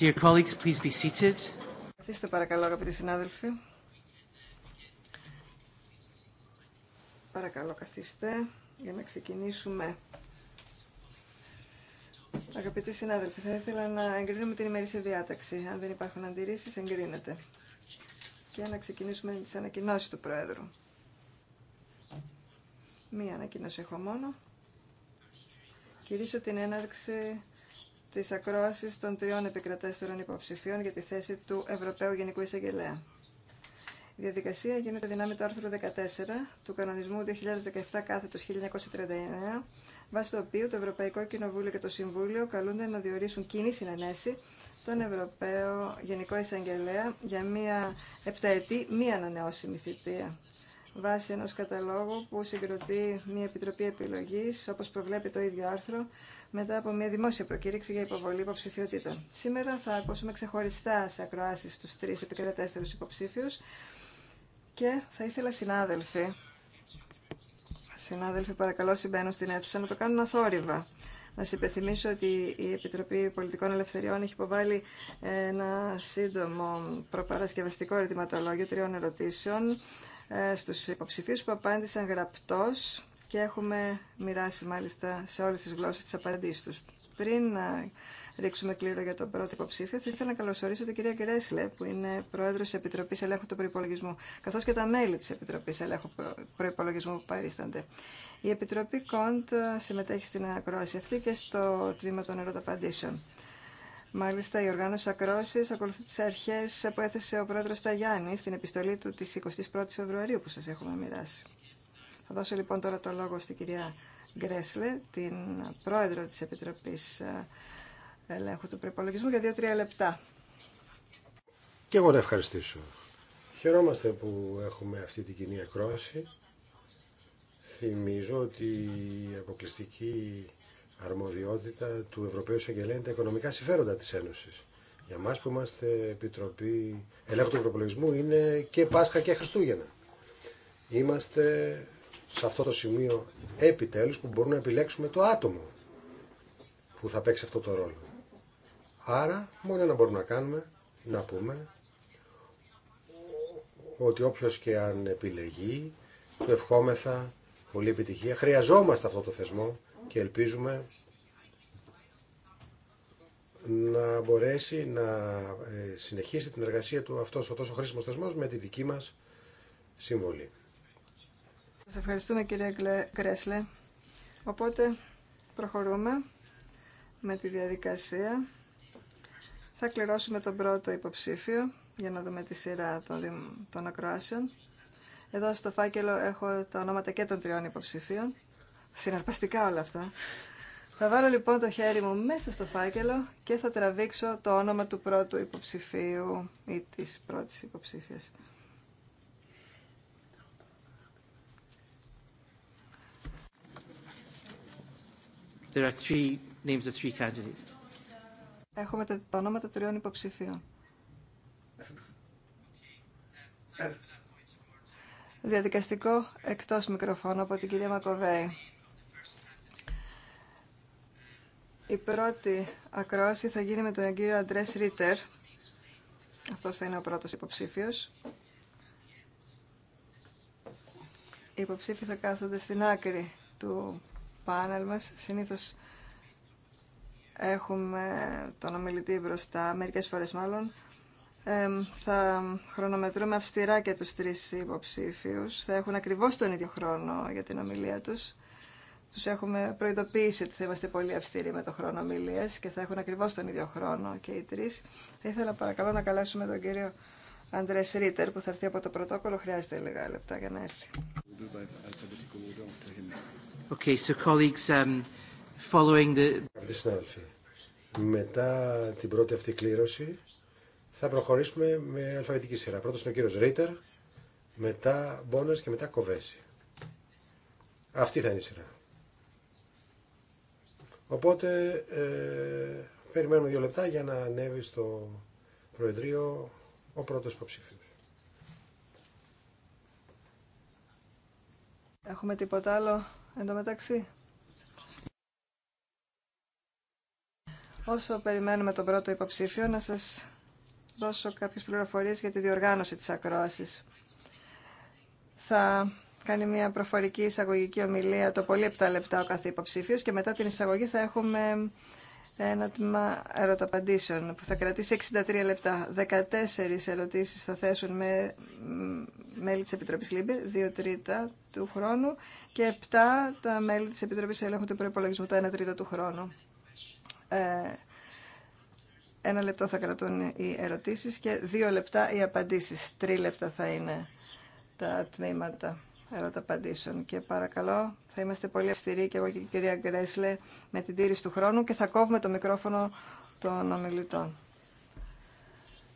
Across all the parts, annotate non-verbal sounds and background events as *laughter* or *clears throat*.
Dear colleagues, please be seated. Καθίστε παρακαλώ αγαπητοί συνάδελφοι. Παρακαλώ καθίστε για να ξεκινήσουμε. Αγαπητοί συνάδελφοι, θα ήθελα να εγκρίνουμε την ημερήσια διάταξη. Αν δεν υπάρχουν αντιρρήσεις, εγκρίνεται. Και να ξεκινήσουμε τις ανακοινώσεις του Πρόεδρου. Μία ανακοινώση έχω μόνο. Κυρίσω την έναρξη Τη ακρόαση των τριών επικρατέστερων υποψηφίων για τη θέση του Ευρωπαίου Γενικού Εισαγγελέα. Η διαδικασία γίνεται δυνάμει το άρθρο 14 του κανονισμού 2017 κάθετος 1939, βάσει το οποίο το Ευρωπαϊκό Κοινοβούλιο και το Συμβούλιο καλούνται να διορίσουν κοινή συνενέση τον Ευρωπαίο Γενικό Εισαγγελέα για μία επταετή μη ανανεώσιμη θητεία βάσει ενός καταλόγου που συγκροτεί μια Επιτροπή Επιλογής, όπως προβλέπει το ίδιο άρθρο, μετά από μια δημόσια προκήρυξη για υποβολή υποψηφιότητων. Σήμερα θα ακούσουμε ξεχωριστά σε ακροάσει του τρει επικρατέστερου υποψήφιους και θα ήθελα συνάδελφοι, συνάδελφοι παρακαλώ συμπαίνω στην αίθουσα να το κάνουν αθόρυβα. Να σα υπενθυμίσω ότι η Επιτροπή Πολιτικών Ελευθεριών έχει υποβάλει ένα σύντομο προπαρασκευαστικό ερωτηματολόγιο τριών ερωτήσεων ε, στους υποψηφίους που απάντησαν γραπτός και έχουμε μοιράσει μάλιστα σε όλες τις γλώσσες τις απαντήσεις τους. Πριν να ε, ρίξουμε κλήρο για τον πρώτο υποψήφιο, θα ήθελα να καλωσορίσω την κυρία Γκρέσλε, που είναι πρόεδρο τη Επιτροπή Ελέγχου του Προπολογισμού, καθώ και τα μέλη τη Επιτροπή Ελέγχου Προπολογισμού που παρίστανται. Η Επιτροπή Κοντ ε, συμμετέχει στην ακρόαση αυτή και στο τμήμα των ερωταπαντήσεων. Μάλιστα, η οργάνωση ακρόαση ακολουθεί τι αρχέ που έθεσε ο πρόεδρο Ταγιάννη στην επιστολή του τη 21η Φεβρουαρίου που σα έχουμε μοιράσει. Θα δώσω λοιπόν τώρα το λόγο στην κυρία Γκρέσλε, την πρόεδρο της Επιτροπής ε, Ελέγχου του Προπολογισμού, για δύο-τρία λεπτά. Και εγώ να ευχαριστήσω. Χαιρόμαστε που έχουμε αυτή την κοινή ακρόαση. Θυμίζω ότι η αποκλειστική αρμοδιότητα του Ευρωπαίου Εισαγγελέα είναι τα οικονομικά συμφέροντα της Ένωσης. Για μας που είμαστε Επιτροπή Ελέγχου του Προπολογισμού είναι και Πάσχα και Χριστούγεννα. Είμαστε σε αυτό το σημείο επιτέλους που μπορούμε να επιλέξουμε το άτομο που θα παίξει αυτό το ρόλο. Άρα, μόνο να μπορούμε να κάνουμε, να πούμε ότι όποιος και αν επιλεγεί, του ευχόμεθα πολλή επιτυχία. Χρειαζόμαστε αυτό το θεσμό και ελπίζουμε να μπορέσει να ε, συνεχίσει την εργασία του αυτός ο τόσο χρήσιμος θεσμός με τη δική μας συμβολή. Σας ευχαριστούμε κυρία Γκρέσλε. Οπότε προχωρούμε με τη διαδικασία. Θα κληρώσουμε τον πρώτο υποψήφιο για να δούμε τη σειρά των, των ακροάσεων. Εδώ στο φάκελο έχω τα ονόματα και των τριών υποψηφίων. Συναρπαστικά όλα αυτά. Θα βάλω λοιπόν το χέρι μου μέσα στο φάκελο και θα τραβήξω το όνομα του πρώτου υποψηφίου ή της πρώτης υποψήφιας. There are three names of three candidates. Έχουμε τα, ονόματα τριών υποψηφίων. Διαδικαστικό εκτός μικροφώνου από την κυρία Μακοβέη. Η πρώτη ακρόαση θα γίνει με τον κύριο Αντρές Ρίτερ. Αυτός θα είναι ο πρώτος υποψήφιος. Οι υποψήφοι θα κάθονται στην άκρη του πάνελ μας. Συνήθως έχουμε τον ομιλητή μπροστά, μερικές φορές μάλλον. Ε, θα χρονομετρούμε αυστηρά και τους τρεις υποψήφιους. Θα έχουν ακριβώς τον ίδιο χρόνο για την ομιλία τους. Τους έχουμε προειδοποιήσει ότι θα είμαστε πολύ αυστηροί με το χρόνο ομιλία και θα έχουν ακριβώς τον ίδιο χρόνο και οι τρεις. Θα ήθελα παρακαλώ να καλέσουμε τον κύριο Αντρέ Ρίτερ που θα έρθει από το πρωτόκολλο. Χρειάζεται λίγα λεπτά για να έρθει. Okay, so colleagues, um, following the... μετά την πρώτη αυτή κλήρωση θα προχωρήσουμε με αλφαβητική σειρά. Πρώτος είναι ο κύριος Ρίτερ, μετά Μπόνερς και μετά Κοβέση. Αυτή θα είναι η σειρά. Οπότε ε, περιμένουμε δύο λεπτά για να ανέβει στο Προεδρείο ο πρώτος υποψήφιος. Έχουμε τίποτα άλλο Εν τω μεταξύ, όσο περιμένουμε τον πρώτο υποψήφιο, να σας δώσω κάποιες πληροφορίες για τη διοργάνωση της ακρόασης. Θα κάνει μια προφορική εισαγωγική ομιλία το πολύ 7 λεπτά ο κάθε υποψήφιος και μετά την εισαγωγή θα έχουμε ένα τμήμα ερωταπαντήσεων που θα κρατήσει 63 λεπτά. 14 ερωτήσεις θα θέσουν με μέλη της Επιτροπής ΛΥΜΠΕ, 2 τρίτα του χρόνου και 7 τα μέλη της Επιτροπής Ελέγχου του Προϋπολογισμού, τα 1 τρίτο του χρόνου. Ε, ένα λεπτό θα κρατούν οι ερωτήσεις και 2 λεπτά οι απαντήσεις. 3 λεπτά θα είναι τα τμήματα τα απαντήσεων. Και παρακαλώ, θα είμαστε πολύ αυστηροί και εγώ και η κυρία Γκρέσλε με την τήρηση του χρόνου και θα κόβουμε το μικρόφωνο των ομιλητών.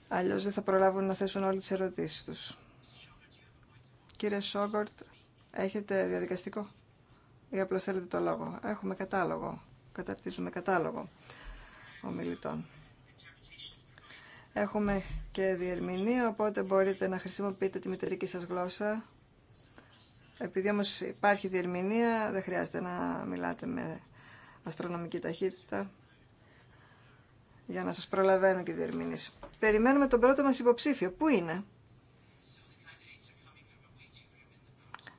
Αλλιώς δεν θα προλάβουν να θέσουν όλες τις ερωτήσεις τους. Κύριε Σόγκορτ, έχετε διαδικαστικό ή απλώ θέλετε το λόγο. Έχουμε κατάλογο, καταρτίζουμε κατάλογο ομιλητών. Έχουμε και διερμηνή, οπότε μπορείτε να χρησιμοποιείτε τη μητερική σας γλώσσα επειδή όμως υπάρχει διερμηνία, δεν χρειάζεται να μιλάτε με αστρονομική ταχύτητα για να σας προλαβαίνουν και διερμηνείς. Περιμένουμε τον πρώτο μας υποψήφιο. Πού είναι?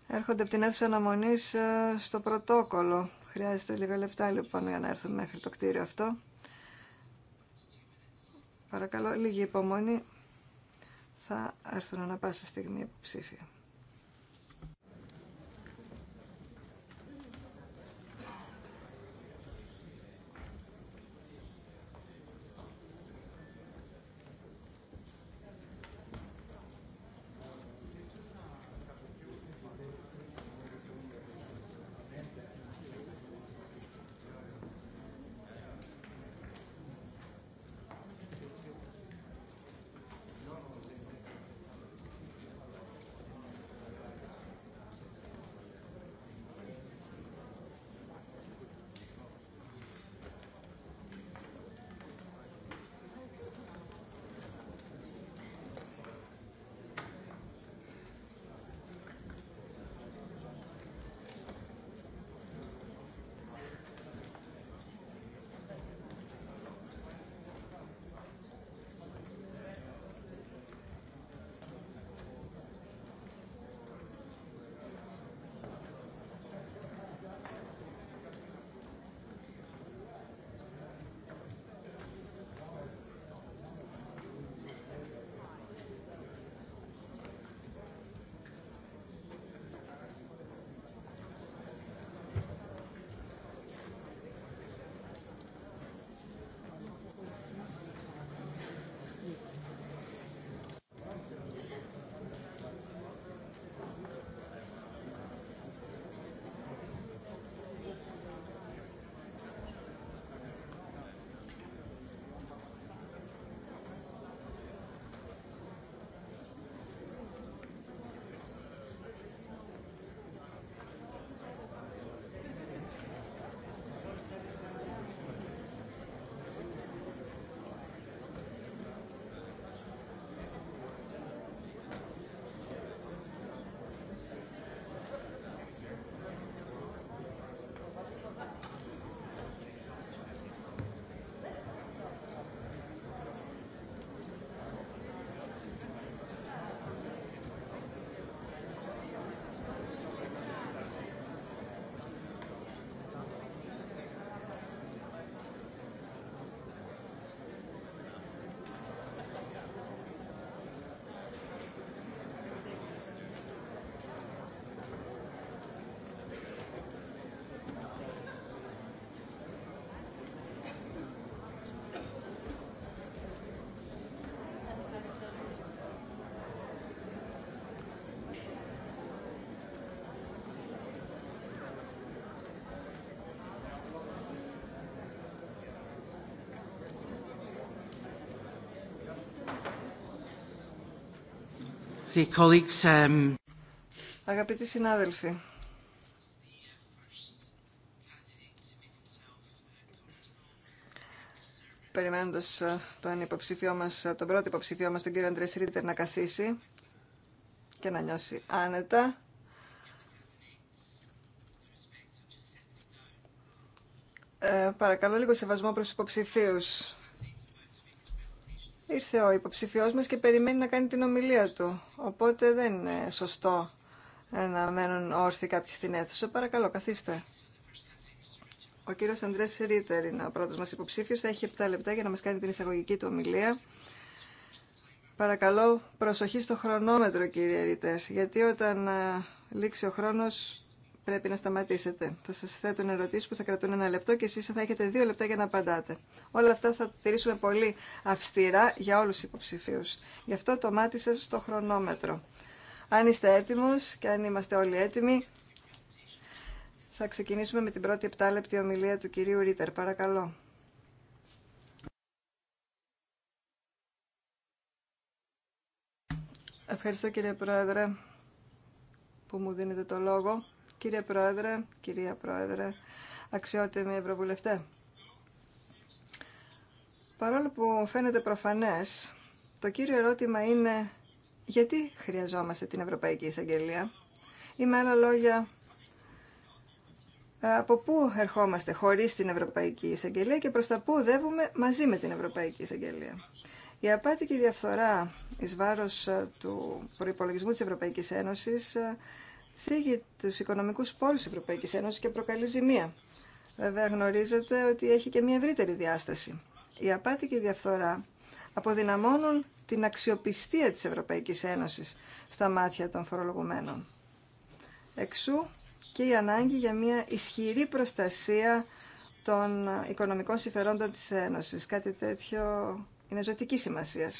Έρχονται από την αίθουσα αναμονή ε, στο πρωτόκολλο. Χρειάζεται λίγα λεπτά λοιπόν για να έρθουν μέχρι το κτίριο αυτό. Παρακαλώ, λίγη υπομονή. Θα έρθουν ανα πάσα στιγμή υποψήφια. Um, Αγαπητοί συνάδελφοι, περιμένοντα ε, τον υποψηφιό ε, τον πρώτο υποψηφιό μα τον κύριο Αντρέ Ρίτερ, να καθίσει και να νιώσει άνετα. Ε, παρακαλώ λίγο σεβασμό προς υποψηφίους. Ήρθε ο υποψηφιός μας και περιμένει να κάνει την ομιλία του. Οπότε δεν είναι σωστό ε, να μένουν όρθιοι κάποιοι στην αίθουσα. Παρακαλώ, καθίστε. Ο κύριος Αντρέ Ρίτερ είναι ο πρώτος μας υποψήφιος. Θα έχει 7 λεπτά για να μας κάνει την εισαγωγική του ομιλία. Παρακαλώ, προσοχή στο χρονόμετρο, κύριε Ρίτερ, γιατί όταν ε, λήξει ο χρόνος πρέπει να σταματήσετε. Θα σας θέτουν ερωτήσει που θα κρατούν ένα λεπτό και εσείς θα έχετε δύο λεπτά για να απαντάτε. Όλα αυτά θα τηρήσουμε πολύ αυστηρά για όλους του υποψηφίους. Γι' αυτό το μάτι σα στο χρονόμετρο. Αν είστε έτοιμο και αν είμαστε όλοι έτοιμοι, θα ξεκινήσουμε με την πρώτη επτάλεπτη ομιλία του κυρίου Ρίτερ. Παρακαλώ. Ευχαριστώ κύριε Πρόεδρε που μου δίνετε το λόγο. Κύριε Πρόεδρε, κυρία Πρόεδρε, αξιότιμοι Ευρωβουλευτέ. Παρόλο που φαίνεται προφανές, το κύριο ερώτημα είναι γιατί χρειαζόμαστε την Ευρωπαϊκή Εισαγγελία ή με άλλα λόγια ε, από πού ερχόμαστε χωρίς την Ευρωπαϊκή Εισαγγελία και προς τα πού δεύουμε μαζί με την Ευρωπαϊκή Εισαγγελία. Η απάτη και η διαφθορά εις βάρος ε, του προϋπολογισμού της Ευρωπαϊκής Ένωσης ε, θίγει τους οικονομικούς πόρους της Ευρωπαϊκής Ένωσης και προκαλεί ζημία. Βέβαια γνωρίζετε ότι έχει και μια ευρύτερη διάσταση. Η απάτη και η διαφθορά αποδυναμώνουν την αξιοπιστία της Ευρωπαϊκής Ένωσης στα μάτια των φορολογουμένων. Εξού και η ανάγκη για μια ισχυρή προστασία των οικονομικών συμφερόντων της Ένωσης. Κάτι τέτοιο είναι ζωτική σημασία.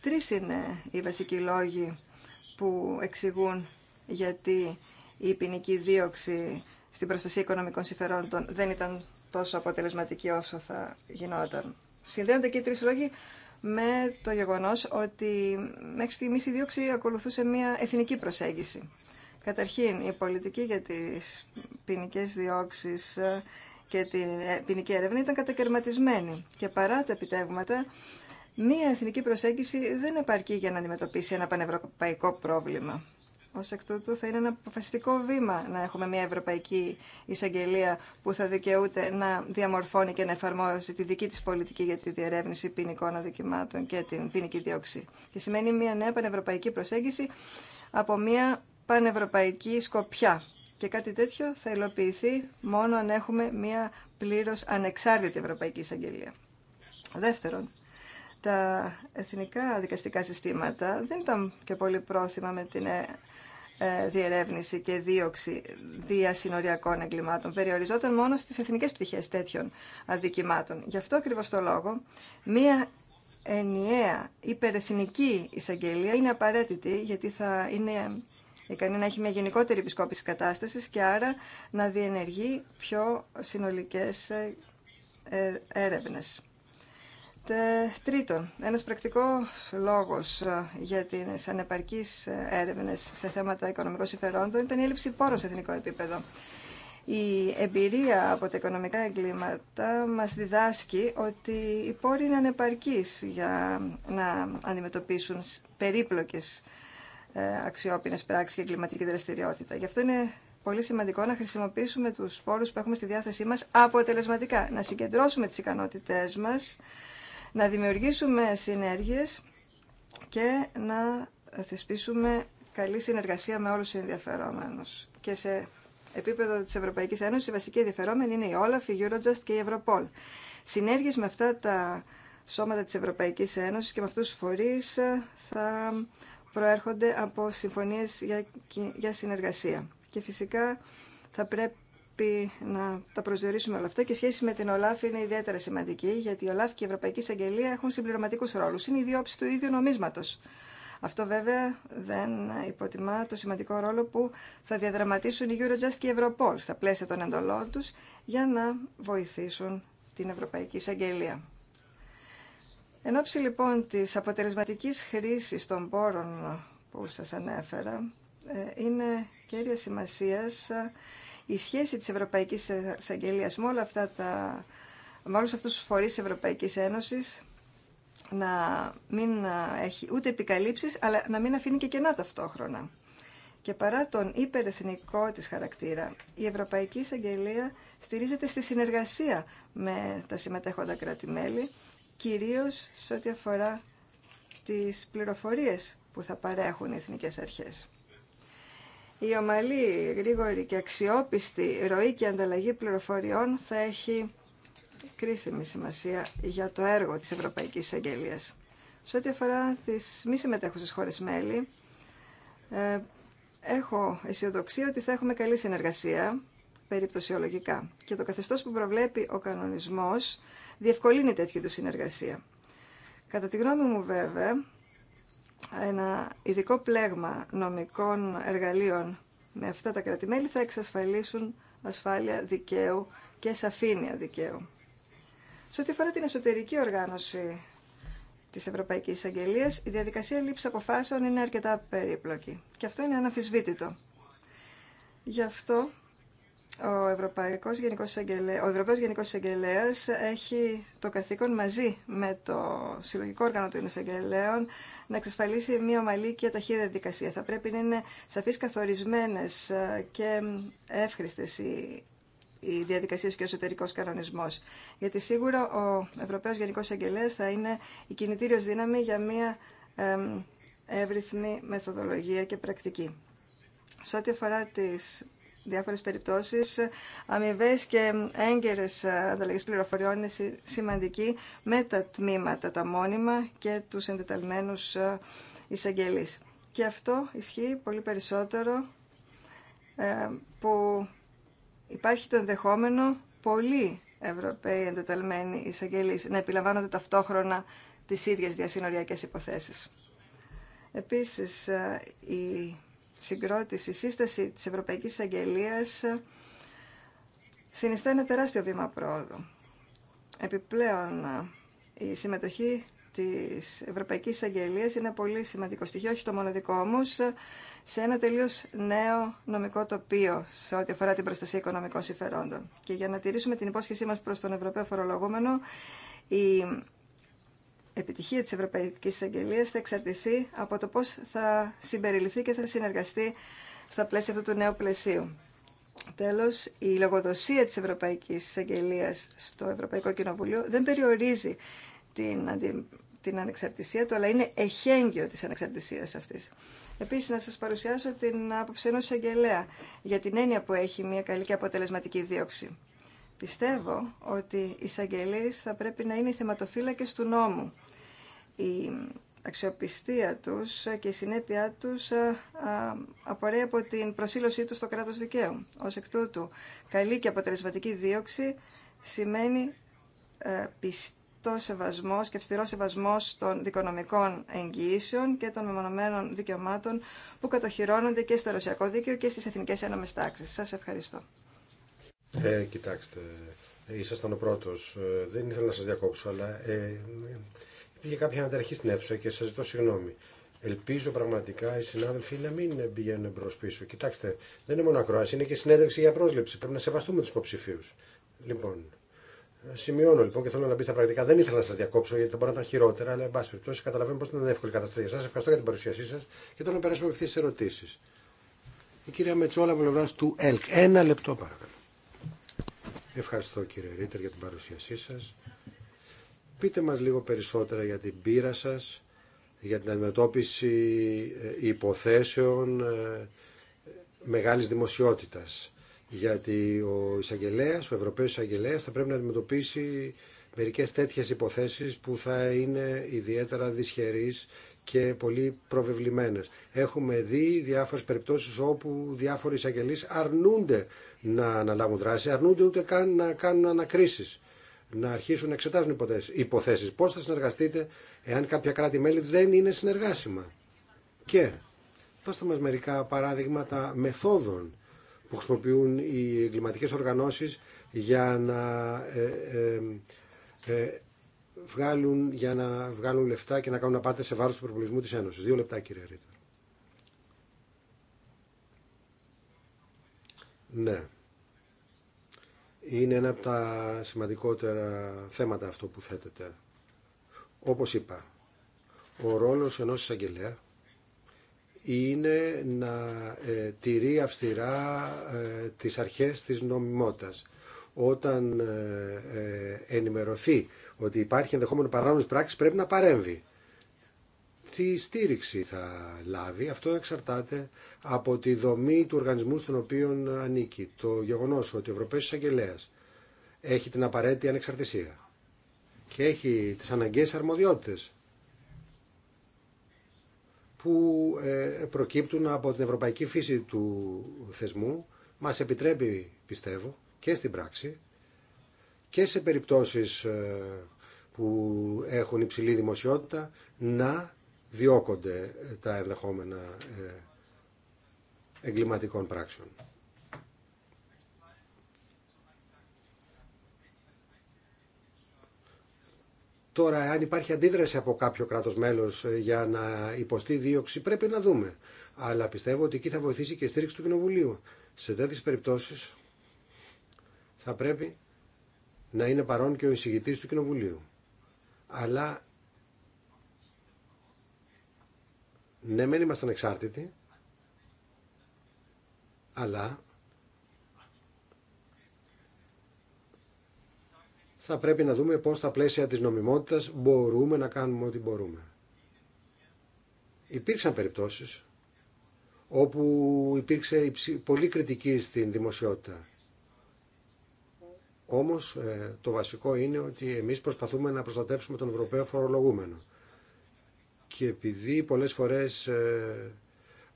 Τρεις είναι οι βασικοί λόγοι που εξηγούν γιατί η ποινική δίωξη στην προστασία οικονομικών συμφερόντων δεν ήταν τόσο αποτελεσματική όσο θα γινόταν. Συνδέονται και οι τρεις λόγοι με το γεγονός ότι μέχρι στιγμής η δίωξη ακολουθούσε μια εθνική προσέγγιση. Καταρχήν, η πολιτική για τις ποινικέ διώξεις και την ε, ποινική έρευνα ήταν κατακαιρματισμένη και παρά τα επιτεύγματα Μία εθνική προσέγγιση δεν επαρκεί για να αντιμετωπίσει ένα πανευρωπαϊκό πρόβλημα. Ω εκ τούτου, θα είναι ένα αποφασιστικό βήμα να έχουμε μια ευρωπαϊκή εισαγγελία που θα δικαιούται να διαμορφώνει και να εφαρμόζει τη δική τη πολιτική για τη διερεύνηση ποινικών αδικημάτων και την ποινική δίωξη. Και σημαίνει μια νέα πανευρωπαϊκή προσέγγιση από μια πανευρωπαϊκή σκοπιά. Και κάτι τέτοιο θα υλοποιηθεί μόνο αν έχουμε μια πλήρω ανεξάρτητη ευρωπαϊκή εισαγγελία. Δεύτερον, τα εθνικά δικαστικά συστήματα δεν ήταν και πολύ πρόθυμα με την ε, ε, διερεύνηση και δίωξη διασυνοριακών εγκλημάτων. Περιοριζόταν μόνο στις εθνικές πτυχές τέτοιων αδικημάτων. Γι' αυτό ακριβώ το λόγο, μία ενιαία υπερεθνική εισαγγελία είναι απαραίτητη γιατί θα είναι ικανή να έχει μια γενικότερη επισκόπηση κατάστασης και άρα να διενεργεί πιο συνολικές ε, έρευνες. Ε, τρίτον, ένας πρακτικός λόγος ε, για τις ανεπαρκείς ε, έρευνες σε θέματα οικονομικών συμφερόντων ήταν η έλλειψη πόρων σε εθνικό επίπεδο. Η εμπειρία από τα οικονομικά εγκλήματα μας διδάσκει ότι οι πόροι είναι ανεπαρκείς για να αντιμετωπίσουν περίπλοκες αξιόπινες πράξεις και εγκληματική δραστηριότητα. Γι' αυτό είναι πολύ σημαντικό να χρησιμοποιήσουμε τους πόρους που έχουμε στη διάθεσή μας αποτελεσματικά, να συγκεντρώσουμε τις ικανότητές μας να δημιουργήσουμε συνέργειες και να θεσπίσουμε καλή συνεργασία με όλους τους ενδιαφερόμενους. Και σε επίπεδο της Ευρωπαϊκής Ένωσης οι βασικοί ενδιαφερόμενοι είναι η Όλαφ, η Eurojust και η Ευρωπόλ. Συνέργειες με αυτά τα σώματα της Ευρωπαϊκής Ένωσης και με αυτούς τους φορείς ε, θα προέρχονται από συμφωνίες για, για συνεργασία. Και φυσικά θα πρέπει να τα προσδιορίσουμε όλα αυτά και σχέση με την ΟΛΑΦ είναι ιδιαίτερα σημαντική, γιατί η ΟΛΑΦ και η Ευρωπαϊκή Εισαγγελία έχουν συμπληρωματικού ρόλου. Είναι η διόψη του ίδιου νομίσματο. Αυτό βέβαια δεν υποτιμά το σημαντικό ρόλο που θα διαδραματίσουν η Eurojust και η Europol στα πλαίσια των εντολών του για να βοηθήσουν την Ευρωπαϊκή Εισαγγελία. Εν ώψη λοιπόν της αποτελεσματικής χρήσης των πόρων που σας ανέφερα, ε, είναι κέρια σημασίας η σχέση της Ευρωπαϊκής Εισαγγελίας με, όλα αυτά τα, με όλους αυτούς τους φορείς Ευρωπαϊκής Ένωσης να μην ε, έχει ούτε επικαλύψεις, αλλά να μην αφήνει και κενά ταυτόχρονα. Και παρά τον υπερεθνικό της χαρακτήρα, η Ευρωπαϊκή Εισαγγελία στηρίζεται στη συνεργασία με τα συμμετέχοντα κράτη-μέλη, κυρίως σε ό,τι αφορά τις πληροφορίες που θα παρέχουν οι εθνικές αρχές η ομαλή, γρήγορη και αξιόπιστη ροή και ανταλλαγή πληροφοριών θα έχει κρίσιμη σημασία για το έργο της Ευρωπαϊκής Αγγέλιας. Σε ό,τι αφορά τις μη συμμετέχουσες χώρες μέλη, ε, έχω αισιοδοξία ότι θα έχουμε καλή συνεργασία περιπτωσιολογικά και το καθεστώς που προβλέπει ο κανονισμός διευκολύνει τέτοιου συνεργασία. Κατά τη γνώμη μου βέβαια, ένα ειδικό πλέγμα νομικών εργαλείων με αυτά τα κρατημέλη θα εξασφαλίσουν ασφάλεια δικαίου και σαφήνεια δικαίου. Σε ό,τι αφορά την εσωτερική οργάνωση της Ευρωπαϊκής Εισαγγελίας, η διαδικασία λήψη αποφάσεων είναι αρκετά περίπλοκη. Και αυτό είναι αναφυσβήτητο. Γι' αυτό ο Ευρωπαϊκός Γενικός Αγγελέας, ο Γενικός έχει το καθήκον μαζί με το Συλλογικό Όργανο των Εισαγγελέων να εξασφαλίσει μια ομαλή και αταχή διαδικασία. Θα πρέπει να είναι σαφείς καθορισμένες ε, και εύχριστες οι οι διαδικασίε και ο εσωτερικό κανονισμό. Γιατί σίγουρα ο Ευρωπαίο Γενικό Εγγελέα θα είναι η κινητήριο δύναμη για μια εύρυθμη μεθοδολογία και πρακτική. Σε ό,τι αφορά τι διάφορες περιπτώσεις αμοιβέ και έγκαιρες ανταλλαγές πληροφοριών είναι σημαντική με τα τμήματα, τα μόνιμα και τους εντεταλμένους ε, εισαγγελείς. Και αυτό ισχύει πολύ περισσότερο ε, που υπάρχει το ενδεχόμενο πολλοί Ευρωπαίοι εντεταλμένοι εισαγγελείς να επιλαμβάνονται ταυτόχρονα τις ίδιες διασυνοριακές υποθέσεις. Επίσης, ε, η συγκρότηση, σύσταση της Ευρωπαϊκής Αγγελίας συνιστά ένα τεράστιο βήμα πρόοδου. Επιπλέον, η συμμετοχή της Ευρωπαϊκής Αγγελίας είναι πολύ σημαντικό στοιχείο, όχι το μοναδικό όμω, σε ένα τελείως νέο νομικό τοπίο σε ό,τι αφορά την προστασία οικονομικών συμφερόντων. Και για να τηρήσουμε την υπόσχεσή μας προς τον Ευρωπαίο Φορολογούμενο, η επιτυχία της Ευρωπαϊκής Εισαγγελία θα εξαρτηθεί από το πώς θα συμπεριληφθεί και θα συνεργαστεί στα πλαίσια αυτού του νέου πλαισίου. Τέλος, η λογοδοσία της Ευρωπαϊκής Εισαγγελία στο Ευρωπαϊκό Κοινοβουλίο δεν περιορίζει την, την ανεξαρτησία του, αλλά είναι εχέγγυο της ανεξαρτησίας αυτής. Επίσης, να σας παρουσιάσω την άποψη ενός εισαγγελέα για την έννοια που έχει μια καλή και αποτελεσματική δίωξη. Πιστεύω ότι οι εισαγγελείς θα πρέπει να είναι οι θεματοφύλακες του νόμου η αξιοπιστία τους και η συνέπειά τους ε, ε, απορρέει από την προσήλωσή τους στο κράτος δικαίου. Ως εκ τούτου, καλή και αποτελεσματική δίωξη σημαίνει ε, πιστό σεβασμός και αυστηρό σεβασμός των δικονομικών εγγυήσεων και των μεμονωμένων δικαιωμάτων που κατοχυρώνονται και στο ρωσιακό δίκαιο και στις εθνικές ένωμες τάξεις. Σας ευχαριστώ. Ε, κοιτάξτε, ήσασταν ο πρώτος. Δεν ήθελα να σας διακόψω, αλλά ε, Πήγε κάποια αναταρχή στην αίθουσα και σα ζητώ συγγνώμη. Ελπίζω πραγματικά οι συνάδελφοι να μην πηγαίνουν μπρο πίσω. Κοιτάξτε, δεν είναι μόνο ακρόαση, είναι και συνέντευξη για πρόσληψη. Πρέπει να σεβαστούμε του υποψηφίου. Λοιπόν, σημειώνω λοιπόν και θέλω να μπει στα πρακτικά. Δεν ήθελα να σα διακόψω γιατί θα μπορεί να ήταν χειρότερα, αλλά εν πάση περιπτώσει καταλαβαίνω πω ήταν εύκολη η για σα. Ευχαριστώ για την παρουσίασή σα και τώρα να περάσουμε ευθύ ερωτήσει. Η κυρία Μετσόλα, πλευρά του ΕΛΚ. Ένα λεπτό παρακαλώ. Ευχαριστώ κύριε Ρίτερ για την παρουσίασή σα. Πείτε μας λίγο περισσότερα για την πείρα σας, για την αντιμετώπιση ε, υποθέσεων ε, μεγάλης δημοσιότητας. Γιατί ο Ισαγγελέας, ο Ευρωπαίος εισαγγελέας θα πρέπει να αντιμετωπίσει μερικές τέτοιες υποθέσεις που θα είναι ιδιαίτερα δυσχερείς και πολύ προβεβλημένες. Έχουμε δει διάφορες περιπτώσεις όπου διάφοροι εισαγγελείς αρνούνται να αναλάβουν δράση, αρνούνται ούτε καν να κάνουν ανακρίσεις να αρχίσουν να εξετάζουν υποθέσεις. Πώς θα συνεργαστείτε εάν κάποια κράτη-μέλη δεν είναι συνεργάσιμα. Και δώστε μας μερικά παράδειγματα μεθόδων που χρησιμοποιούν οι εγκληματικές οργανώσεις για να, ε, ε, ε βγάλουν, για να βγάλουν λεφτά και να κάνουν απάτε σε βάρος του προπολογισμού της Ένωσης. Δύο λεπτά κύριε Ρίτερ. Ναι είναι ένα από τα σημαντικότερα θέματα αυτό που θέτεται. Όπως είπα, ο ρόλος ενός εισαγγελέα είναι να ε, τηρεί αυστηρά ε, τις αρχές της νομιμότητας. Όταν ε, ε ενημερωθεί ότι υπάρχει ενδεχόμενο παράνομη πράξη πρέπει να παρέμβει. Τι στήριξη θα λάβει, αυτό εξαρτάται από τη δομή του οργανισμού στον οποίο ανήκει. Το γεγονός ότι ο Ευρωπαίο εισαγγελέα έχει την απαραίτητη ανεξαρτησία και έχει τις αναγκαίε αρμοδιότητες που ε, προκύπτουν από την ευρωπαϊκή φύση του θεσμού μας επιτρέπει, πιστεύω, και στην πράξη και σε περιπτώσεις ε, που έχουν υψηλή δημοσιότητα να διώκονται τα ενδεχόμενα ε, εγκληματικών πράξεων. Τώρα, αν υπάρχει αντίδραση από κάποιο κράτος μέλος ε, για να υποστεί δίωξη, πρέπει να δούμε. Αλλά πιστεύω ότι εκεί θα βοηθήσει και η στήριξη του Κοινοβουλίου. Σε τέτοιες περιπτώσεις θα πρέπει να είναι παρόν και ο εισηγητής του Κοινοβουλίου. Αλλά ναι, μεν είμαστε ανεξάρτητοι, αλλά θα πρέπει να δούμε πώς στα πλαίσια της νομιμότητας μπορούμε να κάνουμε ό,τι μπορούμε. Υπήρξαν περιπτώσεις όπου υπήρξε πολύ κριτική στην δημοσιότητα. Όμως ε, το βασικό είναι ότι εμείς προσπαθούμε να προστατεύσουμε τον Ευρωπαίο φορολογούμενο. Και επειδή πολλές φορές ε,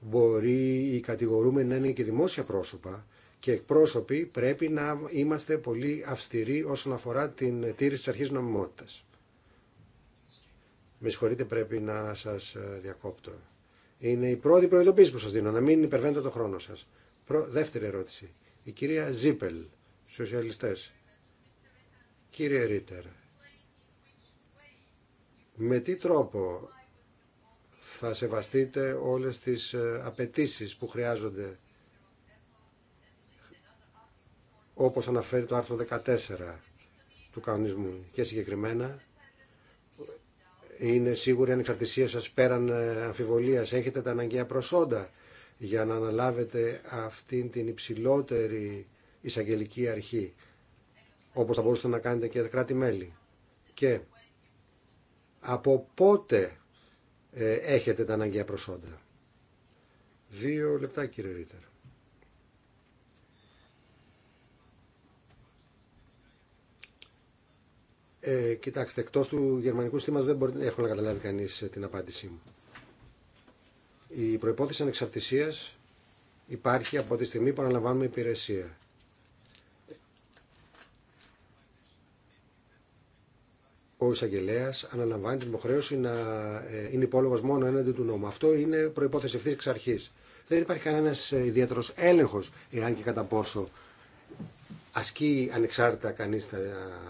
μπορεί οι κατηγορούμενοι να είναι και δημόσια πρόσωπα και εκπρόσωποι πρέπει να είμαστε πολύ αυστηροί όσον αφορά την τήρηση της αρχής νομιμότητας. Με συγχωρείτε πρέπει να σας ε, διακόπτω. Είναι η πρώτη προειδοποίηση που σας δίνω, να μην υπερβαίνετε το χρόνο σας. Δεύτερη ερώτηση. Η κυρία Ζίπελ, σοσιαλιστές. Κύριε Ρίτερ, με τι τρόπο θα σεβαστείτε όλες τις ε, απαιτήσει που χρειάζονται όπως αναφέρει το άρθρο 14 του κανονισμού και συγκεκριμένα είναι σίγουρη η ανεξαρτησία σας πέραν ε, αμφιβολίας. Έχετε τα αναγκαία προσόντα για να αναλάβετε αυτήν την υψηλότερη εισαγγελική αρχή όπως θα μπορούσατε να κάνετε και κράτη-μέλη. Και από πότε ε, έχετε τα αναγκαία προσόντα. Δύο λεπτά κύριε Ρίτερ. Ε, κοιτάξτε, εκτός του γερμανικού συστήματος δεν μπορεί εύκολα να καταλάβει κανείς ε, την απάντησή μου. Η προϋπόθεση ανεξαρτησίας υπάρχει από τη στιγμή που αναλαμβάνουμε υπηρεσία. ο εισαγγελέα αναλαμβάνει την υποχρέωση να ε, είναι υπόλογο μόνο έναντι του νόμου. Αυτό είναι προπόθεση ευθύ εξ αρχή. Δεν υπάρχει κανένα ε, ιδιαίτερο έλεγχο εάν και κατά πόσο ασκεί ανεξάρτητα κανεί τα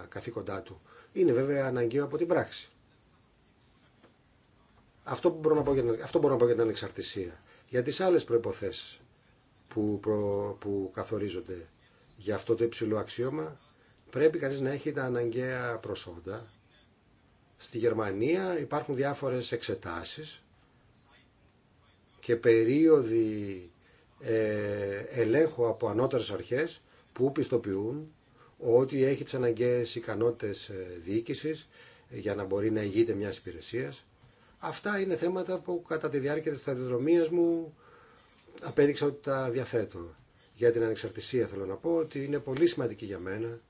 καθήκοντά του. Είναι βέβαια αναγκαίο από την πράξη. Αυτό, που μπορώ να πω για, αυτό μπορώ να πω την ανεξαρτησία. Για τι άλλε προποθέσει που, που καθορίζονται για αυτό το υψηλό αξίωμα πρέπει κανεί να έχει τα αναγκαία προσόντα Στη Γερμανία υπάρχουν διάφορες εξετάσεις και περίοδοι ε, ελέγχου από ανώτερες αρχές που πιστοποιούν ότι έχει τις αναγκαίες ικανότητες ε, διοίκησης ε, για να μπορεί να ηγείται μια υπηρεσίας. Αυτά είναι θέματα που κατά τη διάρκεια της σταδιοδρομίας μου απέδειξα ότι τα διαθέτω. Για την ανεξαρτησία θέλω να πω ότι είναι πολύ σημαντική για μένα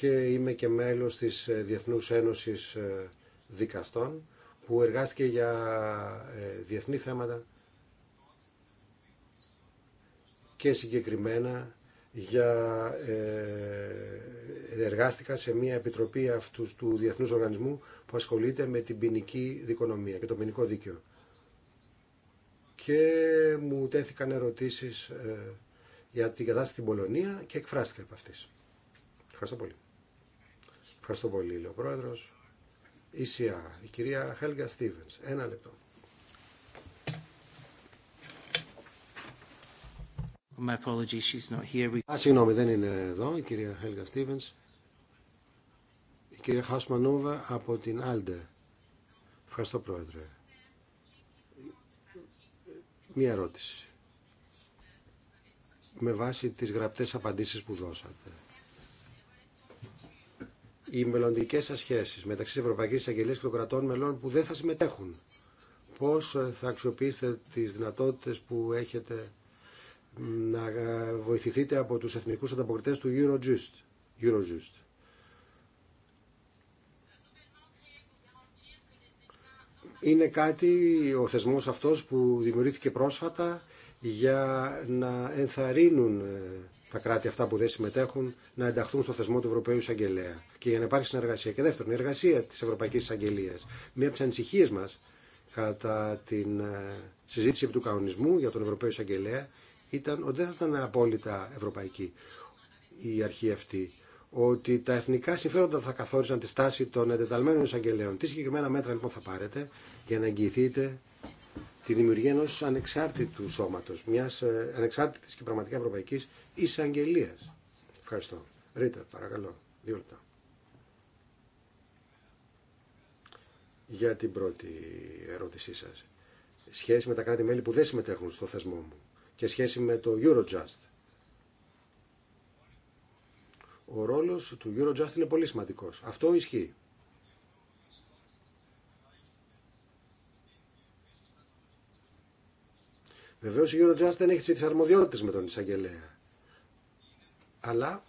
και είμαι και μέλος της ε, Διεθνούς Ένωσης ε, Δικαστών που εργάστηκε για ε, διεθνή θέματα και συγκεκριμένα για, εργάστηκα σε μια επιτροπή αυτού του Διεθνούς Οργανισμού που ασχολείται με την ποινική δικονομία και το ποινικό δίκαιο. Και μου τέθηκαν ερωτήσεις για την κατάσταση στην Πολωνία και εκφράστηκα από αυτής. Ευχαριστώ πολύ. Ευχαριστώ πολύ, λέει ο πρόεδρο. η κυρία Χέλγα Στίβεν. Ένα λεπτό. My apologies, she's not here. Α, συγγνώμη, δεν είναι εδώ η κυρία Χέλγα Στίβεν. Η κυρία Χαουσμανούβα από την Άλντε. Ευχαριστώ, πρόεδρε. Μία ερώτηση. Με βάση τις γραπτές απαντήσεις που δώσατε οι μελλοντικέ σα σχέσει μεταξύ τη Ευρωπαϊκή Αγγελία και των κρατών μελών που δεν θα συμμετέχουν. Πώ ε, θα αξιοποιήσετε τι δυνατότητε που έχετε να ε, βοηθηθείτε από τους εθνικούς ανταποκριτές του Eurojust. Eurojust. Είναι κάτι ο θεσμός αυτός που δημιουργήθηκε πρόσφατα για να ενθαρρύνουν ε, τα κράτη αυτά που δεν συμμετέχουν να ενταχθούν στο θεσμό του Ευρωπαίου Εισαγγελέα και για να υπάρχει συνεργασία. Και δεύτερον, η εργασία τη Ευρωπαϊκή Εισαγγελία. Μία από τι ανησυχίε μα κατά την ε, συζήτηση του κανονισμού για τον Ευρωπαίο Εισαγγελέα ήταν ότι δεν θα ήταν απόλυτα ευρωπαϊκή η αρχή αυτή. Ότι τα εθνικά συμφέροντα θα καθόριζαν τη στάση των εντεταλμένων εισαγγελέων. Τι συγκεκριμένα μέτρα λοιπόν θα πάρετε για να εγγυηθείτε τη δημιουργία ενό ανεξάρτητου σώματος, μιας ε, ανεξάρτητης και πραγματικά ευρωπαϊκής Εισαγγελία. Ευχαριστώ. Ρίτερ, παρακαλώ. Δύο λεπτά. Για την πρώτη ερώτησή σας. Σχέση με τα κράτη-μέλη που δεν συμμετέχουν στο θεσμό μου και σχέση με το Eurojust. Ο ρόλος του Eurojust είναι πολύ σημαντικός. Αυτό ισχύει. Βεβαίως ο Eurojust δεν έχει τι αρμοδιότητες με τον εισαγγελέα. Αλλά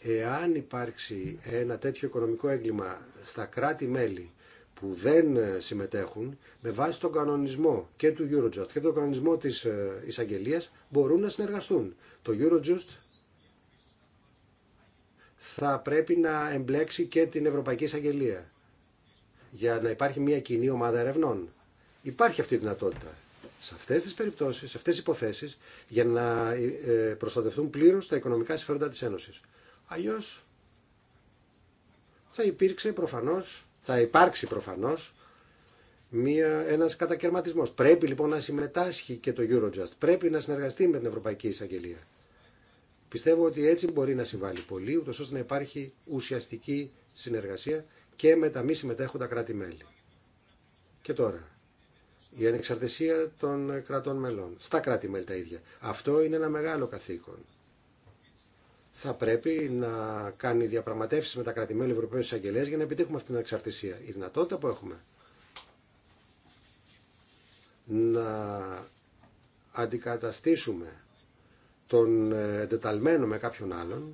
εάν υπάρξει ένα τέτοιο οικονομικό έγκλημα στα κράτη-μέλη που δεν ε, συμμετέχουν, με βάση τον κανονισμό και του Eurojust και τον κανονισμό της ε, εισαγγελία μπορούν να συνεργαστούν. Το Eurojust θα πρέπει να εμπλέξει και την Ευρωπαϊκή Εισαγγελία για να υπάρχει μια κοινή ομάδα ερευνών. Υπάρχει αυτή η δυνατότητα. Σε αυτέ τι περιπτώσει, σε αυτέ τι υποθέσει για να ε, προστατευτούν πλήρω τα οικονομικά συμφέροντα τη Ένωση. Αλλιώ θα υπήρξε προφανώ, θα υπάρξει προφανώ μια, ένας κατακαιρματισμός. Πρέπει λοιπόν να συμμετάσχει και το Eurojust. Πρέπει να συνεργαστεί με την Ευρωπαϊκή Εισαγγελία. Πιστεύω ότι έτσι μπορεί να συμβάλλει πολύ, ούτως ώστε να υπάρχει ουσιαστική συνεργασία και με τα μη συμμετέχοντα κράτη-μέλη. Και τώρα, η ανεξαρτησία των κρατών μελών, στα κράτη-μέλη τα ίδια. Αυτό είναι ένα μεγάλο καθήκον. Θα πρέπει να κάνει διαπραγματεύσεις με τα κράτη-μέλη Ευρωπαίου Εισαγγελέας για να επιτύχουμε αυτή την ανεξαρτησία. Η δυνατότητα που έχουμε να αντικαταστήσουμε τον εντεταλμένο με κάποιον άλλον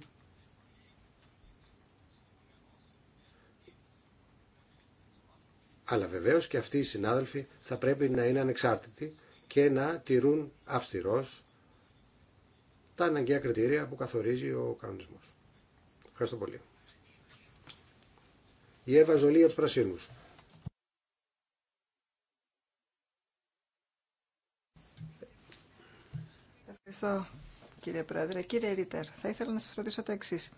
Αλλά βεβαίως και αυτοί οι συνάδελφοι θα πρέπει να είναι ανεξάρτητοι και να τηρούν αυστηρός τα αναγκαία κριτήρια που καθορίζει ο κανονισμός. Ευχαριστώ πολύ. Η Εύα Ζολή για τους Πρασίνους. Ευχαριστώ κύριε Πρόεδρε. Κύριε Ρίτερ, θα ήθελα να σας ρωτήσω το εξής.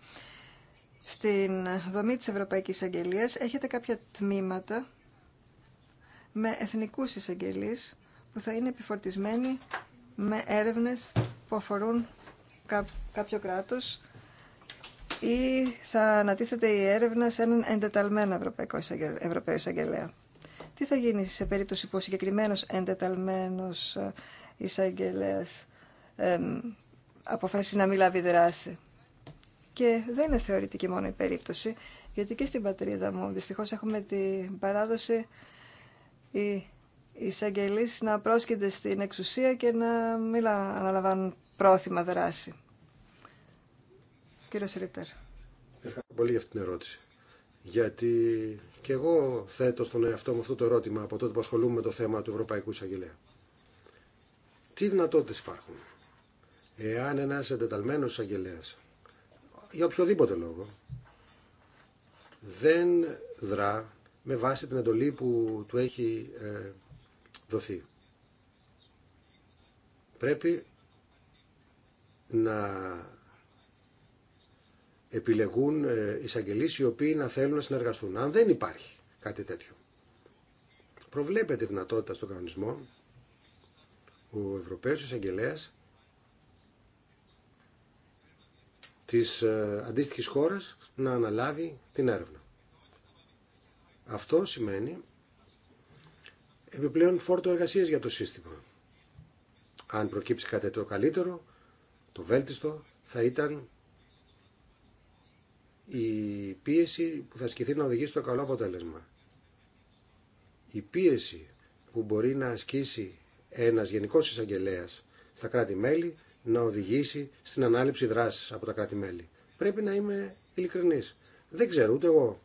Στην δομή της Ευρωπαϊκής Αγγελίας έχετε κάποια τμήματα με εθνικούς εισαγγελείς που θα είναι επιφορτισμένοι με έρευνες που αφορούν κάποιο κράτος ή θα ανατίθεται η έρευνα σε έναν εντεταλμένο Ευρωπαϊκό Ευρωπαίο Εισαγγελέα. Τι θα γίνει σε περίπτωση που ο συγκεκριμένος εντεταλμένος ε, εισαγγελέας ε, να μην λάβει δράση. Και δεν είναι θεωρητική μόνο η περίπτωση, γιατί και στην πατρίδα μου δυστυχώς έχουμε την παράδοση οι εισαγγελίες να πρόσκειται στην εξουσία και να μην αναλαμβάνουν πρόθυμα δράση. Κύριο Ρίτερ. Ευχαριστώ πολύ για αυτή την ερώτηση. Γιατί και εγώ θέτω στον εαυτό μου αυτό το ερώτημα από τότε που ασχολούμαι με το θέμα του Ευρωπαϊκού Εισαγγελέα. Τι δυνατότητες υπάρχουν εάν ένας εντεταλμένος εισαγγελέα, για οποιοδήποτε λόγο δεν δρά με βάση την εντολή που του έχει ε, δοθεί. Πρέπει να επιλεγούν ε, εισαγγελίες οι οποίοι να θέλουν να συνεργαστούν. Αν δεν υπάρχει κάτι τέτοιο, προβλέπεται δυνατότητα στον κανονισμό ο Ευρωπαίος εισαγγελέας της ε, αντίστοιχης χώρας να αναλάβει την έρευνα. Αυτό σημαίνει επιπλέον φόρτο εργασίας για το σύστημα. Αν προκύψει κάτι το καλύτερο, το βέλτιστο θα ήταν η πίεση που θα ασκηθεί να οδηγήσει στο καλό αποτέλεσμα. Η πίεση που μπορεί να ασκήσει ένας γενικός εισαγγελέα στα κράτη-μέλη να οδηγήσει στην ανάληψη δράσης από τα κράτη-μέλη. Πρέπει να είμαι ειλικρινής. Δεν ξέρω ούτε εγώ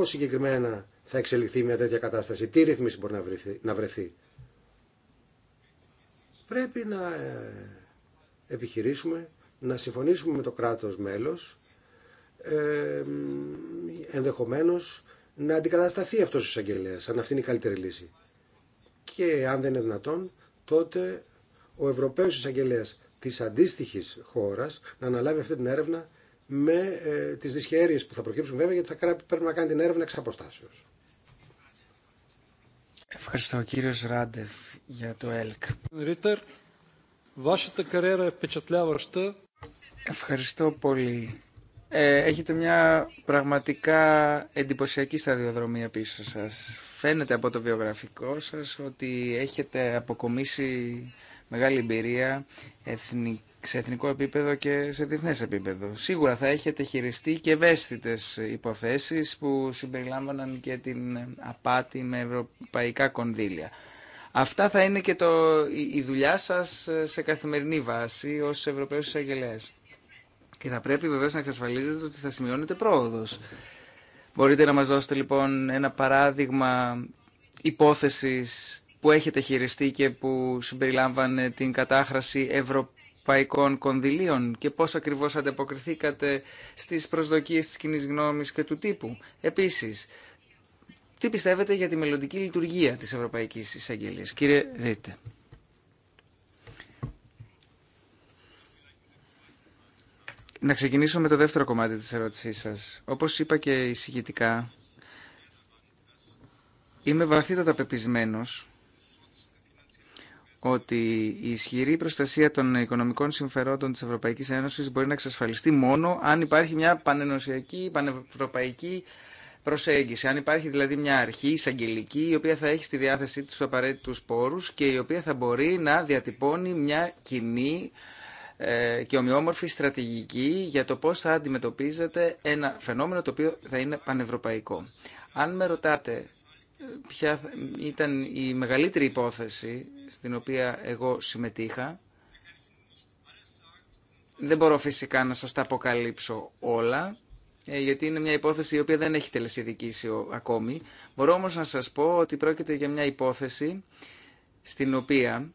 Πώς συγκεκριμένα θα εξελιχθεί μια τέτοια κατάσταση, τι ρύθμιση μπορεί να βρεθεί. Να βρεθεί. Πρέπει να ε, επιχειρήσουμε να συμφωνήσουμε με το κράτος μέλος, ε, ενδεχομένως να αντικατασταθεί αυτός ο εισαγγελέας, αν αυτή είναι η καλύτερη λύση. Και αν δεν είναι δυνατόν, τότε ο Ευρωπαίος εισαγγελέας της αντίστοιχης χώρας να αναλάβει αυτή την έρευνα με ε, τις δυσχέρειες που θα προκύψουν βέβαια γιατί θα πρέπει να κάνει την έρευνα εξ αποστάσεως. Ευχαριστώ κύριο Ράντεφ για το ΕΛΚ. Ευχαριστώ πολύ. Ε, έχετε μια πραγματικά εντυπωσιακή σταδιοδρομία πίσω σας. Φαίνεται από το βιογραφικό σας ότι έχετε αποκομίσει μεγάλη εμπειρία, εθνική σε εθνικό επίπεδο και σε διεθνές επίπεδο. Σίγουρα θα έχετε χειριστεί και ευαίσθητε υποθέσει που συμπεριλάμβαναν και την απάτη με ευρωπαϊκά κονδύλια. Αυτά θα είναι και το, η δουλειά σα σε καθημερινή βάση ω Ευρωπαίου εισαγγελέα. Και θα πρέπει βεβαίω να εξασφαλίζετε ότι θα σημειώνετε πρόοδο. Μπορείτε να μα δώσετε λοιπόν ένα παράδειγμα υπόθεση που έχετε χειριστεί και που συμπεριλάμβανε την κατάχραση Ευρωπαϊκή ευρωπαϊκών κονδυλίων και πώς ακριβώς ανταποκριθήκατε στις προσδοκίες της κοινή γνώμης και του τύπου. Επίσης, τι πιστεύετε για τη μελλοντική λειτουργία της Ευρωπαϊκής Εισαγγελίας. Κύριε Ρίτε. Να ξεκινήσω με το δεύτερο κομμάτι της ερώτησής σας. Όπως είπα και εισηγητικά, είμαι βαθύτατα πεπισμένος ότι η ισχυρή προστασία των οικονομικών συμφερόντων της Ευρωπαϊκής Ένωσης μπορεί να εξασφαλιστεί μόνο αν υπάρχει μια πανενωσιακή, πανευρωπαϊκή προσέγγιση. Αν υπάρχει δηλαδή μια αρχή εισαγγελική η οποία θα έχει στη διάθεσή της του απαραίτητου πόρους και η οποία θα μπορεί να διατυπώνει μια κοινή ε, και ομοιόμορφη στρατηγική για το πώς θα αντιμετωπίζεται ένα φαινόμενο το οποίο θα είναι πανευρωπαϊκό. Αν με ρωτάτε ποια ήταν η μεγαλύτερη υπόθεση στην οποία εγώ συμμετείχα. Δεν μπορώ φυσικά να σας τα αποκαλύψω όλα, ε, γιατί είναι μια υπόθεση η οποία δεν έχει τελεσιδικήσει ακόμη. Μπορώ όμως να σας πω ότι πρόκειται για μια υπόθεση στην οποία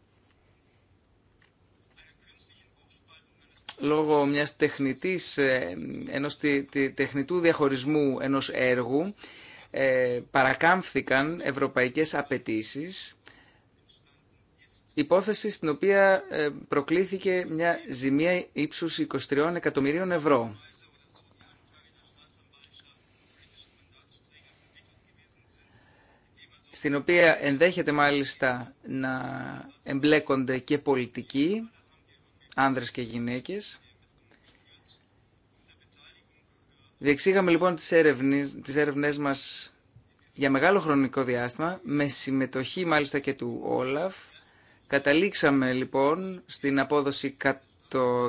λόγω μιας τεχνητής, ε, ενός τεχνητού διαχωρισμού ενός έργου ε, παρακάμφθηκαν ευρωπαϊκές απαιτήσεις υπόθεση στην οποία ε, προκλήθηκε μια ζημία ύψους 23 εκατομμυρίων ευρώ. στην οποία ενδέχεται μάλιστα να εμπλέκονται και πολιτικοί, άνδρες και γυναίκες. Διεξήγαμε λοιπόν τις έρευνες, τις έρευνες μας για μεγάλο χρονικό διάστημα, με συμμετοχή μάλιστα και του Όλαφ, Καταλήξαμε λοιπόν στην απόδοση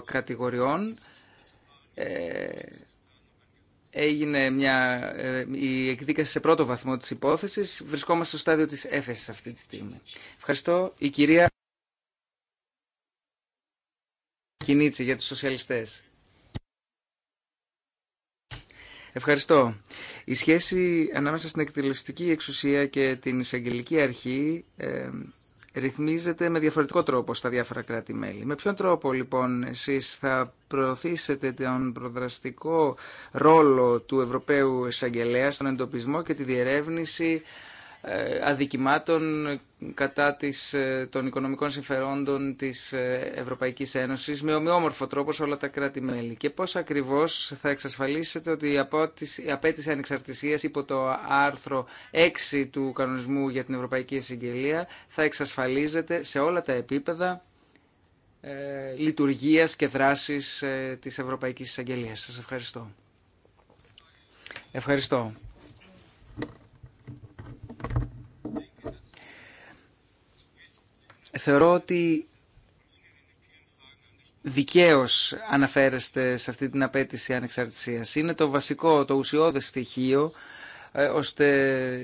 κατηγοριών. Ε, έγινε μια, ε, η εκδίκαση σε πρώτο βαθμό της υπόθεσης. Βρισκόμαστε στο στάδιο της έφεσης αυτή τη στιγμή. Ευχαριστώ. Η κυρία Κινίτση για τους σοσιαλιστές. Ευχαριστώ. Η σχέση ανάμεσα στην εκτελεστική εξουσία και την εισαγγελική αρχή ε, ρυθμίζεται με διαφορετικό τρόπο στα διάφορα κράτη-μέλη. Με ποιον τρόπο λοιπόν εσείς θα προωθήσετε τον προδραστικό ρόλο του Ευρωπαίου Εισαγγελέα στον εντοπισμό και τη διερεύνηση ε, αδικημάτων κατά της, ε, των οικονομικών συμφερόντων της ε, Ευρωπαϊκής Ένωσης με ομοιόμορφο τρόπο σε όλα τα κράτη-μέλη. Και πώς ακριβώς θα εξασφαλίσετε ότι η απέτηση ανεξαρτησίας υπό το άρθρο 6 του κανονισμού για την Ευρωπαϊκή Συγγελία θα εξασφαλίζεται σε όλα τα επίπεδα ε, λειτουργίας και δράσης ε, της Ευρωπαϊκής Εισαγγελίας. Σας ευχαριστώ. Ευχαριστώ. θεωρώ ότι δικαίω αναφέρεστε σε αυτή την απέτηση ανεξαρτησία. Είναι το βασικό, το ουσιώδες στοιχείο ε, ώστε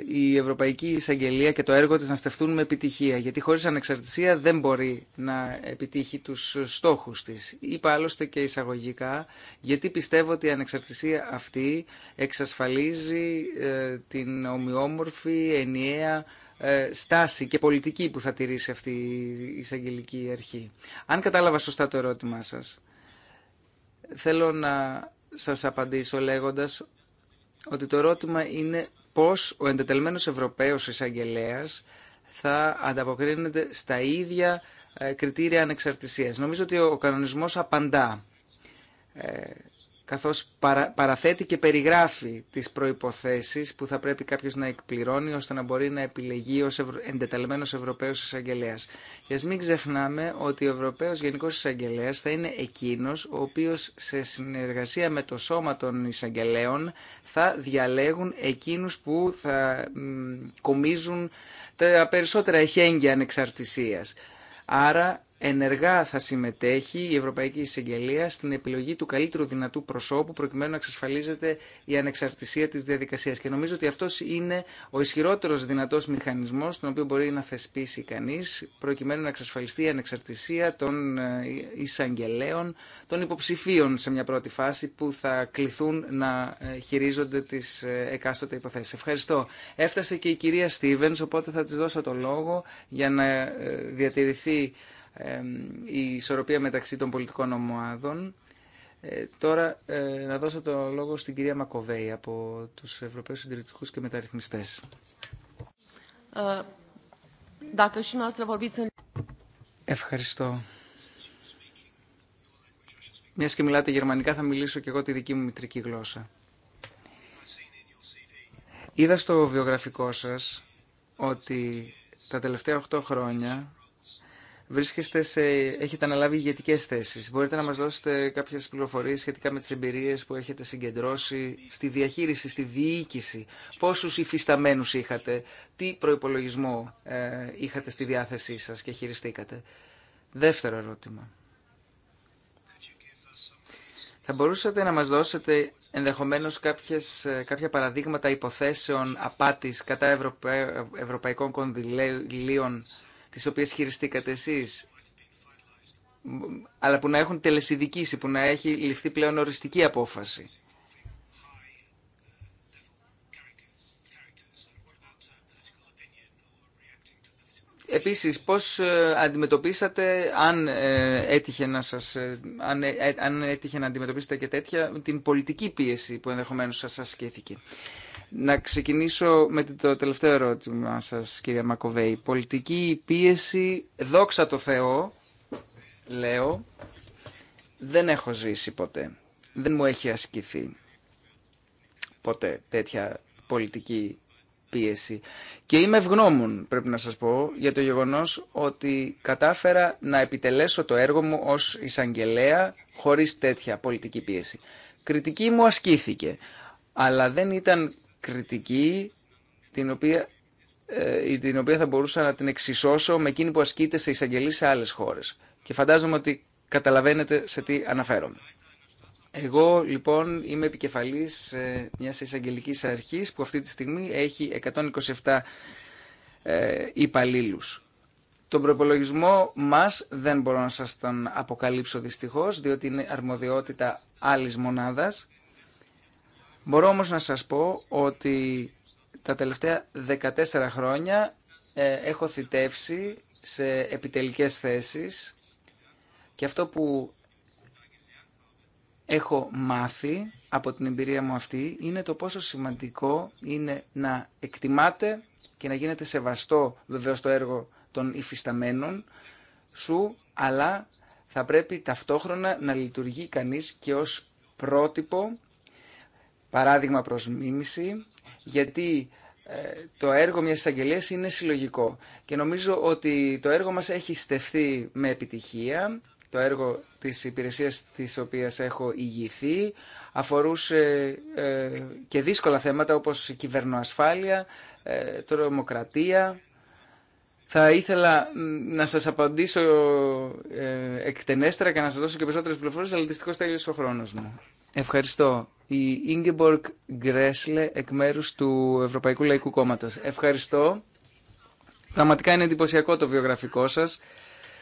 η Ευρωπαϊκή Εισαγγελία και το έργο της να στεφτούν με επιτυχία. Γιατί χωρίς ανεξαρτησία δεν μπορεί να επιτύχει τους στόχους της. Είπα άλλωστε και εισαγωγικά, γιατί πιστεύω ότι η ανεξαρτησία αυτή εξασφαλίζει ε, την ομοιόμορφη, ενιαία ε, στάση και πολιτική που θα τηρήσει αυτή η εισαγγελική αρχή. Αν κατάλαβα σωστά το ερώτημά σας, θέλω να σας απαντήσω λέγοντας ότι το ερώτημα είναι πώς ο εντετελμένος Ευρωπαίος εισαγγελέα θα ανταποκρίνεται στα ίδια ε, κριτήρια ανεξαρτησίας. Νομίζω ότι ο κανονισμός απαντά ε, καθώς παραθέτει και περιγράφει τις προϋποθέσεις που θα πρέπει κάποιος να εκπληρώνει ώστε να μπορεί να επιλεγεί ως ευρω... εντεταλμένος Ευρωπαίος εισαγγελέα. Και μην ξεχνάμε ότι ο Ευρωπαίος Γενικός Εισαγγελέας θα είναι εκείνος ο οποίος σε συνεργασία με το σώμα των εισαγγελέων θα διαλέγουν εκείνους που θα κομίζουν τα περισσότερα εχέγγυα ανεξαρτησίας. Άρα ενεργά θα συμμετέχει η Ευρωπαϊκή Εισαγγελία στην επιλογή του καλύτερου δυνατού προσώπου προκειμένου να εξασφαλίζεται η ανεξαρτησία της διαδικασίας. Και νομίζω ότι αυτό είναι ο ισχυρότερος δυνατός μηχανισμός τον οποίο μπορεί να θεσπίσει κανείς προκειμένου να εξασφαλιστεί η ανεξαρτησία των ε, εισαγγελέων, των υποψηφίων σε μια πρώτη φάση που θα κληθούν να ε, χειρίζονται τις ε, εκάστοτε υποθέσεις. Ευχαριστώ. Έφτασε και η κυρία Στίβεν, οπότε θα της δώσω το λόγο για να διατηρηθεί η ισορροπία μεταξύ των πολιτικών ομάδων. Ε, τώρα ε, να δώσω το λόγο στην κυρία Μακοβέη από τους Ευρωπαίους Συντηρητικούς και Μεταρρυθμιστές. Ε, Ευχαριστώ. Μια και μιλάτε γερμανικά, θα μιλήσω και εγώ τη δική μου μητρική γλώσσα. Είδα στο βιογραφικό σας ότι τα τελευταία 8 χρόνια βρίσκεστε σε, έχετε αναλάβει ηγετικέ θέσει. Μπορείτε να μα δώσετε κάποιε πληροφορίε σχετικά με τι εμπειρίε που έχετε συγκεντρώσει στη διαχείριση, στη διοίκηση. Πόσου υφισταμένου είχατε, τι προπολογισμό ε, είχατε στη διάθεσή σα και χειριστήκατε. Δεύτερο ερώτημα. Θα μπορούσατε να μας δώσετε ενδεχομένως κάποιες, ε, κάποια παραδείγματα υποθέσεων απάτης κατά ευρωπαϊκών κονδυλίων τις οποίες χειριστήκατε εσείς, αλλά που να έχουν τελεσιδικήσει, που να έχει ληφθεί πλέον οριστική απόφαση. Επίσης, πώς ε, αντιμετωπίσατε, αν ε, έτυχε να, σας, ε, αν, αν έτυχε να αντιμετωπίσετε και τέτοια, την πολιτική πίεση που ενδεχομένως σας ασκήθηκε. Να ξεκινήσω με το τελευταίο ερώτημα σας, κυρία Μακοβέη. Πολιτική πίεση, δόξα το Θεό, λέω, δεν έχω ζήσει ποτέ. Δεν μου έχει ασκηθεί ποτέ τέτοια πολιτική πίεση. Και είμαι ευγνώμων, πρέπει να σας πω, για το γεγονός ότι κατάφερα να επιτελέσω το έργο μου ως εισαγγελέα χωρίς τέτοια πολιτική πίεση. Κριτική μου ασκήθηκε, αλλά δεν ήταν κριτική την οποία, ε, την οποία θα μπορούσα να την εξισώσω με εκείνη που ασκείται σε εισαγγελίες σε άλλες χώρες. Και φαντάζομαι ότι καταλαβαίνετε σε τι αναφέρομαι. Εγώ λοιπόν είμαι επικεφαλής ε, μιας εισαγγελικής αρχής που αυτή τη στιγμή έχει 127 ε, υπαλλήλους. Τον προπολογισμό μας δεν μπορώ να σας τον αποκαλύψω δυστυχώς, διότι είναι αρμοδιότητα άλλης μονάδας Μπορώ όμως να σας πω ότι τα τελευταία 14 χρόνια ε, έχω θητεύσει σε επιτελικές θέσεις και αυτό που έχω μάθει από την εμπειρία μου αυτή είναι το πόσο σημαντικό είναι να εκτιμάτε και να γίνεται σεβαστό βεβαίως το έργο των υφισταμένων σου, αλλά θα πρέπει ταυτόχρονα να λειτουργεί κανείς και ως πρότυπο παράδειγμα προς μίμηση, γιατί ε, το έργο μιας εισαγγελίας είναι συλλογικό. Και νομίζω ότι το έργο μας έχει στεφθεί με επιτυχία. Το έργο της υπηρεσίας της οποίας έχω ηγηθεί αφορούσε ε, και δύσκολα θέματα όπως η κυβερνοασφάλεια, ε, τρομοκρατία. Θα ήθελα να σας απαντήσω εκτενέστερα και να σας δώσω και περισσότερες πληροφορίες, αλλά δυστυχώς τέλειωσε ο χρόνος μου. Ευχαριστώ η Ingeborg Γκρέσλε εκ μέρους του Ευρωπαϊκού Λαϊκού Κόμματος. Ευχαριστώ. Πραγματικά είναι εντυπωσιακό το βιογραφικό σας.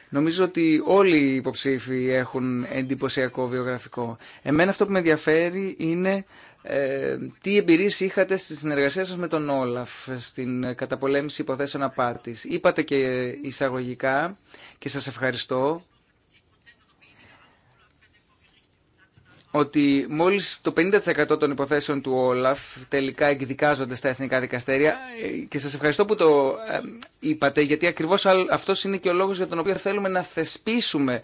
Νομίζω ότι όλοι οι υποψήφοι έχουν εντυπωσιακό βιογραφικό. Εμένα αυτό που με ενδιαφέρει είναι ε, τι εμπειρίες είχατε στη συνεργασία σας με τον Όλαφ στην καταπολέμηση υποθέσεων απάτης. Είπατε και εισαγωγικά και σας ευχαριστώ ότι μόλις το 50% των υποθέσεων του Όλαφ τελικά εκδικάζονται στα εθνικά δικαστήρια ε, και σας ευχαριστώ που το ε, είπατε γιατί ακριβώς αυτός είναι και ο λόγος για τον οποίο θέλουμε να θεσπίσουμε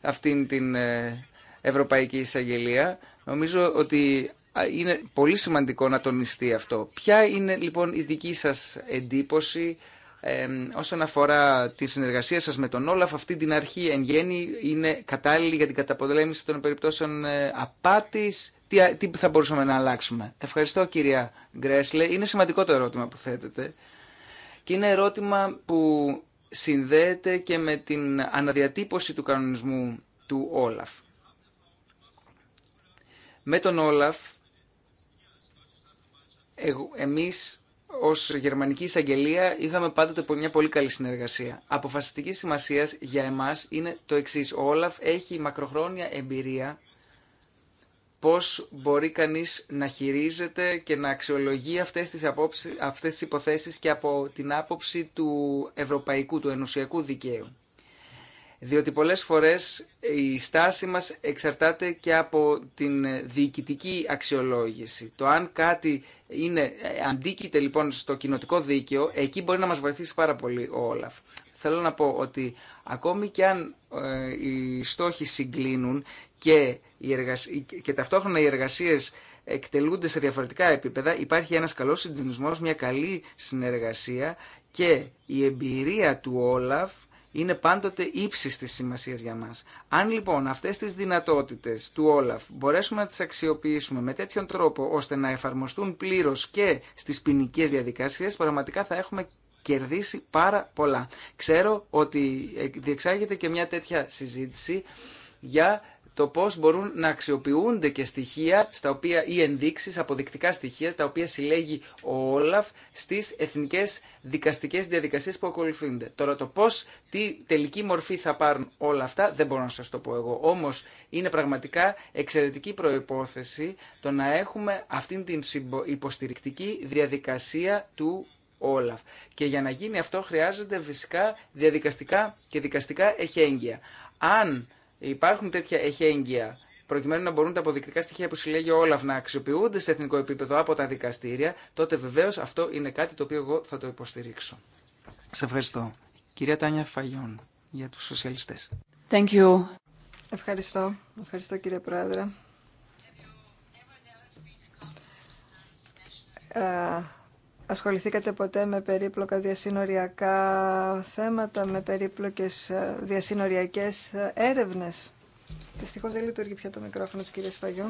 αυτήν την ε, Ευρωπαϊκή Εισαγγελία. Νομίζω ότι είναι πολύ σημαντικό να τονιστεί αυτό. Ποια είναι λοιπόν η δική σας εντύπωση όσον αφορά τη συνεργασία σας με τον Όλαφ, αυτή την αρχή εν γέννη είναι κατάλληλη για την καταπολέμηση των περιπτώσεων ε, απάτης. Τι, θα μπορούσαμε να αλλάξουμε. Ευχαριστώ κυρία Γκρέσλε. Είναι σημαντικό το ερώτημα που θέτετε. Και είναι ερώτημα που συνδέεται και με την αναδιατύπωση του κανονισμού του Όλαφ. Με τον Όλαφ, εμείς ως Γερμανική Εισαγγελία είχαμε πάντοτε μια πολύ καλή συνεργασία. Αποφασιστική σημασία για εμάς είναι το εξή: Ο Όλαφ έχει μακροχρόνια εμπειρία πώς μπορεί κανείς να χειρίζεται και να αξιολογεί αυτές τι αυτές τις υποθέσεις και από την άποψη του ευρωπαϊκού, του ενωσιακού δικαίου διότι πολλές φορές η στάση μας εξαρτάται και από την διοικητική αξιολόγηση. Το αν κάτι είναι, αντίκειται λοιπόν στο κοινοτικό δίκαιο, εκεί μπορεί να μας βοηθήσει πάρα πολύ ο Όλαφ. Θέλω να πω ότι ακόμη και αν ε, οι στόχοι συγκλίνουν και, οι εργασ... και ταυτόχρονα οι εργασίες εκτελούνται σε διαφορετικά επίπεδα, υπάρχει ένας καλός συντονισμός, μια καλή συνεργασία και η εμπειρία του Όλαφ είναι πάντοτε ύψης τη σημασίας για μας. Αν λοιπόν αυτές τις δυνατότητε του Όλαφ μπορέσουμε να τις αξιοποιήσουμε με τέτοιον τρόπο ώστε να εφαρμοστούν πλήρως και στις ποινικέ διαδικασίες, πραγματικά θα έχουμε κερδίσει πάρα πολλά. Ξέρω ότι διεξάγεται και μια τέτοια συζήτηση για το πώ μπορούν να αξιοποιούνται και στοιχεία στα οποία, ή ενδείξει αποδεικτικά στοιχεία, τα οποία συλλέγει ο Όλαφ στι εθνικέ δικαστικέ διαδικασίε που ακολουθούνται. Τώρα το πώ τι τελική μορφή θα πάρουν όλα αυτά, δεν μπορώ να σα το πω εγώ. Όμω είναι πραγματικά εξαιρετική προϋπόθεση το να έχουμε αυτήν την υποστηρικτική διαδικασία του Όλαφ. Και για να γίνει αυτό χρειάζονται φυσικά διαδικαστικά και δικαστικά εχέγγυα. Αν υπάρχουν τέτοια εχέγγυα προκειμένου να μπορούν τα αποδεικτικά στοιχεία που συλλέγει ο Όλαφ να αξιοποιούνται σε εθνικό επίπεδο από τα δικαστήρια, τότε βεβαίω αυτό είναι κάτι το οποίο εγώ θα το υποστηρίξω. Σε ευχαριστώ. Κυρία Τάνια Φαγιόν, για τους σοσιαλιστές. Thank you. Ευχαριστώ. Ευχαριστώ κύριε Πρόεδρε. Ε, ασχοληθήκατε ποτέ με περίπλοκα διασύνοριακά θέματα, με περίπλοκες ε, διασύνοριακές ε, έρευνες. Δυστυχώς δεν λειτουργεί πια το μικρόφωνο της κυρίας Φαγιού.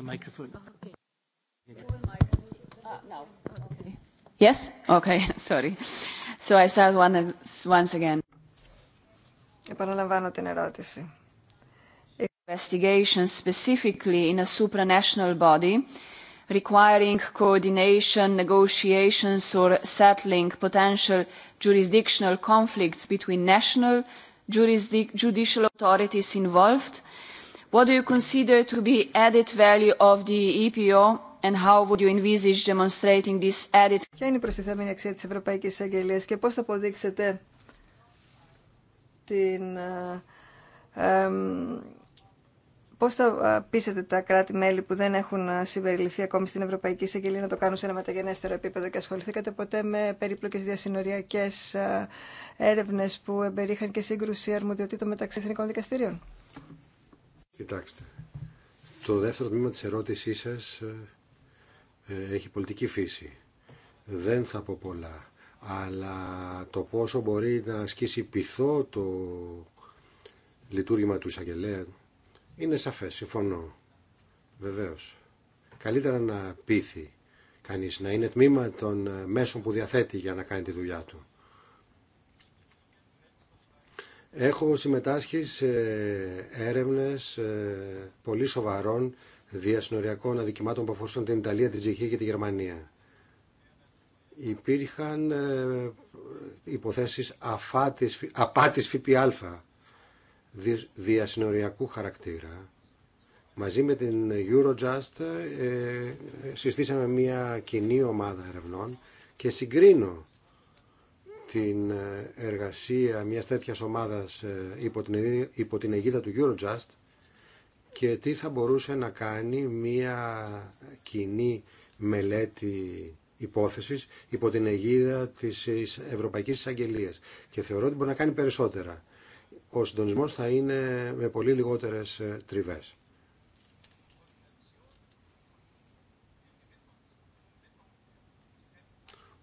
The oh, uh, no. okay. Yes? Okay, sorry. So I start once again. Επαναλαμβάνω την ερώτηση. Investigation specifically in a supranational body requiring coordination, negotiations or settling potential jurisdictional conflicts between national judicial authorities involved. What do you consider to be added value of the EPO Ποια είναι η προστιθέμενη αξία της Ευρωπαϊκής Αγγελίας και πώς θα αποδείξετε την... Ε, πώς θα ε, πείσετε τα κράτη-μέλη που δεν έχουν ε, συμπεριληφθεί ακόμη στην Ευρωπαϊκή Εισαγγελία να το κάνουν σε ένα μεταγενέστερο επίπεδο και ασχοληθήκατε ποτέ με περίπλοκες διασυνοριακές έρευνες που εμπερίχαν και σύγκρουση αρμοδιοτήτων μεταξύ εθνικών δικαστηρίων. Κοιτάξτε, το δεύτερο τμήμα της ερώτησής σας ε, έχει πολιτική φύση. Δεν θα πω πολλά, αλλά το πόσο μπορεί να ασκήσει πειθό το λειτουργήμα του εισαγγελέα είναι σαφές, συμφωνώ. Βεβαίως. Καλύτερα να πείθει κανείς, να είναι τμήμα των ε, μέσων που διαθέτει για να κάνει τη δουλειά του. Έχω συμμετάσχει σε έρευνες ε, πολύ σοβαρών διασυνοριακών αδικημάτων που αφορούσαν την Ιταλία, την Τσεχία και τη Γερμανία. Υπήρχαν ε, υποθέσεις αφάτης, απάτης ΦΠΑ διασυνοριακού χαρακτήρα. Μαζί με την Eurojust ε, συστήσαμε μια κοινή ομάδα ερευνών και συγκρίνω την ε, εργασία μιας τέτοιας ομάδας υπό την, υπό την αιγίδα του Eurojust και τι θα μπορούσε να κάνει μια κοινή μελέτη υπόθεσης υπό την αιγίδα της Ευρωπαϊκής Εισαγγελία. Και θεωρώ ότι μπορεί να κάνει περισσότερα. Ο συντονισμός θα είναι με πολύ λιγότερες ε, τριβές.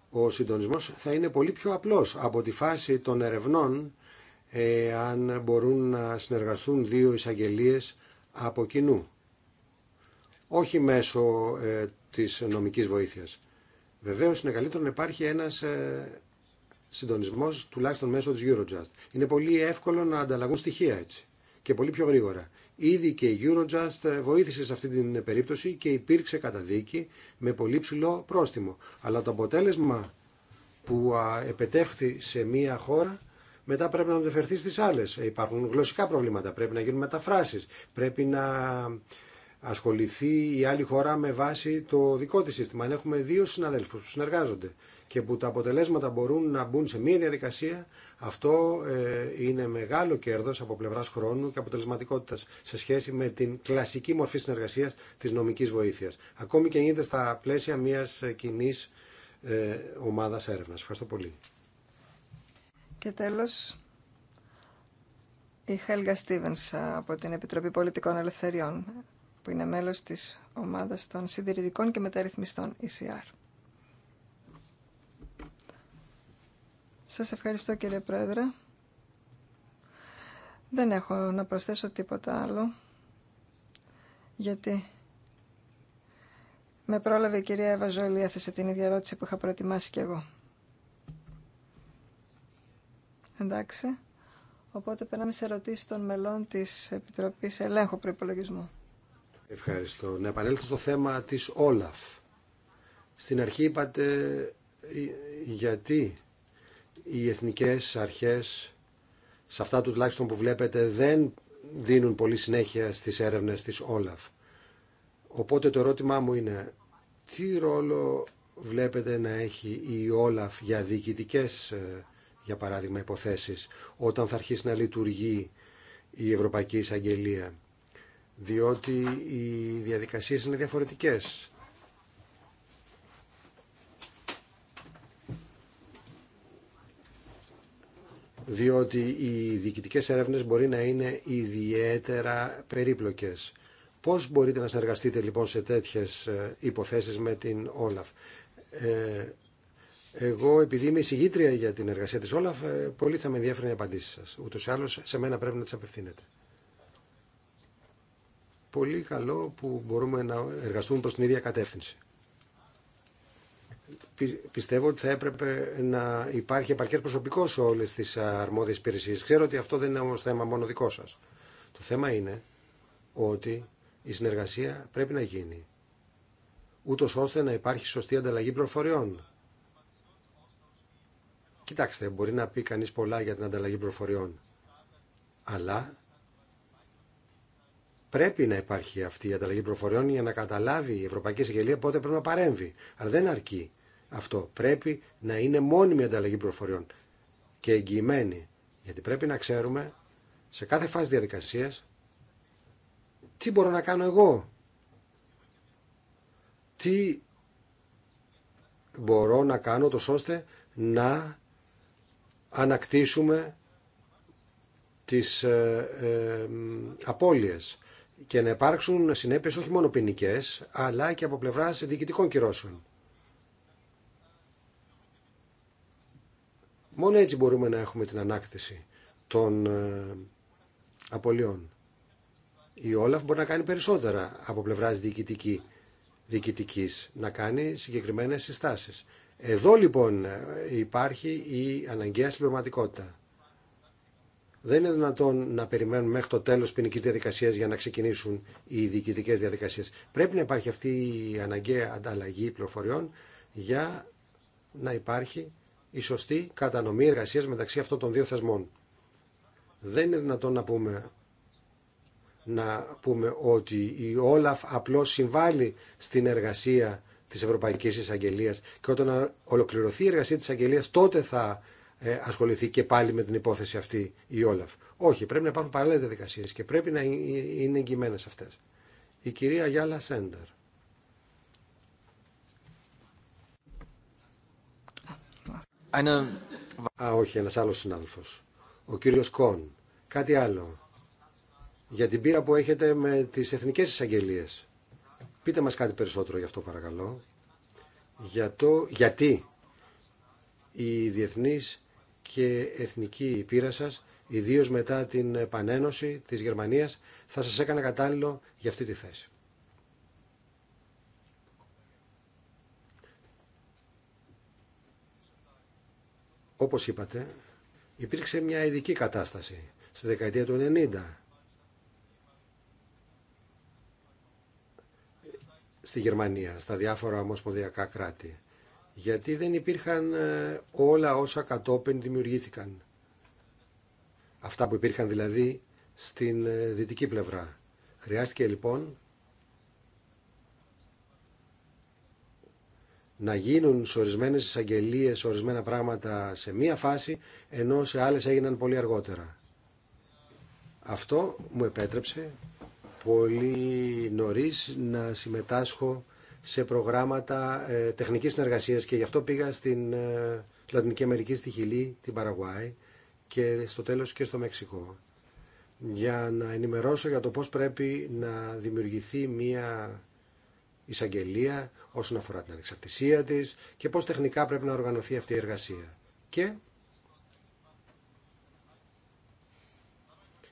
Ο συντονισμός θα είναι πολύ πιο απλός από τη φάση των ερευνών αν μπορούν να συνεργαστούν δύο εισαγγελίες από κοινού. Όχι μέσω ε, της νομικής βοήθειας. Βεβαίως είναι καλύτερο να υπάρχει ένας ε, συντονισμός τουλάχιστον μέσω της Eurojust. Είναι πολύ εύκολο να ανταλλαγούν στοιχεία έτσι και πολύ πιο γρήγορα. Ήδη και η Eurojust ε, βοήθησε σε αυτή την περίπτωση και υπήρξε καταδίκη με πολύ ψηλό πρόστιμο. Αλλά το αποτέλεσμα που επετέχθη σε μία χώρα μετά πρέπει να αντεφερθεί στι άλλε. Ε, υπάρχουν γλωσσικά προβλήματα, πρέπει να γίνουν μεταφράσει, πρέπει να ασχοληθεί η άλλη χώρα με βάση το δικό τη σύστημα. Αν έχουμε δύο συναδέλφου που συνεργάζονται και που τα αποτελέσματα μπορούν να μπουν σε μία διαδικασία, αυτό ε, είναι μεγάλο κέρδο από πλευρά χρόνου και αποτελεσματικότητα σε σχέση με την κλασική μορφή συνεργασία τη νομική βοήθεια. Ακόμη και γίνεται στα πλαίσια μια ε, κοινή ομάδα έρευνα. Ευχαριστώ πολύ. Και τέλος, η Χέλγα Στίβενς από την Επιτροπή Πολιτικών Ελευθεριών, που είναι μέλος της ομάδας των συντηρητικών και μεταρρυθμιστών ECR. Σας ευχαριστώ κύριε Πρόεδρε. Δεν έχω να προσθέσω τίποτα άλλο, γιατί με πρόλαβε η κυρία Εύα Ζόλη, έθεσε την ίδια ερώτηση που είχα προετοιμάσει κι εγώ. Εντάξει. Οπότε περνάμε σε ερωτήσει των μελών τη Επιτροπή Ελέγχου Προπολογισμού. Ευχαριστώ. Να επανέλθω στο θέμα τη Όλαφ. Στην αρχή είπατε ε, γιατί οι εθνικές αρχές σε αυτά του τουλάχιστον που βλέπετε δεν δίνουν πολύ συνέχεια στις έρευνες της Όλαφ. Οπότε το ερώτημά μου είναι τι ρόλο βλέπετε να έχει η Όλαφ για διοικητικές ε, για παράδειγμα υποθέσεις, όταν θα αρχίσει να λειτουργεί η Ευρωπαϊκή Εισαγγελία. Διότι οι διαδικασίες είναι διαφορετικές. διότι οι διοικητικές έρευνες μπορεί να είναι ιδιαίτερα περίπλοκες. Πώς μπορείτε να συνεργαστείτε λοιπόν σε τέτοιες ε, υποθέσεις με την Όλαφ. Ε, εγώ, επειδή είμαι εισηγήτρια για την εργασία τη Όλαφ, ε, πολύ θα με ενδιαφέρουν οι απαντήσει σα. Ούτω ή άλλω, σε μένα πρέπει να τι απευθύνετε. Πολύ καλό που μπορούμε να εργαστούμε προ την ίδια κατεύθυνση. Πιστεύω ότι θα έπρεπε να υπάρχει επαρκέ προσωπικό σε όλε τι αρμόδιε υπηρεσίε. Ξέρω ότι αυτό δεν είναι όμω θέμα μόνο δικό σα. Το θέμα είναι ότι η συνεργασία πρέπει να γίνει ούτως ώστε να υπάρχει σωστή ανταλλαγή πληροφοριών Κοιτάξτε, μπορεί να πει κανείς πολλά για την ανταλλαγή προφοριών, αλλά πρέπει να υπάρχει αυτή η ανταλλαγή προφοριών για να καταλάβει η Ευρωπαϊκή Συγγελία πότε πρέπει να παρέμβει. Αλλά δεν αρκεί αυτό. Πρέπει να είναι μόνιμη η ανταλλαγή προφοριών και εγγυημένη. Γιατί πρέπει να ξέρουμε σε κάθε φάση διαδικασίας τι μπορώ να κάνω εγώ. Τι μπορώ να κάνω τόσο ώστε να ανακτήσουμε τις ε, ε, απώλειες και να υπάρξουν συνέπειες όχι μόνο ποινικέ, αλλά και από πλευράς διοικητικών κυρώσεων. Μόνο έτσι μπορούμε να έχουμε την ανάκτηση των ε, Η Όλαφ μπορεί να κάνει περισσότερα από πλευράς διοικητική, διοικητικής, να κάνει συγκεκριμένες συστάσεις. Εδώ λοιπόν υπάρχει η αναγκαία συμπληρωματικότητα. Δεν είναι δυνατόν να περιμένουμε μέχρι το τέλος ποινική διαδικασίας για να ξεκινήσουν οι διοικητικέ διαδικασίες. Πρέπει να υπάρχει αυτή η αναγκαία ανταλλαγή πληροφοριών για να υπάρχει η σωστή κατανομή εργασία μεταξύ αυτών των δύο θεσμών. Δεν είναι δυνατόν να πούμε, να πούμε ότι η Όλαφ απλώ συμβάλλει στην εργασία Τη Ευρωπαϊκή Εισαγγελία. και όταν ολοκληρωθεί η εργασία της Εισαγγελίας τότε θα ε, ασχοληθεί και πάλι με την υπόθεση αυτή η Όλαφ. Όχι, πρέπει να υπάρχουν παράλληλες διαδικασίες και πρέπει να είναι εγγυημένε αυτές. Η κυρία Γιάλα Σέντερ. Α, όχι, ένας άλλος συνάδελφος. Ο κύριος Κον. Κάτι άλλο. Για την πείρα που έχετε με τις εθνικές εισαγγελίες. Πείτε μας κάτι περισσότερο γι' αυτό παρακαλώ. Για το, γιατί η διεθνής και εθνική πείρα σας, ιδίως μετά την επανένωση της Γερμανίας, θα σας έκανε κατάλληλο για αυτή τη θέση. Όπως είπατε, υπήρξε μια ειδική κατάσταση στη δεκαετία του 90 στη Γερμανία, στα διάφορα ομοσπονδιακά κράτη. Γιατί δεν υπήρχαν ε, όλα όσα κατόπιν δημιουργήθηκαν. Αυτά που υπήρχαν δηλαδή στην ε, δυτική πλευρά. Χρειάστηκε λοιπόν να γίνουν σε ορισμένε εισαγγελίε ορισμένα πράγματα σε μία φάση, ενώ σε άλλε έγιναν πολύ αργότερα. Αυτό μου επέτρεψε πολύ νωρίς να συμμετάσχω σε προγράμματα ε, τεχνικής συνεργασίας και γι' αυτό πήγα στην ε, Λατινική Αμερική, στη Χιλή, την Παραγουάη και στο τέλος και στο Μεξικό για να ενημερώσω για το πώς πρέπει να δημιουργηθεί μια εισαγγελία όσον αφορά την ανεξαρτησία της και πώς τεχνικά πρέπει να οργανωθεί αυτή η εργασία. Και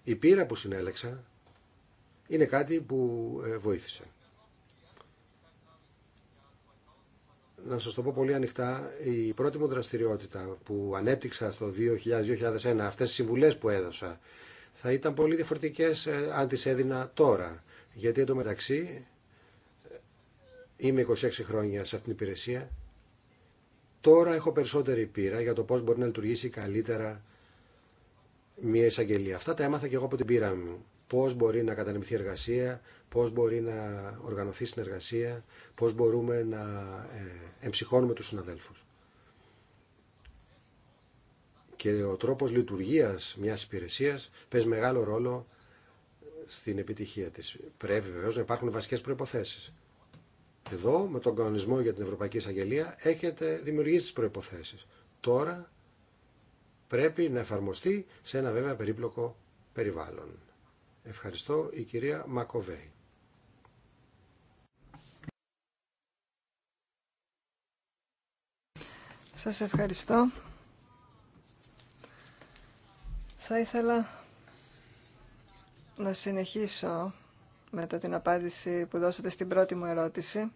η πείρα που συνέλεξα είναι κάτι που ε, βοήθησε. Να σας το πω πολύ ανοιχτά, η πρώτη μου δραστηριότητα που ανέπτυξα στο 2000-2001, αυτές οι συμβουλές που έδωσα, θα ήταν πολύ διαφορετικές ε, αν τις έδινα τώρα. Γιατί μεταξύ ε, είμαι 26 χρόνια σε αυτήν την υπηρεσία. Τώρα έχω περισσότερη πείρα για το πώς μπορεί να λειτουργήσει καλύτερα μια εισαγγελία. Αυτά τα έμαθα και εγώ από την πείρα μου πώς μπορεί να κατανεμηθεί εργασία, πώς μπορεί να οργανωθεί συνεργασία, πώς μπορούμε να ε, εμψυχώνουμε τους συναδέλφους. Και ο τρόπος λειτουργίας μιας υπηρεσίας παίζει μεγάλο ρόλο στην επιτυχία της. Πρέπει βεβαίως να υπάρχουν βασικές προϋποθέσεις. Εδώ, με τον κανονισμό για την Ευρωπαϊκή Εισαγγελία, έχετε δημιουργήσει τις προϋποθέσεις. Τώρα πρέπει να εφαρμοστεί σε ένα βέβαια περίπλοκο περιβάλλον. Ευχαριστώ η κυρία Μακοβέη. Σας ευχαριστώ. Θα ήθελα να συνεχίσω μετά την απάντηση που δώσατε στην πρώτη μου ερώτηση.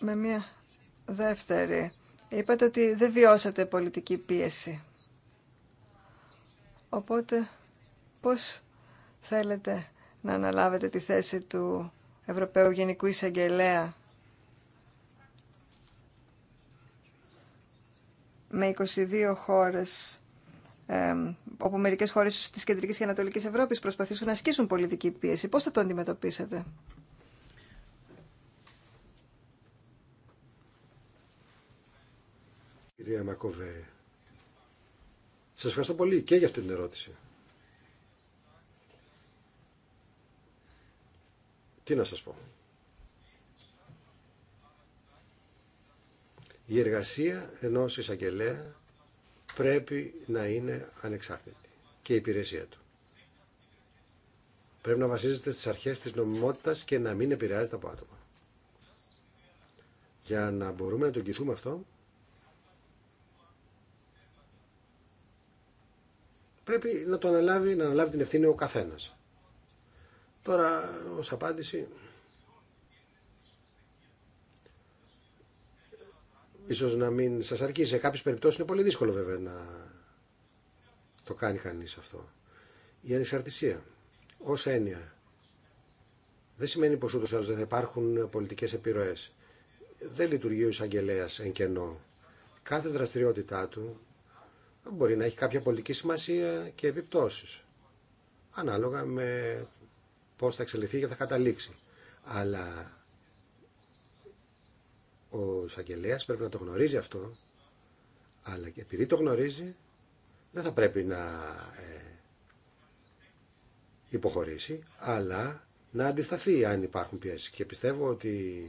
Με μία δεύτερη Είπατε ότι δεν βιώσατε πολιτική πίεση. Οπότε, πώς θέλετε να αναλάβετε τη θέση του Ευρωπαίου Γενικού Εισαγγελέα με 22 χώρες, ε, όπου μερικές χώρες της Κεντρικής και Ανατολικής Ευρώπης προσπαθήσουν να ασκήσουν πολιτική πίεση. Πώς θα το αντιμετωπίσετε. κυρία Μακοβέ. Σας ευχαριστώ πολύ και για αυτή την ερώτηση. Τι να σας πω. Η εργασία ενός εισαγγελέα πρέπει να είναι ανεξάρτητη και η υπηρεσία του. Πρέπει να βασίζεται στις αρχές της νομιμότητας και να μην επηρεάζεται από άτομα. Για να μπορούμε να το κοιθούμε αυτό, πρέπει να το αναλάβει, να αναλάβει την ευθύνη ο καθένας. Τώρα, ως απάντηση, ίσως να μην σας αρκεί. Σε κάποιες περιπτώσεις είναι πολύ δύσκολο βέβαια να το κάνει κανείς αυτό. Η ανεξαρτησία ως έννοια δεν σημαίνει πως ούτως άλλως δεν θα υπάρχουν πολιτικές επιρροές. Δεν λειτουργεί ο εισαγγελέα εν κενό. Κάθε δραστηριότητά του μπορεί να έχει κάποια πολιτική σημασία και επιπτώσεις. Ανάλογα με πώς θα εξελιχθεί και θα καταλήξει. Αλλά ο εισαγγελέα πρέπει να το γνωρίζει αυτό, αλλά επειδή το γνωρίζει, δεν θα πρέπει να ε, υποχωρήσει, αλλά να αντισταθεί αν υπάρχουν πιέσεις. Και πιστεύω ότι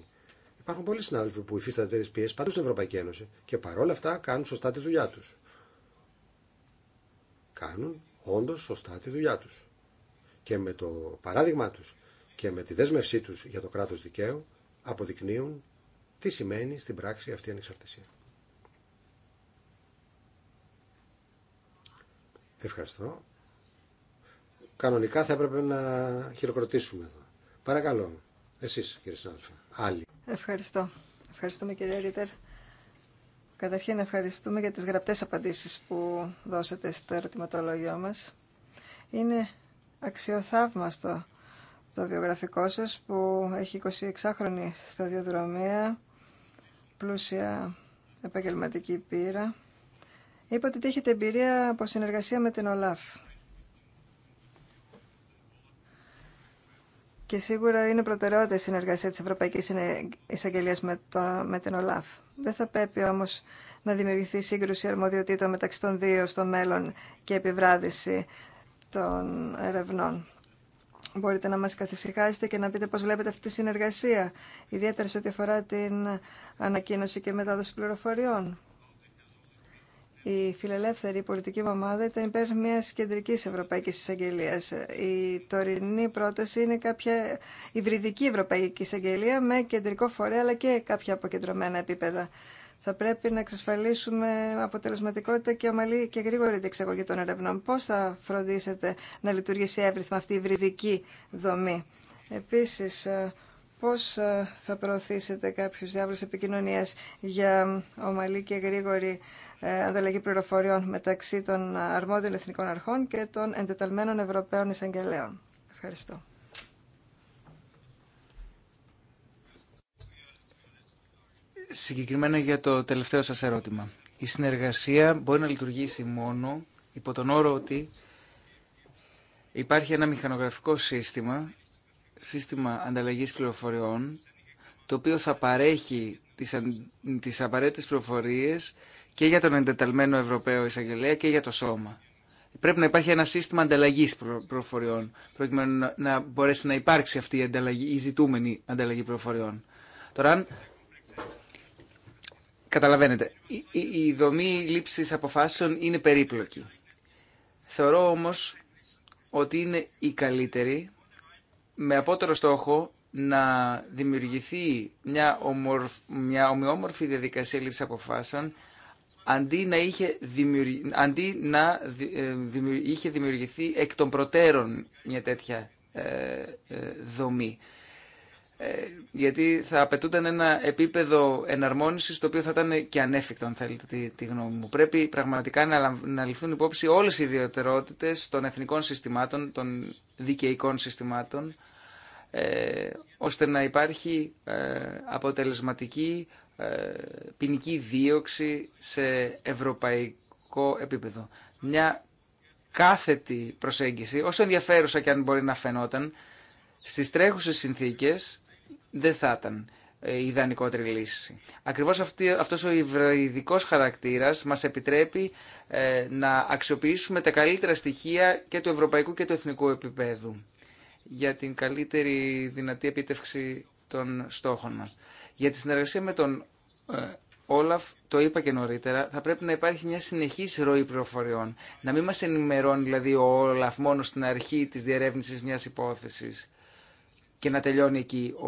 υπάρχουν πολλοί συνάδελφοι που υφίστανται τέτοιες πιέσεις παντού στην Ευρωπαϊκή Ένωση και παρόλα αυτά κάνουν σωστά τη δουλειά τους κάνουν όντως σωστά τη δουλειά τους. Και με το παράδειγμα τους και με τη δέσμευσή τους για το κράτος δικαίου αποδεικνύουν τι σημαίνει στην πράξη αυτή η ανεξαρτησία. Ευχαριστώ. Κανονικά θα έπρεπε να χειροκροτήσουμε εδώ. Παρακαλώ. Εσείς κύριε συνάδελφε. Άλλοι. Ευχαριστώ. Ευχαριστούμε κύριε Ρίτερ. Καταρχήν ευχαριστούμε για τις γραπτές απαντήσεις που δώσατε στο ερωτηματολόγιο μας. Είναι αξιοθαύμαστο το βιογραφικό σας που έχει χρόνια σταδιοδρομία, πλούσια επαγγελματική πείρα. Είπατε ότι έχετε εμπειρία από συνεργασία με την ΟΛΑΦ. Και σίγουρα είναι προτεραιότητα η συνεργασία της Ευρωπαϊκής Εισαγγελίας με, με την ΟΛΑΦ. Δεν θα πρέπει όμως να δημιουργηθεί σύγκρουση αρμοδιοτήτων μεταξύ των δύο στο μέλλον και επιβράδυση των ερευνών. Μπορείτε να μας καθησυχάσετε και να πείτε πώς βλέπετε αυτή τη συνεργασία, ιδιαίτερα σε ό,τι αφορά την ανακοίνωση και μετάδοση πληροφοριών. Η φιλελεύθερη πολιτική ομάδα ήταν υπέρ μια κεντρική ευρωπαϊκή εισαγγελία. Η τωρινή πρόταση είναι κάποια υβριδική ευρωπαϊκή εισαγγελία με κεντρικό φορέα αλλά και κάποια αποκεντρωμένα επίπεδα. Θα πρέπει να εξασφαλίσουμε αποτελεσματικότητα και ομαλή και γρήγορη διεξαγωγή των ερευνών. Πώ θα φροντίσετε να λειτουργήσει εύρυθμα αυτή η υβριδική δομή. Επίση, πώ θα προωθήσετε κάποιου διάβλου επικοινωνία για ομαλή και γρήγορη ε, ανταλλαγή πληροφοριών μεταξύ των αρμόδιων εθνικών αρχών και των εντεταλμένων Ευρωπαίων εισαγγελέων. Ευχαριστώ. Συγκεκριμένα για το τελευταίο σας ερώτημα. Η συνεργασία μπορεί να λειτουργήσει μόνο υπό τον όρο ότι υπάρχει ένα μηχανογραφικό σύστημα, σύστημα ανταλλαγής πληροφοριών, το οποίο θα παρέχει τις, τις απαραίτητες πληροφορίες και για τον εντεταλμένο Ευρωπαίο Εισαγγελέα και για το σώμα. Πρέπει να υπάρχει ένα σύστημα ανταλλαγή προφοριών, προκειμένου να μπορέσει να υπάρξει αυτή η, ανταλλαγή, η ζητούμενη ανταλλαγή προφοριών. Τώρα, καταλαβαίνετε, η, δομή λήψη αποφάσεων είναι περίπλοκη. Θεωρώ όμω ότι είναι η καλύτερη, με απότερο στόχο να δημιουργηθεί μια, ομορφ... μια ομοιόμορφη διαδικασία λήψη αποφάσεων αντί να είχε, αντί να ε, είχε δημιουργηθεί εκ των προτέρων μια τέτοια ε, ε, δομή. γιατί θα απαιτούνταν ένα επίπεδο εναρμόνισης το οποίο θα ήταν και ανέφικτο αν θέλετε τη, γνώμη μου. Πρέπει πραγματικά να, να ληφθούν υπόψη όλες οι ιδιαιτερότητες των εθνικών συστημάτων, των δικαιικών συστημάτων, ώστε να υπάρχει αποτελεσματική ε, ποινική δίωξη σε ευρωπαϊκό επίπεδο. Μια κάθετη προσέγγιση, όσο ενδιαφέρουσα και αν μπορεί να φαινόταν, στις τρέχουσες συνθήκες δεν θα ήταν ε, η ιδανικότερη λύση. Ακριβώς αυτός ο υβριδικός χαρακτήρας μας επιτρέπει ε, να αξιοποιήσουμε τα καλύτερα στοιχεία και του ευρωπαϊκού και του εθνικού επίπεδου για την καλύτερη δυνατή επίτευξη των στόχων μας. Για τη συνεργασία με τον ε, Όλαφ, το είπα και νωρίτερα, θα πρέπει να υπάρχει μια συνεχής ροή πληροφοριών. Να μην μας ενημερώνει δηλαδή ο Όλαφ μόνο στην αρχή της διερεύνησης μιας υπόθεσης και να τελειώνει εκεί ο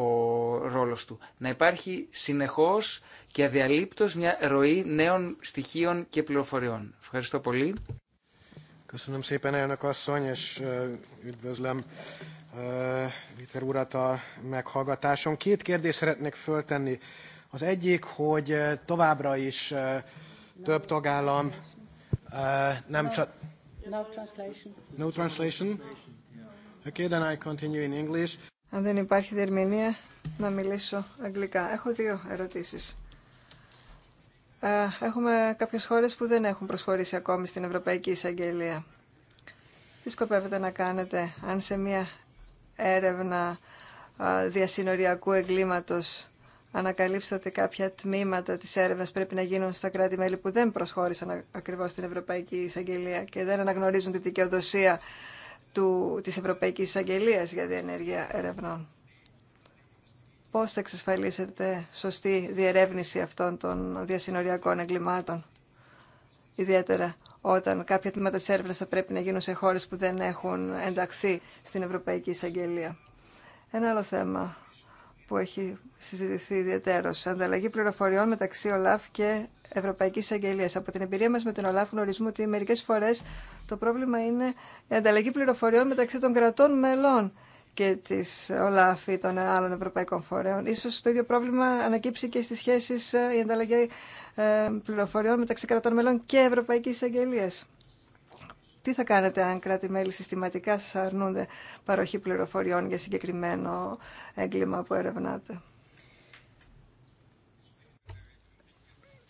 ρόλος του. Να υπάρχει συνεχώς και αδιαλείπτως μια ροή νέων στοιχείων και πληροφοριών. Ευχαριστώ πολύ urat a meghallgatáson. Két kérdést szeretnék föltenni. Az egyik, hogy továbbra is több tagállam Αν δεν υπάρχει διερμηνία, να μιλήσω αγγλικά. Έχω δύο ερωτήσεις. Ε, έχουμε κάποιες χώρες που δεν έχουν προσχωρήσει ακόμη στην Ευρωπαϊκή Εισαγγελία. Τι σκοπεύετε να κάνετε αν σε μια έρευνα διασυνοριακού εγκλήματος ανακαλύψετε ότι κάποια τμήματα της έρευνας πρέπει να γίνουν στα κράτη-μέλη που δεν προσχώρησαν ακριβώς στην Ευρωπαϊκή Εισαγγελία και δεν αναγνωρίζουν τη δικαιοδοσία του, της Ευρωπαϊκής Εισαγγελία για διενέργεια ερευνών. Πώς θα εξασφαλίσετε σωστή διερεύνηση αυτών των διασυνοριακών εγκλημάτων, ιδιαίτερα όταν κάποια τμήματα της έρευνα θα πρέπει να γίνουν σε χώρε που δεν έχουν ενταχθεί στην Ευρωπαϊκή Εισαγγελία. Ένα άλλο θέμα που έχει συζητηθεί ιδιαίτερο. Ανταλλαγή πληροφοριών μεταξύ ΟΛΑΦ και Ευρωπαϊκή Εισαγγελία. Από την εμπειρία μα με την ΟΛΑΦ γνωρίζουμε ότι μερικέ φορέ το πρόβλημα είναι η ανταλλαγή πληροφοριών μεταξύ των κρατών μελών και τη ΟΛΑΦΗ των άλλων ευρωπαϊκών φορέων. Ίσως το ίδιο πρόβλημα ανακύψει και στις σχέσεις ε, η ανταλλαγή ε, πληροφοριών μεταξύ κρατών μελών και ευρωπαϊκή Εισαγγελία. Τι θα κάνετε αν κράτη-μέλη συστηματικά σα αρνούνται παροχή πληροφοριών για συγκεκριμένο έγκλημα που ερευνάτε.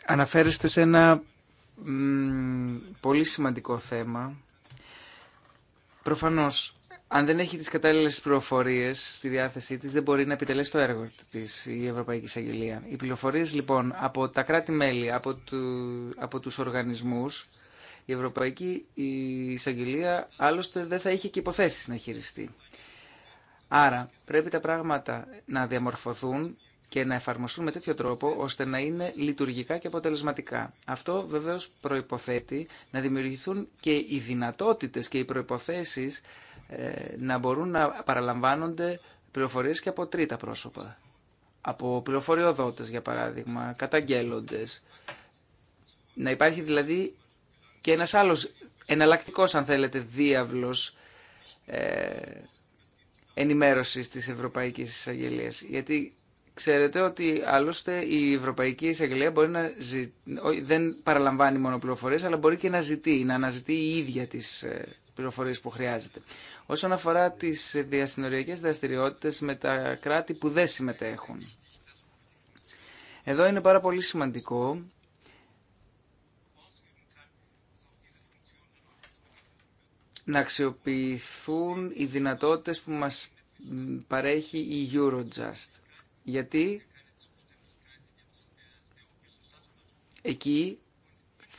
Αναφέρεστε σε ένα πολύ σημαντικό θέμα. Προφανώς αν δεν έχει τις κατάλληλε πληροφορίες στη διάθεσή της, δεν μπορεί να επιτελέσει το έργο της η Ευρωπαϊκή Εισαγγελία. Οι πληροφορίες λοιπόν από τα κράτη-μέλη, από, του, από τους οργανισμούς, η Ευρωπαϊκή Εισαγγελία άλλωστε δεν θα είχε και υποθέσεις να χειριστεί. Άρα πρέπει τα πράγματα να διαμορφωθούν και να εφαρμοστούν με τέτοιο τρόπο ώστε να είναι λειτουργικά και αποτελεσματικά. Αυτό βεβαίως προϋποθέτει να δημιουργηθούν και οι δυνατότητες και οι προϋποθέσεις ε, να μπορούν να παραλαμβάνονται πληροφορίες και από τρίτα πρόσωπα. Από πληροφοριοδότες, για παράδειγμα, καταγγέλλοντε. Να υπάρχει δηλαδή και ένας άλλος εναλλακτικό αν θέλετε, διάβλο ε, ενημέρωσης της Ευρωπαϊκής Εισαγγελίας. Γιατί ξέρετε ότι άλλωστε η Ευρωπαϊκή Εισαγγελία μπορεί να δεν παραλαμβάνει μόνο πληροφορίε, αλλά μπορεί και να ζητεί, να αναζητεί η ίδια τις ε, πληροφορίες που χρειάζεται. Όσον αφορά τις διασυνοριακέ δραστηριότητε με τα κράτη που δεν συμμετέχουν. Εδώ είναι πάρα πολύ σημαντικό να αξιοποιηθούν οι δυνατότητες που μας παρέχει η Eurojust. Γιατί εκεί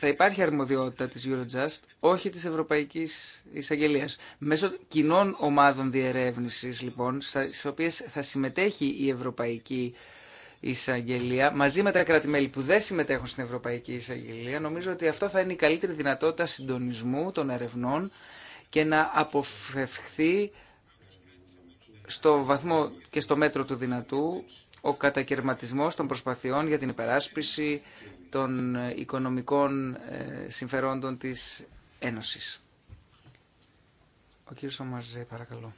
θα υπάρχει αρμοδιότητα της Eurojust, όχι της Ευρωπαϊκής Εισαγγελία. Μέσω κοινών ομάδων διερεύνησης, λοιπόν, στις οποίες θα συμμετέχει η Ευρωπαϊκή Εισαγγελία, μαζί με τα κράτη-μέλη που δεν συμμετέχουν στην Ευρωπαϊκή Εισαγγελία, νομίζω ότι αυτό θα είναι η καλύτερη δυνατότητα συντονισμού των ερευνών και να αποφευχθεί στο βαθμό και στο μέτρο του δυνατού ο κατακαιρματισμός των προσπαθειών για την υπεράσπιση των οικονομικών ε, συμφερόντων της Ένωσης. Ο κύριος Ομαζέ, παρακαλώ.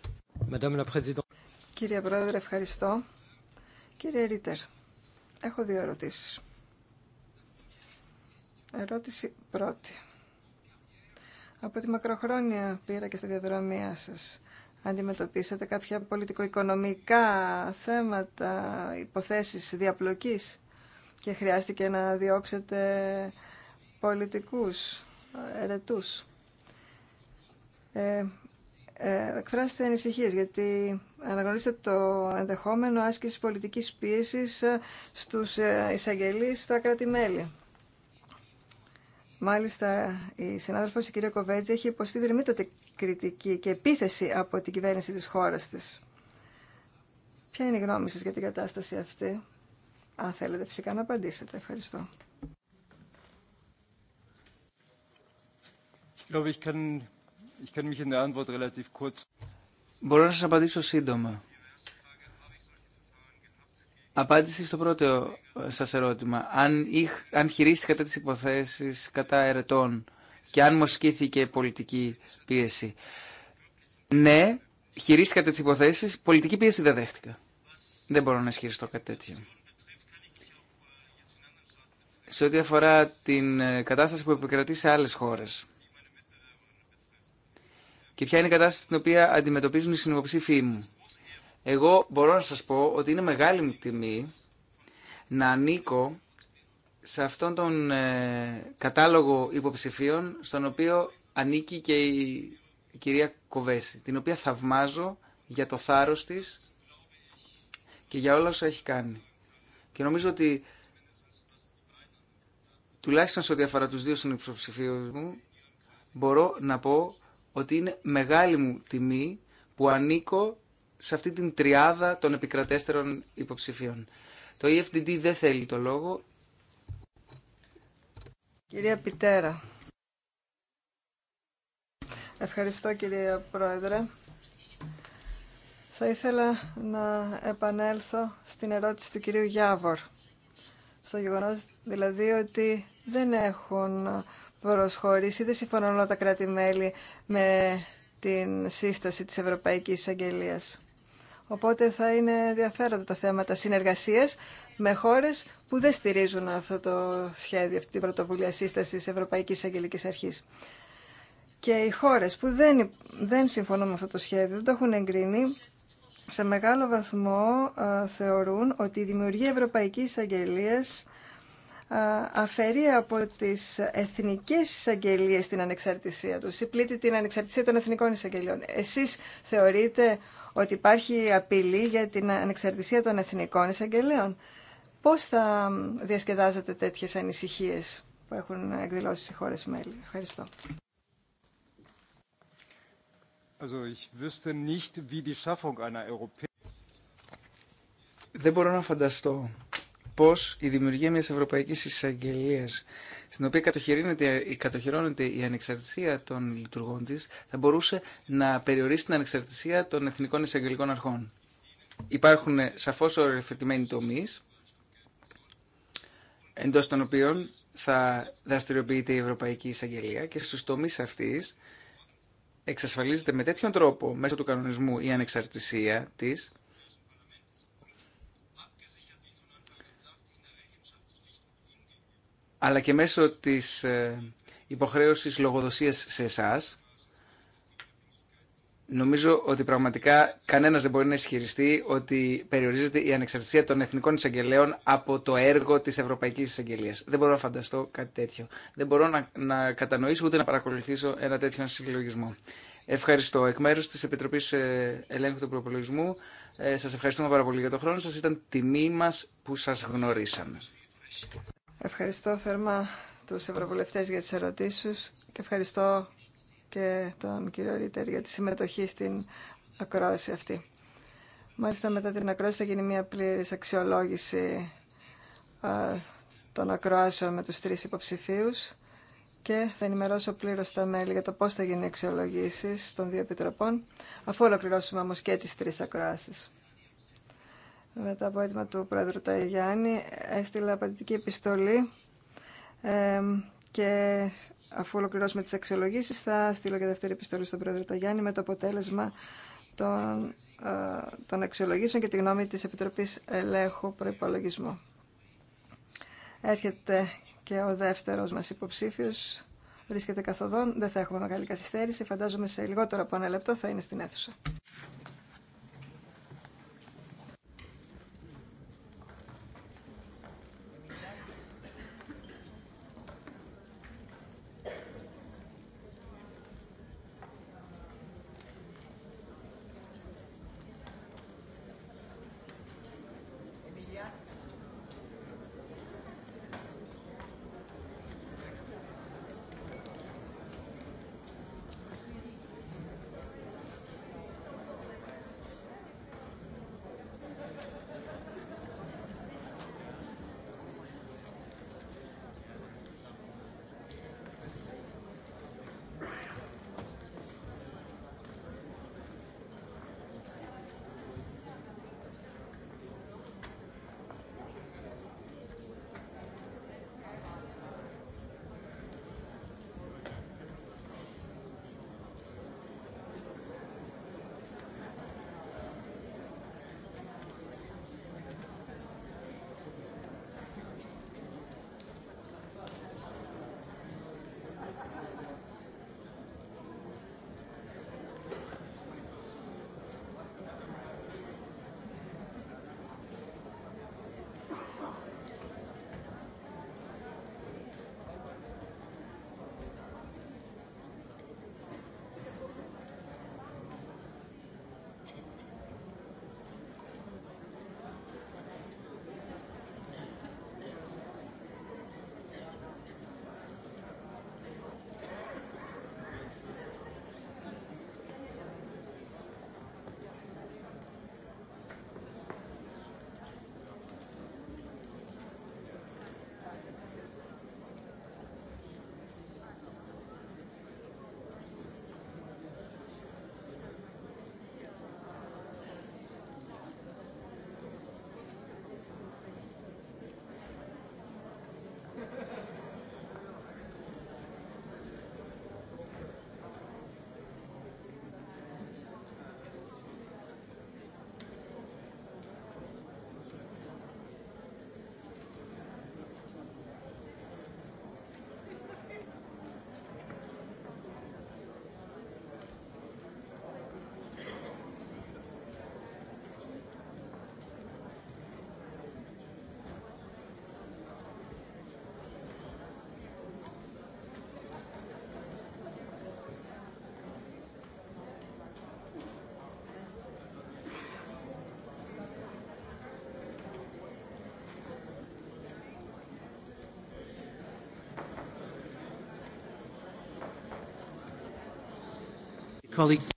Κύριε Πρόεδρε, ευχαριστώ. Κύριε Ρίτερ, έχω δύο ερωτήσεις. Ερώτηση πρώτη. Από τη μακροχρόνια πήρα και στα διαδρομία σας Αντιμετωπίσατε κάποια πολιτικο-οικονομικά θέματα, υποθέσεις διαπλοκής και χρειάστηκε να διώξετε πολιτικούς, ερετούς. Ε, ε, εκφράστε ανησυχίε γιατί αναγνωρίζετε το ενδεχόμενο άσκηση πολιτικής πίεσης ε, στους ε, εισαγγελείς στα κράτη-μέλη. Μάλιστα, η συνάδελφος η κυρία Κοβέτζη έχει υποστεί δρυμύτατη κριτική και επίθεση από την κυβέρνηση της χώρας της. Ποια είναι η γνώμη σας για την κατάσταση αυτή. Αν θέλετε φυσικά να απαντήσετε. Ευχαριστώ. Μπορώ να σας απαντήσω σύντομα. Απάντηση στο πρώτο ε, σας ερώτημα. Αν, είχ, αν χειρίστηκα υποθέσεις κατά ερετών και αν μου ασκήθηκε πολιτική πίεση. Ναι, χειρίστηκα τις υποθέσεις, πολιτική πίεση δεν δέχτηκα. Δεν μπορώ να ισχυριστώ κάτι τέτοιο. Σε ό,τι αφορά την ε, κατάσταση που επικρατεί σε άλλες χώρες. Και ποια είναι η κατάσταση την οποία αντιμετωπίζουν οι συνυποψήφοι μου. Εγώ μπορώ να σας πω ότι είναι μεγάλη μου τιμή να ανήκω σε αυτόν τον ε, κατάλογο υποψηφίων στον οποίο ανήκει και η κυρία Κοβέση, την οποία θαυμάζω για το θάρρος της και για όλα όσα έχει κάνει. Και νομίζω ότι τουλάχιστον σε ό,τι αφορά τους δύο συνυψοψηφίους μου, μπορώ να πω ότι είναι μεγάλη μου τιμή που ανήκω σε αυτή την τριάδα των επικρατέστερων υποψηφίων. Το EFDD δεν θέλει το λόγο, Κυρία Πιτέρα. Ευχαριστώ κύριε Πρόεδρε. Θα ήθελα να επανέλθω στην ερώτηση του κυρίου Γιάβορ. Στο γεγονός δηλαδή ότι δεν έχουν προσχωρήσει, δεν συμφωνούν όλα τα κράτη-μέλη με την σύσταση της Ευρωπαϊκής Εισαγγελίας. Οπότε θα είναι ενδιαφέροντα τα θέματα συνεργασίας με χώρες που δεν στηρίζουν αυτό το σχέδιο, αυτή την πρωτοβουλία σύσταση Ευρωπαϊκή Αγγελική Αρχή. Και οι χώρε που δεν, δεν συμφωνούν με αυτό το σχέδιο, δεν το έχουν εγκρίνει, σε μεγάλο βαθμό θεωρούν ότι η δημιουργία Ευρωπαϊκής Αγγελία αφαιρεί από τις εθνικές εισαγγελίε την ανεξαρτησία τους ή την ανεξαρτησία των εθνικών εισαγγελιών. Εσεί θεωρείτε ότι υπάρχει απειλή για την ανεξαρτησία των εθνικών εισαγγελέων. Πώς θα διασκεδάζετε τέτοιες ανησυχίες που έχουν εκδηλώσει οι χώρες μέλη. Ευχαριστώ. Δεν μπορώ να φανταστώ πώς η δημιουργία μιας Ευρωπαϊκής εισαγγελία, στην οποία κατοχυρώνεται η ανεξαρτησία των λειτουργών της, θα μπορούσε να περιορίσει την ανεξαρτησία των εθνικών εισαγγελικών αρχών. Υπάρχουν σαφώς οριοθετημένοι τομείς, Εντό των οποίων θα δραστηριοποιείται η Ευρωπαϊκή Εισαγγελία και στου τομεί αυτής εξασφαλίζεται με τέτοιον τρόπο μέσω του κανονισμού η ανεξαρτησία της αλλά και μέσω της ε, υποχρέωσης λογοδοσίας σε εσάς Νομίζω ότι πραγματικά κανένα δεν μπορεί να ισχυριστεί ότι περιορίζεται η ανεξαρτησία των εθνικών εισαγγελέων από το έργο τη Ευρωπαϊκή Εισαγγελία. Δεν μπορώ να φανταστώ κάτι τέτοιο. Δεν μπορώ να, να κατανοήσω ούτε να παρακολουθήσω ένα τέτοιο συλλογισμό. Ευχαριστώ. Εκ μέρου τη Επιτροπή ε, Ελέγχου του Προπολογισμού, ε, σα ευχαριστούμε πάρα πολύ για τον χρόνο σα. Ήταν τιμή μα που σα γνωρίσαμε. Ευχαριστώ θερμά του Ευρωβουλευτέ για τι ερωτήσει και ευχαριστώ και τον κύριο Ρίτερ για τη συμμετοχή στην ακρόαση αυτή. Μάλιστα μετά την ακρόαση θα γίνει μια πλήρης αξιολόγηση των ακροάσεων με τους τρεις υποψηφίους και θα ενημερώσω πλήρως τα μέλη για το πώς θα γίνουν οι αξιολογήσεις των δύο επιτροπών, αφού ολοκληρώσουμε όμως και τις τρεις ακροάσεις. Μετά από έτοιμα του Πρόεδρου Ταϊγιάννη έστειλα απαντητική επιστολή και αφού ολοκληρώσουμε τις αξιολογήσεις, θα στείλω και δεύτερη επιστολή στον Πρόεδρο Ταγιάννη με το αποτέλεσμα των, ε, των αξιολογήσεων και τη γνώμη της Επιτροπής Ελέγχου Προϋπολογισμού. Έρχεται και ο δεύτερος μας υποψήφιος. Βρίσκεται καθοδόν. Δεν θα έχουμε μεγάλη καθυστέρηση. Φαντάζομαι σε λιγότερο από ένα λεπτό θα είναι στην αίθουσα. Colleagues.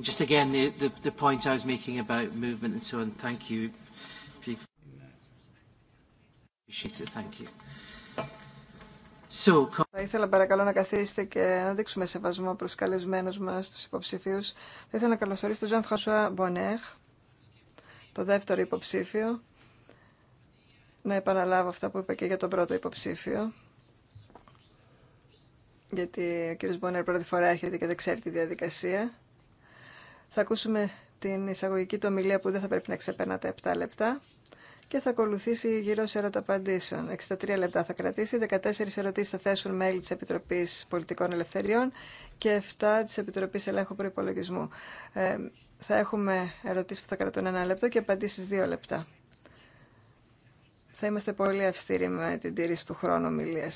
Just again, the, the, the point I was making about movement and so on, thank you. Appreciate it, thank you. So... Θα ήθελα παρακαλώ να καθίσετε και να δείξουμε σεβασμό προς καλεσμένους μας, τους υποψηφίους. Θα ήθελα να καλωσορίσω τον Ζαν Φρασουά Μπονέχ, το δεύτερο υποψήφιο, να επαναλάβω αυτά που είπα και για τον πρώτο υποψήφιο. Γιατί ο κύριος Μπονέρ πρώτη φορά έρχεται και δεν ξέρει τη διαδικασία. Θα ακούσουμε την εισαγωγική του ομιλία που δεν θα πρέπει να ξεπερνά τα 7 λεπτά και θα ακολουθήσει γύρω σε ερωταπαντήσεων. 63 λεπτά θα κρατήσει, 14 ερωτήσει θα θέσουν μέλη τη Επιτροπής Πολιτικών Ελευθεριών και 7 τη Επιτροπής Ελέγχου προπολογισμού. Ε, θα έχουμε ερωτήσει που θα κρατούν ένα λεπτό και απαντήσει δύο λεπτά θα είμαστε πολύ αυστηροί με την τήρηση του χρόνου ομιλία.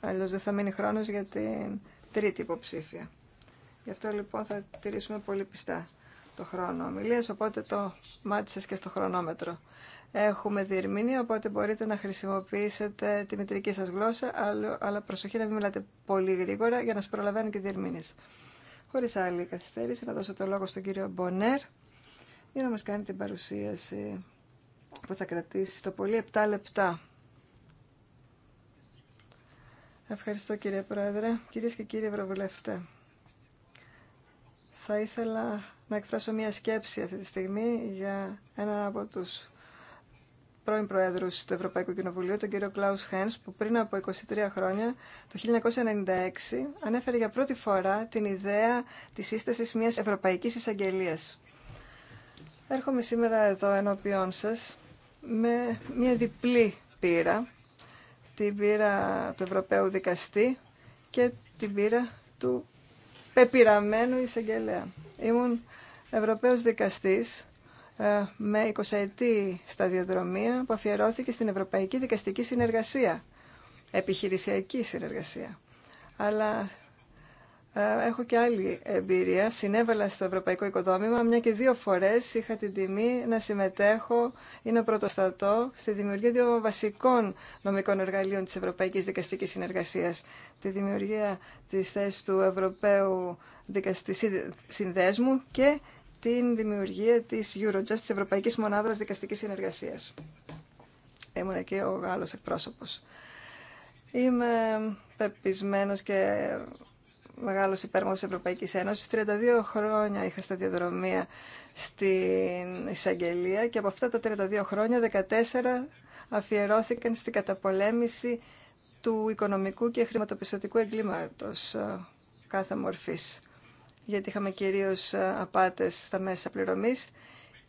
Αλλιώ δεν θα μείνει χρόνο για την τρίτη υποψήφια. Γι' αυτό λοιπόν θα τηρήσουμε πολύ πιστά το χρόνο ομιλία, οπότε το μάτισε και στο χρονόμετρο. Έχουμε διερμήνη, οπότε μπορείτε να χρησιμοποιήσετε τη μητρική σα γλώσσα, αλλά προσοχή να μην μιλάτε πολύ γρήγορα για να σα προλαβαίνουν και διερμήνε. Χωρί άλλη καθυστέρηση, να δώσω το λόγο στον κύριο Μπονέρ για να μα κάνει την παρουσίαση που θα κρατήσει το πολύ 7 λεπτά. Ευχαριστώ κύριε Πρόεδρε, κυρίες και κύριοι Ευρωβουλευτέ. Θα ήθελα να εκφράσω μια σκέψη αυτή τη στιγμή για έναν από τους πρώην Προέδρους του Ευρωπαϊκού Κοινοβουλίου, τον κύριο Κλάους Χένς, που πριν από 23 χρόνια, το 1996, ανέφερε για πρώτη φορά την ιδέα της σύστασης μιας Ευρωπαϊκής Εισαγγελίας. Έρχομαι σήμερα εδώ ενώπιόν σας με μια διπλή πύρα. Την πύρα του Ευρωπαίου Δικαστή και την πύρα του πεπειραμένου εισαγγελέα. Ήμουν Ευρωπαίος Δικαστής ε, με 20 ετή σταδιοδρομία που αφιερώθηκε στην Ευρωπαϊκή Δικαστική Συνεργασία, επιχειρησιακή συνεργασία. Αλλά ε, έχω και άλλη εμπειρία. Συνέβαλα στο Ευρωπαϊκό Οικοδόμημα, μια και δύο φορές είχα την τιμή να συμμετέχω ή να πρωτοστατώ στη δημιουργία δύο βασικών νομικών εργαλείων της Ευρωπαϊκής Δικαστικής Συνεργασίας. Τη δημιουργία της θέση του Ευρωπαίου Δικαστή Συνδέσμου και την δημιουργία της Eurojust, τη Ευρωπαϊκή Μονάδα Δικαστική Συνεργασία. Ήμουν και ο Γάλλο εκπρόσωπο Είμαι πεπισμένος και μεγάλο υπέρμαχο τη Ευρωπαϊκή Ένωση. 32 χρόνια είχα διαδρομία στην εισαγγελία και από αυτά τα 32 χρόνια 14 αφιερώθηκαν στην καταπολέμηση του οικονομικού και χρηματοπιστωτικού εγκλήματος ε, κάθε μορφής. Γιατί είχαμε κυρίως ε, απάτες στα μέσα πληρωμής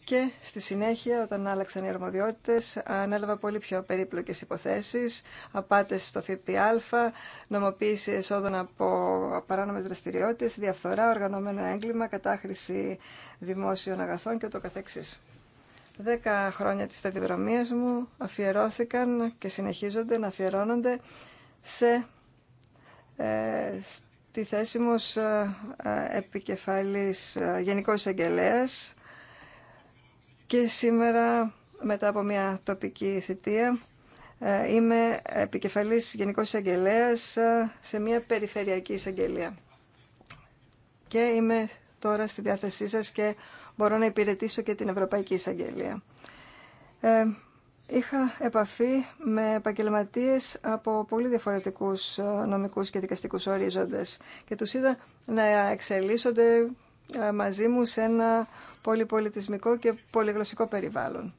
και στη συνέχεια όταν άλλαξαν οι αρμοδιότητε, ανέλαβα πολύ πιο περίπλοκες υποθέσεις, απάτες στο ΦΠΑ, νομοποίηση εσόδων από παράνομες δραστηριότητες, διαφθορά, οργανωμένο έγκλημα, κατάχρηση δημόσιων αγαθών και ούτω καθεξής. Δέκα χρόνια της σταδιοδρομίας μου αφιερώθηκαν και συνεχίζονται να αφιερώνονται σε, ε, στη θέση μου ε, ε, επικεφαλής ε, Γενικός Εγγελέας και σήμερα, μετά από μια τοπική θητεία, ε, είμαι επικεφαλής Γενικός Εισαγγελέας ε, σε μια περιφερειακή εισαγγελία. Και είμαι τώρα στη διάθεσή σας και μπορώ να υπηρετήσω και την Ευρωπαϊκή Εισαγγελία. Ε, είχα επαφή με επαγγελματίε από πολύ διαφορετικούς νομικούς και δικαστικούς ορίζοντες και τους είδα να εξελίσσονται μαζί μου σε ένα πολυπολιτισμικό και πολυγλωσσικό περιβάλλον.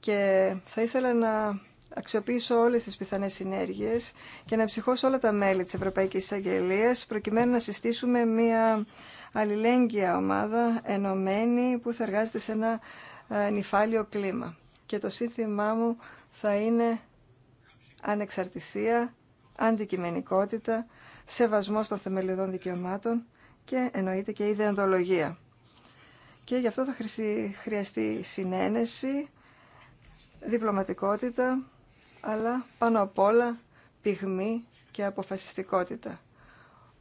Και θα ήθελα να αξιοποιήσω όλες τις πιθανές συνέργειες και να ψυχώσω όλα τα μέλη της Ευρωπαϊκής Εισαγγελίας προκειμένου να συστήσουμε μια αλληλέγγυα ομάδα ενωμένη που θα εργάζεται σε ένα ε, νυφάλιο κλίμα. Και το σύνθημά μου θα είναι ανεξαρτησία, αντικειμενικότητα, σεβασμός των θεμελιωδών δικαιωμάτων και εννοείται και ιδεοντολογία και γι' αυτό θα χρειαστεί συνένεση, διπλωματικότητα, αλλά πάνω απ' όλα πυγμή και αποφασιστικότητα,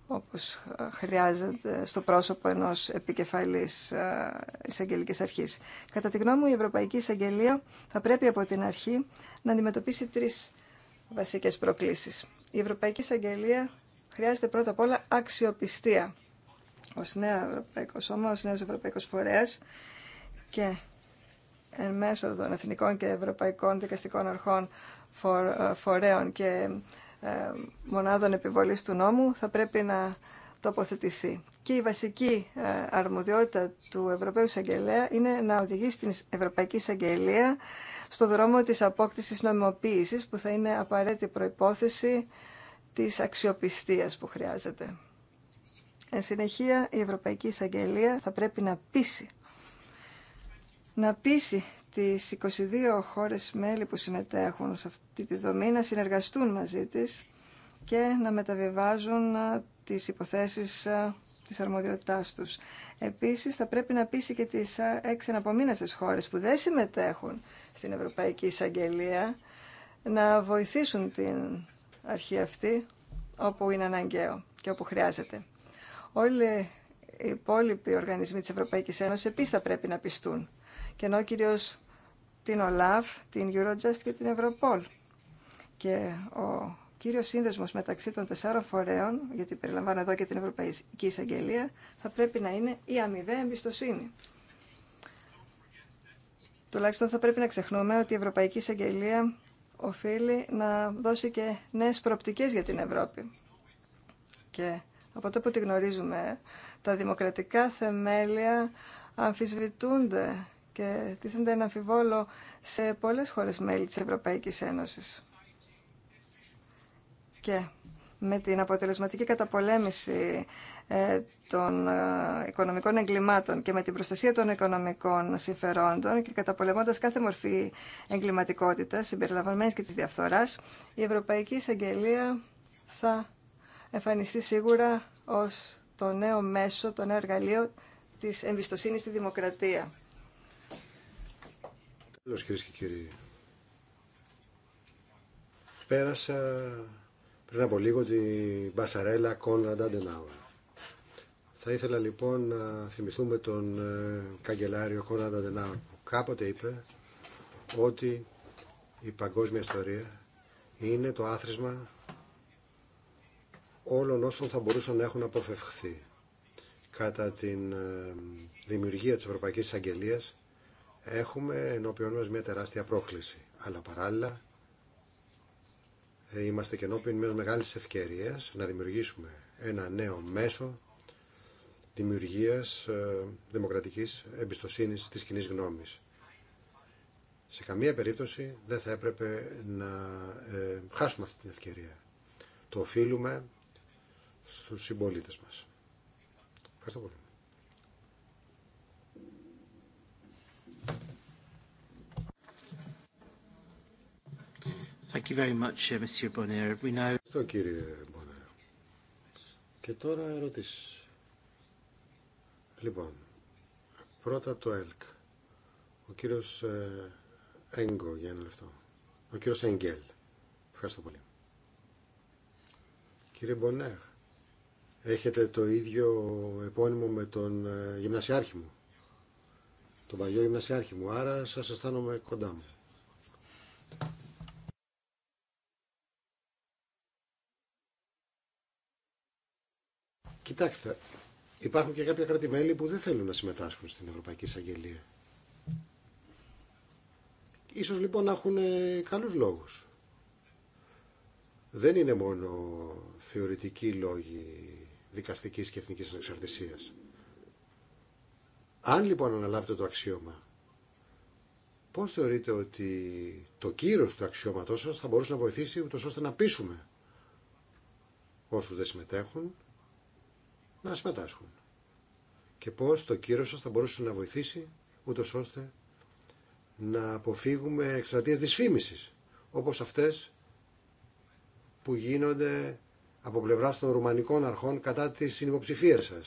όπως χρειάζεται στο πρόσωπο ενός επικεφαλής ε, εισαγγελική αρχής. Κατά τη γνώμη μου, η Ευρωπαϊκή Εισαγγελία θα πρέπει από την αρχή να αντιμετωπίσει τρεις βασικές προκλήσεις. Η Ευρωπαϊκή Εισαγγελία χρειάζεται πρώτα απ' όλα αξιοπιστία ως νέο Ευρωπαϊκό Σώμα, ως νέος Ευρωπαϊκός Φορέας και εν μέσω των εθνικών και ευρωπαϊκών δικαστικών αρχών ε, φορέων και ε, μονάδων επιβολής του νόμου θα πρέπει να τοποθετηθεί. Και η βασική ε, αρμοδιότητα του Ευρωπαίου Εισαγγελέα είναι να οδηγεί την Ευρωπαϊκή Εισαγγελία στο δρόμο της απόκτησης νομιμοποίησης που θα είναι απαραίτητη προϋπόθεση της αξιοπιστίας που χρειάζεται. Εν συνεχεία, η Ευρωπαϊκή Εισαγγελία θα πρέπει να πείσει. Να πείσει τις 22 χώρες μέλη που συμμετέχουν σε αυτή τη δομή να συνεργαστούν μαζί της και να μεταβιβάζουν τις υποθέσεις της αρμοδιότητάς τους. Επίσης, θα πρέπει να πείσει και τις έξι αναπομείνασες χώρες που δεν συμμετέχουν στην Ευρωπαϊκή Εισαγγελία να βοηθήσουν την αρχή αυτή όπου είναι αναγκαίο και όπου χρειάζεται όλοι οι υπόλοιποι οργανισμοί της Ευρωπαϊκής Ένωσης επίσης θα πρέπει να πιστούν. Και ενώ κυρίω την ΟΛΑΒ, την Eurojust και την Ευρωπόλ. Και ο κύριος σύνδεσμος μεταξύ των τεσσάρων φορέων, γιατί περιλαμβάνω εδώ και την Ευρωπαϊκή Εισαγγελία, θα πρέπει να είναι η αμοιβαία εμπιστοσύνη. Τουλάχιστον θα πρέπει να ξεχνούμε ότι η Ευρωπαϊκή Εισαγγελία οφείλει να δώσει και νέες προοπτικές για την Ευρώπη. Και από το που τη γνωρίζουμε, τα δημοκρατικά θεμέλια αμφισβητούνται και τίθενται ένα αμφιβόλο σε πολλές χώρες μέλη της Ευρωπαϊκής Ένωσης. Και με την αποτελεσματική καταπολέμηση ε, των ε, οικονομικών εγκλημάτων και με την προστασία των οικονομικών συμφερόντων και καταπολεμώντας κάθε μορφή εγκληματικότητας, συμπεριλαμβανομένης και της διαφθοράς, η Ευρωπαϊκή Εισαγγελία θα εμφανιστεί σίγουρα ως το νέο μέσο, το νέο εργαλείο της εμπιστοσύνης στη δημοκρατία. Τέλος κυρίες και κύριοι. Πέρασα πριν από λίγο την Μπασαρέλα Κόνραντ Αντενάουερ. Θα ήθελα λοιπόν να θυμηθούμε τον ε, καγκελάριο Κόνραντ Αντενάουερ που κάποτε είπε ότι η παγκόσμια ιστορία είναι το άθροισμα όλων όσων θα μπορούσαν να έχουν αποφευχθεί. Κατά την ε, δημιουργία της Ευρωπαϊκής Αγγελίας έχουμε ενώπιον μας μια τεράστια πρόκληση. Αλλά παράλληλα ε, είμαστε και ενώπιον μιας μεγάλης ευκαιρίας να δημιουργήσουμε ένα νέο μέσο δημιουργίας ε, δημοκρατικής εμπιστοσύνης της κοινή γνώμης. Σε καμία περίπτωση δεν θα έπρεπε να χάσουμε αυτή την ευκαιρία. Το οφείλουμε στους συμπολίτες μας. Ευχαριστώ πολύ. Uh, Ευχαριστώ κύριε Μπονέρ. Και τώρα ερωτήσεις. Λοιπόν, πρώτα το ΕΛΚ. Ο κύριος ε, Έγκο για ένα λεπτό. Ο κύριος Εγγέλ. Ευχαριστώ πολύ. Κύριε Μπονέρ, έχετε το ίδιο επώνυμο με τον ε, γυμνασιάρχη μου. Τον παλιό γυμνασιάρχη μου. Άρα σας αισθάνομαι κοντά μου. Κοιτάξτε, υπάρχουν και κάποια κρατημέλη που δεν θέλουν να συμμετάσχουν στην Ευρωπαϊκή Εισαγγελία. Ίσως λοιπόν να έχουν καλούς λόγους. Δεν είναι μόνο θεωρητικοί λόγοι Δικαστική και εθνική ανεξαρτησίας. Αν λοιπόν αναλάβετε το αξίωμα, πώς θεωρείτε ότι το κύρος του αξιώματο σα θα μπορούσε να βοηθήσει ούτω ώστε να πείσουμε όσους δεν συμμετέχουν να συμμετάσχουν. Και πώς το κύρος σα θα μπορούσε να βοηθήσει ούτω ώστε να αποφύγουμε εξτρατείες δυσφήμισης όπω αυτέ που γίνονται από πλευρά των ρουμανικών αρχών κατά τις συνυποψηφίες σα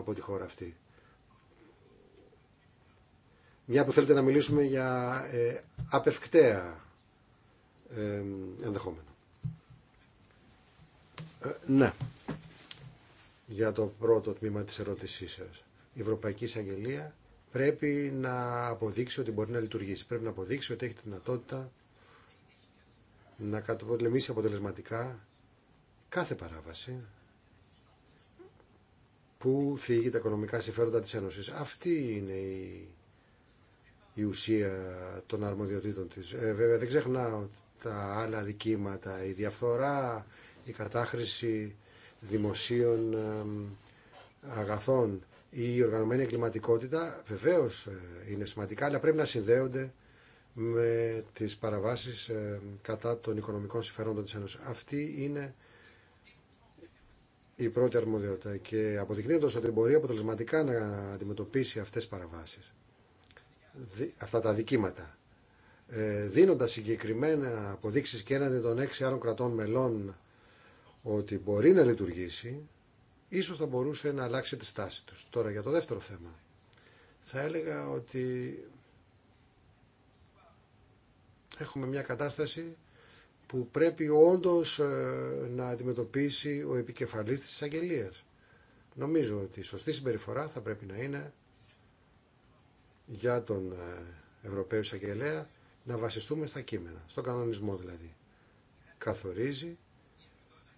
από τη χώρα αυτή. Μια που θέλετε να μιλήσουμε για ε, απευκταία ε, ενδεχόμενα. Ε, ναι, για το πρώτο τμήμα της ερώτησής σας. Η Ευρωπαϊκή Εισαγγελία πρέπει να αποδείξει ότι μπορεί να λειτουργήσει. Πρέπει να αποδείξει ότι έχει τη δυνατότητα να κατοπολεμήσει αποτελεσματικά κάθε παράβαση που θίγει τα οικονομικά συμφέροντα της Ένωσης. Αυτή είναι η, η ουσία των αρμοδιοτήτων της. Ε, βέβαια δεν ξεχνάω τα άλλα δικήματα, η διαφθορά, η κατάχρηση δημοσίων αγαθών, η οργανωμένη εγκληματικότητα βεβαίως ε, είναι σημαντικά, αλλά πρέπει να συνδέονται με τις παραβάσεις ε, κατά των οικονομικών συμφερόντων της Ένωσης. Αυτή είναι η πρώτη αρμοδιότητα και αποδεικνύοντας ότι μπορεί αποτελεσματικά να αντιμετωπίσει αυτές τις παραβάσεις, αυτά τα δικήματα, ε, δίνοντας συγκεκριμένα αποδείξεις και έναντι των έξι άλλων κρατών μελών ότι μπορεί να λειτουργήσει, ίσως θα μπορούσε να αλλάξει τη στάση τους. Τώρα για το δεύτερο θέμα. Θα έλεγα ότι έχουμε μια κατάσταση που πρέπει όντως ε, να αντιμετωπίσει ο επικεφαλής της αγγελίας. Νομίζω ότι η σωστή συμπεριφορά θα πρέπει να είναι για τον ε, Ευρωπαίο Εισαγγελέα να βασιστούμε στα κείμενα, στον κανονισμό δηλαδή. Καθορίζει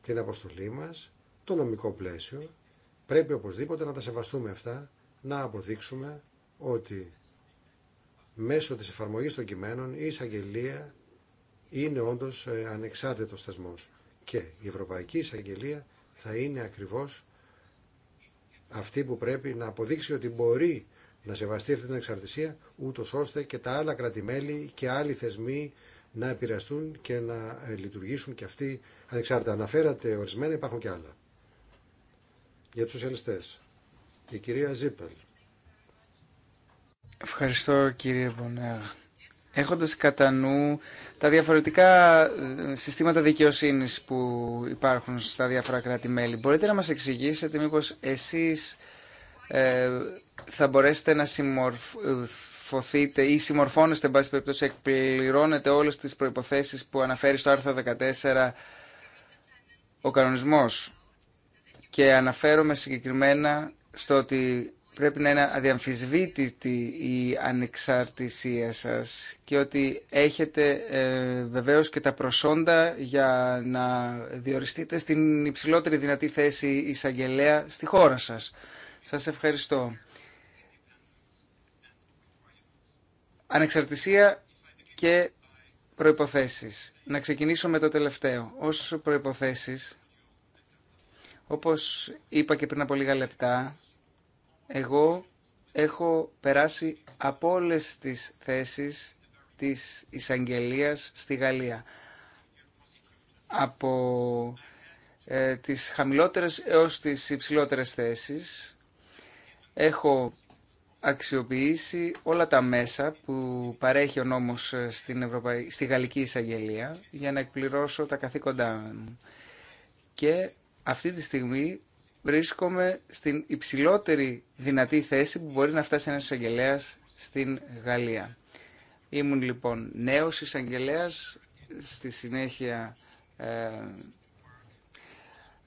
την αποστολή μας, το νομικό πλαίσιο, πρέπει οπωσδήποτε να τα σεβαστούμε αυτά, να αποδείξουμε ότι μέσω της εφαρμογής των κειμένων η εισαγγελία είναι όντως ε, ανεξάρτητος θεσμός και η Ευρωπαϊκή Εισαγγελία θα είναι ακριβώς αυτή που πρέπει να αποδείξει ότι μπορεί να σεβαστεί αυτή την εξαρτησία, ούτω ώστε και τα άλλα κρατημέλη και άλλοι θεσμοί να επηρεαστούν και να ε, λειτουργήσουν και αυτοί ανεξάρτητα. Αναφέρατε ορισμένα, υπάρχουν και άλλα. Για τους σοσιαλιστές. Η κυρία Ζίπελ. Ευχαριστώ κύριε Μπονέα έχοντας κατά νου τα διαφορετικά ε, συστήματα δικαιοσύνης που υπάρχουν στα διάφορα κράτη-μέλη. Μπορείτε να μας εξηγήσετε μήπως εσείς ε, θα μπορέσετε να συμμορφωθείτε ή συμμορφώνεστε, εν πάση περιπτώσει, εκπληρώνετε όλες τις προϋποθέσεις που αναφέρει στο άρθρο 14 ο κανονισμός. Και αναφέρομαι συγκεκριμένα στο ότι πρέπει να είναι αδιαμφισβήτητη η ανεξαρτησία σας και ότι έχετε ε, και τα προσόντα για να διοριστείτε στην υψηλότερη δυνατή θέση εισαγγελέα στη χώρα σας. Σας ευχαριστώ. Ανεξαρτησία και προϋποθέσεις. Να ξεκινήσω με το τελευταίο. Ως προϋποθέσεις, όπως είπα και πριν από λίγα λεπτά, εγώ έχω περάσει από όλες τις θέσεις της εισαγγελία στη Γαλλία. Από ε, τις χαμηλότερες έως τις υψηλότερες θέσεις έχω αξιοποιήσει όλα τα μέσα που παρέχει ο νόμος ε, στην στη Γαλλική Εισαγγελία για να εκπληρώσω τα καθήκοντά μου. Και αυτή τη στιγμή βρίσκομαι στην υψηλότερη δυνατή θέση που μπορεί να φτάσει ένας εισαγγελέα στην Γαλλία. Ήμουν λοιπόν νέος εισαγγελέα, στη συνέχεια ε,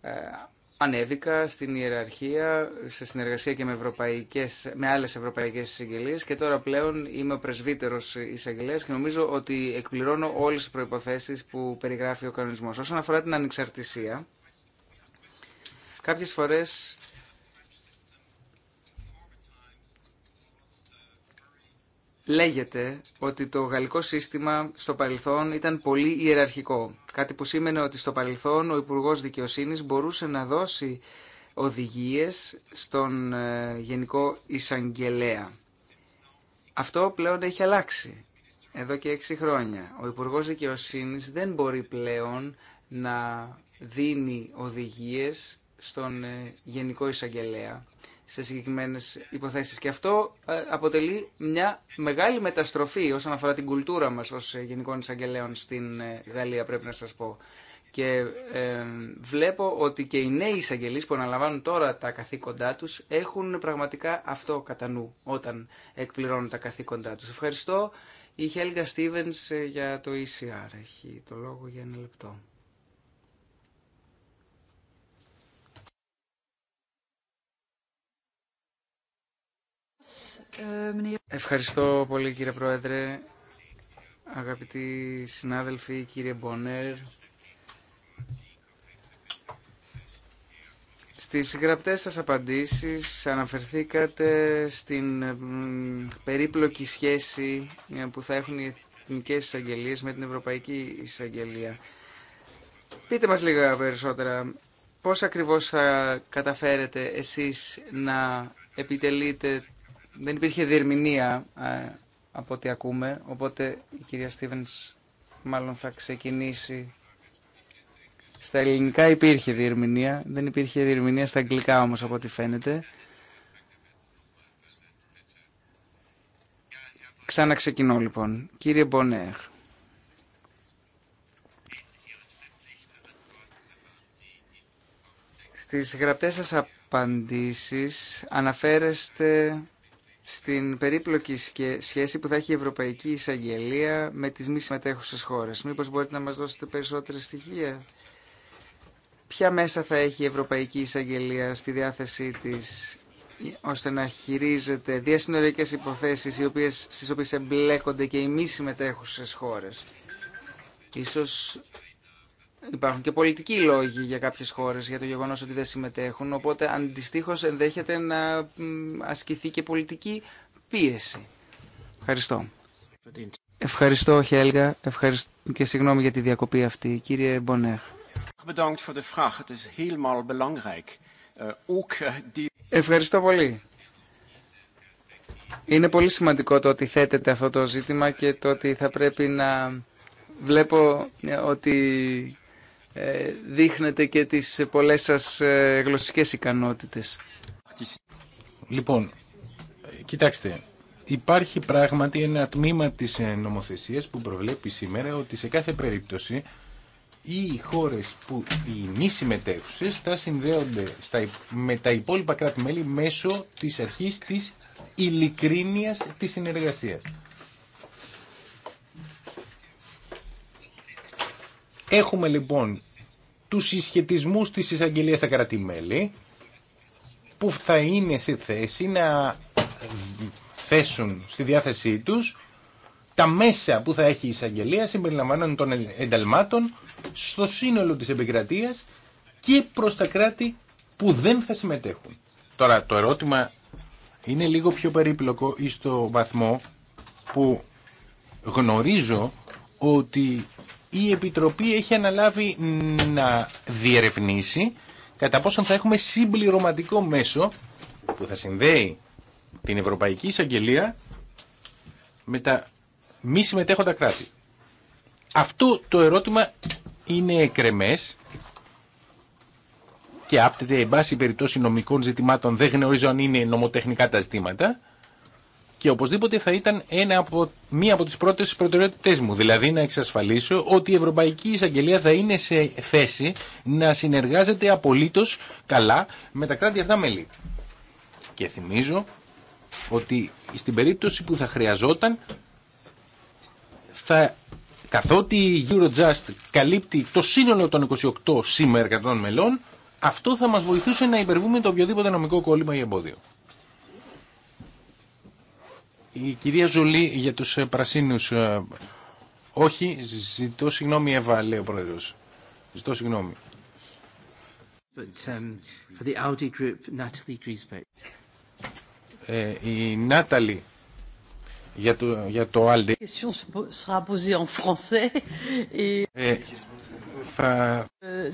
ε, ανέβηκα στην ιεραρχία σε συνεργασία και με, ευρωπαϊκές, με άλλες ευρωπαϊκές εισαγγελίες και τώρα πλέον είμαι ο πρεσβύτερος εισαγγελέα και νομίζω ότι εκπληρώνω όλες τις προϋποθέσεις που περιγράφει ο κανονισμός. Όσον αφορά την ανεξαρτησία, Κάποιες φορές λέγεται ότι το γαλλικό σύστημα στο παρελθόν ήταν πολύ ιεραρχικό. Κάτι που σήμαινε ότι στο παρελθόν ο Υπουργός Δικαιοσύνης μπορούσε να δώσει οδηγίες στον ε, Γενικό Ισαγγελέα. Αυτό πλέον έχει αλλάξει εδώ και έξι χρόνια. Ο Υπουργός Δικαιοσύνης δεν μπορεί πλέον να δίνει οδηγίες στον ε, Γενικό Εισαγγελέα σε συγκεκριμένες υποθέσεις. Και αυτό ε, αποτελεί μια μεγάλη μεταστροφή όσον αφορά την κουλτούρα μας ως ε, Γενικών Εισαγγελέων στην Γαλλία, πρέπει να σας πω. Και βλέπω ότι και οι νέοι εισαγγελείς που αναλαμβάνουν τώρα τα καθήκοντά τους έχουν πραγματικά αυτό κατά νου όταν εκπληρώνουν τα καθήκοντά τους. Ευχαριστώ. Η Χέλγα Στίβενς για το ECR έχει το λόγο για ένα λεπτό. Ευχαριστώ πολύ κύριε Πρόεδρε, αγαπητοί συνάδελφοι, κύριε Μπονέρ. Στις γραπτές σας απαντήσεις αναφερθήκατε στην περίπλοκη σχέση ε, που θα έχουν οι εθνικές εισαγγελίες με την Ευρωπαϊκή Εισαγγελία. Πείτε μας λίγα περισσότερα. Πώς ακριβώς θα καταφέρετε εσείς να επιτελείτε δεν υπήρχε διερμηνία ε, από ό,τι ακούμε, οπότε η κυρία Στίβενς μάλλον θα ξεκινήσει. Στα ελληνικά υπήρχε διερμηνία, δεν υπήρχε διερμηνία στα αγγλικά όμως από ό,τι φαίνεται. Ξαναξεκινώ λοιπόν. Κύριε Μπονέρ. Στις γραπτές σας απαντήσεις αναφέρεστε στην περίπλοκη σχέση που θα έχει η Ευρωπαϊκή Εισαγγελία με τις μη συμμετέχουσες χώρες. Μήπως μπορείτε να μας δώσετε περισσότερα στοιχεία. Ποια μέσα θα έχει η Ευρωπαϊκή Εισαγγελία στη διάθεσή της ώστε να χειρίζεται διασυνοριακές υποθέσεις οι οποίες, στις οποίες εμπλέκονται και οι μη συμμετέχουσες χώρες. Ίσως Υπάρχουν και πολιτικοί λόγοι για κάποιες χώρες για το γεγονός ότι δεν συμμετέχουν, οπότε αντιστοίχω ενδέχεται να ασκηθεί και πολιτική πίεση. Ευχαριστώ. Ευχαριστώ Χέλγα Ευχαριστώ και συγγνώμη για τη διακοπή αυτή. Κύριε Μπονέχ. Eh, eh, Ευχαριστώ πολύ. Είναι πολύ σημαντικό το ότι θέτεται αυτό το ζήτημα και το ότι θα πρέπει να βλέπω ε, ότι ε, δείχνετε και τις πολλές σας ε, γλωσσικές ικανότητες. Λοιπόν, κοιτάξτε, υπάρχει πράγματι ένα τμήμα της ε, νομοθεσίας που προβλέπει σήμερα ότι σε κάθε περίπτωση οι χώρες που οι μη συμμετέχουσες θα συνδέονται στα, με τα υπόλοιπα κράτη-μέλη μέσω της αρχής της ειλικρίνειας της συνεργασίας. Έχουμε λοιπόν τους συσχετισμούς της εισαγγελία στα κρατημέλη που θα είναι σε θέση να θέσουν στη διάθεσή τους τα μέσα που θα έχει η εισαγγελία συμπεριλαμβάνοντας των ενταλμάτων στο σύνολο της επικρατείας και προς τα κράτη που δεν θα συμμετέχουν. Τώρα το ερώτημα είναι λίγο πιο περίπλοκο ή στο βαθμό που γνωρίζω ότι η Επιτροπή έχει αναλάβει να διερευνήσει κατά πόσον θα έχουμε συμπληρωματικό μέσο που θα συνδέει την Ευρωπαϊκή Εισαγγελία με τα μη συμμετέχοντα κράτη. Αυτό το ερώτημα είναι εκρεμές και άπτεται εν πάση περιπτώσει νομικών ζητημάτων, δεν γνωρίζω αν είναι νομοτεχνικά τα ζητήματα, και οπωσδήποτε θα ήταν ένα από, μία από τις πρώτες προτεραιότητές μου. Δηλαδή να εξασφαλίσω ότι η Ευρωπαϊκή Εισαγγελία θα είναι σε θέση να συνεργάζεται απολύτως καλά με τα κράτη αυτά μέλη. Και θυμίζω ότι στην περίπτωση που θα χρειαζόταν θα, καθότι η Eurojust καλύπτει το σύνολο των 28 σήμερα των μελών αυτό θα μας βοηθούσε να υπερβούμε το οποιοδήποτε νομικό κόλλημα ή εμπόδιο. Η κυρία Ζουλή για τους ε, πρασίνους ε, όχι, ζητώ συγγνώμη Εύα, λέει ο Πρόεδρος. Ζητώ συγγνώμη. But, um, for the Audi group, Natalie ε, η Νάταλη για το, για το Aldi. Η sera posée en français et... Ε, euh,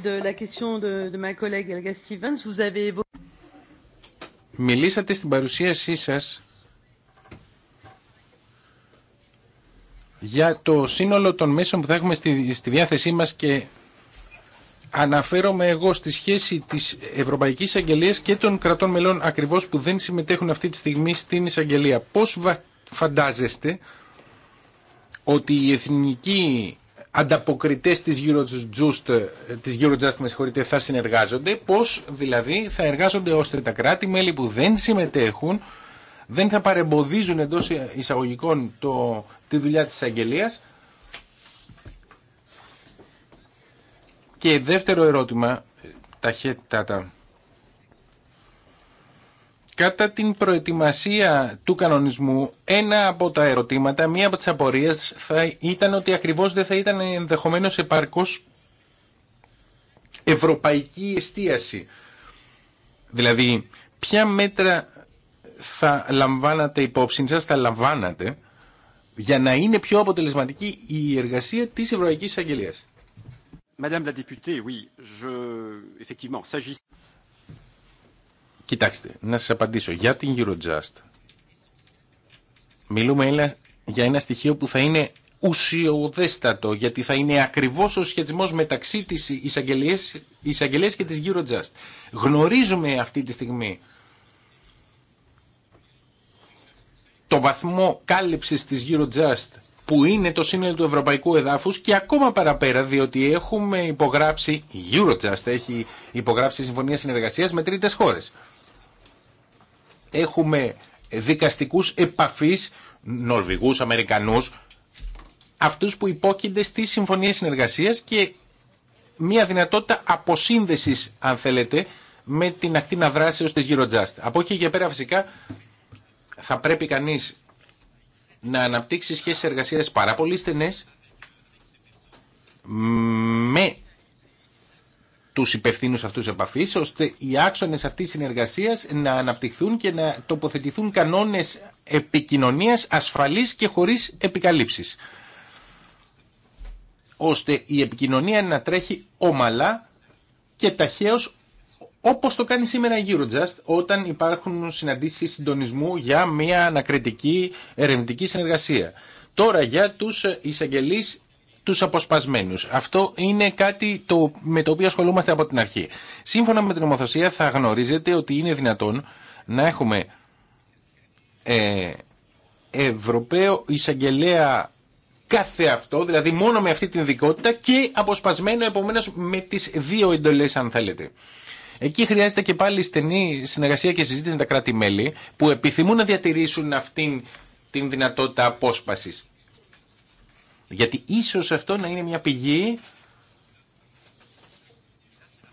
de la question de, de ma collègue Elga Stevens, vous avez... Μιλήσατε στην παρουσίασή σας για το σύνολο των μέσων που θα έχουμε στη, στη διάθεσή μας και αναφέρομαι εγώ στη σχέση της Ευρωπαϊκής Αγγελίας και των κρατών μελών ακριβώς που δεν συμμετέχουν αυτή τη στιγμή στην εισαγγελία. Πώς φαντάζεστε ότι οι εθνικοί ανταποκριτές της Eurojust, της Eurojust με συγχωρείτε, θα συνεργάζονται, πώς δηλαδή θα εργάζονται ώστε τα κράτη-μέλη που δεν συμμετέχουν δεν θα παρεμποδίζουν εντός εισαγωγικών το τη δουλειά της αγγελίας. Και δεύτερο ερώτημα, ταχύτατα. Κατά την προετοιμασία του κανονισμού, ένα από τα ερωτήματα, μία από τις απορίες θα ήταν ότι ακριβώς δεν θα ήταν ενδεχομένως επαρκώς ευρωπαϊκή εστίαση. Δηλαδή, ποια μέτρα θα λαμβάνατε υπόψη σας, θα λαμβάνατε, για να είναι πιο αποτελεσματική η εργασία της Ευρωπαϊκής Εισαγγελίας. Κοιτάξτε, να σας απαντήσω. Για την Eurojust μιλούμε για ένα στοιχείο που θα είναι ουσιοδέστατο, γιατί θα είναι ακριβώς ο σχετισμός μεταξύ της εισαγγελίας, εισαγγελίας και της Eurojust. Γνωρίζουμε αυτή τη στιγμή το βαθμό κάλυψης της Eurojust που είναι το σύνολο του ευρωπαϊκού εδάφους και ακόμα παραπέρα διότι έχουμε υπογράψει, η Eurojust έχει υπογράψει συμφωνία συνεργασίας με τρίτες χώρες. Έχουμε δικαστικούς επαφής, Νορβηγούς, Αμερικανούς, αυτούς που υπόκεινται στη συμφωνία συνεργασίας και μια δυνατότητα αποσύνδεσης, αν θέλετε, με την ακτίνα δράσεως της Eurojust. Από εκεί και πέρα φυσικά θα πρέπει κανείς να αναπτύξει σχέσεις εργασίας πάρα πολύ στενές με τους υπευθύνους αυτούς επαφής, ώστε οι άξονες αυτής συνεργασίας να αναπτυχθούν και να τοποθετηθούν κανόνες επικοινωνίας ασφαλής και χωρίς επικαλύψεις. Ώστε η επικοινωνία να τρέχει ομαλά και ταχαίως όπως το κάνει σήμερα η Eurojust όταν υπάρχουν συναντήσεις συντονισμού για μια ανακριτική ερευνητική συνεργασία. Τώρα για τους εισαγγελεί τους αποσπασμένους. Αυτό είναι κάτι το, με το οποίο ασχολούμαστε από την αρχή. Σύμφωνα με την ομοθεσία, θα γνωρίζετε ότι είναι δυνατόν να έχουμε ε, Ευρωπαίο εισαγγελέα κάθε αυτό, δηλαδή μόνο με αυτή την ειδικότητα και αποσπασμένο επομένως με τις δύο εντολές αν θέλετε. Εκεί χρειάζεται και πάλι στενή συνεργασία και συζήτηση με τα κράτη-μέλη που επιθυμούν να διατηρήσουν αυτήν την δυνατότητα απόσπαση. Γιατί ίσως αυτό να είναι μια πηγή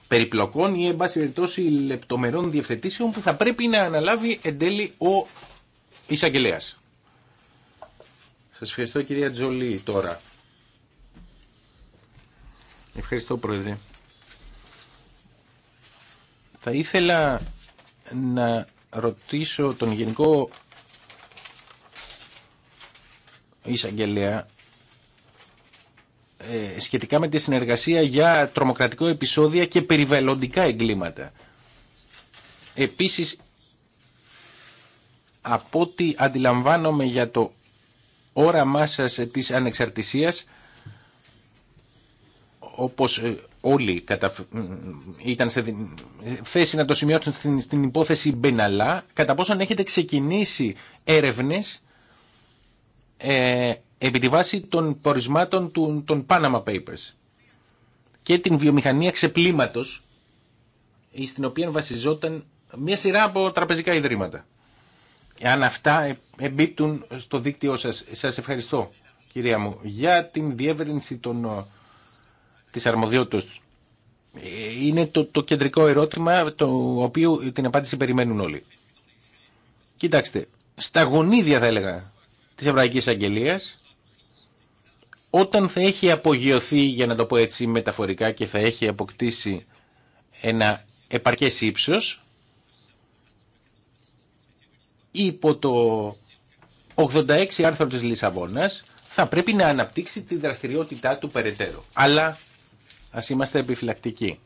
περιπλοκών ή εν πάση περιπτώσει λεπτομερών διευθετήσεων που θα πρέπει να αναλάβει εν τέλει ο εισαγγελέα. Σας ευχαριστώ κυρία Τζολή τώρα. Ευχαριστώ πρόεδρε. Θα ήθελα να ρωτήσω τον Γενικό Εισαγγελέα ε, σχετικά με τη συνεργασία για τρομοκρατικό επεισόδια και περιβαλλοντικά εγκλήματα. Επίσης, από ό,τι αντιλαμβάνομαι για το όραμά σας της ανεξαρτησίας, όπως ε, όλοι κατα... ήταν σε ε, θέση να το σημειώσουν στην, υπόθεση Μπεναλά, κατά πόσον έχετε ξεκινήσει έρευνες ε, επί τη βάση των πορισμάτων του, των Panama Papers και την βιομηχανία ξεπλήματος στην οποία βασιζόταν μια σειρά από τραπεζικά ιδρύματα. Αν αυτά ε, εμπίπτουν στο δίκτυό σας, σας ευχαριστώ κυρία μου για την διεύρυνση των της του ε, Είναι το, το κεντρικό ερώτημα το οποίο την απάντηση περιμένουν όλοι. Κοιτάξτε, στα γονίδια θα έλεγα της Εβραϊκής Αγγελίας όταν θα έχει απογειωθεί, για να το πω έτσι μεταφορικά, και θα έχει αποκτήσει ένα επαρκές ύψος, υπό το 86 άρθρο της Λισαβόνας, θα πρέπει να αναπτύξει τη δραστηριότητά του περαιτέρω. Αλλά Α είμαστε επιφυλακτικοί.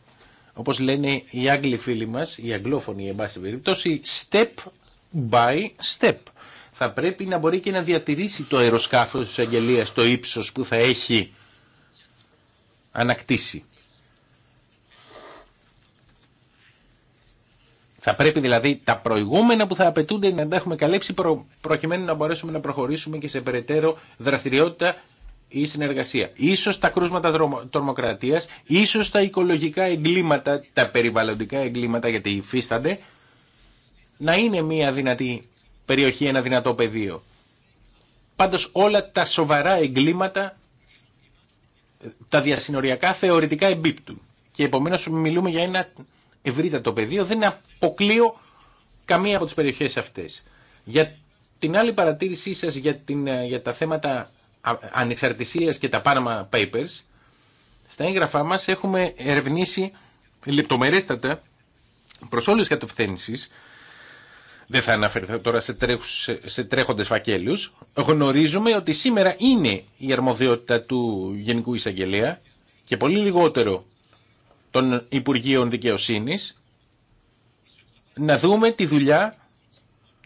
Όπως λένε οι Άγγλοι φίλοι μας, οι Αγγλόφωνοι, εν πάση περιπτώσει, step by step. Θα πρέπει να μπορεί και να διατηρήσει το αεροσκάφο τη αγγελία το ύψος που θα έχει ανακτήσει. Θα πρέπει δηλαδή τα προηγούμενα που θα απαιτούνται να τα έχουμε καλύψει προκειμένου να μπορέσουμε να προχωρήσουμε και σε περαιτέρω δραστηριότητα η συνεργασία. Ίσως τα κρούσματα τρομοκρατίας, ίσως τα οικολογικά εγκλήματα, τα περιβαλλοντικά εγκλήματα γιατί υφίστανται, να είναι μια δυνατή περιοχή, ένα δυνατό πεδίο. Πάντως όλα τα σοβαρά εγκλήματα, τα διασυνοριακά θεωρητικά εμπίπτουν. Και επομένως μιλούμε για ένα ευρύτατο πεδίο, δεν αποκλείω καμία από τις περιοχές αυτές. Για την άλλη παρατήρησή σας για, την, ε, για τα θέματα ανεξαρτησίας και τα Panama Papers, στα έγγραφά μας έχουμε ερευνήσει λεπτομερέστατα προς όλες τις δεν θα αναφερθώ τώρα σε, τρέχους, σε τρέχοντες φακέλους, γνωρίζουμε ότι σήμερα είναι η αρμοδιότητα του Γενικού Εισαγγελέα και πολύ λιγότερο των Υπουργείων Δικαιοσύνης να δούμε τη δουλειά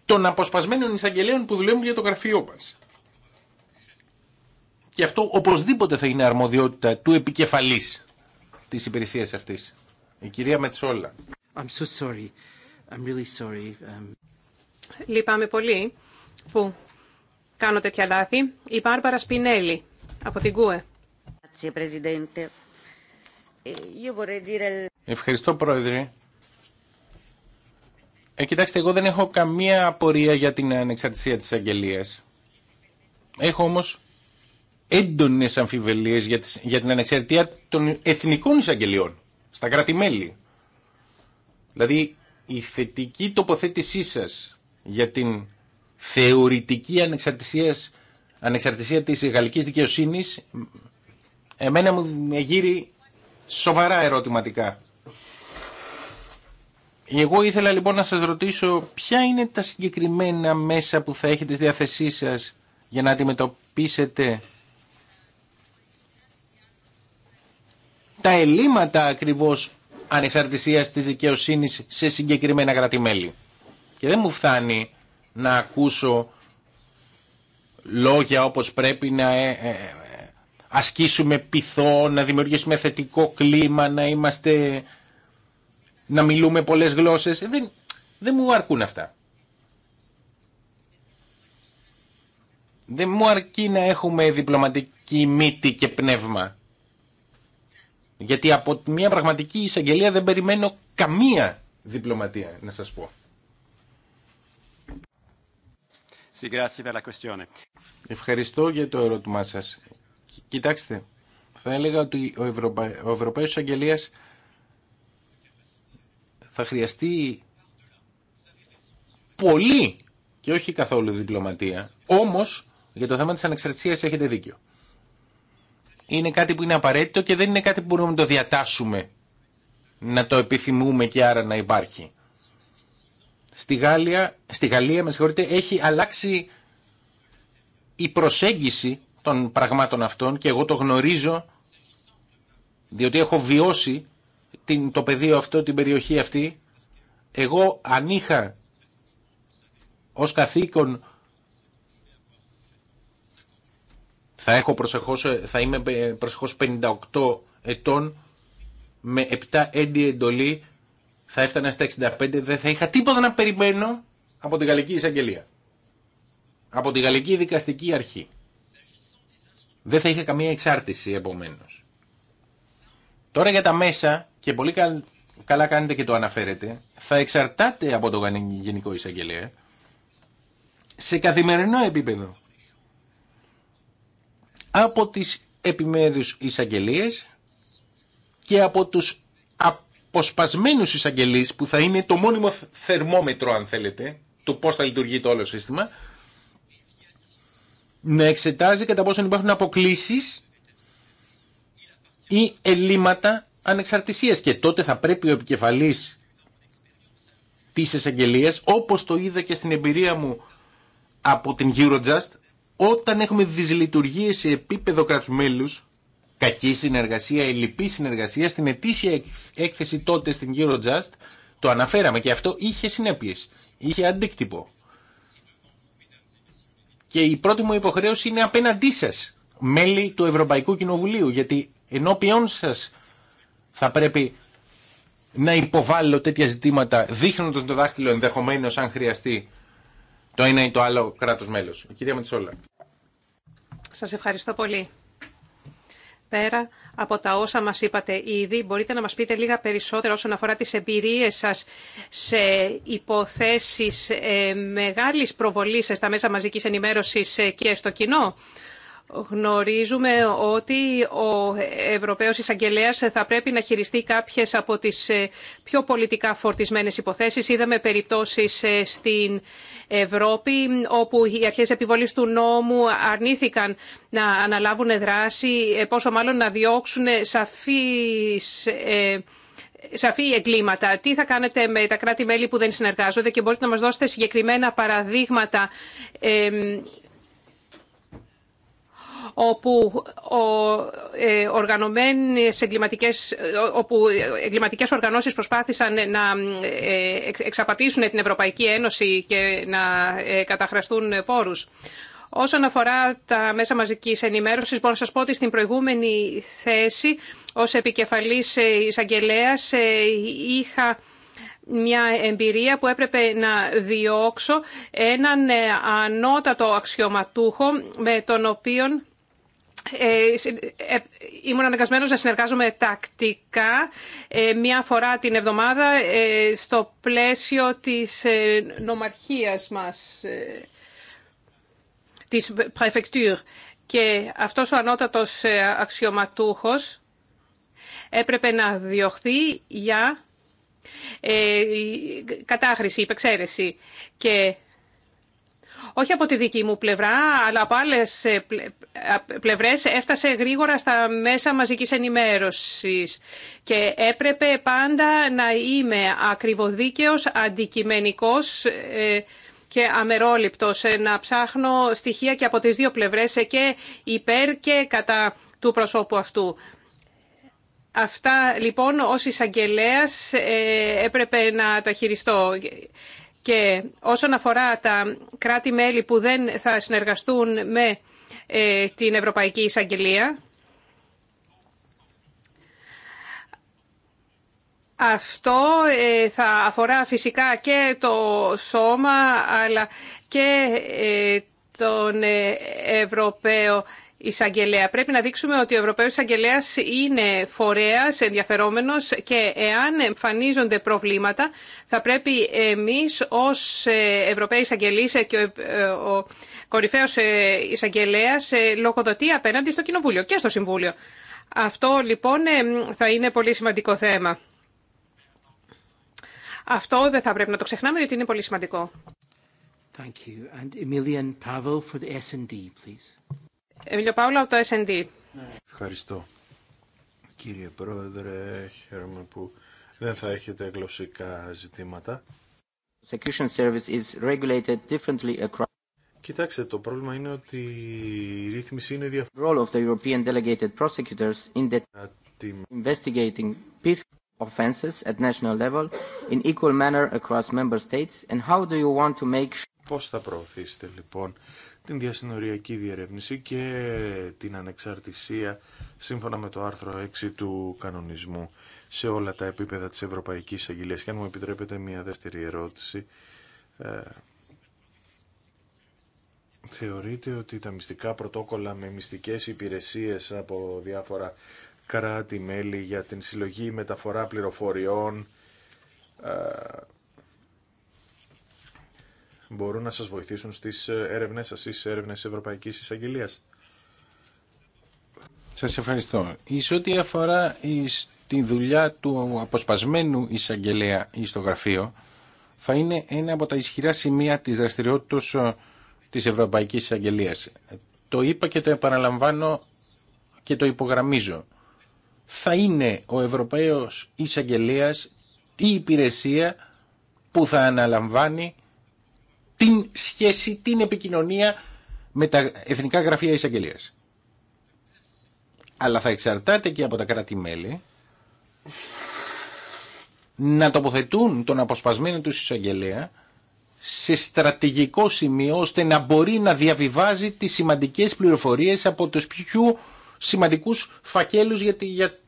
των αποσπασμένων εισαγγελέων που δουλεύουν για το γραφείο μας και αυτό οπωσδήποτε θα είναι αρμοδιότητα του επικεφαλή τη υπηρεσία αυτή. Η κυρία Μετσόλα. I'm so sorry. I'm really sorry. Um... Λυπάμαι πολύ που κάνω τέτοια λάθη. Η Μπάρμπαρα Σπινέλη από την ΚΟΕ. Ε, Ευχαριστώ πρόεδρε. Ε, κοιτάξτε, εγώ δεν έχω καμία απορία για την ανεξαρτησία της αγγελίας. Έχω όμως Έντονε αμφιβελίες για, για την ανεξαρτησία των εθνικών εισαγγελιών στα κράτη-μέλη. Δηλαδή η θετική τοποθέτησή σα για την θεωρητική ανεξαρτησία, ανεξαρτησία της γαλλικής δικαιοσύνης εμένα μου γύρει σοβαρά ερωτηματικά. Εγώ ήθελα λοιπόν να σας ρωτήσω ποια είναι τα συγκεκριμένα μέσα που θα έχετε στη διάθεσή σας για να αντιμετωπίσετε τα ελλείμματα ακριβώς ανεξαρτησίας της δικαιοσύνης σε συγκεκριμένα κρατημέλη. Και δεν μου φτάνει να ακούσω λόγια όπως πρέπει να ε, ε, ε, ασκήσουμε πειθό, να δημιουργήσουμε θετικό κλίμα, να είμαστε, να μιλούμε πολλές γλώσσες. Δεν, δεν μου αρκούν αυτά. Δεν μου αρκεί να έχουμε διπλωματική μύτη και πνεύμα. Γιατί από μια πραγματική εισαγγελία δεν περιμένω καμία διπλωματία, να σας πω. Ευχαριστώ για το ερώτημά σας. Κοιτάξτε, θα έλεγα ότι ο, Ευρωπα... ο Ευρωπαίος Εισαγγελίας θα χρειαστεί πολύ και όχι καθόλου διπλωματία. Όμως, για το θέμα της ανεξαρτησίας έχετε δίκιο είναι κάτι που είναι απαραίτητο και δεν είναι κάτι που μπορούμε να το διατάσουμε, να το επιθυμούμε και άρα να υπάρχει. Στη Γαλλία, στη Γαλλία με έχει αλλάξει η προσέγγιση των πραγμάτων αυτών και εγώ το γνωρίζω διότι έχω βιώσει την, το πεδίο αυτό, την περιοχή αυτή. Εγώ αν είχα ως καθήκον Θα, έχω προσεχώς, ε, θα είμαι ε, προσεχώς 58 ετών με 7 έντι εντολή θα έφτανα στα 65, δεν θα είχα τίποτα να περιμένω από τη Γαλλική Εισαγγελία. Από τη Γαλλική Δικαστική Αρχή. Δεν θα είχα καμία εξάρτηση επομένω. Τώρα για τα μέσα, και πολύ καλά κάνετε και το αναφέρετε, θα εξαρτάται από το Γενικό Εισαγγελία σε καθημερινό επίπεδο από τις επιμέρους εισαγγελίε και από τους αποσπασμένους εισαγγελίες, που θα είναι το μόνιμο θερμόμετρο αν θέλετε του πώς θα λειτουργεί το όλο σύστημα να εξετάζει κατά πόσο υπάρχουν αποκλήσεις ή ελλείμματα ανεξαρτησίας και τότε θα πρέπει ο επικεφαλής της εισαγγελίας, όπως το είδα και στην εμπειρία μου από την Eurojust όταν έχουμε δυσλειτουργίες σε επίπεδο κρατου μέλου, κακή συνεργασία, ελλειπή συνεργασία, στην ετήσια έκθεση τότε στην Eurojust, το αναφέραμε και αυτό είχε συνέπειες, είχε αντίκτυπο. Και η πρώτη μου υποχρέωση είναι απέναντί σας, μέλη του Ευρωπαϊκού Κοινοβουλίου, γιατί ενώ ενώπιόν σας θα πρέπει να υποβάλλω τέτοια ζητήματα δείχνοντα το δάχτυλο ενδεχομένω αν χρειαστεί το ένα ή το άλλο κράτος μέλος. Η το αλλο κράτο μέλο. κυρια μετσολα σας ευχαριστώ πολύ. Πέρα από τα όσα μας είπατε ήδη, μπορείτε να μας πείτε λίγα περισσότερα όσον αφορά τις εμπειρίες σας σε υποθέσεις ε, μεγάλης προβολής στα μέσα μαζικής ενημέρωσης ε, και στο κοινό. Γνωρίζουμε ότι ο Ευρωπαίος Εισαγγελέας θα πρέπει να χειριστεί κάποιες από τις ε, πιο πολιτικά φορτισμένες υποθέσεις. Είδαμε περιπτώσεις ε, στην Ευρώπη όπου οι αρχές επιβολής του νόμου αρνήθηκαν να αναλάβουν δράση, ε, πόσο μάλλον να διώξουν σαφείς σαφή εγκλήματα. Τι θα κάνετε με τα κράτη-μέλη που δεν συνεργάζονται και μπορείτε να μας δώσετε συγκεκριμένα παραδείγματα όπου, ε, οργανωμένες εγκληματικές, όπου εγκληματικές οργανώσεις προσπάθησαν να ε, εξαπατήσουν την Ευρωπαϊκή Ένωση και να ε, καταχραστούν πόρους. Όσον αφορά τα μέσα μαζικής ενημέρωσης, μπορώ να σας πω ότι στην προηγούμενη θέση ως επικεφαλής εισαγγελέα είχα μια εμπειρία που έπρεπε να διώξω έναν ανώτατο αξιωματούχο με τον οποίον ε, ε, ήμουν αναγκασμένος να συνεργάζομαι τακτικά ε, μία φορά την εβδομάδα στο πλαίσιο της νομαρχίας μας, της Prefecture. Και αυτός ο ανώτατος αξιωματούχος έπρεπε να διωχθεί για κατάχρηση, υπεξαίρεση. Και όχι από τη δική μου πλευρά, αλλά από άλλε ε, πλευρές έφτασε γρήγορα στα μέσα μαζικής ενημέρωση. και έπρεπε πάντα να είμαι ακριβοδίκαιο, αντικειμενικός ε, και αμερόληπτος, ε, να ψάχνω στοιχεία και από τις δύο πλευρές και υπέρ και κατά του προσώπου αυτού. Αυτά λοιπόν ως εισαγγελέα έπρεπε να τα χειριστώ. Και όσον αφορά τα κράτη-μέλη που δεν θα συνεργαστούν με ε, την Ευρωπαϊκή Εισαγγελία, Αυτό ε, θα αφορά φυσικά και το σώμα αλλά και ε, τον Ευρωπαίο εισαγγελέα. Πρέπει να δείξουμε ότι ο Ευρωπαϊο εισαγγελέα είναι φορέα, ενδιαφερόμενος και εάν εμφανίζονται προβλήματα θα πρέπει εμείς ως Ευρωπαίοι εισαγγελεί και ο κορυφαίος εισαγγελέα λογοδοτεί απέναντι στο Κοινοβούλιο και στο Συμβούλιο. Αυτό λοιπόν θα είναι πολύ σημαντικό θέμα. Αυτό δεν θα πρέπει να το ξεχνάμε γιατί είναι πολύ σημαντικό. Thank you. And Emilian Pavel for the S&D, please. Εμίλιο Παύλα από το S&D. Ευχαριστώ. Κύριε Πρόεδρε, χαίρομαι που δεν θα έχετε γλωσσικά ζητήματα. Service is regulated differently across... Κοιτάξτε, το πρόβλημα είναι ότι η ρύθμιση είναι διαφορετική. Investigating peace offenses at national level in equal manner across member states and how do you want to make Πώς θα προωθήσετε λοιπόν την διασυνοριακή διερεύνηση και την ανεξαρτησία σύμφωνα με το άρθρο 6 του κανονισμού σε όλα τα επίπεδα της Ευρωπαϊκής Αγγελίας. Και αν μου επιτρέπετε μια δεύτερη ερώτηση, ε, Θεωρείτε ότι τα μυστικά πρωτόκολλα με μυστικές υπηρεσίες από διάφορα κράτη-μέλη για την συλλογή μεταφορά πληροφοριών ε, μπορούν να σας βοηθήσουν στις ε, έρευνες σας ή στις έρευνες της Ευρωπαϊκής Εισαγγελίας. Σας ευχαριστώ. Σε ό,τι αφορά τη δουλειά του αποσπασμένου εισαγγελέα ή στο γραφείο, θα είναι ένα από τα ισχυρά σημεία της δραστηριότητας ε, της Ευρωπαϊκής Εισαγγελίας. Το είπα και το επαναλαμβάνω και το υπογραμμίζω. Θα είναι ο Ευρωπαίος εισαγγελέα η υπηρεσία που θα αναλαμβάνει την σχέση, την επικοινωνία με τα Εθνικά Γραφεία εισαγγελία. Αλλά θα εξαρτάται και από τα κράτη-μέλη να τοποθετούν τον αποσπασμένο του εισαγγελέα σε στρατηγικό σημείο ώστε να μπορεί να διαβιβάζει τις σημαντικές πληροφορίες από τους πιο σημαντικούς φακέλους για, για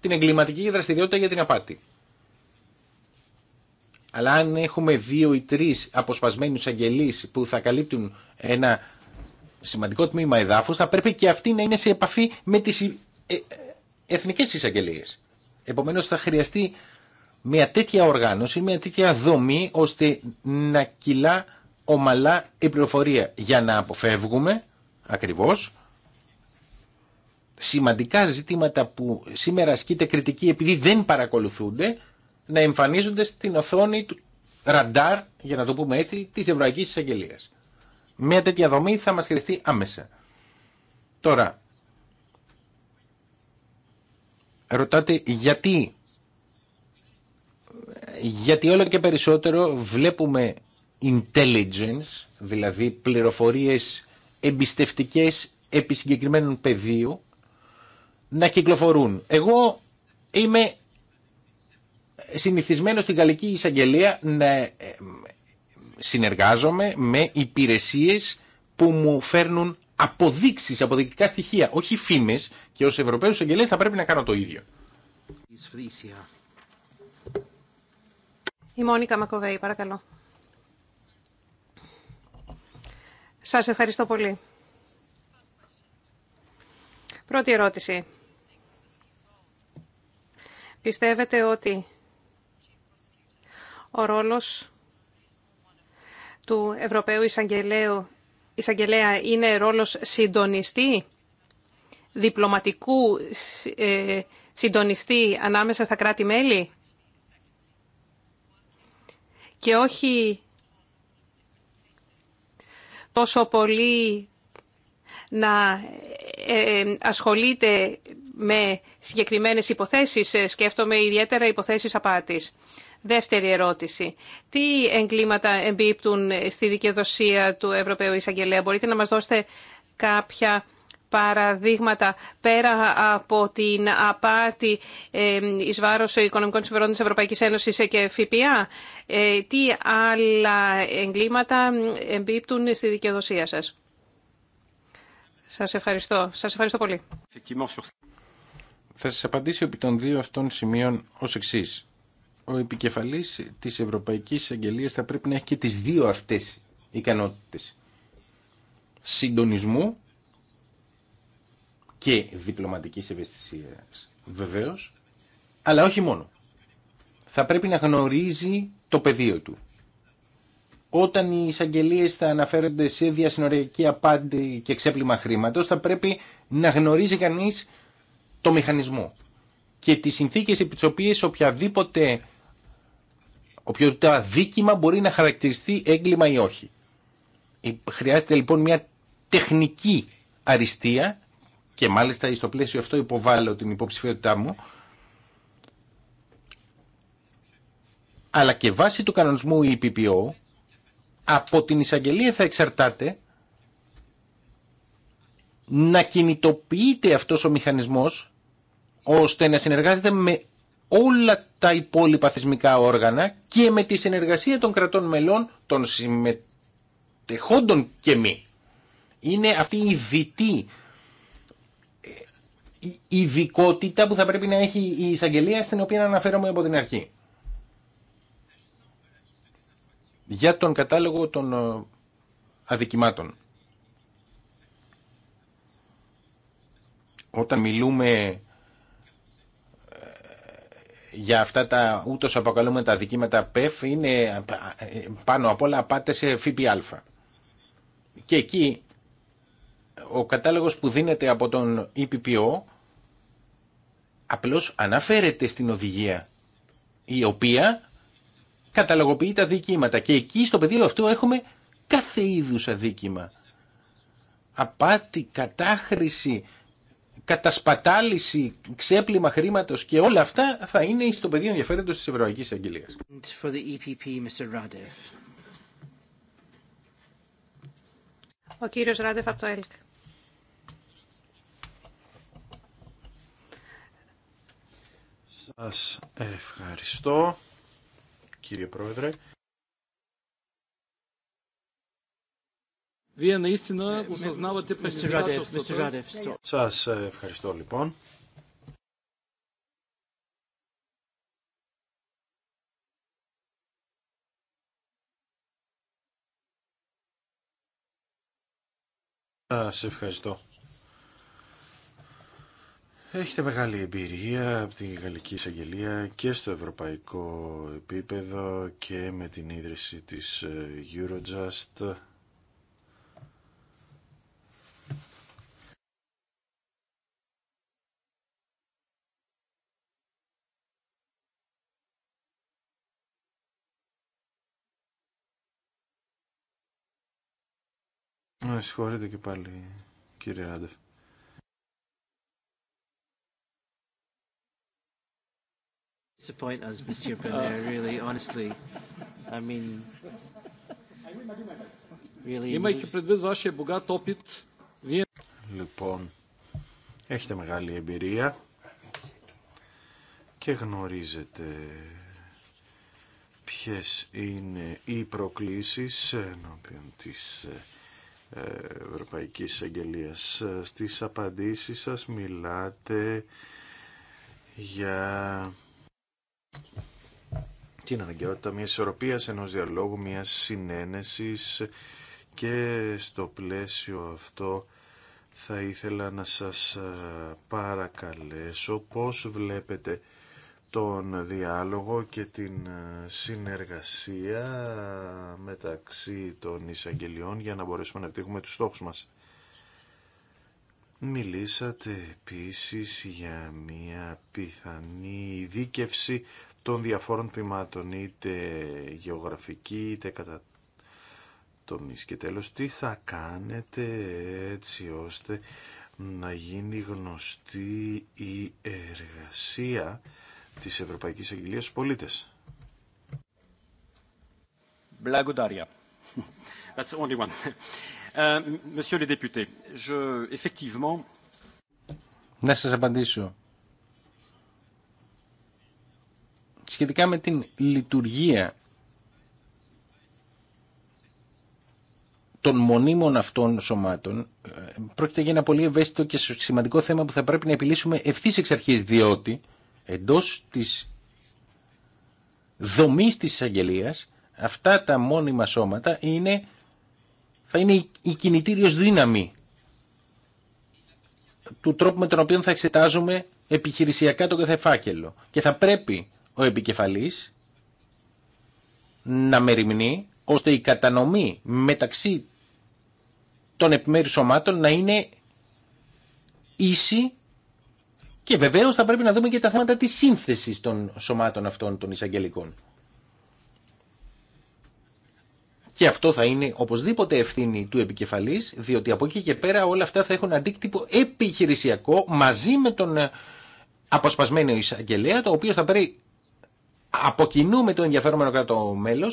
την εγκληματική δραστηριότητα για την απάτη. Αλλά αν έχουμε δύο ή τρει αποσπασμένου αγγελεί που θα καλύπτουν ένα σημαντικό τμήμα εδάφου, θα πρέπει και αυτοί να είναι σε επαφή με τις ε, ε, εθνικές εισαγγελίε. Επομένω θα χρειαστεί μια τέτοια οργάνωση, μια τέτοια δομή, ώστε να κυλά ομαλά η πληροφορία για να αποφεύγουμε ακριβώς σημαντικά ζητήματα που σήμερα ασκείται κριτική επειδή δεν παρακολουθούνται να εμφανίζονται στην οθόνη του ραντάρ, για να το πούμε έτσι, της ευρωπαϊκή Εισαγγελία. Μια τέτοια δομή θα μας χρειαστεί άμεσα. Τώρα, ρωτάτε γιατί. Γιατί όλο και περισσότερο βλέπουμε intelligence, δηλαδή πληροφορίες εμπιστευτικές επί συγκεκριμένου πεδίου, να κυκλοφορούν. Εγώ είμαι συνηθισμένο στην Γαλλική Εισαγγελία να ε, συνεργάζομαι με υπηρεσίες που μου φέρνουν αποδείξεις, αποδεικτικά στοιχεία, όχι φήμες και ως Ευρωπαίος Εγγελές θα πρέπει να κάνω το ίδιο. Η Μόνικα Μακοβέη, παρακαλώ. Σας ευχαριστώ πολύ. Πρώτη ερώτηση. Πιστεύετε ότι ο ρόλος του Ευρωπαίου Εισαγγελέου, Εισαγγελέα είναι ρόλος συντονιστή, διπλωματικού ε, συντονιστή ανάμεσα στα κράτη-μέλη και όχι τόσο πολύ να ε, ε, ασχολείται με συγκεκριμένες υποθέσεις. Σκέφτομαι ιδιαίτερα υποθέσεις απάτης. Δεύτερη ερώτηση. Τι εγκλήματα εμπίπτουν στη δικαιοδοσία του Ευρωπαίου Εισαγγελέα. Μπορείτε να μας δώσετε κάποια παραδείγματα πέρα από την απάτη εις βάρος οικονομικών συμφερόντων της Ευρωπαϊκής Ένωσης και ΦΠΑ. Ε, τι άλλα εγκλήματα εμπίπτουν στη δικαιοδοσία σας. Σας ευχαριστώ. Σας ευχαριστώ πολύ. Θα σας απαντήσω επί των δύο αυτών σημείων ως εξής ο επικεφαλής της Ευρωπαϊκής Αγγελίας θα πρέπει να έχει και τις δύο αυτές ικανότητες. Συντονισμού και διπλωματικής ευαισθησίας βεβαίως, αλλά όχι μόνο. Θα πρέπει να γνωρίζει το πεδίο του. Όταν οι εισαγγελίε θα αναφέρονται σε διασυνοριακή απάντη και ξέπλυμα χρήματο, θα πρέπει να γνωρίζει κανείς το μηχανισμό και τι συνθήκε επί τι οποίε οποιαδήποτε οποιοδήποτε αδίκημα μπορεί να χαρακτηριστεί έγκλημα ή όχι. Ε, χρειάζεται λοιπόν μια τεχνική αριστεία και μάλιστα στο πλαίσιο αυτό υποβάλλω την υποψηφιότητά μου αλλά και βάσει του κανονισμού η από την εισαγγελία θα εξαρτάται να κινητοποιείται αυτός ο μηχανισμός ώστε να συνεργάζεται με όλα τα υπόλοιπα θεσμικά όργανα και με τη συνεργασία των κρατών μελών, των συμμετεχόντων και μη. Είναι αυτή η δυτή ε, ειδικότητα που θα πρέπει να έχει η εισαγγελία στην οποία αναφέρομαι από την αρχή. Για τον κατάλογο των ε, αδικημάτων. Όταν μιλούμε για αυτά τα ούτως αποκαλούμε τα δικήματα ΠΕΦ e είναι πάνω απ' όλα πάτε σε ΦΠΑ. Και εκεί ο κατάλογος που δίνεται από τον ΕΠΠΟ απλώς αναφέρεται στην οδηγία η οποία καταλογοποιεί τα δικήματα και εκεί στο πεδίο αυτό έχουμε κάθε είδους αδίκημα. Απάτη, κατάχρηση, κατασπατάληση, ξέπλυμα χρήματος και όλα αυτά θα είναι στο πεδίο ενδιαφέροντος της Ευρωπαϊκής Αγγελίας. For e Ο κύριος Ράντεφ από το ΕΛΚ. Σας ευχαριστώ, κύριε Πρόεδρε. Вие наистина осъзнавате Σας ευχαριστώ λοιπόν. Σας ευχαριστώ. Έχετε μεγάλη εμπειρία από την Γαλλική Εισαγγελία και στο ευρωπαϊκό επίπεδο και με την ίδρυση της ε, Eurojust Με συγχωρείτε και πάλι κύριε Ράντεφ. disappoint us, Monsieur Premier, really, honestly. I mean... Really... Имайки предвид вашия богат опит, вие... Λοιπόν, έχετε μεγάλη εμπειρία και γνωρίζετε ποιες είναι οι προκλήσεις ενώπιον της Ευρωπαϊκής Εισαγγελίας. Στις απαντήσεις σας μιλάτε για την αναγκαιότητα μιας ισορροπίας ενός διαλόγου, μιας συνένεσης και στο πλαίσιο αυτό θα ήθελα να σας παρακαλέσω πώς βλέπετε τον διάλογο και την ε, συνεργασία μεταξύ των εισαγγελιών για να μπορέσουμε να επιτύχουμε τους στόχους μας. Μιλήσατε επίσης για μια πιθανή δίκευση των διαφόρων ποιμάτων, είτε γεωγραφική είτε κατά τομείς. Και τέλος, τι θα κάνετε έτσι ώστε να γίνει γνωστή η εργασία της Ευρωπαϊκής Αγγελίας στους πολίτες. That's the only one. Ε, monsieur le député, je, effectivement... Να σας απαντήσω. Σχετικά με την λειτουργία των μονίμων αυτών σωμάτων, ε, πρόκειται για ένα πολύ ευαίσθητο και σημαντικό θέμα που θα πρέπει να επιλύσουμε ευθύ εξ αρχή, διότι εντός της δομής της εισαγγελίας, αυτά τα μόνιμα σώματα είναι, θα είναι η κινητήριος δύναμη του τρόπου με τον οποίο θα εξετάζουμε επιχειρησιακά το καθεφάκελο. Και θα πρέπει ο επικεφαλής να μεριμνεί ώστε η κατανομή μεταξύ των επιμέρους σωμάτων να είναι ίση και βεβαίως θα πρέπει να δούμε και τα θέματα της σύνθεσης των σωμάτων αυτών των εισαγγελικών. Και αυτό θα είναι οπωσδήποτε ευθύνη του επικεφαλής, διότι από εκεί και πέρα όλα αυτά θα έχουν αντίκτυπο επιχειρησιακό μαζί με τον ε, αποσπασμένο εισαγγελέα, το οποίο θα πρέπει από κοινού με το ενδιαφέρομενο κράτο μέλο,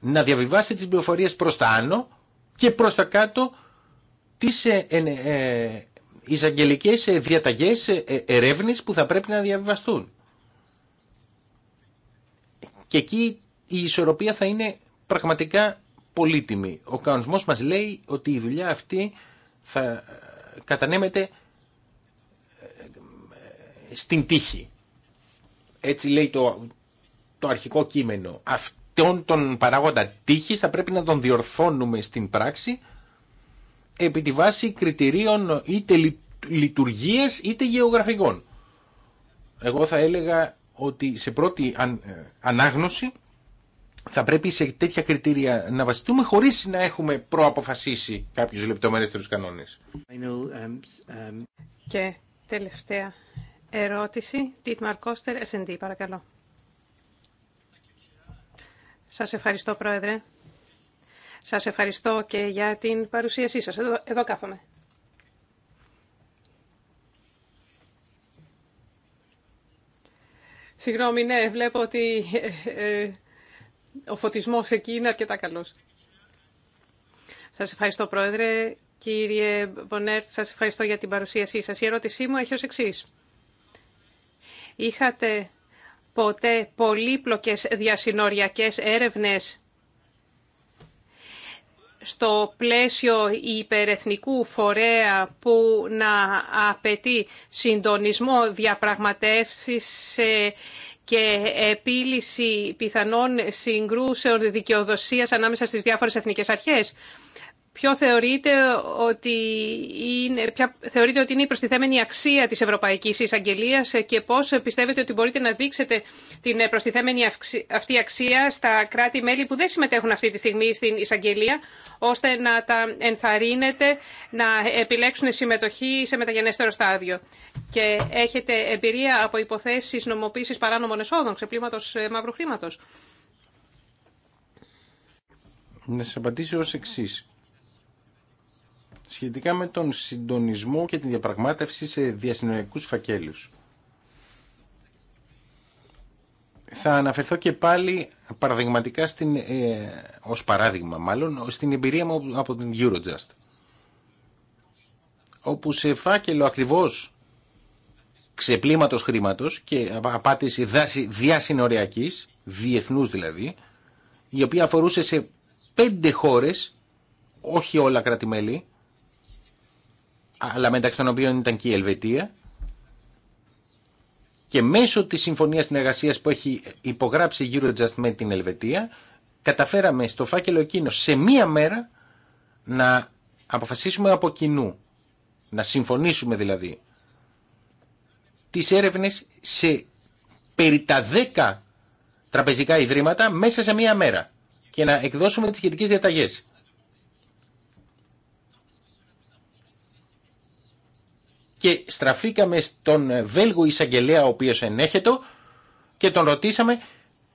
να διαβιβάσει τις πληροφορίε προς τα άνω και προς τα κάτω ε, ε, ε Εισαγγελικέ ε, διαταγέ ε, ε, ερεύνη που θα πρέπει να διαβιβαστούν. Και εκεί η ισορροπία θα είναι πραγματικά πολύτιμη. Ο κανονισμός μας λέει ότι η δουλειά αυτή θα κατανέμεται στην τύχη. Έτσι λέει το, το αρχικό κείμενο. Αυτόν τον παράγοντα τύχης θα πρέπει να τον διορθώνουμε στην πράξη επί τη βάση κριτηρίων είτε λειτουργίες είτε γεωγραφικών. Εγώ θα έλεγα ότι σε πρώτη ε, ανάγνωση θα πρέπει σε τέτοια κριτήρια να βασιστούμε χωρίς να έχουμε προαποφασίσει κάποιους λεπτομερέστερους κανόνες. Um, um, Και τελευταία ερώτηση, Τίτμαρ Κώστερ, S&D, παρακαλώ. Σας ευχαριστώ, Πρόεδρε. Σας ευχαριστώ και για την παρουσίασή σας. Εδώ, εδώ κάθομαι. Συγγνώμη, ναι, βλέπω ότι ε, ε, ο φωτισμός εκεί είναι αρκετά καλός. Σας ευχαριστώ, Πρόεδρε. Κύριε Μπονέρτ, σας ευχαριστώ για την παρουσίασή σας. Η ερώτησή μου έχει ως εξής. Είχατε ποτέ πολύπλοκες διασυνοριακές έρευνες στο πλαίσιο υπερεθνικού φορέα που να απαιτεί συντονισμό διαπραγματεύσεις ε, και επίλυση πιθανών συγκρούσεων δικαιοδοσίας ανάμεσα στις διάφορες εθνικές αρχές ποιο θεωρείτε ότι είναι, ποια θεωρείτε ότι είναι η προστιθέμενη αξία της Ευρωπαϊκής εισαγγελία και πώς πιστεύετε ότι μπορείτε να δείξετε την προστιθέμενη αυτή αξία στα κράτη-μέλη που δεν συμμετέχουν αυτή τη στιγμή στην εισαγγελία, ώστε να τα ενθαρρύνετε να επιλέξουν συμμετοχή σε μεταγενέστερο στάδιο. Και έχετε εμπειρία από υποθέσεις νομοποίησης παράνομων εσόδων, ξεπλήματος ε, μαύρου χρήματος. Να σας απαντήσω ως εξής σχετικά με τον συντονισμό και την διαπραγμάτευση σε διασυνοριακούς φακέλους. Θα αναφερθώ και πάλι παραδειγματικά στην, ε, ως παράδειγμα μάλλον στην εμπειρία μου από την Eurojust όπου σε φάκελο ακριβώς ξεπλήματος χρήματος και απάτηση δάση, διασυνοριακής, διεθνούς δηλαδή, η οποία αφορούσε σε πέντε χώρες, όχι όλα κράτη-μέλη, αλλά μεταξύ των οποίων ήταν και η Ελβετία, και μέσω της συμφωνίας συνεργασίας που έχει υπογράψει η Eurojust με την Ελβετία, καταφέραμε στο φάκελο εκείνο σε μία μέρα να αποφασίσουμε από κοινού, να συμφωνήσουμε δηλαδή, τις έρευνες σε περί τα 10 τραπεζικά ιδρύματα μέσα σε μία μέρα και να εκδώσουμε τις σχετικές διαταγές. και στραφήκαμε στον Βέλγο εισαγγελέα ο οποίος ενέχεται και τον ρωτήσαμε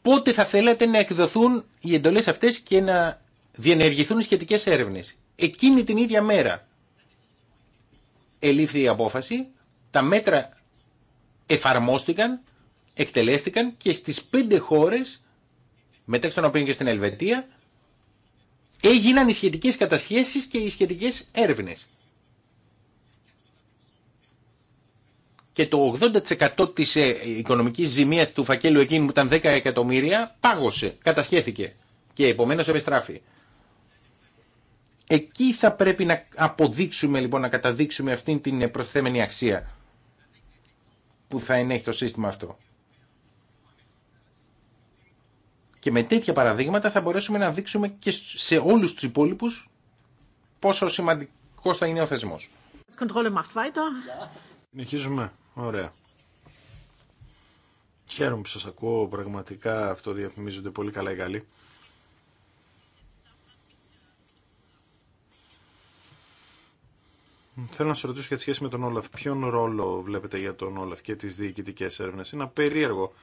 πότε θα θέλατε να εκδοθούν οι εντολές αυτές και να διενεργηθούν οι σχετικές έρευνες. Εκείνη την ίδια μέρα ελήφθη η απόφαση, τα μέτρα εφαρμόστηκαν, εκτελέστηκαν και στις πέντε χώρες, μεταξύ των οποίων και στην Ελβετία, έγιναν οι σχετικές κατασχέσεις και οι σχετικές έρευνες. και το 80% της ε, οικονομικής ζημίας του φακέλου εκείνου που ήταν 10 εκατομμύρια πάγωσε, κατασχέθηκε και επομένως επιστράφει. Εκεί θα πρέπει να αποδείξουμε λοιπόν, να καταδείξουμε αυτήν την προσθέμενη αξία που θα ενέχει το σύστημα αυτό. Και με τέτοια παραδείγματα θα μπορέσουμε να δείξουμε και σε όλους τους υπόλοιπους πόσο σημαντικός θα είναι ο θεσμός. Συνεχίζουμε. Ωραία. Χαίρομαι που σας ακούω, πραγματικά αυτό διαφημίζονται πολύ καλά οι Γάλλοι. Θέλω να σα ρωτήσω για τη σχέση με τον Όλαφ. Ποιον ρόλο βλέπετε για τον Όλαφ και τις διοικητικέ έρευνες. Είναι ένα περίεργο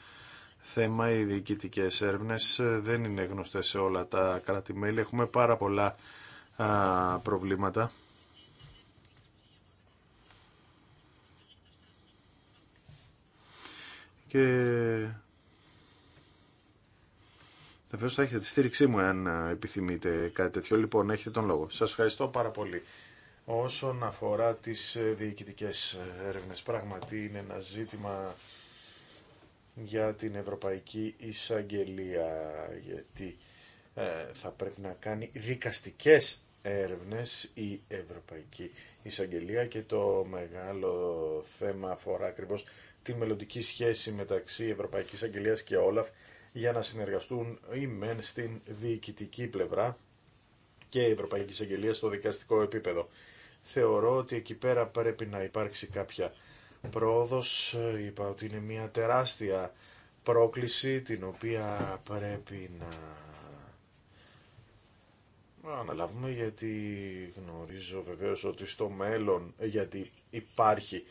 θέμα οι διοικητικέ έρευνες. Ε, δεν είναι γνωστές σε όλα τα κράτη-μέλη. Έχουμε πάρα πολλά α, προβλήματα. και βεβαίως θα έχετε τη στήριξή μου αν ε, επιθυμείτε κάτι τέτοιο. Λοιπόν, έχετε τον λόγο. Σας ευχαριστώ πάρα πολύ. Όσον αφορά τις ε, διοικητικές ε, έρευνες, πράγματι είναι ένα ζήτημα για την Ευρωπαϊκή Εισαγγελία, γιατί θα πρέπει να κάνει δικαστικές έρευνες η Ευρωπαϊκή Εισαγγελία και το μεγάλο θέμα αφορά ακριβώς τη μελλοντική σχέση μεταξύ Ευρωπαϊκής Αγγελία και Όλαφ για να συνεργαστούν οι μεν στην διοικητική πλευρά και η Ευρωπαϊκή Αγγελία στο δικαστικό επίπεδο. Θεωρώ ότι εκεί πέρα πρέπει να υπάρξει κάποια πρόοδος. Είπα ότι είναι μια τεράστια πρόκληση την οποία πρέπει να αναλάβουμε γιατί γνωρίζω βεβαίως ότι στο μέλλον γιατί υπάρχει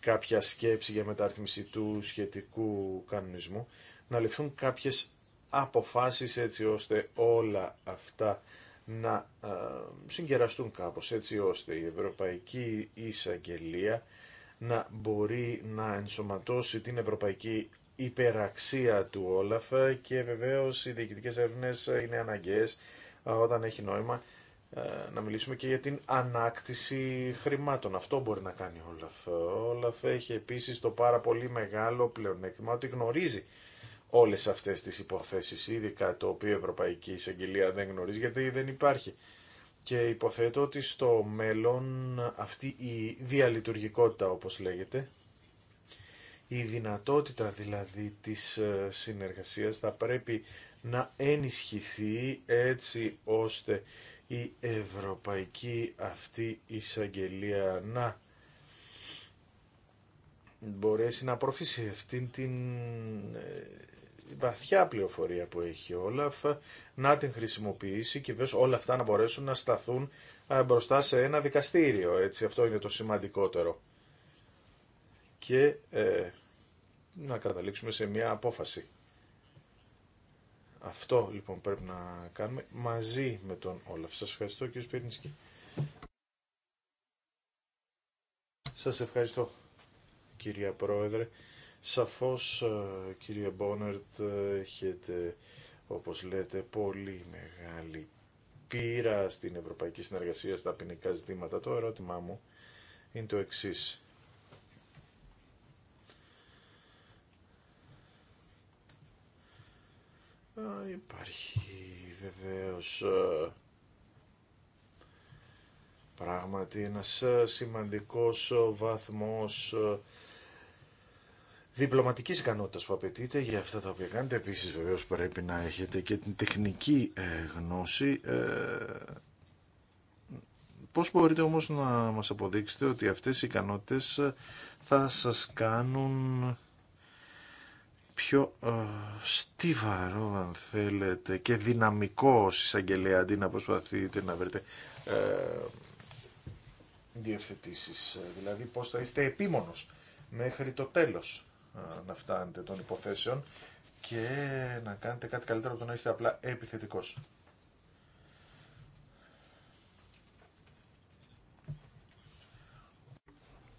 κάποια σκέψη για μεταρρύθμιση του σχετικού κανονισμού, να ληφθούν κάποιες αποφάσεις έτσι ώστε όλα αυτά να ε, συγκεραστούν κάπως, έτσι ώστε η Ευρωπαϊκή Εισαγγελία να μπορεί να ενσωματώσει την Ευρωπαϊκή υπεραξία του Όλαφ και βεβαίως οι διοικητικές έρευνε είναι αναγκαίες ε, όταν έχει νόημα ε, να μιλήσουμε και για την ανάκτηση χρημάτων. Αυτό μπορεί να κάνει ο Όλαφ. Ο Όλαφ έχει επίση το πάρα πολύ μεγάλο πλεονέκτημα ότι γνωρίζει όλες αυτές τις υποθέσεις, ειδικά το οποίο η Ευρωπαϊκή Εισαγγελία δεν γνωρίζει γιατί δεν υπάρχει. Και υποθέτω ότι στο μέλλον αυτή η διαλειτουργικότητα όπως λέγεται, η δυνατότητα δηλαδή της ε, συνεργασίας θα πρέπει να ενισχυθεί έτσι ώστε η Ευρωπαϊκή αυτή εισαγγελία να μπορέσει να απορροφήσει αυτήν την ε, βαθιά πληροφορία που έχει όλα να την χρησιμοποιήσει και βέβαια όλα αυτά να μπορέσουν να σταθούν ε, μπροστά σε ένα δικαστήριο. Έτσι, αυτό είναι το σημαντικότερο. Και ε, να καταλήξουμε σε μια απόφαση. Αυτό λοιπόν πρέπει να κάνουμε μαζί με τον Όλαφ. Σας ευχαριστώ κύριε Σπυρνισκή. Σας ευχαριστώ κυρία Πρόεδρε. Σαφώς ε, κύριε Μπόνερτ έχετε όπως λέτε πολύ μεγάλη πείρα στην ευρωπαϊκή συνεργασία στα ποινικά ζητήματα. Το ερώτημά μου είναι το εξής. Υπάρχει βεβαίως ε, πράγματι ένας ε, σημαντικός ε, βαθμός διπλωματική ικανότητα που απαιτείται για αυτά τα οποία κάνετε. Επίση, βεβαίω πρέπει να έχετε και την τεχνική γνώση. πώς μπορείτε όμως να μας αποδείξετε ότι αυτές οι ικανότητες θα σας κάνουν πιο ε, στιβαρό αν θέλετε και δυναμικό ως εισαγγελέα αντί να προσπαθείτε να βρείτε ε, διευθετήσεις. Ε, δηλαδή πώς θα είστε επίμονος μέχρι το τέλος ε, να φτάνετε των υποθέσεων και να κάνετε κάτι καλύτερο από το να είστε απλά επιθετικός.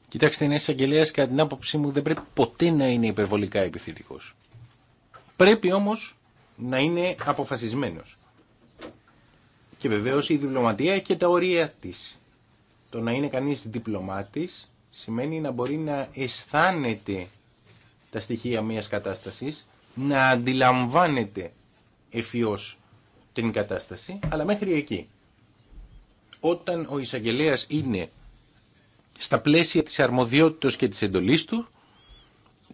Κοιτάξτε, ένα εισαγγελέα κατά την άποψή μου δεν πρέπει ποτέ να είναι υπερβολικά επιθετικό. Πρέπει όμω να είναι αποφασισμένο. Και βεβαίω η διπλωματία έχει και τα ωρία τη. Το να είναι κανεί διπλωμάτη σημαίνει να μπορεί να αισθάνεται τα στοιχεία μιας κατάστασης, να αντιλαμβάνεται εφιος την κατάσταση, αλλά μέχρι εκεί. Όταν ο εισαγγελέα είναι στα πλαίσια της αρμοδιότητας και της εντολής του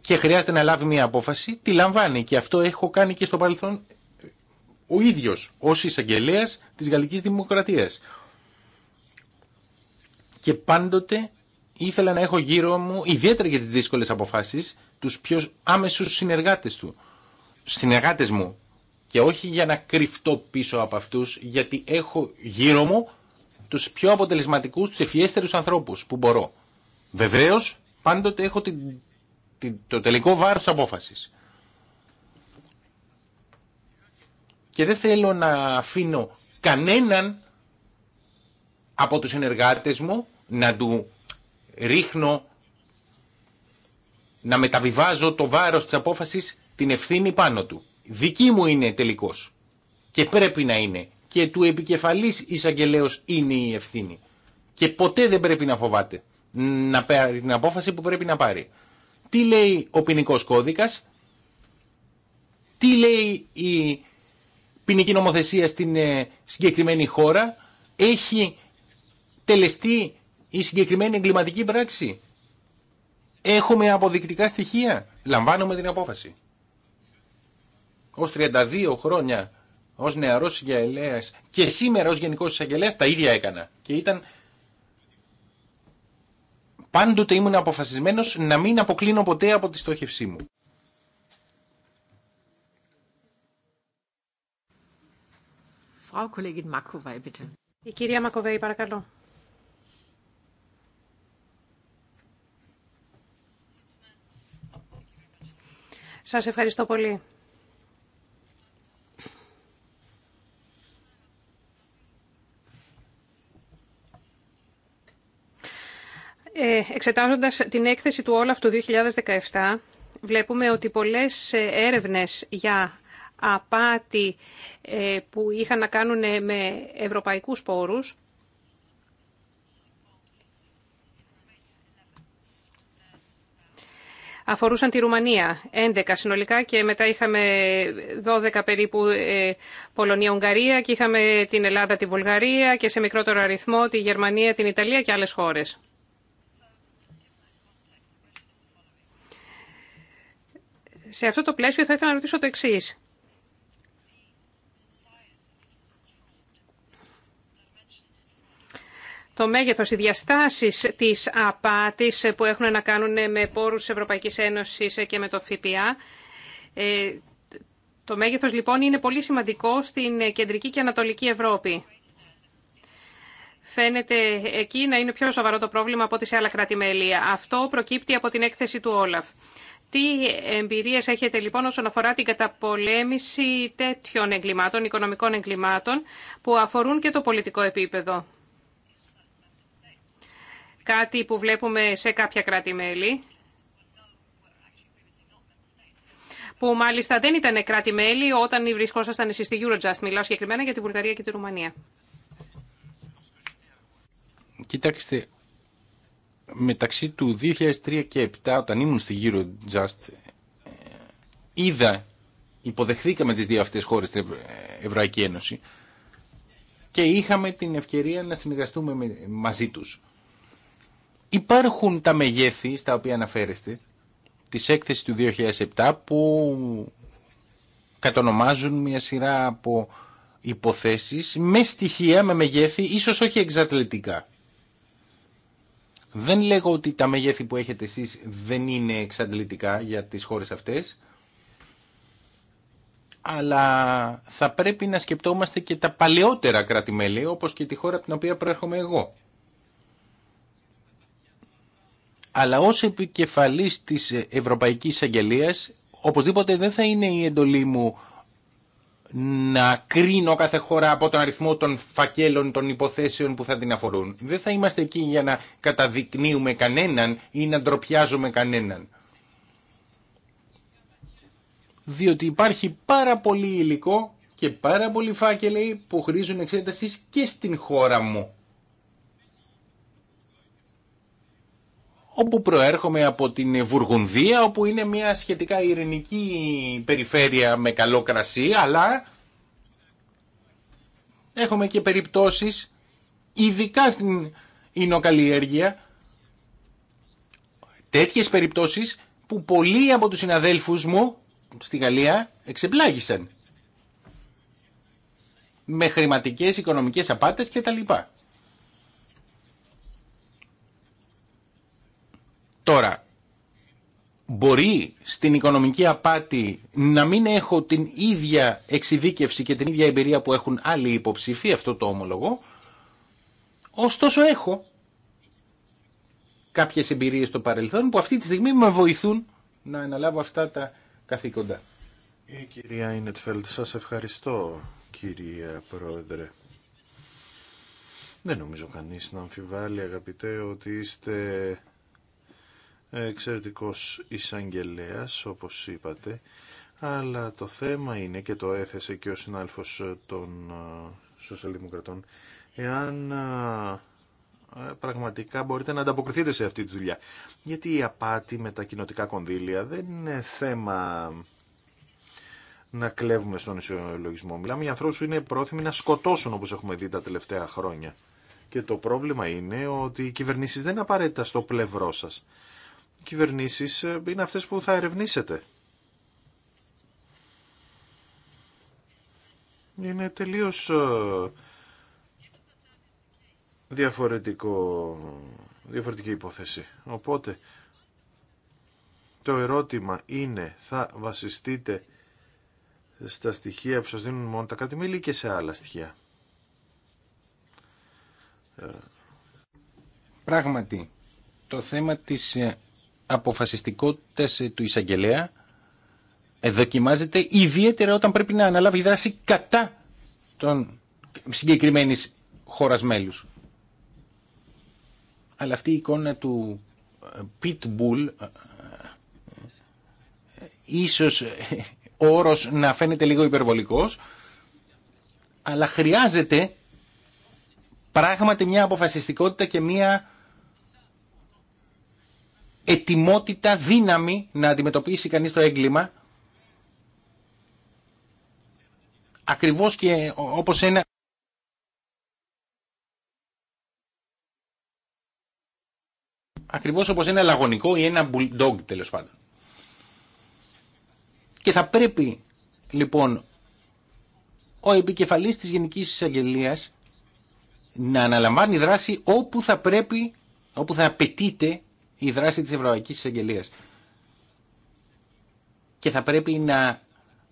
και χρειάζεται να λάβει μια απόφαση, τη λαμβάνει και αυτό έχω κάνει και στο παρελθόν ο ίδιος ως εισαγγελέα της Γαλλικής Δημοκρατίας. Και πάντοτε ήθελα να έχω γύρω μου, ιδιαίτερα για τις δύσκολες αποφάσεις, τους πιο άμεσους συνεργάτες του, συνεργάτες μου και όχι για να κρυφτώ πίσω από αυτούς γιατί έχω γύρω μου τους πιο αποτελεσματικού, του ευφιέστερου ανθρώπους που μπορώ. Βεβαίω, πάντοτε έχω την, το τελικό βάρος απόφαση. Και δεν θέλω να αφήνω κανέναν από τους συνεργάτες μου να του ρίχνω, να μεταβιβάζω το βάρος της απόφασης την ευθύνη πάνω του. Δική μου είναι τελικός. Και πρέπει να είναι και του επικεφαλής εισαγγελέως είναι η ευθύνη. Και ποτέ δεν πρέπει να φοβάται να πάρει την απόφαση που πρέπει να πάρει. Τι λέει ο ποινικό κώδικας, τι λέει η ποινική νομοθεσία στην ε, συγκεκριμένη χώρα, έχει τελεστεί η συγκεκριμένη εγκληματική πράξη. Έχουμε αποδεικτικά στοιχεία. Λαμβάνουμε την απόφαση. Ως 32 χρόνια Ω νεαρός εισαγγελέα και σήμερα ως γενικός εισαγγελέα τα ίδια έκανα. Και ήταν πάντοτε ήμουν αποφασισμένος να μην αποκλίνω ποτέ από τη στόχευσή μου. Η κυρία Μακοβέη, παρακαλώ. Σας ευχαριστώ πολύ. Ε, εξετάζοντας την έκθεση του Όλαφ του 2017, βλέπουμε ότι πολλές ε, έρευνες για απάτη ε, που είχαν να κάνουν με ευρωπαϊκούς πόρους, αφορούσαν τη Ρουμανία, 11 συνολικά και μετά είχαμε 12 περίπου Πολωνία-Ουγγαρία και είχαμε την Ελλάδα, τη Βουλγαρία και σε μικρότερο αριθμό τη Γερμανία, την Ιταλία και άλλες χώρες. Σε αυτό το πλαίσιο θα ήθελα να ρωτήσω το εξή. Το μέγεθος, οι διαστάσει της απάτης που έχουν να κάνουν με πόρους Ευρωπαϊκής Ένωσης και με το ΦΠΑ. Ε, το μέγεθος λοιπόν είναι πολύ σημαντικό στην κεντρική και ανατολική Ευρώπη. Φαίνεται εκεί να είναι πιο σοβαρό το πρόβλημα από ό,τι σε άλλα κράτη-μέλη. Αυτό προκύπτει από την έκθεση του Όλαφ. Τι εμπειρίες έχετε λοιπόν όσον αφορά την καταπολέμηση τέτοιων εγκλημάτων, οικονομικών εγκλημάτων, που αφορούν και το πολιτικό επίπεδο. Κάτι που βλέπουμε σε κάποια κράτη-μέλη, που μάλιστα δεν ήταν κράτη-μέλη όταν βρισκόσασταν εσείς στη Eurojust. Μιλάω συγκεκριμένα για τη Βουλγαρία και τη Ρουμανία. Κοιτάξτε, μεταξύ του 2003 και 2007 όταν ήμουν στη Eurojust ε, είδα, υποδεχθήκαμε τις δύο αυτές χώρες στην Ευρωπαϊκή ε, Ένωση και είχαμε την ευκαιρία να συνεργαστούμε μαζί τους. Υπάρχουν τα μεγέθη στα οποία αναφέρεστε της έκθεσης του 2007 που κατονομάζουν μια σειρά από υποθέσεις με στοιχεία, με μεγέθη, ίσως όχι εξατλητικά. Δεν λέγω ότι τα μεγέθη που έχετε εσείς δεν είναι εξαντλητικά για τις χώρες αυτές, αλλά θα πρέπει να σκεπτόμαστε και τα παλαιότερα κράτη-μέλη, όπως και τη χώρα από την οποία προέρχομαι εγώ. Αλλά ως επικεφαλής της Ευρωπαϊκής Αγγελίας, οπωσδήποτε δεν θα είναι η εντολή μου να κρίνω κάθε χώρα από τον αριθμό των φακέλων, των υποθέσεων που θα την αφορούν. Δεν θα είμαστε εκεί για να καταδεικνύουμε κανέναν ή να ντροπιάζουμε κανέναν. Διότι υπάρχει πάρα πολύ υλικό και πάρα πολλοί φάκελοι που χρήζουν εξέτασης και στην χώρα μου. όπου προέρχομαι από την Βουργουνδία, όπου είναι μια σχετικά ειρηνική περιφέρεια με καλό κρασί, αλλά έχουμε και περιπτώσεις, ειδικά στην Ινοκαλλιέργεια, τέτοιες περιπτώσεις που πολλοί από τους συναδέλφους μου στη Γαλλία εξεπλάγησαν με χρηματικές, οικονομικές απάτες λοιπά. Τώρα, μπορεί στην οικονομική απάτη να μην έχω την ίδια εξειδίκευση και την ίδια εμπειρία που έχουν άλλοι υποψηφοί, αυτό το ομολογώ, ωστόσο έχω κάποιες εμπειρίες στο παρελθόν που αυτή τη στιγμή με βοηθούν να αναλάβω αυτά τα καθήκοντα. Η κυρία Ινετφέλτ, σας ευχαριστώ κυρία Πρόεδρε. Δεν νομίζω κανείς να αμφιβάλλει αγαπητέ ότι είστε εξαιρετικός εισαγγελέα, όπως είπατε, αλλά το θέμα είναι και το έθεσε και ο συνάλφος των ε, σοσιαλδημοκρατών, εάν ε, πραγματικά μπορείτε να ανταποκριθείτε σε αυτή τη δουλειά. Γιατί η απάτη με τα κοινοτικά κονδύλια δεν είναι θέμα να κλέβουμε στον ισολογισμό. Μιλάμε για ανθρώπους που είναι πρόθυμοι να σκοτώσουν όπως έχουμε δει τα τελευταία χρόνια. Και το πρόβλημα είναι ότι οι κυβερνήσεις δεν είναι απαραίτητα στο πλευρό σας κυβερνήσεις ε, είναι αυτές που θα ερευνήσετε. Είναι τελείως ε, διαφορετικό, διαφορετική υπόθεση. Οπότε το ερώτημα είναι θα βασιστείτε στα στοιχεία που σας δίνουν μόνο τα κατημήλια και σε άλλα στοιχεία. Ε. Πράγματι, το θέμα της αποφασιστικότητας ε, του εισαγγελέα ε, δοκιμάζεται ιδιαίτερα όταν πρέπει να αναλάβει δράση κατά των συγκεκριμένης χώρας μέλους. Αλλά αυτή η εικόνα του ε, Pitbull ίσως ο όρος να φαίνεται λίγο υπερβολικός αλλά χρειάζεται πράγματι μια αποφασιστικότητα και μια ετοιμότητα, δύναμη να αντιμετωπίσει κανείς το έγκλημα ακριβώς και όπως ένα ακριβώς όπως ένα λαγωνικό ή ένα bulldog τέλος πάντων. Και θα πρέπει λοιπόν ο επικεφαλής της Γενικής Εισαγγελίας να αναλαμβάνει δράση όπου θα πρέπει, όπου θα απαιτείται η δράση της Ευρωπαϊκής Εισαγγελίας Και θα πρέπει να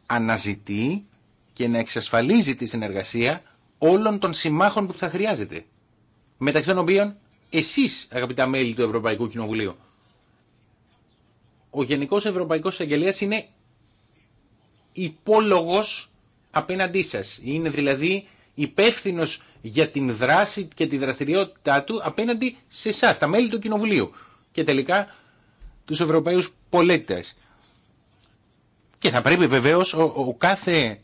αναζητεί και να εξασφαλίζει τη συνεργασία όλων των συμμάχων που θα χρειάζεται. Μεταξύ των οποίων εσείς αγαπητά μέλη του Ευρωπαϊκού Κοινοβουλίου. Ο Γενικός Ευρωπαϊκός Εισαγγελίας είναι υπόλογος απέναντί σας. Είναι δηλαδή υπεύθυνο για την δράση και τη δραστηριότητά του απέναντι σε εσά, τα μέλη του Κοινοβουλίου και τελικά τους Ευρωπαίους πολίτες. Και θα πρέπει βεβαίως ο, κάθε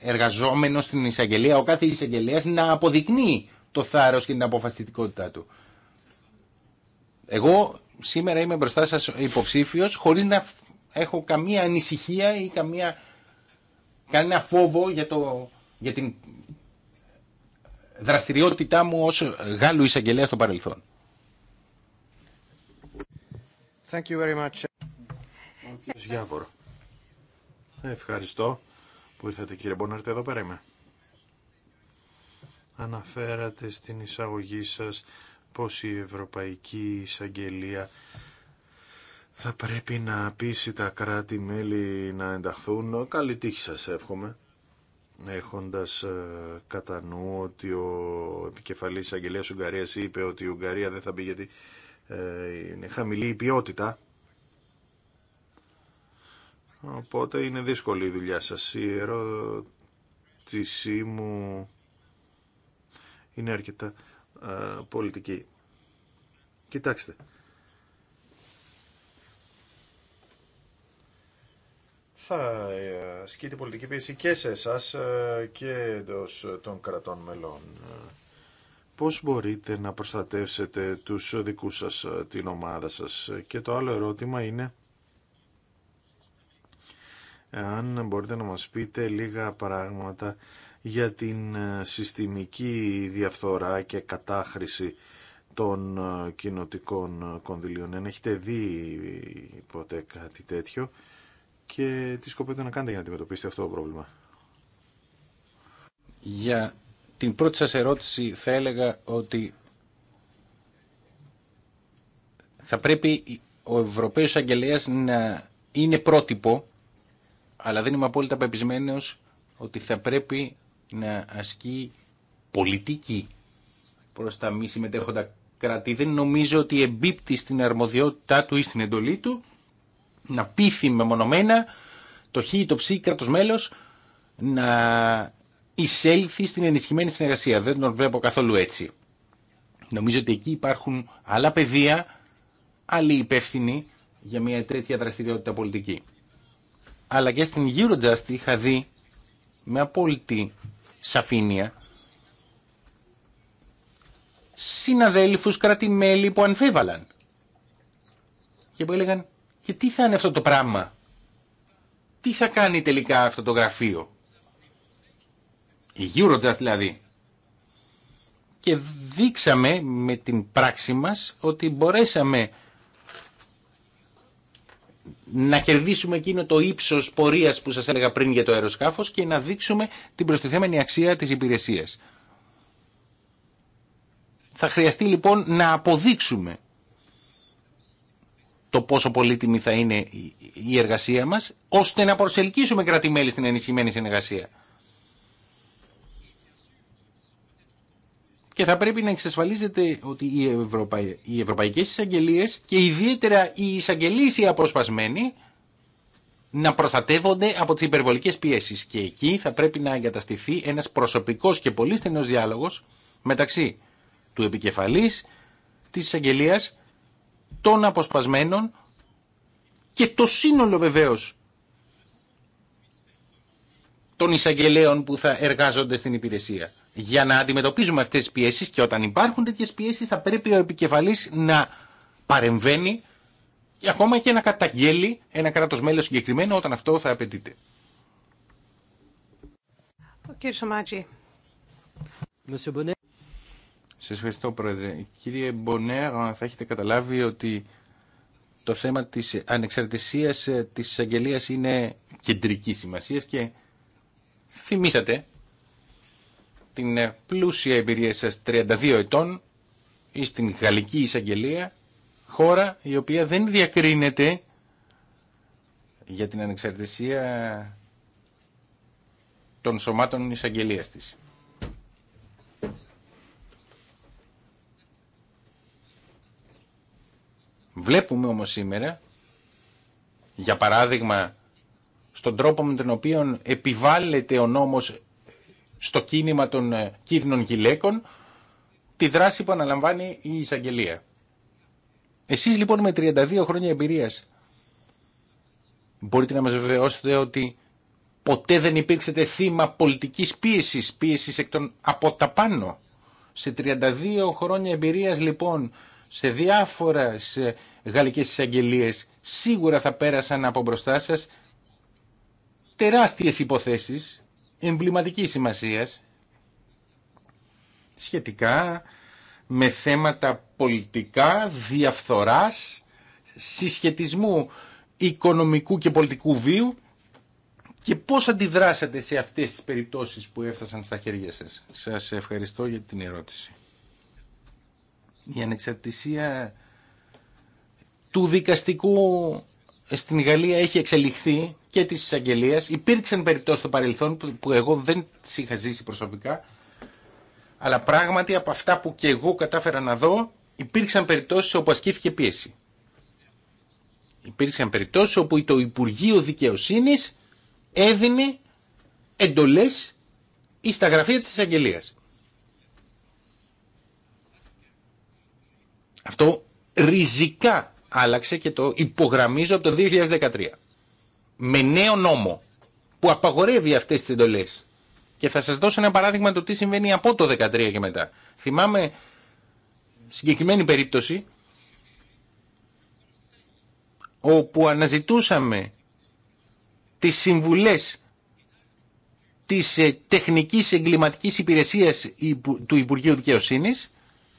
εργαζόμενος στην εισαγγελία, ο κάθε εισαγγελέας να αποδεικνύει το θάρρος και την αποφασιστικότητά του. Εγώ σήμερα είμαι μπροστά σας υποψήφιος χωρίς να έχω καμία ανησυχία ή καμία, κανένα φόβο για, το, για την δραστηριότητά μου ως Γάλλου εισαγγελέα στο παρελθόν. Thank you Ευχαριστώ που ήρθατε κύριε Μπονάρτ, εδώ πέρα είμαι. Αναφέρατε στην εισαγωγή σας πως η Ευρωπαϊκή Εισαγγελία θα πρέπει να πείσει τα κράτη-μέλη να ενταχθούν. Καλή τύχη σας εύχομαι. Έχοντας ε, κατά νου ότι ο επικεφαλής εισαγγελίας Ουγγαρίας είπε ότι η Ουγγαρία δεν θα μπει γιατί ε, είναι χαμηλή η ποιότητα. Οπότε είναι δύσκολη η δουλειά σας. Η ερώτησή μου είναι αρκετά ε, πολιτική. Κοιτάξτε. θα ε, ασκείται πολιτική πίεση και σε εσά και εντό των κρατών μελών πώς μπορείτε να προστατεύσετε τους δικούς σας, ε, την ομάδα σας. Και το άλλο ερώτημα είναι αν μπορείτε να μας πείτε λίγα πράγματα για την ε, συστημική διαφθορά και κατάχρηση των ε, κοινοτικών κονδυλίων. έχετε δει ποτέ κάτι τέτοιο και τι σκοπεύετε να κάνετε για να αντιμετωπίσετε αυτό το πρόβλημα. Για την πρώτη σας ερώτηση θα έλεγα ότι θα πρέπει ο Ευρωπαίος Αγγελέας να είναι πρότυπο, αλλά δεν είμαι απόλυτα πεπισμένος ότι θα πρέπει να ασκεί πολιτική προς τα μη συμμετέχοντα κράτη. Δεν νομίζω ότι εμπίπτει στην αρμοδιότητά του ή στην εντολή του να πείθει μεμονωμένα το χ ή το ψ κράτος μέλος να εισέλθει στην ενισχυμένη συνεργασία. Δεν τον βλέπω καθόλου έτσι. Νομίζω ότι εκεί υπάρχουν άλλα πεδία, άλλοι υπεύθυνοι για μια τέτοια δραστηριότητα πολιτική. Αλλά και στην Eurojust είχα δει με απόλυτη σαφήνεια συναδέλφους κρατημέλη που ανφίβαλαν και που έλεγαν και τι θα είναι αυτό το πράγμα τι θα κάνει τελικά αυτό το γραφείο η Eurojust δηλαδή. Και δείξαμε με την πράξη μας ότι μπορέσαμε να κερδίσουμε εκείνο το ύψος πορείας που σας έλεγα πριν για το αεροσκάφος και να δείξουμε την προστιθέμενη αξία της υπηρεσίας. Θα χρειαστεί λοιπόν να αποδείξουμε το πόσο πολύτιμη θα είναι η εργασία μας, ώστε να προσελκύσουμε κρατημέλη στην ενισχυμένη συνεργασία. και θα πρέπει να εξασφαλίζεται ότι οι, Ευρωπα... οι ευρωπαϊκές εισαγγελίες και ιδιαίτερα οι εισαγγελίες οι αποσπασμένοι να προστατεύονται από τις υπερβολικές πιέσεις και εκεί θα πρέπει να εγκαταστηθεί ένας προσωπικός και πολύ στενός διάλογος μεταξύ του επικεφαλής της εισαγγελία των αποσπασμένων και το σύνολο βεβαίως των εισαγγελέων που θα εργάζονται στην υπηρεσία για να αντιμετωπίζουμε αυτές τις πιέσεις και όταν υπάρχουν τέτοιες πιέσεις θα πρέπει ο επικεφαλής να παρεμβαίνει και ακόμα και να καταγγέλει ένα κράτος μέλος συγκεκριμένο όταν αυτό θα απαιτείται. Σα Σας ευχαριστώ Πρόεδρε. Κύριε Μπονέρ, θα έχετε καταλάβει ότι το θέμα της ανεξαρτησίας ε, της εισαγγελία είναι κεντρική σημασία και θυμήσατε την ε, πλούσια εμπειρία σας 32 ετών ή στην Γαλλική Εισαγγελία, χώρα η οποία δεν διακρίνεται για την ανεξαρτησία των σωμάτων εισαγγελία της. Βλέπουμε όμως σήμερα, για παράδειγμα, στον τρόπο με τον οποίο επιβάλλεται ο νόμος στο κίνημα των ε, κίνδυνων γυλαίκων τη δράση που αναλαμβάνει η εισαγγελία. Εσείς λοιπόν με 32 χρόνια εμπειρίας μπορείτε να μας βεβαιώσετε ότι ποτέ δεν υπήρξετε θύμα πολιτικής πίεσης, πίεσης εκ των από τα πάνω. Σε 32 χρόνια εμπειρίας λοιπόν σε διάφορες γαλλικές εισαγγελίε σίγουρα θα πέρασαν από μπροστά σας τεράστιες υποθέσεις εμβληματική σημασία. σχετικά με θέματα πολιτικά, διαφθοράς, συσχετισμού οικονομικού και πολιτικού βίου και πώς αντιδράσατε σε αυτές τις περιπτώσεις που έφτασαν στα χέρια σας. Σας ευχαριστώ για την ερώτηση. Η ανεξαρτησία του δικαστικού στην Γαλλία έχει εξελιχθεί και τη εισαγγελία. Υπήρξαν περιπτώσει στο παρελθόν που εγώ δεν τι είχα ζήσει προσωπικά, αλλά πράγματι από αυτά που και εγώ κατάφερα να δω, υπήρξαν περιπτώσει όπου ασκήθηκε πίεση. Υπήρξαν περιπτώσει όπου το Υπουργείο Δικαιοσύνης έδινε εντολές ή στα γραφεία της εισαγγελία. Αυτό ριζικά άλλαξε και το υπογραμμίζω από το 2013 με νέο νόμο που απαγορεύει αυτές τις εντολές. Και θα σας δώσω ένα παράδειγμα το τι συμβαίνει από το 2013 και μετά. Θυμάμαι συγκεκριμένη περίπτωση όπου αναζητούσαμε τις συμβουλές της ε, τεχνικής εγκληματικής υπηρεσίας του Υπουργείου Δικαιοσύνης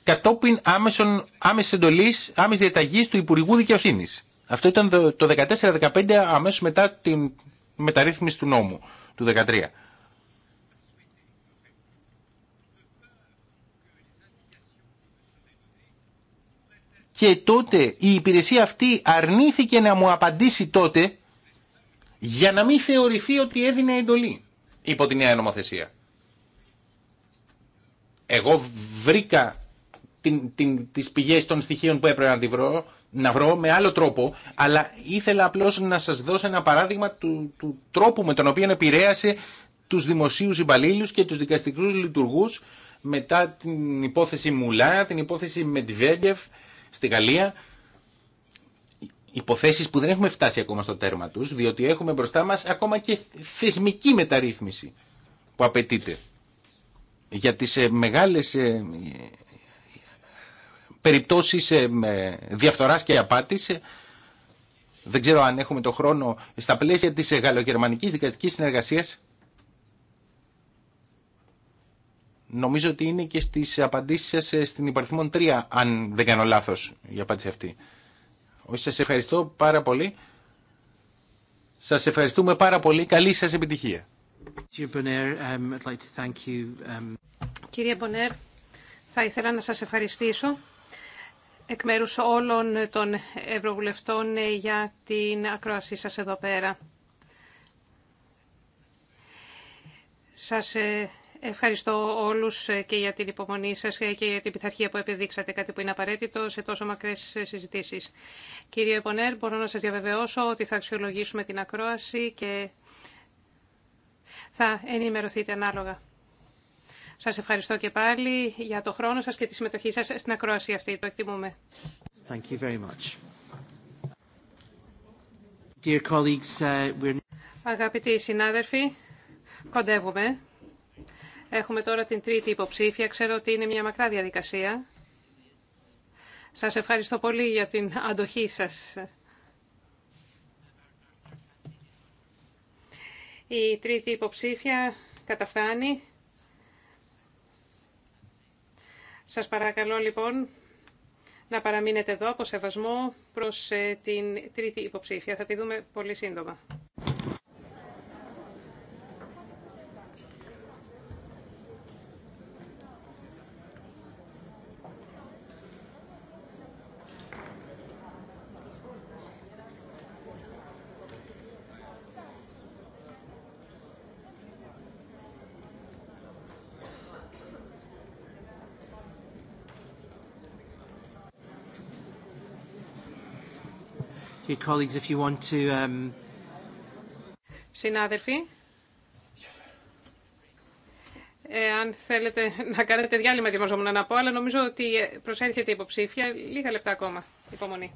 κατόπιν άμεσων, άμεσης εντολής, άμεσης διαταγής του Υπουργού Δικαιοσύνης. Αυτό ήταν το 14-15 αμέσως μετά την μεταρρύθμιση του νόμου του 13. Και τότε η υπηρεσία αυτή αρνήθηκε να μου απαντήσει τότε για να μην θεωρηθεί ότι έδινε εντολή υπό τη νέα νομοθεσία. Εγώ βρήκα την, την, τις πηγές των στοιχείων που έπρεπε να, τη βρω, να βρω με άλλο τρόπο, αλλά ήθελα απλώς να σας δώσω ένα παράδειγμα του, του τρόπου με τον οποίο επηρέασε τους δημοσίους υπαλλήλου και τους δικαστικούς λειτουργούς μετά την υπόθεση Μουλά, την υπόθεση Μεντιβέγγεφ στη Γαλλία, υποθέσεις που δεν έχουμε φτάσει ακόμα στο τέρμα τους, διότι έχουμε μπροστά μας ακόμα και θεσμική μεταρρύθμιση που απαιτείται για τις ε, μεγάλες ε, περιπτώσεις ε, διαφθοράς και απάτης. Δεν ξέρω αν έχουμε το χρόνο στα πλαίσια της ε, γαλλογερμανικής δικαστικής συνεργασίας. Νομίζω ότι είναι και στις απαντήσεις σας ε, στην υπαριθμόν 3, αν δεν κάνω λάθος η απάντηση αυτή. Όχι, σας ευχαριστώ πάρα πολύ. Σας ευχαριστούμε πάρα πολύ. Καλή σας επιτυχία. Κύριε Μπονέρ, θα ήθελα να σας ευχαριστήσω εκ μέρου όλων των Ευρωβουλευτών για την ακρόασή σας εδώ πέρα. Σας ε, ευχαριστώ όλους ε, και για την υπομονή σας και για την πειθαρχία που επιδείξατε, κάτι που είναι απαραίτητο σε τόσο μακρές ε, συζητήσεις. Κύριε Πονέρ, μπορώ να σας διαβεβαιώσω ότι θα αξιολογήσουμε την ακρόαση και θα ενημερωθείτε ανάλογα. Σα ευχαριστώ και πάλι για το χρόνο σα και τη συμμετοχή σα στην ακρόαση αυτή. Το εκτιμούμε. Thank you very much. Dear colleagues, uh, we're... Αγαπητοί συνάδελφοι, κοντεύουμε. Έχουμε τώρα την τρίτη υποψήφια. Ξέρω ότι είναι μια μακρά διαδικασία. Σας ευχαριστώ πολύ για την αντοχή σας. Η τρίτη υποψήφια καταφτάνει. Σας παρακαλώ λοιπόν να παραμείνετε εδώ από σεβασμό προς ε, την τρίτη υποψήφια. Θα τη δούμε πολύ σύντομα. Um, Συνάδελφοι, αν θέλετε να κάνετε διάλειμμα, δημοσιομουν να πω, αλλά νομίζω ότι προσέρχεται η υποψήφια. Λίγα λεπτά ακόμα. Υπομονή.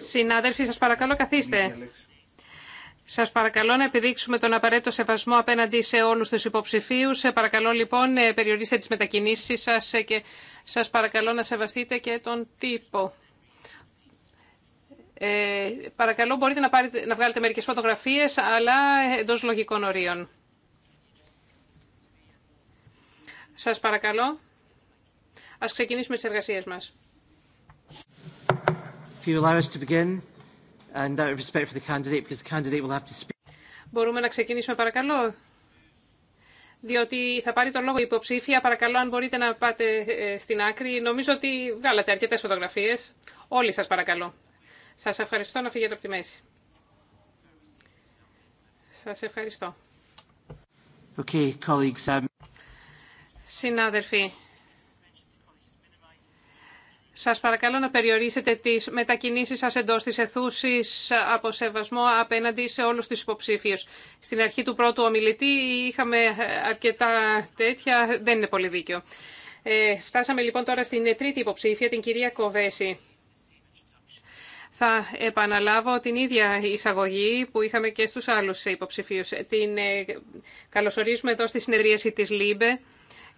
Συνάδελφοι, σας παρακαλώ καθίστε. Σας παρακαλώ να επιδείξουμε τον απαραίτητο σεβασμό απέναντι σε όλους τους υποψηφίους. Παρακαλώ λοιπόν ε, περιορίστε τις μετακινήσεις σας ε, και σας παρακαλώ να σεβαστείτε και τον τύπο. Ε, παρακαλώ μπορείτε να, πάρετε, να βγάλετε μερικές φωτογραφίες αλλά εντός λογικών ορίων. Σας παρακαλώ. Ας ξεκινήσουμε τις εργασίες μας. Μπορούμε να ξεκινήσουμε παρακαλώ. Διότι θα πάρει τον λόγο η υποψήφια. Παρακαλώ αν μπορείτε να πάτε ε, στην άκρη. Νομίζω ότι βγάλατε αρκετές φωτογραφίες. Όλοι σας παρακαλώ. Σας ευχαριστώ να φύγετε από τη μέση. Σας ευχαριστώ. Okay, colleagues, um... Συνάδελφοι, σας παρακαλώ να περιορίσετε τις μετακινήσεις σας εντός της αιθούση από σεβασμό απέναντι σε όλου του υποψήφιους. Στην αρχή του πρώτου ομιλητή είχαμε αρκετά τέτοια, δεν είναι πολύ δίκιο. Ε, φτάσαμε λοιπόν τώρα στην τρίτη υποψήφια, την κυρία Κοβέση. Θα επαναλάβω την ίδια εισαγωγή που είχαμε και στους άλλους υποψηφίους. Την ε, καλωσορίζουμε εδώ στη συνεδρίαση της ΛΥΜΠΕ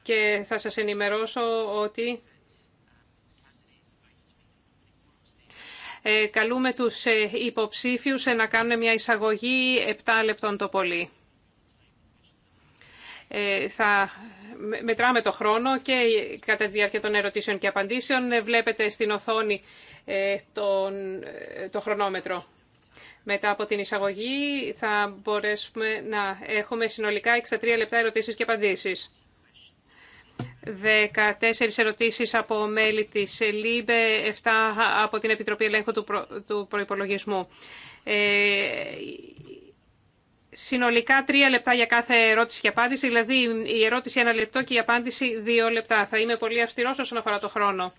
και θα σας ενημερώσω ότι Ε, καλούμε τους ε, υποψήφιους ε, να κάνουν μια εισαγωγή 7 λεπτών το πολύ. Θα μετράμε το χρόνο και κατά τη διάρκεια των ερωτήσεων και απαντήσεων βλέπετε στην οθόνη τον, το χρονόμετρο. Μετά από την εισαγωγή θα μπορέσουμε να έχουμε συνολικά 63 λεπτά ερωτήσεις και απαντήσεις. 14 ερωτήσεις από μέλη της ΛΥΜΠΕ, 7 από την Επιτροπή Ελέγχου του, Προ... του Προϋπολογισμού. Ε... Συνολικά τρία λεπτά για κάθε ερώτηση και απάντηση, δηλαδή η ερώτηση ένα λεπτό και η απάντηση δύο λεπτά. Θα είμαι πολύ αυστηρός όσον αφορά το χρόνο.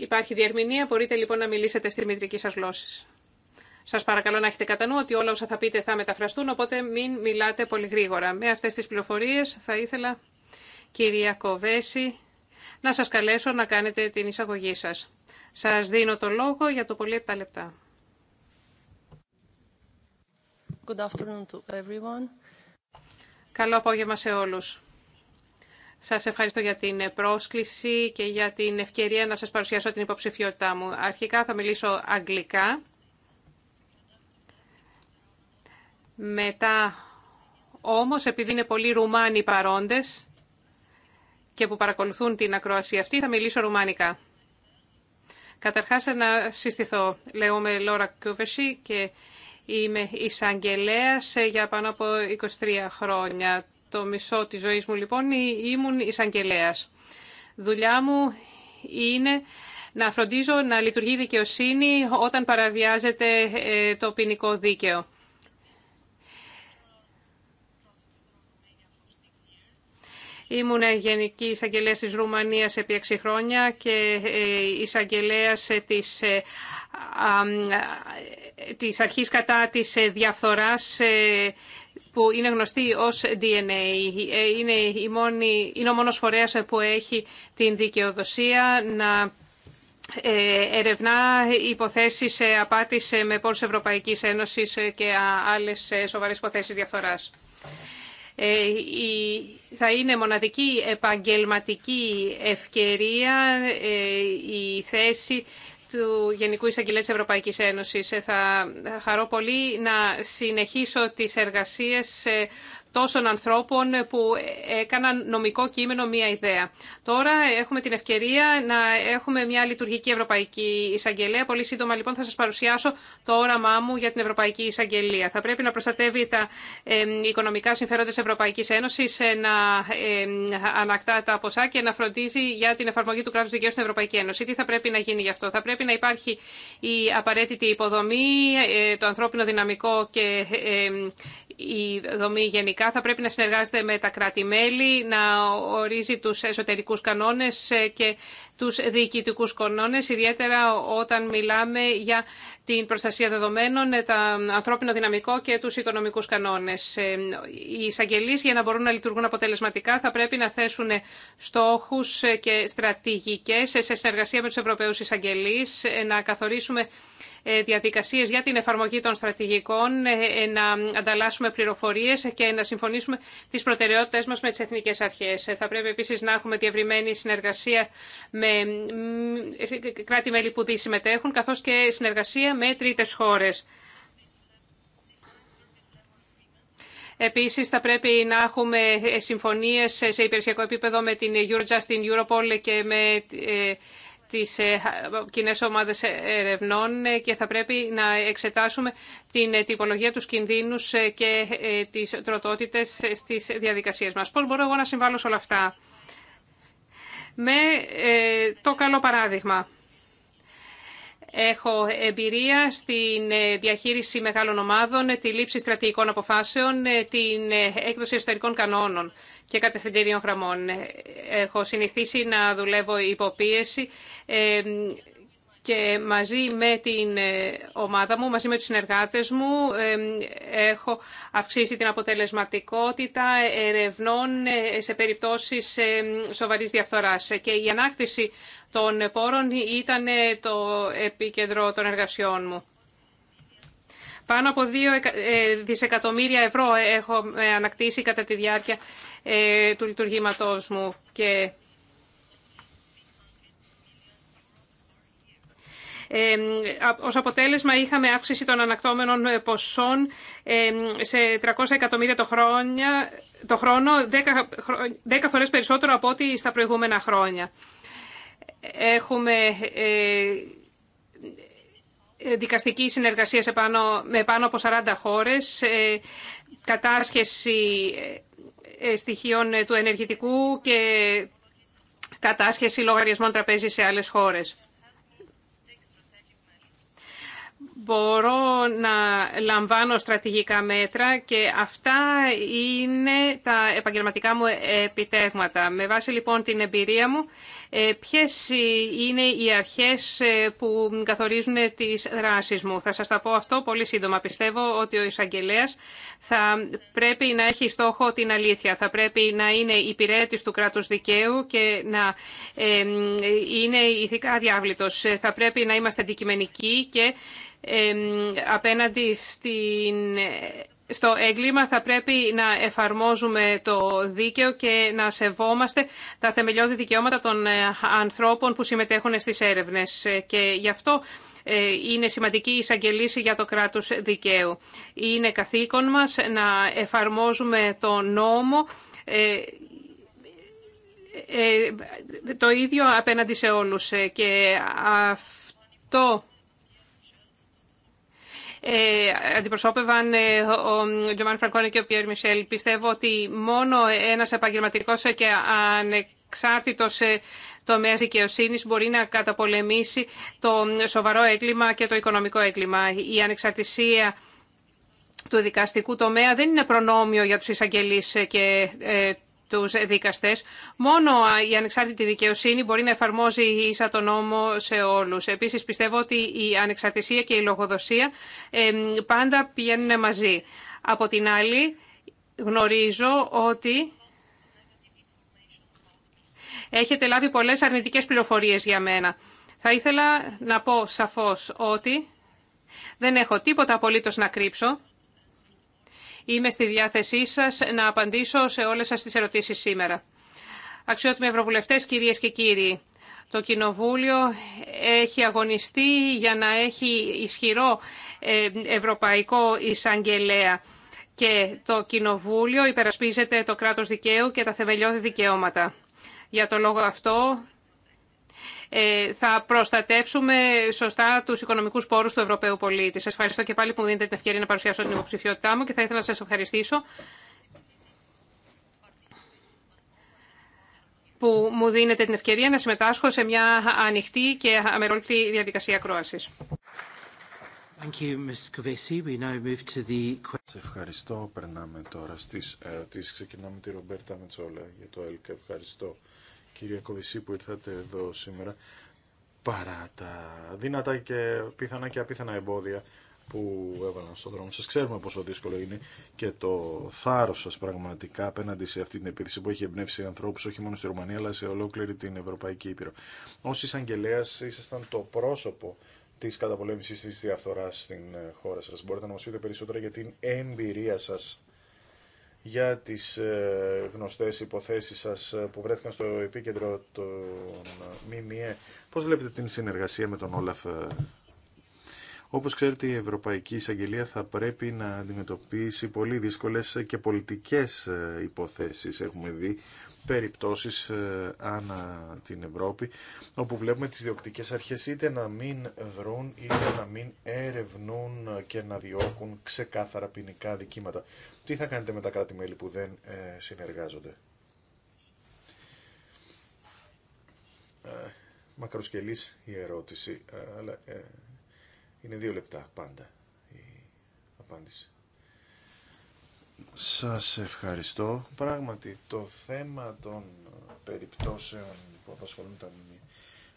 Υπάρχει διαρμηνία, μπορείτε λοιπόν να μιλήσετε στη μητρική σας γλώσσα. Σας παρακαλώ να έχετε κατά νου ότι όλα όσα θα πείτε θα μεταφραστούν, οπότε μην μιλάτε πολύ γρήγορα. Με αυτές τις πληροφορίες θα ήθελα, κυρία Κοβέση, να σας καλέσω να κάνετε την εισαγωγή σας. Σας δίνω το λόγο για το πολύ 7 λεπτά. Good afternoon to everyone. Καλό απόγευμα σε όλους. Σας ευχαριστώ για την πρόσκληση και για την ευκαιρία να σας παρουσιάσω την υποψηφιότητά μου. Αρχικά θα μιλήσω αγγλικά Μετά όμως, επειδή είναι πολλοί Ρουμάνοι παρόντες και που παρακολουθούν την ακροασία αυτή, θα μιλήσω ρουμάνικα. Καταρχάς, να συστηθώ. Λέγομαι Λόρα Κούβεση και είμαι εισαγγελέα για πάνω από 23 χρόνια. Το μισό της ζωής μου, λοιπόν, ήμουν εισαγγελέα. Δουλειά μου είναι να φροντίζω να λειτουργεί δικαιοσύνη όταν παραβιάζεται ε, το ποινικό δίκαιο. Ήμουν Γενική Εισαγγελέα της Ρουμανίας επί 6 χρόνια και ε, εισαγγελέα της, ε, ε, της αρχής κατά της διαφθοράς που είναι γνωστή ως DNA. Είναι, η μόνη, είναι ο μόνος φορέας που έχει την δικαιοδοσία να ερευνά υποθέσεις απάτης με πόρους Ευρωπαϊκής Ένωσης και άλλες σοβαρές υποθέσεις διαφθοράς. Η θα είναι μοναδική επαγγελματική ευκαιρία ε, η θέση του Γενικού Εισαγγελέα της Ευρωπαϊκής Ένωσης. Ε, θα χαρώ πολύ να συνεχίσω τις εργασίες ε, τόσων ανθρώπων που έκαναν νομικό κείμενο μία ιδέα. Τώρα έχουμε την ευκαιρία να έχουμε μια λειτουργική Ευρωπαϊκή Εισαγγελία. Πολύ εισαγγελέα. πολυ λοιπόν θα σας παρουσιάσω το όραμά μου για την Ευρωπαϊκή Εισαγγελία. Θα πρέπει να προστατεύει τα οικονομικά συμφέροντα της Ευρωπαϊκής Ένωσης, ε, να ανακτά τα ποσά και να φροντίζει για την εφαρμογή του κράτους δικαίου στην Ευρωπαϊκή Ένωση. Τι θα πρέπει να γίνει γι' αυτό. Θα πρέπει να υπάρχει η απαραίτητη υποδομή, ε, το ανθρώπινο δυναμικό και ε, η δομή γενικά θα πρέπει να συνεργάζεται με τα κράτη-μέλη, να ορίζει τους εσωτερικούς κανόνες ε, και τους διοικητικούς κανόνες, ιδιαίτερα όταν μιλάμε για την προστασία δεδομένων, ε, τα ανθρώπινο δυναμικό και τους οικονομικούς κανόνες. Ε, οι εισαγγελείς για να μπορούν να λειτουργούν αποτελεσματικά θα πρέπει να θέσουν στόχους και στρατηγικές σε συνεργασία με τους Ευρωπαίους εισαγγελείς, να καθορίσουμε ε, Διαδικασίε για την εφαρμογή των στρατηγικών, ε, ε, να ανταλλάσσουμε πληροφορίε και να συμφωνήσουμε τις προτεραιότητες μας με τις εθνικές αρχές. Θα πρέπει επίσης να έχουμε διευρυμένη συνεργασία με κράτη-μέλη που δεν συμμετέχουν, καθώς και συνεργασία με τρίτε χώρες. Επίσης, θα πρέπει να έχουμε συμφωνίες σε υπηρεσιακό επίπεδο με την Eurojust, την Europol και με τις ε, κοινέ ομάδες ερευνών ε, και θα πρέπει να εξετάσουμε την τυπολογία τους κινδύνους ε, και τις τροτότητες στις διαδικασίες μας. Πώς μπορώ εγώ να συμβάλλω σε όλα αυτά. Με το καλό παράδειγμα. Έχω εμπειρία στην ε, διαχείριση μεγάλων ομάδων, ε, τη λήψη στρατηγικών αποφάσεων, ε, την έκδοση εσωτερικών κανόνων και κατευθυντήριων γραμμών. Έχω συνηθίσει να δουλεύω υποπίεση και μαζί με την ε, ομάδα μου, μαζί με τους συνεργάτες μου, έχω αυξήσει την αποτελεσματικότητα ερευνών ε, σε περιπτώσεις σοβαρής διαφθοράς. Και η ανάκτηση των πόρων ήταν ε, το επίκεντρο των εργασιών μου. Πάνω από 2 δισεκατομμύρια ευρώ έχω ανακτήσει κατά τη διάρκεια του λειτουργήματός μου και Ως αποτέλεσμα είχαμε αύξηση των ανακτώμενων ε, ποσών σε 300 εκατομμύρια το χρόνια το χρόνο 10 φορές περισσότερο από ό,τι στα προηγούμενα χρόνια. Έχουμε ε, δικαστική συνεργασία σε πάνω, με πάνω από 40 χώρες, ε, κατάσχεση στοιχείων του ενεργητικού και κατάσχεση λογαριασμών τραπέζι σε άλλες χώρες. μπορώ να λαμβάνω στρατηγικά μέτρα και αυτά είναι τα επαγγελματικά μου επιτεύγματα. Με βάση λοιπόν την εμπειρία μου, ε, ποιες είναι οι αρχές ε, που καθορίζουν τις δράσεις μου. Θα σας τα πω αυτό πολύ σύντομα. Πιστεύω ότι ο εισαγγελέα θα πρέπει να έχει στόχο την αλήθεια. Θα πρέπει να είναι υπηρέτη του κράτους δικαίου και να ε, είναι ηθικά διάβλητος. Θα πρέπει να είμαστε αντικειμενικοί και απέναντι στο έγκλημα θα πρέπει να εφαρμόζουμε το δίκαιο και να σεβόμαστε τα θεμελιώδη δικαιώματα των ε, ανθρώπων που συμμετέχουν στις έρευνες. Ε, και γι' αυτό ε, είναι σημαντική η εισαγγελίση για το κράτος δικαίου. Είναι καθήκον μας να εφαρμόζουμε το νόμο το ίδιο απέναντι σε όλους. Και αυτό ε, αντιπροσώπευαν ε, ο Τζομάν Φραγκόνη και ο Πιέρ Μισελ. Πιστεύω ότι μόνο ένας επαγγελματικός και ανεξάρτητος ε, τομέα δικαιοσύνη μπορεί να καταπολεμήσει το σοβαρό έγκλημα και το οικονομικό έγκλημα. Η ανεξαρτησία του δικαστικού τομέα δεν είναι προνόμιο για τους εισαγγελείς και τους δικαστές. Μόνο η ανεξάρτητη δικαιοσύνη μπορεί να εφαρμόζει ίσα τον νόμο σε όλους. Επίσης πιστεύω ότι η ανεξαρτησία και η λογοδοσία πάντα πηγαίνουν μαζί. Από την άλλη γνωρίζω ότι έχετε λάβει πολλές αρνητικές πληροφορίες για μένα. Θα ήθελα να πω σαφώς ότι δεν έχω τίποτα απολύτως να κρύψω. Είμαι στη διάθεσή σας να απαντήσω σε όλες σας τις ερωτήσεις σήμερα. Αξιότιμοι Ευρωβουλευτές, κυρίες και κύριοι, το Κοινοβούλιο έχει αγωνιστεί για να έχει ισχυρό ε, ευρωπαϊκό εισαγγελέα και το Κοινοβούλιο υπερασπίζεται το κράτος δικαίου και τα θεμελιώδη δικαιώματα. Για το λόγο αυτό ε, θα προστατεύσουμε σωστά τους οικονομικούς πόρους του Ευρωπαίου πολίτη. Σα ευχαριστώ και πάλι που μου δίνετε την ευκαιρία να παρουσιάσω την υποψηφιότητά μου και θα ήθελα να σας ευχαριστήσω που μου δίνετε την ευκαιρία να συμμετάσχω σε μια ανοιχτή και αμερόληπτη διαδικασία ακρόασης. ευχαριστώ. Περνάμε τώρα στις ερωτήσεις. Ξεκινάμε τη Ρομπέρτα Μετσόλα για το ΕΛΚΑ. Ευχαριστώ κύριε Κοβισή που ήρθατε εδώ σήμερα παρά τα δυνατά και πιθανά και απίθανα εμπόδια που έβαλαν στον δρόμο σας. Ξέρουμε πόσο δύσκολο είναι και το θάρρος σας πραγματικά απέναντι σε αυτή την επίθεση που έχει εμπνεύσει ανθρώπους όχι μόνο στη Ρουμανία αλλά σε ολόκληρη την Ευρωπαϊκή Ήπειρο. Ως εισαγγελέα ήσασταν το πρόσωπο της καταπολέμησης της διαφθοράς στην ε, χώρα σας. Μπορείτε να μας πείτε περισσότερα για την εμπειρία σας για τις ε, γνωστές υποθέσεις σας ε, που βρέθηκαν στο επίκεντρο των ε, ΜΜΕ. Πώς βλέπετε την συνεργασία με τον Όλαφ. Όπως ξέρετε η Ευρωπαϊκή Εισαγγελία θα πρέπει να αντιμετωπίσει πολύ δύσκολες και πολιτικές υποθέσεις. Έχουμε δει περιπτώσεις ε, ανά την Ευρώπη όπου βλέπουμε τις διοκτικές αρχές είτε να μην δρούν είτε να μην ερευνούν και να διώκουν ξεκάθαρα ποινικά δικήματα. Τι θα κάνετε με τα κράτη-μέλη που δεν ε, συνεργάζονται. Ε, μακροσκελής η ερώτηση, αλλά είναι δύο λεπτά πάντα η απάντηση. Σας ευχαριστώ. Πράγματι, το θέμα των περιπτώσεων που απασχολούν τα μνημεία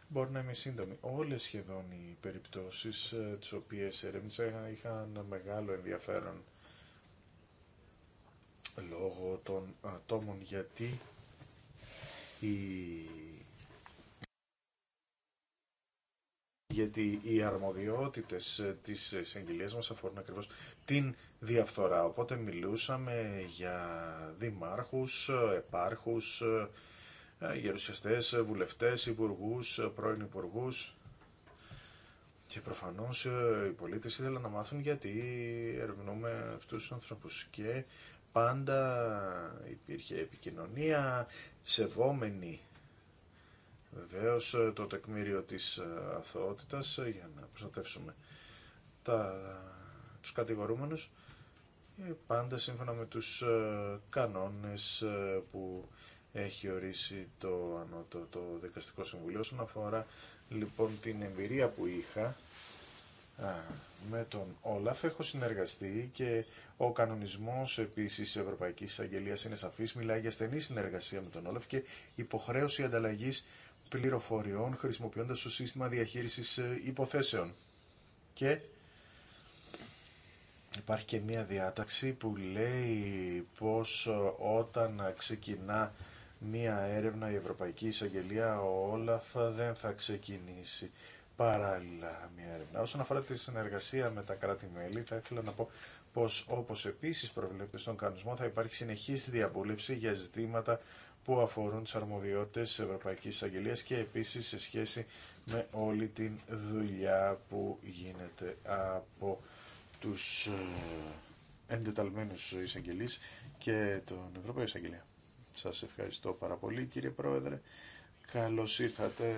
μπορεί να είμαι σύντομη. Όλες σχεδόν οι περιπτώσεις ε, τις οποίες ερεύνησα είχαν μεγάλο ενδιαφέρον λόγω των ατόμων γιατί οι γιατί οι αρμοδιότητες ε, της εισαγγελίας μας αφορούν ακριβώς την διαφθορά. Οπότε μιλούσαμε για δημάρχους, επάρχους, ε, γερουσιαστές, βουλευτές, υπουργούς, πρώην υπουργούς. Και προφανώς ε, οι πολίτες ήθελαν να μάθουν γιατί ερευνούμε αυτούς τους ανθρώπους. Και πάντα υπήρχε επικοινωνία, σεβόμενη Βεβαίω ε, το τεκμήριο της ε, αθωότητας ε, για να προστατεύσουμε τα, τους κατηγορούμενους πάντα σύμφωνα με τους κανόνες που έχει ορίσει το, το, Δικαστικό Συμβουλίο όσον αφορά λοιπόν την εμπειρία που είχα με τον Όλαφ έχω συνεργαστεί και ο κανονισμός επίσης της Ευρωπαϊκής Αγγελίας είναι σαφής, μιλάει για στενή συνεργασία με τον Όλαφ και υποχρέωση ανταλλαγής πληροφοριών χρησιμοποιώντας το σύστημα διαχείρισης ε, υποθέσεων. Και υπάρχει και μία διάταξη που λέει πως ε, όταν ξεκινά μία έρευνα η Ευρωπαϊκή Εισαγγελία όλα θα ε, δεν θα ξεκινήσει παράλληλα μία έρευνα. Όσον αφορά τη συνεργασία με τα κράτη-μέλη θα ήθελα να πω πως όπως επίσης προβλέπεται στον κανονισμό θα υπάρχει συνεχής διαβούλευση για ζητήματα που αφορούν τις αρμοδιότητες της Ευρωπαϊκής Αγγελίας και επίσης σε σχέση με όλη την δουλειά που γίνεται από τους ε, εντεταλμένους εισαγγελείς και τον Ευρωπαϊκό Εισαγγελία. Σας ευχαριστώ πάρα πολύ κύριε Πρόεδρε. Καλώς ήρθατε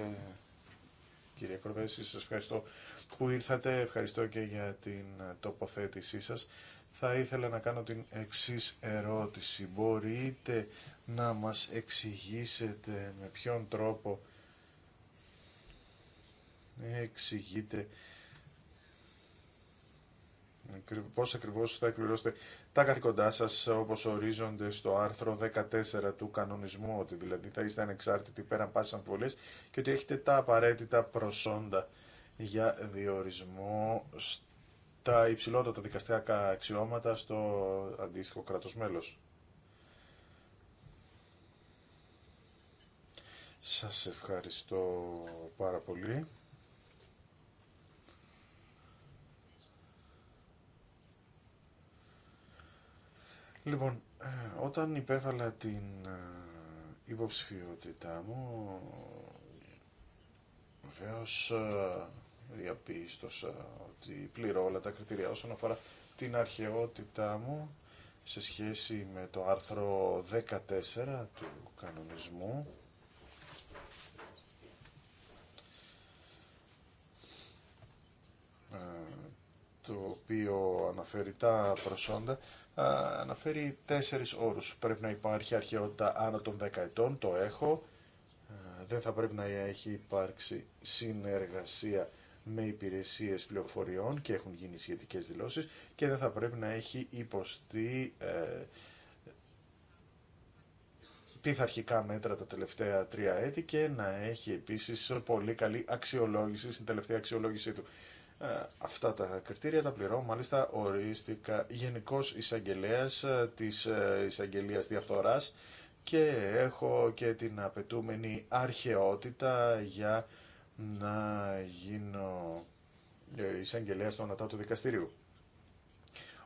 κύριε Κροβέση. Σας ευχαριστώ που ήρθατε. Ευχαριστώ και για την τοποθέτησή σας. Θα ήθελα να κάνω την εξής ερώτηση. Μπορείτε να μας εξηγήσετε με ποιον τρόπο εξηγείτε πώς ακριβώς θα εκπληρώσετε τα καθηκοντά σας όπως ορίζονται στο άρθρο 14 του κανονισμού ότι δηλαδή θα είστε ανεξάρτητοι πέραν πάσης αμφιβολίες και ότι έχετε τα απαραίτητα προσόντα για διορισμό στα υψηλότερα δικαστικά αξιώματα στο αντίστοιχο κράτος μέλος. Σας ευχαριστώ πάρα πολύ. Λοιπόν, ε, όταν υπέβαλα την ε, υποψηφιότητά μου, βεβαίω ε, διαπίστωσα ότι πληρώ όλα τα κριτήρια όσον αφορά την αρχαιότητά μου σε σχέση με το άρθρο 14 του κανονισμού Ε, το οποίο αναφέρει τα προσόντα, ε, αναφέρει τέσσερις όρους. Πρέπει να υπάρχει αρχαιότητα άνω των 10 ετών, το έχω. Ε, δεν θα πρέπει να έχει υπάρξει συνεργασία με υπηρεσίες πληροφοριών και έχουν γίνει σχετικές δηλώσεις και δεν θα πρέπει να έχει υποστεί ε, πειθαρχικά μέτρα τα τελευταία τρία έτη και να έχει επίσης πολύ καλή αξιολόγηση στην τελευταία αξιολόγησή του. Ε, αυτά τα κριτήρια τα πληρώ. Μάλιστα ορίστηκα Γενικό εισαγγελέα ε, της ε, εισαγγελία διαφθοράς και έχω και την απαιτούμενη αρχαιότητα για να γίνω εισαγγελέα των ατά του δικαστηρίου.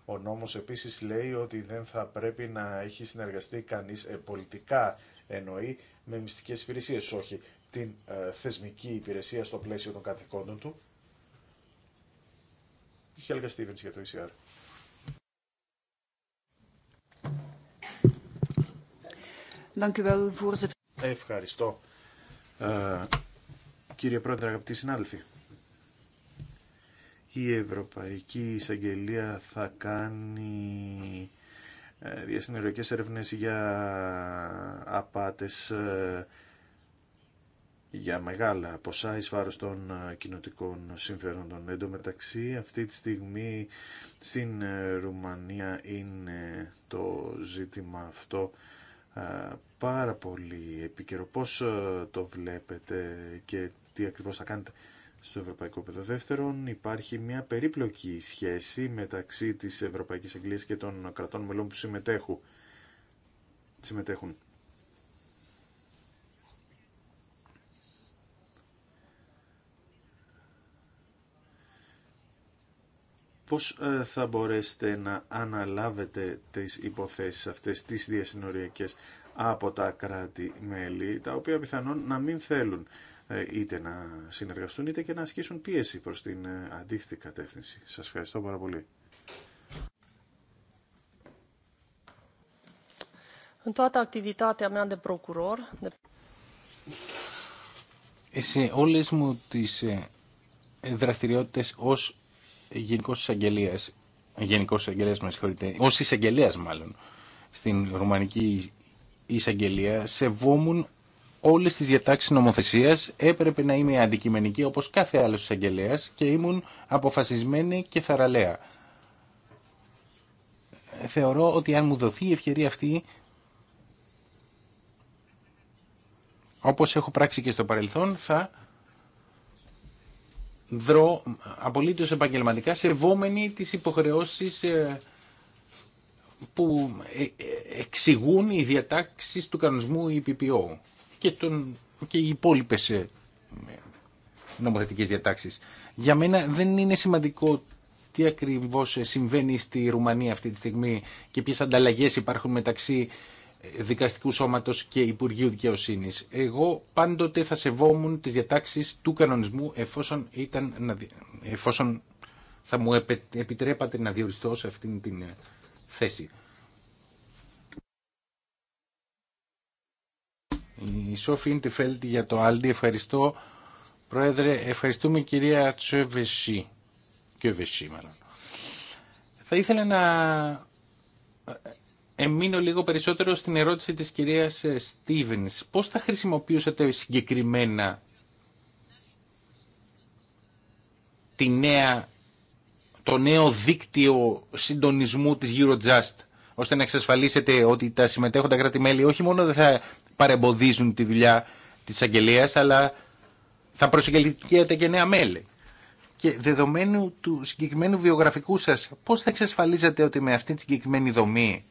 Ο νόμος επίσης λέει ότι δεν θα πρέπει να έχει συνεργαστεί κανείς πολιτικά εννοεί με μυστικές υπηρεσίες, όχι την θεσμική υπηρεσία στο πλαίσιο των καθηκόντων του Χέλγα Στίβενς για το ECR. Ευχαριστώ. Ε, κύριε Πρόεδρε, αγαπητοί συνάδελφοι, η Ευρωπαϊκή Εισαγγελία θα κάνει ε, διασυνοριακές έρευνες για απάτες ε, για μεγάλα ποσά εις βάρος των ε, κοινοτικών συμφέροντων. Εν τω μεταξύ αυτή τη στιγμή στην ε, Ρουμανία είναι το ζήτημα αυτό ε, πάρα πολύ επίκαιρο. Πώς το βλέπετε και τι ακριβώς θα κάνετε στο ευρωπαϊκό πεδίο. Δεύτερον, υπάρχει μια περίπλοκη σχέση μεταξύ της Ευρωπαϊκής Αγγλίας και των κρατών μελών που συμμετέχουν. συμμετέχουν. πώς ε, θα μπορέσετε να αναλάβετε τις υποθέσεις αυτές, τις διασυνοριακές από τα κράτη-μέλη, τα οποία πιθανόν να μην θέλουν ε, είτε να συνεργαστούν είτε και να ασκήσουν πίεση προς την ε, αντίθετη κατεύθυνση. Σας ευχαριστώ πάρα πολύ. În toată Σε όλες μου τις δραστηριότητες ως γενικός εισαγγελία. γενικός εισαγγελίας με συγχωρείτε, ως μάλλον, στην Ρουμανική εισαγγελία, σεβόμουν όλες τις διατάξει νομοθεσία έπρεπε να είμαι αντικειμενική όπως κάθε άλλος εισαγγελέα και ήμουν αποφασισμένη και θαραλέα. Θεωρώ ότι αν μου δοθεί η ευκαιρία αυτή, όπως έχω πράξει και στο παρελθόν, θα δρώ απολύτως επαγγελματικά σεβόμενοι τις υποχρεώσεις ε, που ε, ε, εξηγούν οι διατάξεις του κανονισμού EPPO και, τον, και οι υπόλοιπες νομοθετικές διατάξεις. Για μένα δεν είναι σημαντικό τι ακριβώς συμβαίνει στη Ρουμανία αυτή τη στιγμή και ποιες ανταλλαγές υπάρχουν μεταξύ Δικαστικού Σώματος και Υπουργείου Δικαιοσύνης. Εγώ πάντοτε θα σεβόμουν τις διατάξεις του κανονισμού εφόσον, ήταν εφόσον θα μου επιτρέπατε να διοριστώ σε αυτήν την ε, θέση. Η Σόφη Ιντεφέλτ για το Άλντι. Ευχαριστώ, Πρόεδρε. Ευχαριστούμε, κυρία Τσεβεσί. και μάλλον. Θα ήθελα να εμείνω λίγο περισσότερο στην ερώτηση της κυρίας ε, Στίβενς. Πώς θα χρησιμοποιούσατε συγκεκριμένα νέα, το νέο δίκτυο συντονισμού της Eurojust, ώστε να εξασφαλίσετε ότι τα συμμετέχοντα κράτη-μέλη όχι μόνο δεν θα παρεμποδίζουν τη δουλειά της αγγελίας, αλλά θα προσεγγελικέται και νέα μέλη. Και δεδομένου του συγκεκριμένου βιογραφικού σας, πώς θα εξασφαλίζετε ότι με αυτή τη συγκεκριμένη δομή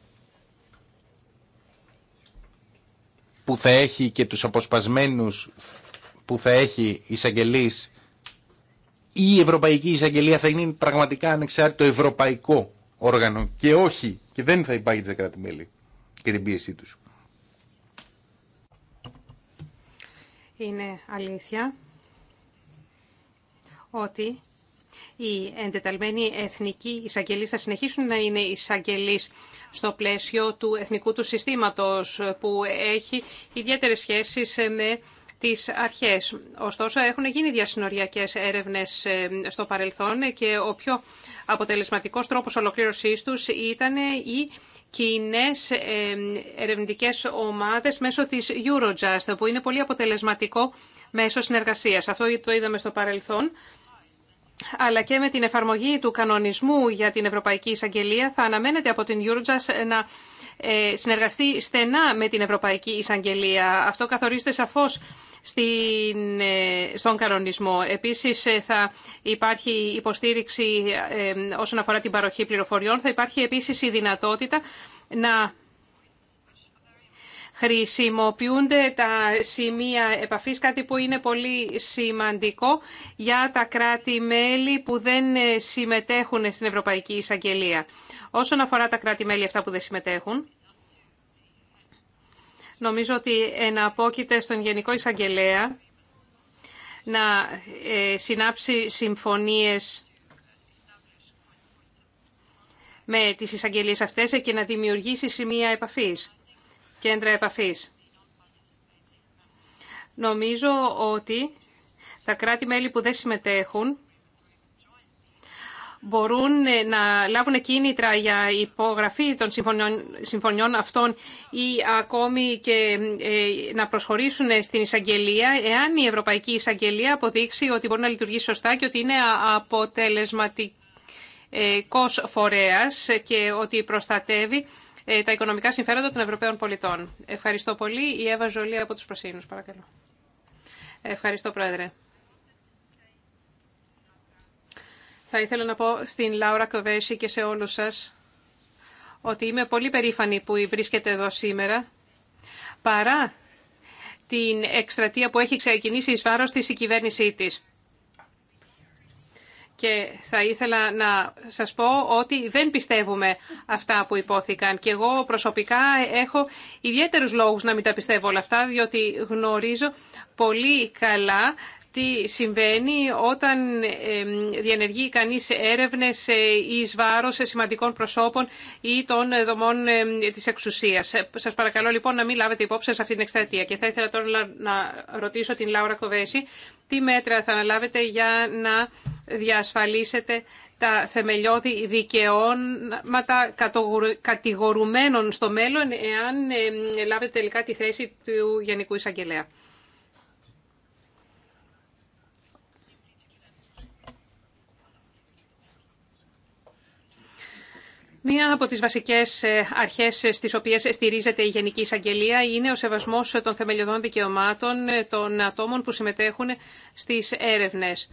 που θα έχει και τους αποσπασμένους που θα έχει εισαγγελείς ή η Ευρωπαϊκή Εισαγγελία θα είναι πραγματικά ανεξάρτητο ευρωπαϊκό όργανο και όχι και δεν θα υπάρχει τις κράτη-μέλη και την πίεσή τους. Είναι αλήθεια ότι οι εντεταλμένοι εθνικοί εισαγγελείς θα συνεχίσουν να είναι εισαγγελείς στο πλαίσιο του εθνικού του συστήματος που έχει ιδιαίτερες σχέσεις με τις αρχές. Ωστόσο, έχουν γίνει διασυνοριακές έρευνες ε, στο παρελθόν και ο πιο αποτελεσματικός τρόπος ολοκλήρωσής τους ήταν η κοινέ ε, ερευνητικέ ομάδε μέσω τη Eurojust, που είναι πολύ αποτελεσματικό μέσω συνεργασία. Αυτό το είδαμε στο παρελθόν αλλά και με την εφαρμογή του κανονισμού για την Ευρωπαϊκή Εισαγγελία θα αναμένεται από την Eurojust να ε, συνεργαστεί στενά με την Ευρωπαϊκή Εισαγγελία. Αυτό καθορίζεται σαφώς στην, ε, στον κανονισμό. Επίσης ε, θα υπάρχει υποστήριξη όσον αφορά την παροχή πληροφοριών. Θα υπάρχει επίσης η δυνατότητα να Χρησιμοποιούνται τα σημεία επαφής, κάτι που είναι πολύ σημαντικό για τα κράτη-μέλη που δεν συμμετέχουν στην Ευρωπαϊκή Εισαγγελία. Όσον αφορά τα κράτη-μέλη αυτά που δεν συμμετέχουν, νομίζω ότι εναπόκειται στον Γενικό Εισαγγελέα να ε, συνάψει συμφωνίες με τις εισαγγελίες αυτές και να δημιουργήσει σημεία επαφής κέντρα επαφής. Νομίζω ότι τα κράτη-μέλη που δεν συμμετέχουν μπορούν ε, να λάβουν κίνητρα για υπογραφή των συμφωνιών, αυτών ή ακόμη και ε, να προσχωρήσουν στην εισαγγελία, εάν η Ευρωπαϊκή Εισαγγελία αποδείξει ότι μπορεί να λειτουργήσει σωστά και ότι είναι αποτελεσματικός ε, φορέας και ότι προστατεύει ε, τα οικονομικά συμφέροντα των Ευρωπαίων πολιτών. Ευχαριστώ πολύ. Η Εύα Ζολία από τους Πρασίνους, παρακαλώ. Ευχαριστώ, Πρόεδρε. Θα ήθελα να πω στην Λάουρα Κοβέση και σε όλους σας ότι είμαι πολύ περήφανη που βρίσκεται εδώ σήμερα, παρά την εκστρατεία που έχει ξεκινήσει εις βάρος της η κυβέρνησή της. Και θα ήθελα να σας πω ότι δεν πιστεύουμε αυτά που υπόθηκαν. Και εγώ προσωπικά έχω ιδιαίτερους λόγους να μην τα πιστεύω όλα αυτά, διότι γνωρίζω πολύ καλά τι συμβαίνει όταν διενεργεί κανείς έρευνες ε, εις βάρος σημαντικών προσώπων ή των δομών της εξουσίας. Ε, σας παρακαλώ λοιπόν να μην λάβετε υπόψη σε αυτή την εκστρατεία. Και θα ήθελα τώρα να ρωτήσω την Λάουρα Κοβέση τι μέτρα θα αναλάβετε για να διασφαλίσετε τα θεμελιώδη δικαιώματα κατηγορουμένων στο μέλλον εάν λάβετε τελικά τη θέση του Γενικού Εισαγγελέα. Μία από τις βασικές ε, αρχές ε, στις οποίες στηρίζεται η Γενική Εισαγγελία είναι ο σεβασμός ε, των θεμελιωδών δικαιωμάτων των ατόμων που συμμετέχουν στις έρευνες.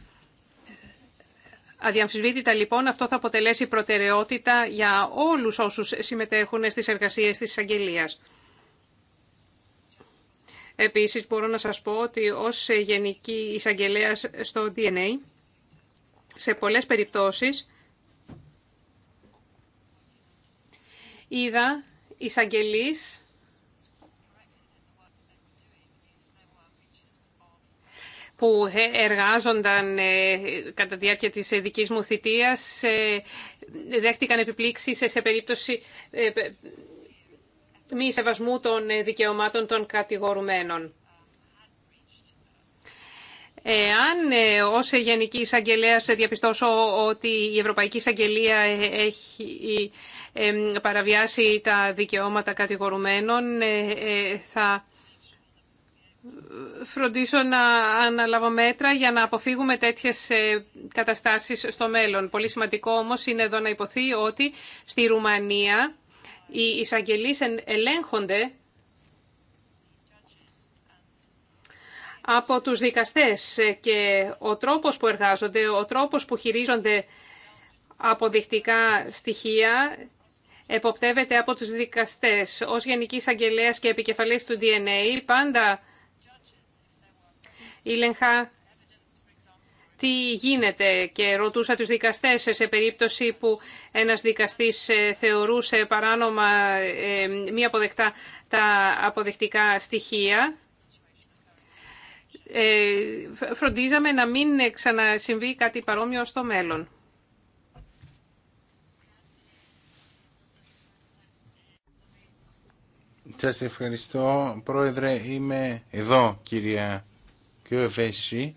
Αδιαμφισβήτητα λοιπόν αυτό θα αποτελέσει προτεραιότητα για όλους όσους συμμετέχουν στις εργασίες της εισαγγελία. Επίσης μπορώ να σας πω ότι ως Γενική Εισαγγελέα στο DNA σε πολλές περιπτώσεις είδα εισαγγελείς που ε, εργάζονταν ε, κατά τη διάρκεια της ε, δικής μου θητείας, δέχτηκαν επιπλήξεις σε περίπτωση μη σεβασμού των δικαιωμάτων των κατηγορουμένων. Εάν ε, ω Γενική Εισαγγελέα διαπιστώσω ότι η Ευρωπαϊκή Εισαγγελία έχει ε, παραβιάσει τα δικαιώματα κατηγορουμένων, ε, θα φροντίσω να αναλάβω μέτρα για να αποφύγουμε τέτοιες καταστάσεις στο μέλλον. Πολύ σημαντικό όμως είναι εδώ να υποθεί ότι στη Ρουμανία οι εισαγγελείς ελέγχονται από τους δικαστές και ο τρόπος που εργάζονται, ο τρόπος που χειρίζονται αποδεικτικά στοιχεία εποπτεύεται από τους δικαστές. Ως Γενική Αγγελέα και επικεφαλής του DNA πάντα ήλεγχα τι γίνεται και ρωτούσα τους δικαστές σε περίπτωση που ένας δικαστής ε, θεωρούσε παράνομα ε, μη αποδεκτά τα αποδεκτικά στοιχεία. Ε, φροντίζαμε να μην ξανασυμβεί κάτι παρόμοιο στο μέλλον. Σας ευχαριστώ. Πρόεδρε, είμαι εδώ, κυρία Κιωεφέση.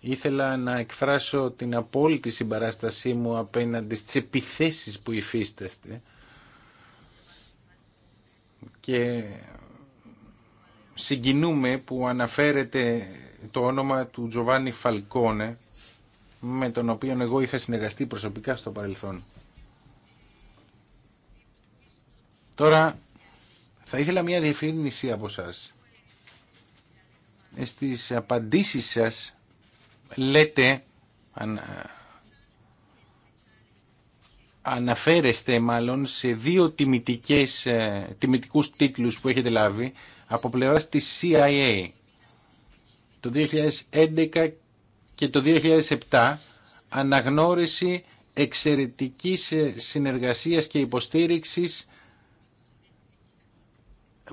Ήθελα να εκφράσω την απόλυτη συμπαράστασή μου απέναντι στις επιθέσεις που υφίσταστε. Και συγκινούμε που αναφέρεται το όνομα του Τζοβάνι Φαλκόνε με τον οποίο εγώ είχα συνεργαστεί προσωπικά στο παρελθόν. Τώρα θα ήθελα μια διευθύνηση από σας. Ε, στις απαντήσεις σας λέτε, αν αναφέρεστε μάλλον σε δύο τιμητικές, ε, τιμητικούς τίτλους που έχετε λάβει από πλευρά τη CIA το 2011 και το 2007 αναγνώριση εξαιρετικής ε, συνεργασίας και υποστήριξης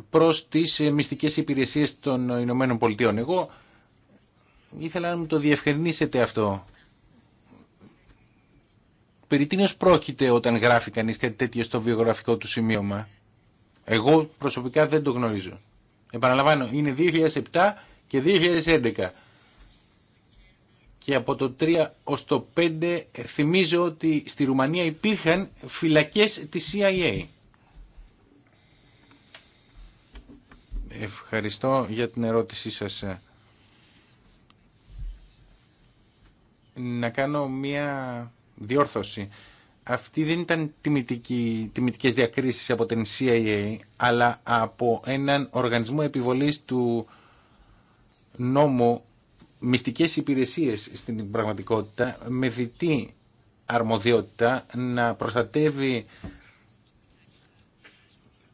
προς τις ε, μυστικές υπηρεσίες των Ηνωμένων Πολιτειών. Εγώ ήθελα να μου το διευκρινίσετε αυτό περί τίνος πρόκειται όταν γράφει κανείς κάτι τέτοιο στο βιογραφικό του σημείωμα. Εγώ προσωπικά δεν το γνωρίζω. Επαναλαμβάνω, είναι 2007 και 2011. Και από το 3 ως το 5 θυμίζω ότι στη Ρουμανία υπήρχαν φυλακές της CIA. Ευχαριστώ για την ερώτησή σας. Να κάνω μία διόρθωση. Αυτή δεν ήταν τιμητικές διακρίσεις από την CIA, αλλά από έναν οργανισμό επιβολής του νόμου μυστικές υπηρεσίες στην πραγματικότητα, με διτή αρμοδιότητα να προστατεύει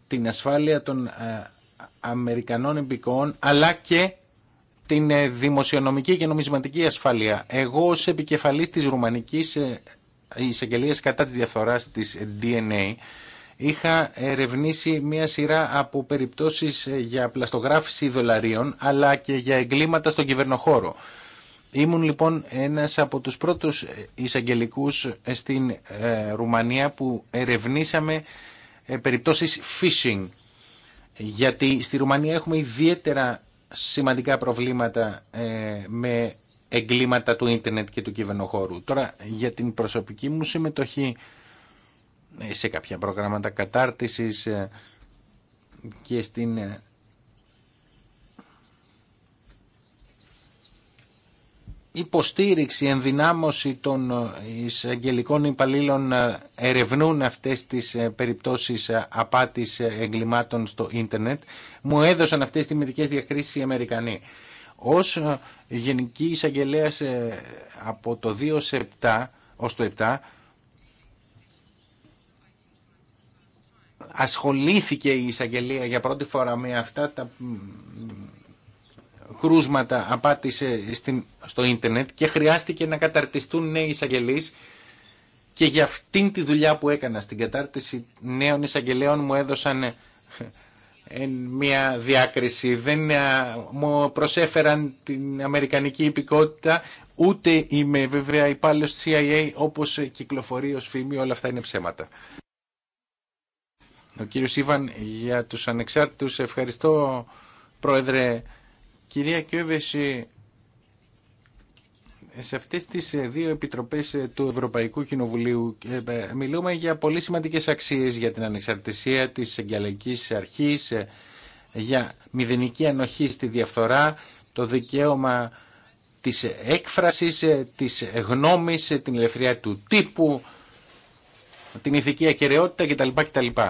την ασφάλεια των ε, Αμερικανών εμπικών, αλλά και την ε, δημοσιονομική και νομισματική ασφάλεια. Εγώ ως επικεφαλής της Ρουμανικής ε, οι εισαγγελίε κατά τη διαφθοράς τη DNA είχα ερευνήσει μια σειρά από περιπτώσεις ε, για πλαστογράφηση δολαρίων αλλά και για εγκλήματα στον κυβερνοχώρο. Ήμουν λοιπόν ένας από τους πρώτους ε, εισαγγελικού ε, στην Ρουμανία που ερευνήσαμε ε, περιπτώσεις phishing γιατί στη Ρουμανία έχουμε ιδιαίτερα σημαντικά προβλήματα με εγκλήματα του ίντερνετ και του κυβερνοχώρου. Τώρα για την προσωπική μου συμμετοχή ε, σε κάποια προγράμματα κατάρτισης ε, και στην ε, υποστήριξη, ενδυνάμωση των εισαγγελικών υπαλλήλων ερευνούν αυτές τις περιπτώσεις απάτης εγκλημάτων στο ίντερνετ. Μου έδωσαν αυτές τις μερικές διακρίσεις οι Αμερικανοί. Ως ε, Γενική Εισαγγελέα ε, από το 2 ως το 7, ασχολήθηκε η εισαγγελία για πρώτη φορά με αυτά τα κρούσματα ε, στην, στο ίντερνετ και χρειάστηκε να καταρτιστούν νέοι εισαγγελείς και για αυτήν τη δουλειά που έκανα στην κατάρτιση νέων εισαγγελέων μου έδωσαν μια διάκριση. Δεν μου προσέφεραν την αμερικανική υπηκότητα, ούτε είμαι βέβαια υπάλληλος της CIA, όπως κυκλοφορεί ως φήμη, όλα αυτά είναι ψέματα. Ο κύριος Ιβαν για τους ανεξάρτητους, ευχαριστώ πρόεδρε. Κυρία Κιόβεση, σε αυτές τις ε, δύο επιτροπές ε, του Ευρωπαϊκού Κοινοβουλίου ε, μιλούμε για πολύ σημαντικές αξίες για την ανεξαρτησία της εγκαλικής αρχής, για μηδενική ανοχή στη διαφθορά, το δικαίωμα της έκφρασης, της γνώμης, την ελευθερία του τύπου, την ηθική ακαιρεότητα κτλ. κτλ.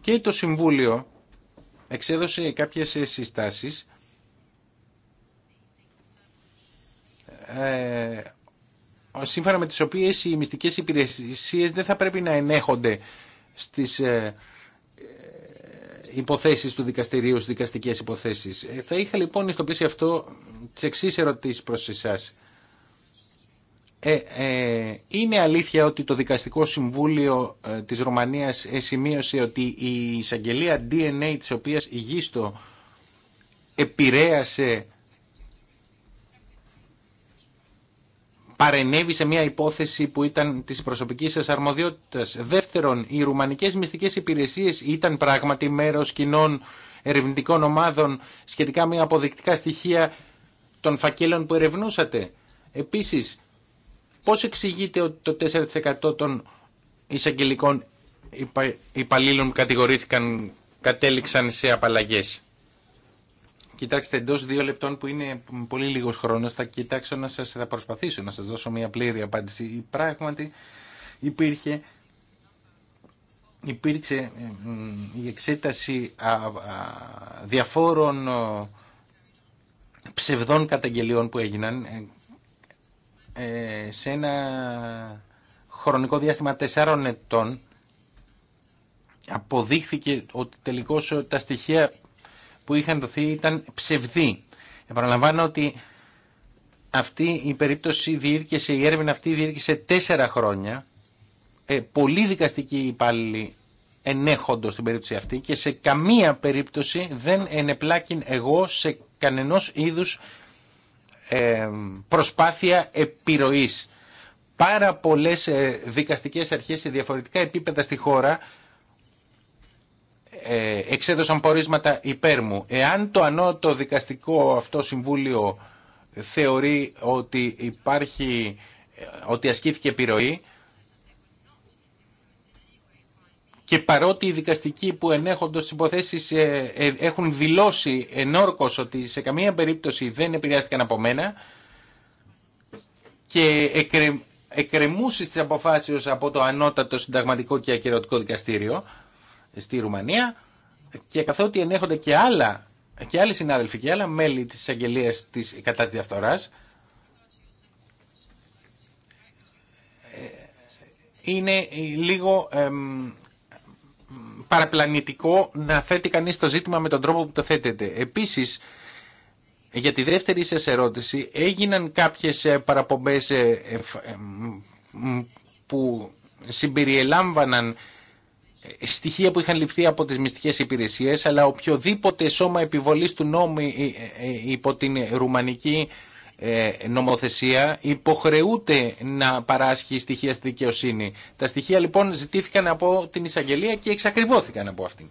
Και το Συμβούλιο εξέδωσε κάποιες ε, συστάσεις ε, σύμφωνα με τις οποίες οι μυστικές υπηρεσίες δεν θα πρέπει να ενέχονται στις ε, υποθέσεις του δικαστηρίου, στις δικαστικές υποθέσεις. Θα είχα λοιπόν στο πλαίσιο αυτό τις εξής ερωτήσεις προς εσάς. Ε, ε, είναι αλήθεια ότι το Δικαστικό Συμβούλιο ε, της Ρωμανίας ε, σημείωσε ότι η εισαγγελία DNA της οποίας Γίστο επηρέασε, παρενέβησε μια υπόθεση που ήταν της προσωπικής σας αρμοδιότητας. Δεύτερον, οι ρουμανικές μυστικές υπηρεσίες ήταν πράγματι μέρος κοινών ερευνητικών ομάδων σχετικά με αποδεικτικά στοιχεία των φακέλων που ερευνούσατε. Επίσης, Πώς εξηγείται ότι το 4% των εισαγγελικών υπαλλήλων που κατηγορήθηκαν κατέληξαν σε απαλλαγές. Κοιτάξτε, εντό δύο λεπτών που είναι πολύ λίγο χρόνο, θα κοιτάξω να σας, θα προσπαθήσω να σα δώσω μια πλήρη απάντηση. Πράγματι, υπήρχε, υπήρξε ε, η εξέταση διαφόρων ε, ψευδών καταγγελιών που έγιναν ε, ε, σε ένα χρονικό διάστημα τεσσάρων ετών αποδείχθηκε ότι τελικώς τα στοιχεία που είχαν δοθεί ήταν ψευδή. Επαναλαμβάνω ότι αυτή η περίπτωση διήρκεσε, η έρευνα αυτή διήρκεσε τέσσερα χρόνια. Ε, πολλοί δικαστικοί υπάλληλοι ενέχοντος στην περίπτωση αυτή και σε καμία περίπτωση δεν ενεπλάκην εγώ σε κανενός είδους προσπάθεια επιρροής. Πάρα πολλές ε, δικαστικές αρχές σε διαφορετικά επίπεδα στη χώρα ε, εξέδωσαν πορίσματα υπέρ μου. Εάν το ανώτο δικαστικό αυτό συμβούλιο θεωρεί ότι υπάρχει, ε, ότι ασκήθηκε επιρροή, και παρότι οι δικαστικοί που ενέχονται στις υποθέσεις ε, ε, έχουν δηλώσει ενόρκως ότι σε καμία περίπτωση δεν επηρεάστηκαν από μένα και εκρε, εκκρεμούσεις της από το ανώτατο συνταγματικό και ακυρωτικό δικαστήριο ε, στη Ρουμανία και καθότι ενέχονται και άλλα και άλλοι συνάδελφοι και άλλα μέλη της αγγελίας της κατά τη διαφθορά. είναι λίγο παραπλανητικό να θέτει κανεί το ζήτημα με τον τρόπο που το θέτεται. Επίση, για τη δεύτερη σα ερώτηση, έγιναν κάποιες ε, παραπομπές ε, ε, που συμπεριελάμβαναν στοιχεία που είχαν ληφθεί από τις μυστικές υπηρεσίες, αλλά οποιοδήποτε σώμα επιβολής του νόμου υπό την Ρουμανική ε, νομοθεσία υποχρεούται να παράσχει στοιχεία στη δικαιοσύνη. Τα στοιχεία λοιπόν ζητήθηκαν από την εισαγγελία και εξακριβώθηκαν από αυτήν.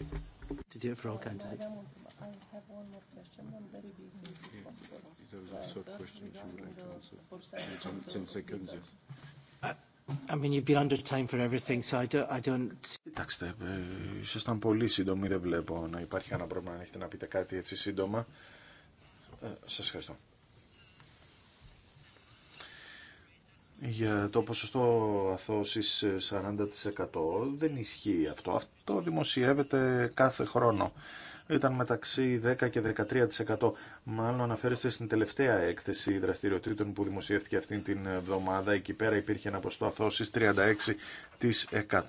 Κοιτάξτε, ε, ήσασταν πολύ σύντομοι, δεν βλέπω να υπάρχει ένα πρόβλημα αν έχετε να πείτε κάτι έτσι σύντομα. Ε, σας ευχαριστώ. για το ποσοστό αθώσης 40% ε, δεν ισχύει αυτό. Αυτό δημοσιεύεται κάθε χρόνο. Ήταν μεταξύ 10 και 13%. Μάλλον αναφέρεστε στην τελευταία έκθεση δραστηριοτήτων που δημοσιεύτηκε αυτήν την εβδομάδα. Εκεί πέρα υπήρχε ένα ποσοστό αθώσης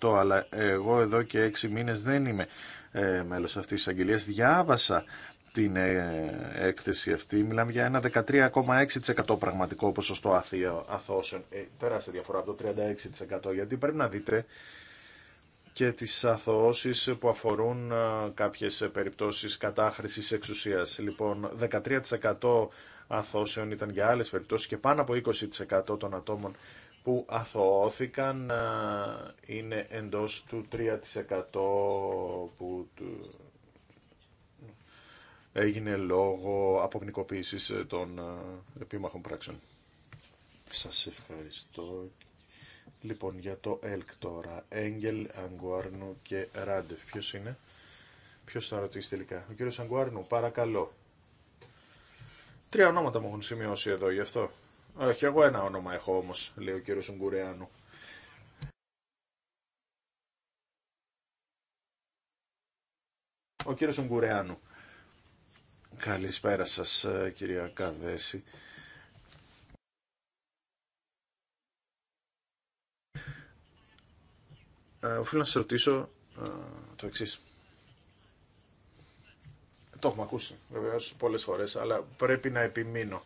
36%. Αλλά εγώ εδώ και 6 μήνες δεν είμαι ε, μέλος αυτής της αγγελίας. Διάβασα την ε, έκθεση αυτή. Μιλάμε για ένα 13,6% πραγματικό ποσοστό αθώσεων. Ε, τεράστια διαφορά από το 36% γιατί πρέπει να δείτε και τις αθωσει που αφορούν ε, κάποιες περιπτώσεις κατάχρησης εξουσίας. Λοιπόν, 13% αθώσεων ήταν για άλλες περιπτώσεις και πάνω από 20% των ατόμων που αθωώθηκαν ε, είναι εντός του 3% που έγινε λόγω αποπνικοποίησης ε, των ε, επίμαχων πράξεων. Σας ευχαριστώ. Λοιπόν, για το ΕΛΚ τώρα. Έγγελ, Αγκουάρνου και Ράντεφ. Ποιος είναι? Ποιος θα ρωτήσει τελικά. Ο κύριος Αγκουάρνου, παρακαλώ. Τρία ονόματα μου έχουν σημειώσει εδώ γι' αυτό. Όχι, εγώ ένα όνομα έχω όμως, λέει ο κύριος Ουγγουρεάνου. Ο κύριος Ουγγουρεάνου. Καλησπέρα σας ε, κυρία Καβέση. Ε, οφείλω να σας ρωτήσω ε, το εξής. Το έχουμε ακούσει βεβαίως πολλές φορές, αλλά πρέπει να επιμείνω.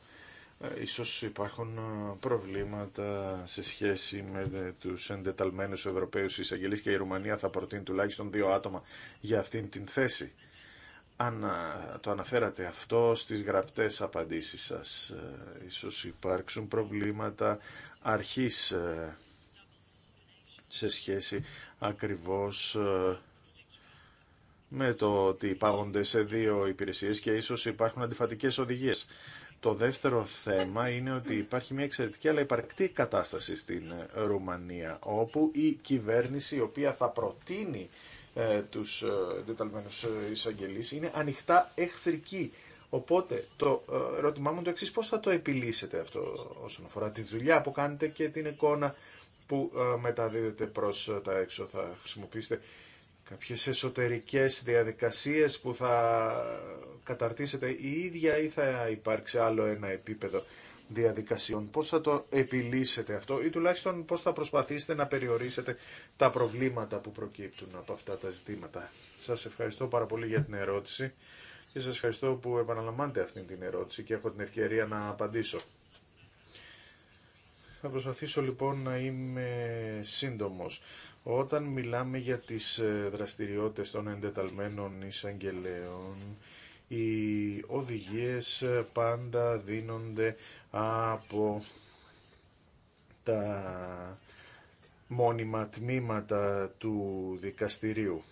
Ίσως υπάρχουν προβλήματα σε σχέση με τους εντεταλμένους Ευρωπαίους εισαγγελείς και η Ρουμανία θα προτείνει τουλάχιστον δύο άτομα για αυτήν την θέση αν το αναφέρατε αυτό στις γραπτές απαντήσεις σας. Ε, ίσως υπάρξουν προβλήματα αρχής ε, σε σχέση ακριβώς ε, με το ότι υπάγονται σε δύο υπηρεσίες και ίσως υπάρχουν αντιφατικές οδηγίες. Το δεύτερο θέμα είναι ότι υπάρχει μια εξαιρετική αλλά υπαρκτή κατάσταση στην Ρουμανία, όπου η κυβέρνηση η οποία θα προτείνει ε, τους ε, εντεταλμένου ε, εισαγγελείς, είναι ανοιχτά εχθρική. Οπότε το ερώτημά μου το εξή πώς θα το επιλύσετε αυτό όσον αφορά τη δουλειά που κάνετε και την εικόνα που μεταδίδεται προς τα έξω. Θα χρησιμοποιήσετε κάποιες εσωτερικές διαδικασίες που θα καταρτήσετε η ίδια ή θα υπάρξει άλλο ένα επίπεδο διαδικασιών. Πώς θα το επιλύσετε αυτό ή τουλάχιστον πώς θα προσπαθήσετε να περιορίσετε τα προβλήματα που προκύπτουν από αυτά τα ζητήματα. Σας ευχαριστώ πάρα πολύ για την ερώτηση και σας ευχαριστώ που επαναλαμβάνετε αυτή την ερώτηση και έχω την ευκαιρία να απαντήσω. Θα προσπαθήσω λοιπόν να είμαι σύντομος. Όταν μιλάμε για τις ε, δραστηριότητες των εντεταλμένων εισαγγελέων, οι οδηγίες ε, πάντα δίνονται από τα μόνιμα τμήματα του δικαστηρίου.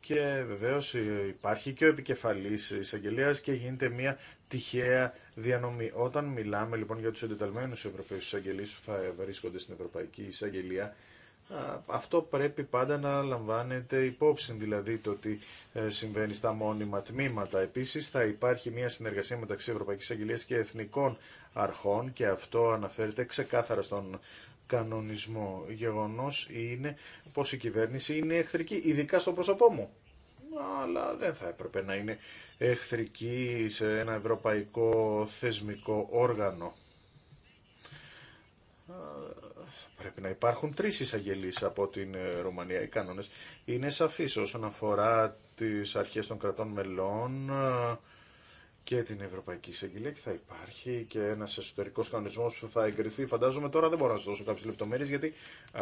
Και βεβαίως υπάρχει και ο επικεφαλής εισαγγελίας και γίνεται μια τυχαία διανομή. Όταν μιλάμε λοιπόν για τους εντεταλμένους Ευρωπαίους εισαγγελίες που θα βρίσκονται στην Ευρωπαϊκή Εισαγγελία, αυτό πρέπει πάντα να λαμβάνεται υπόψη, δηλαδή το ότι ε, συμβαίνει στα μόνιμα τμήματα. Επίσης θα υπάρχει μια συνεργασία μεταξύ Ευρωπαϊκής Αγγελίας και Εθνικών Αρχών και αυτό αναφέρεται ξεκάθαρα στον κανονισμό. Γεγονός είναι πως η κυβέρνηση είναι εχθρική, ειδικά στο πρόσωπό μου. Αλλά δεν θα έπρεπε να είναι εχθρική σε ένα ευρωπαϊκό θεσμικό όργανο Πρέπει να υπάρχουν τρεις εισαγγελείς από την ε, Ρουμανία. Οι κανόνες είναι σαφείς όσον αφορά τις αρχές των κρατών μελών ε, και την Ευρωπαϊκή Εισαγγελία και θα υπάρχει και ένας εσωτερικός κανονισμός που θα εγκριθεί. Φαντάζομαι τώρα δεν μπορώ να σας δώσω κάποιες λεπτομέρειες γιατί ε,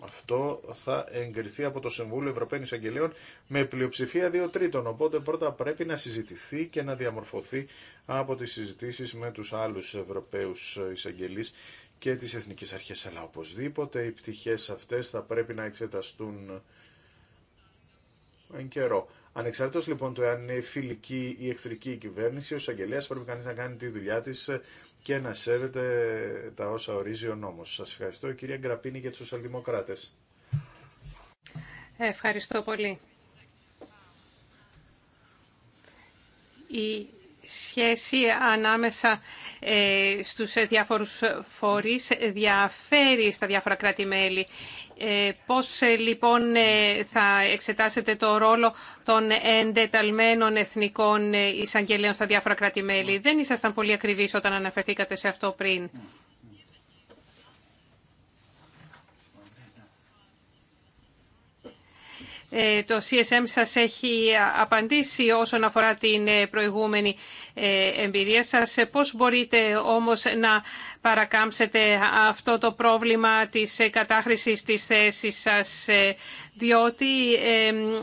αυτό θα εγκριθεί από το Συμβούλιο Ευρωπαίων Εισαγγελίων με πλειοψηφία δύο τρίτων. Οπότε πρώτα πρέπει να συζητηθεί και να διαμορφωθεί από τις συζητήσεις με τους άλλους Ευρωπαίους εισαγγελείς και τις εθνικές αρχές, αλλά οπωσδήποτε οι πτυχές αυτές θα πρέπει να εξεταστούν εν καιρό. Ανεξάρτητος λοιπόν του εάν είναι φιλική ή εχθρική η κυβέρνηση, ο εισαγγελέα πρέπει κανείς να κάνει τη δουλειά της και να σέβεται τα όσα ορίζει ο νόμος. Σας ευχαριστώ κυρία Γκραπίνη για τους σοσιαλδημοκράτες. Ευχαριστώ πολύ σχέση ανάμεσα ε, στους ε, διάφορους φορείς διαφέρει στα διάφορα κράτη-μέλη. Ε, πώς λοιπόν θα εξετάσετε το ρόλο των εντεταλμένων εθνικών εισαγγελέων στα διάφορα κράτη-μέλη. Δεν ήσασταν πολύ ακριβείς όταν αναφερθήκατε σε αυτό πριν. Ε, το CSM σας έχει απαντήσει όσον αφορά την ε, προηγούμενη ε, εμπειρία σας. Πώς μπορείτε όμως να παρακάμψετε αυτό το πρόβλημα της κατάχρησης της θέσης σας, διότι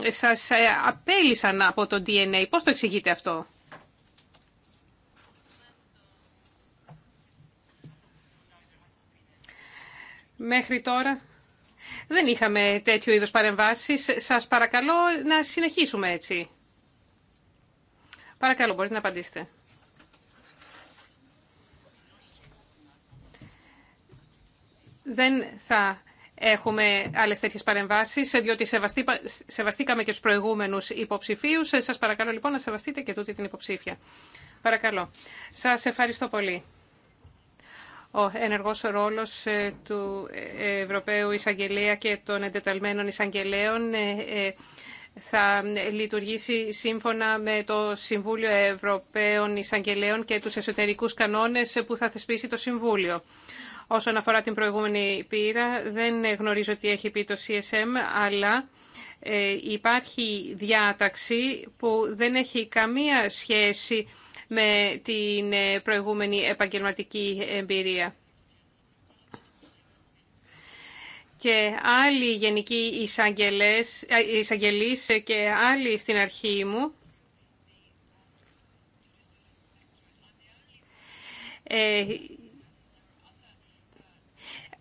σας απέλησαν από το DNA. Πώς το εξηγείτε αυτό. Μέχρι τώρα δεν είχαμε τέτοιο είδους παρεμβάσεις. Σας παρακαλώ να συνεχίσουμε έτσι. Παρακαλώ, μπορείτε να απαντήσετε. Δεν θα έχουμε άλλες τέτοιες παρεμβάσεις, διότι σεβαστήκαμε και τους προηγούμενους υποψηφίους. Σας παρακαλώ λοιπόν να σεβαστείτε και τούτη την υποψήφια. Παρακαλώ. Σας ευχαριστώ πολύ ο ενεργός ρόλος ε, του Ευρωπαίου Εισαγγελέα και των εντεταλμένων εισαγγελέων ε, ε, θα λειτουργήσει σύμφωνα με το Συμβούλιο Ευρωπαίων Εισαγγελέων και τους εσωτερικούς κανόνες που θα θεσπίσει το Συμβούλιο. Όσον αφορά την προηγούμενη πείρα, δεν γνωρίζω τι έχει πει το CSM, αλλά υπάρχει διάταξη που δεν έχει καμία σχέση με την ε, προηγούμενη επαγγελματική εμπειρία. και άλλοι γενικοί ε, εισαγγελείς και άλλοι στην αρχή μου ε,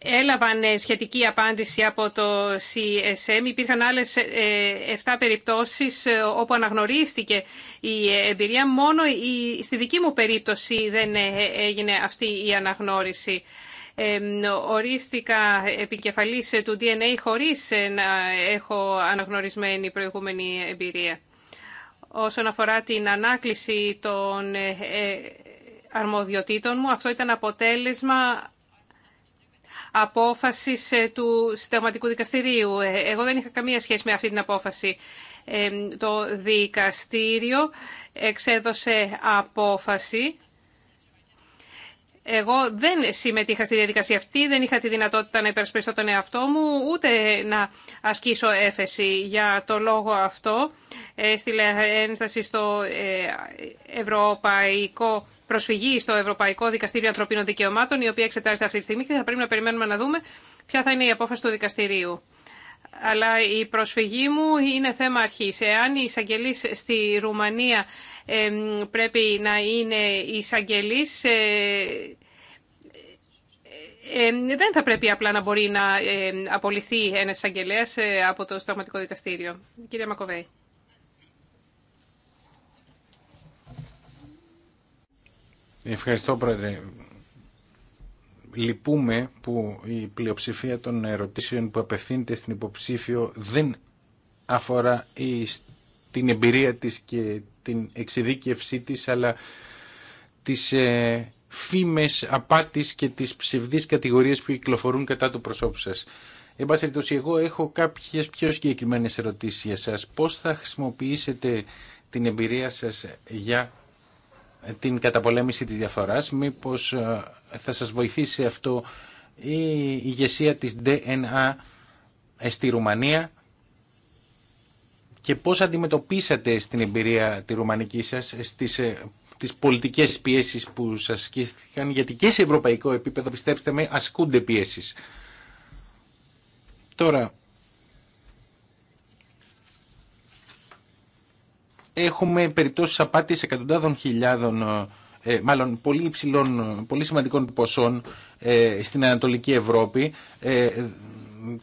έλαβαν ε, σχετική απάντηση από το CSM. Υπήρχαν άλλες 7 ε, περιπτώσεις ε, όπου αναγνωρίστηκε η εμπειρία. Μόνο στη δική μου περίπτωση δεν έγινε αυτή η αναγνώριση. Ορίστηκα επικεφαλής του DNA χωρίς να έχω αναγνωρισμένη προηγούμενη εμπειρία. Όσον αφορά την ανάκληση των αρμοδιοτήτων μου, αυτό ήταν αποτέλεσμα απόφασης ε, του Συνταγματικού Δικαστηρίου. Ε, εγώ δεν είχα καμία σχέση με αυτή την απόφαση. Ε, το δικαστήριο εξέδωσε απόφαση. Εγώ δεν συμμετείχα στη διαδικασία αυτή, δεν είχα τη δυνατότητα να υπερασπιστώ τον εαυτό μου, ούτε να ασκήσω έφεση για το λόγο αυτό. Έστειλε ένσταση στο Ευρωπαϊκό προσφυγή στο Ευρωπαϊκό Δικαστήριο Ανθρωπίνων Δικαιωμάτων, η οποία εξετάζεται αυτή τη στιγμή και θα πρέπει να περιμένουμε να δούμε ποια θα είναι η απόφαση του δικαστηρίου. Αλλά η προσφυγή μου είναι θέμα αρχής. Εάν οι εισαγγελεί στη Ρουμανία ε, πρέπει να είναι εισαγγελεί. Ε, ε, ε, δεν θα πρέπει απλά να μπορεί να ε, απολυθεί ένας εισαγγελέας ε, από το Σταγματικό Δικαστήριο. Κύριε Μακοβέη. Ευχαριστώ Πρόεδρε. Λυπούμε που η πλειοψηφία των ερωτήσεων που απευθύνεται στην υποψήφιο δεν αφορά την εμπειρία της και την εξειδίκευσή της, αλλά τις ε, φήμες απάτης και τις ψευδείς κατηγορίες που κυκλοφορούν κατά του προσώπου σας. Εν εγώ έχω κάποιες πιο συγκεκριμένες ερωτήσεις για σας. Πώς θα χρησιμοποιήσετε την εμπειρία σας για την καταπολέμηση της διαφοράς. Μήπως ε, θα σας βοηθήσει αυτό η ηγεσία της DNA στη Ρουμανία και πώς αντιμετωπίσατε στην εμπειρία τη ρουμανική σας ε, στις ε, τις πολιτικές πιέσεις που σας ασκήθηκαν, γιατί και σε ευρωπαϊκό επίπεδο, πιστέψτε με, ασκούνται πιέσεις. Τώρα, έχουμε περιπτώσεις απάτης εκατοντάδων χιλιάδων, ε, ε, μάλλον πολύ, υψηλών, πολύ σημαντικών ποσών ε, στην Ανατολική Ευρώπη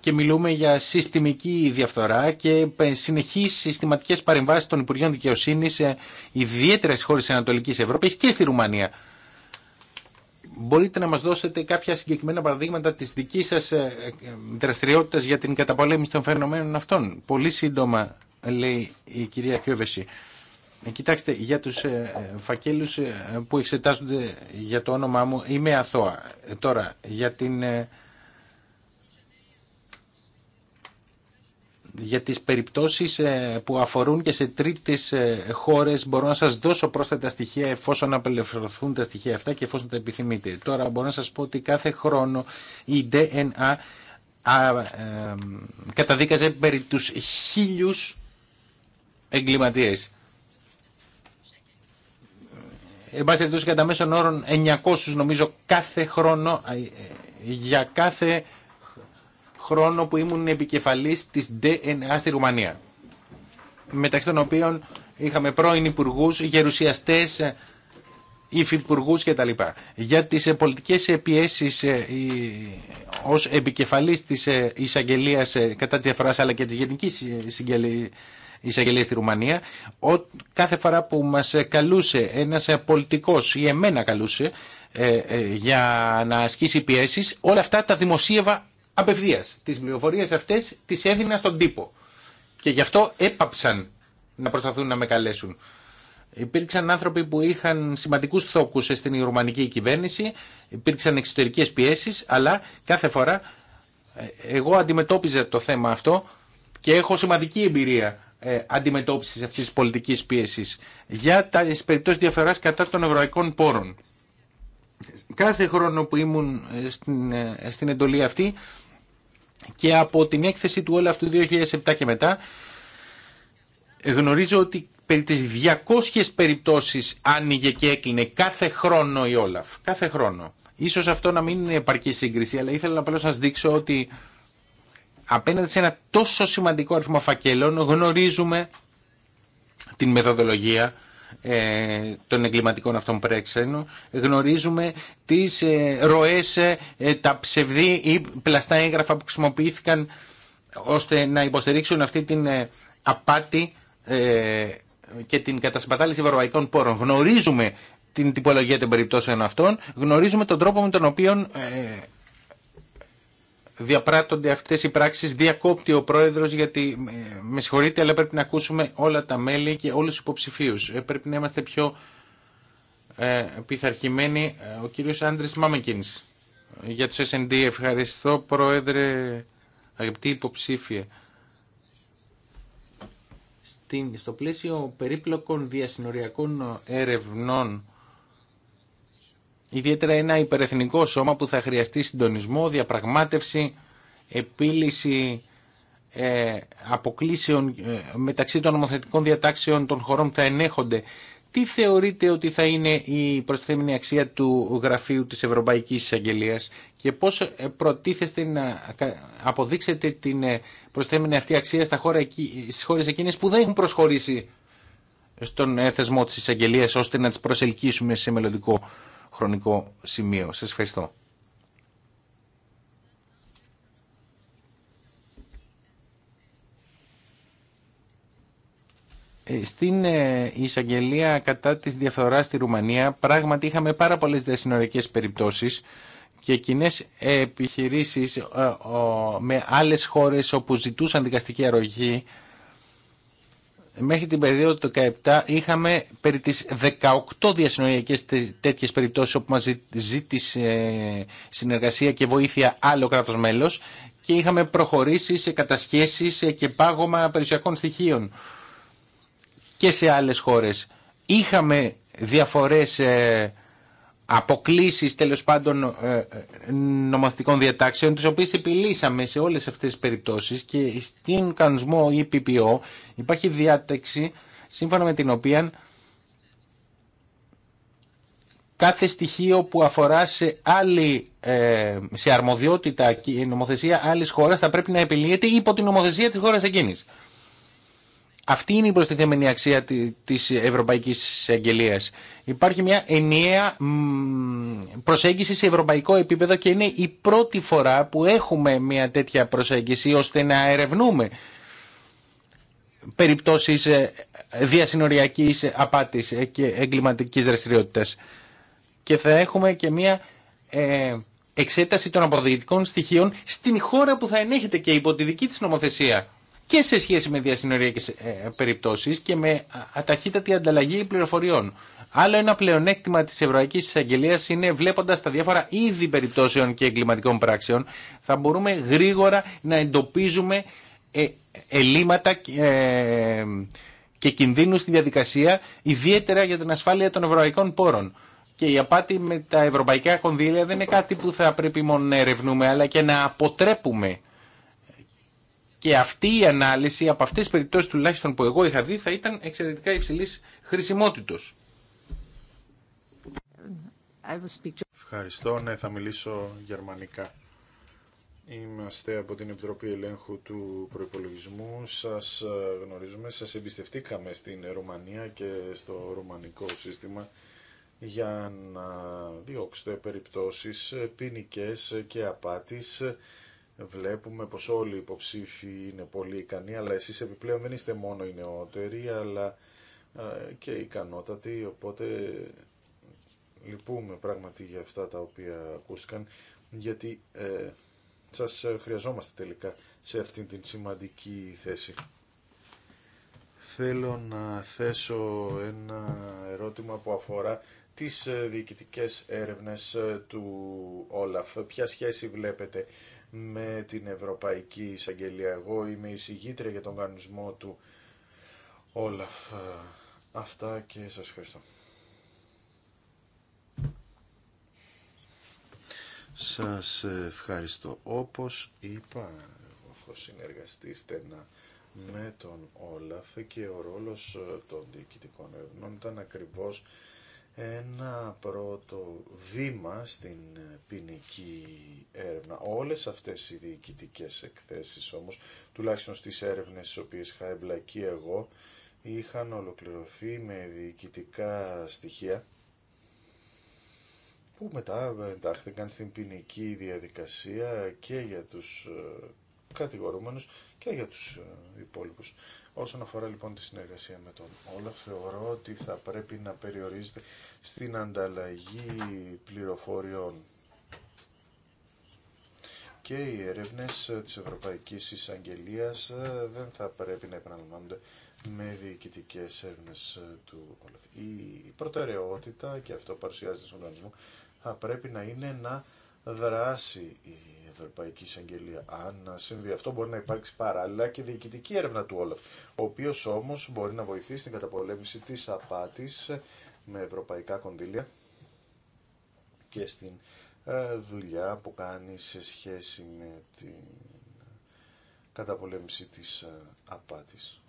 και μιλούμε για συστημική διαφθορά και συνεχείς συστηματικές παρεμβάσεις των Υπουργείων Δικαιοσύνης ε, ιδιαίτερα στις χώρες της Ανατολικής Ευρώπης και στη Ρουμανία. Μπορείτε να μας δώσετε κάποια συγκεκριμένα παραδείγματα της δικής σας δραστηριότητας για την καταπολέμηση των φαινομένων αυτών. Πολύ σύντομα λέει η κυρία Κιόβεση. Ε, κοιτάξτε, για τους ε, φακέλους ε, που εξετάζονται για το όνομά μου είμαι αθώα. Τώρα, για την... για τις περιπτώσεις που αφορούν και σε τρίτες χώρες μπορώ να σας δώσω πρόσθετα στοιχεία εφόσον απελευθερωθούν τα στοιχεία αυτά και εφόσον τα επιθυμείτε. Τώρα μπορώ να σας πω ότι κάθε χρόνο η DNA καταδίκαζε περί τους χίλιους εγκληματίες. Εν πάση περιπτώσει κατά μέσον όρων 900 νομίζω κάθε χρόνο ε, για κάθε χρόνο που ήμουν επικεφαλής της DNA στη Ρουμανία. Μεταξύ των οποίων είχαμε πρώην υπουργού, γερουσιαστές, ε, υφυπουργού κτλ. Για τις ε, πολιτικές πιέσει ως επικεφαλής της εισαγγελία κατά τη διαφοράς αλλά και της γενικής εισαγγελία στη Ρουμανία, κάθε φορά που μας καλούσε ένα πολιτικό ή εμένα καλούσε ε, ε, για να ασκήσει πιέσει, όλα αυτά τα δημοσίευα απευθεία. Τις πληροφορίε αυτέ τις έδινα στον τύπο. Και γι' αυτό έπαψαν να προσπαθούν να με καλέσουν. Υπήρξαν άνθρωποι που είχαν σημαντικού θόκους στην ρουμανική κυβέρνηση, υπήρξαν εξωτερικέ πιέσει, αλλά κάθε φορά ε, εγώ αντιμετώπιζα το θέμα αυτό και έχω σημαντική εμπειρία ε, Αντιμετώπιση αυτή τη πολιτική πίεση για τι περιπτώσει διαφορά κατά των ευρωαϊκών πόρων. Κάθε χρόνο που ήμουν ε, στην, ε, στην εντολή αυτή και από την έκθεση του όλα αυτού 2007 και μετά γνωρίζω ότι περί τις 200 περιπτώσεις άνοιγε και έκλεινε κάθε χρόνο η Όλαφ. Κάθε χρόνο. Ίσως αυτό να μην είναι επαρκή σύγκριση, αλλά ήθελα απλώς να σας δείξω ότι απέναντι σε ένα τόσο σημαντικό αριθμό φακελών γνωρίζουμε την μεθοδολογία ε, των εγκληματικών αυτών πρέξενων γνωρίζουμε τις ε, ροές, ε, ε, τα ψευδή ή πλαστά έγγραφα που χρησιμοποιήθηκαν ώστε να υποστηρίξουν αυτή την ε, απάτη και την κατασπατάληση ευρωπαϊκών πόρων. Γνωρίζουμε την τυπολογία των περιπτώσεων αυτών, γνωρίζουμε τον τρόπο με τον οποίο διαπράττονται αυτέ οι πράξεις. Διακόπτει ο πρόεδρο γιατί ε, με συγχωρείτε αλλά πρέπει να ακούσουμε όλα τα μέλη και όλους τους υποψηφίους. Ε, πρέπει να είμαστε πιο ε, πειθαρχημένοι. Ε, ο κύριος Άντρης Μάμεκιν για του S&D. Ευχαριστώ πρόεδρε αγαπητοί υποψήφια. Στην, στο πλαίσιο περίπλοκων διασυνοριακών ερευνών Ιδιαίτερα ένα υπερεθνικό σώμα που θα χρειαστεί συντονισμό, διαπραγμάτευση, επίλυση ε, αποκλήσεων ε, μεταξύ των νομοθετικών διατάξεων των χωρών που θα ενέχονται. Τι θεωρείτε ότι θα είναι η προσθέμενη αξία του γραφείου της Ευρωπαϊκής Εισαγγελία και πώς ε, προτίθεστε να αποδείξετε την ε, προσθέμενη αυτή αξία στα χώρα, στις χώρες εκείνες που δεν έχουν προσχωρήσει στον θεσμό της εισαγγελία ώστε να τις προσελκύσουμε σε μελλοντικό χρονικό σημείο. Σας ευχαριστώ. Ε, στην ε, εισαγγελία κατά της διαφθοράς στη Ρουμανία πράγματι είχαμε πάρα πολλές διασυνορικές περιπτώσεις και κοινέ επιχειρήσεις ε, με άλλες χώρες όπου ζητούσαν δικαστική αρρωγή μέχρι την περίοδο του 2017 είχαμε περί τις 18 διασυνοριακές τέτοιες περιπτώσεις όπου μας ζήτησε ε, συνεργασία και βοήθεια άλλο κράτος μέλος και είχαμε προχωρήσει σε κατασχέσεις ε, και πάγωμα περιουσιακών στοιχείων και σε άλλες χώρες. Είχαμε διαφορές ε, αποκλήσει τέλο πάντων ε, ε, νομοθετικών διατάξεων τις οποίες επιλύσαμε σε όλες αυτές τις περιπτώσεις και στην κανονισμό EPPO υπάρχει διάταξη σύμφωνα με την οποία κάθε στοιχείο που αφορά σε, άλλη, ε, σε αρμοδιότητα και νομοθεσία άλλης χώρας θα πρέπει να επιλύεται υπό την νομοθεσία της χώρας εκείνης. Αυτή είναι η προστιθέμενη αξία της Ευρωπαϊκής Αγγελίας. Υπάρχει μια ενιαία προσέγγιση σε ευρωπαϊκό επίπεδο και είναι η πρώτη φορά που έχουμε μια τέτοια προσέγγιση ώστε να ερευνούμε περιπτώσεις ε, διασυνοριακής απάτης και εγκληματικής δραστηριότητας. Και θα έχουμε και μια ε, εξέταση των αποδεικτικών στοιχείων στην χώρα που θα ενέχεται και υπό τη δική της νομοθεσία και σε σχέση με διασυνοριακές ε, περιπτώσεις και με αταχύτατη ανταλλαγή πληροφοριών. Άλλο ένα πλεονέκτημα της Ευρωπαϊκής Εισαγγελίας είναι βλέποντας τα διάφορα είδη περιπτώσεων και εγκληματικών πράξεων θα μπορούμε γρήγορα να εντοπίζουμε ε, ελλείμματα ε, και κινδύνους στη διαδικασία ιδιαίτερα για την ασφάλεια των ευρωπαϊκών πόρων. Και η απάτη με τα ευρωπαϊκά κονδύλια δεν είναι κάτι που θα πρέπει μόνο να ερευνούμε αλλά και να αποτρέπουμε και αυτή η ανάλυση από αυτές τις περιπτώσεις τουλάχιστον που εγώ είχα δει θα ήταν εξαιρετικά υψηλή χρησιμότητος. Ευχαριστώ. Ναι, θα μιλήσω γερμανικά. Είμαστε από την Επιτροπή Ελέγχου του Προϋπολογισμού. Σας ε, γνωρίζουμε, σας εμπιστευτήκαμε στην Ρουμανία και στο ρουμανικό σύστημα για να διώξετε περιπτώσεις ε, ποινικέ και απάτης βλέπουμε πως όλοι οι υποψήφοι είναι πολύ ικανοί, αλλά εσείς επιπλέον δεν είστε μόνο οι νεότεροι, αλλά και ικανότατοι, οπότε λυπούμε πράγματι για αυτά τα οποία ακούστηκαν, γιατί ε, σας χρειαζόμαστε τελικά σε αυτήν την σημαντική θέση. Θέλω να θέσω ένα ερώτημα που αφορά τις ε, διοικητικές έρευνες ε, του Όλαφ. Ποια σχέση βλέπετε με την Ευρωπαϊκή Εισαγγελία. Εγώ είμαι εισηγήτρια για τον κανονισμό του Όλαφ. αυτά και σας ευχαριστώ. Σας ευχαριστώ. Όπως είπα, εγώ έχω συνεργαστεί στενά με τον Όλαφ και ο ρόλος των διοικητικών ερευνών ήταν ακριβώς ένα πρώτο βήμα στην ποινική έρευνα. Όλες αυτές οι διοικητικέ εκθέσεις όμως, τουλάχιστον στις έρευνες στις οποίες είχα εμπλακεί εγώ, είχαν ολοκληρωθεί με διοικητικά στοιχεία που μετά εντάχθηκαν στην ποινική διαδικασία και για τους ε, κατηγορούμενους και για τους ε, υπόλοιπους. Όσον αφορά λοιπόν τη συνεργασία με τον Όλαφ, θεωρώ ότι θα πρέπει να περιορίζεται στην ανταλλαγή πληροφοριών και οι έρευνες της Ευρωπαϊκής Εισαγγελίας ε, δεν θα πρέπει να επαναλαμβάνονται με διοικητικέ έρευνε ε, του Όλαφ. Η προτεραιότητα, και αυτό παρουσιάζεται στον οργανισμό, θα πρέπει να είναι να δράσει η Ευρωπαϊκή Εισαγγελία. Αν συμβεί αυτό, μπορεί να υπάρξει παράλληλα και διοικητική έρευνα του Όλαφ, ο οποίο όμω μπορεί να βοηθήσει στην καταπολέμηση τη απάτη με ευρωπαϊκά κονδύλια και στην ε, δουλειά που κάνει σε σχέση με την καταπολέμηση της ε, απάτης.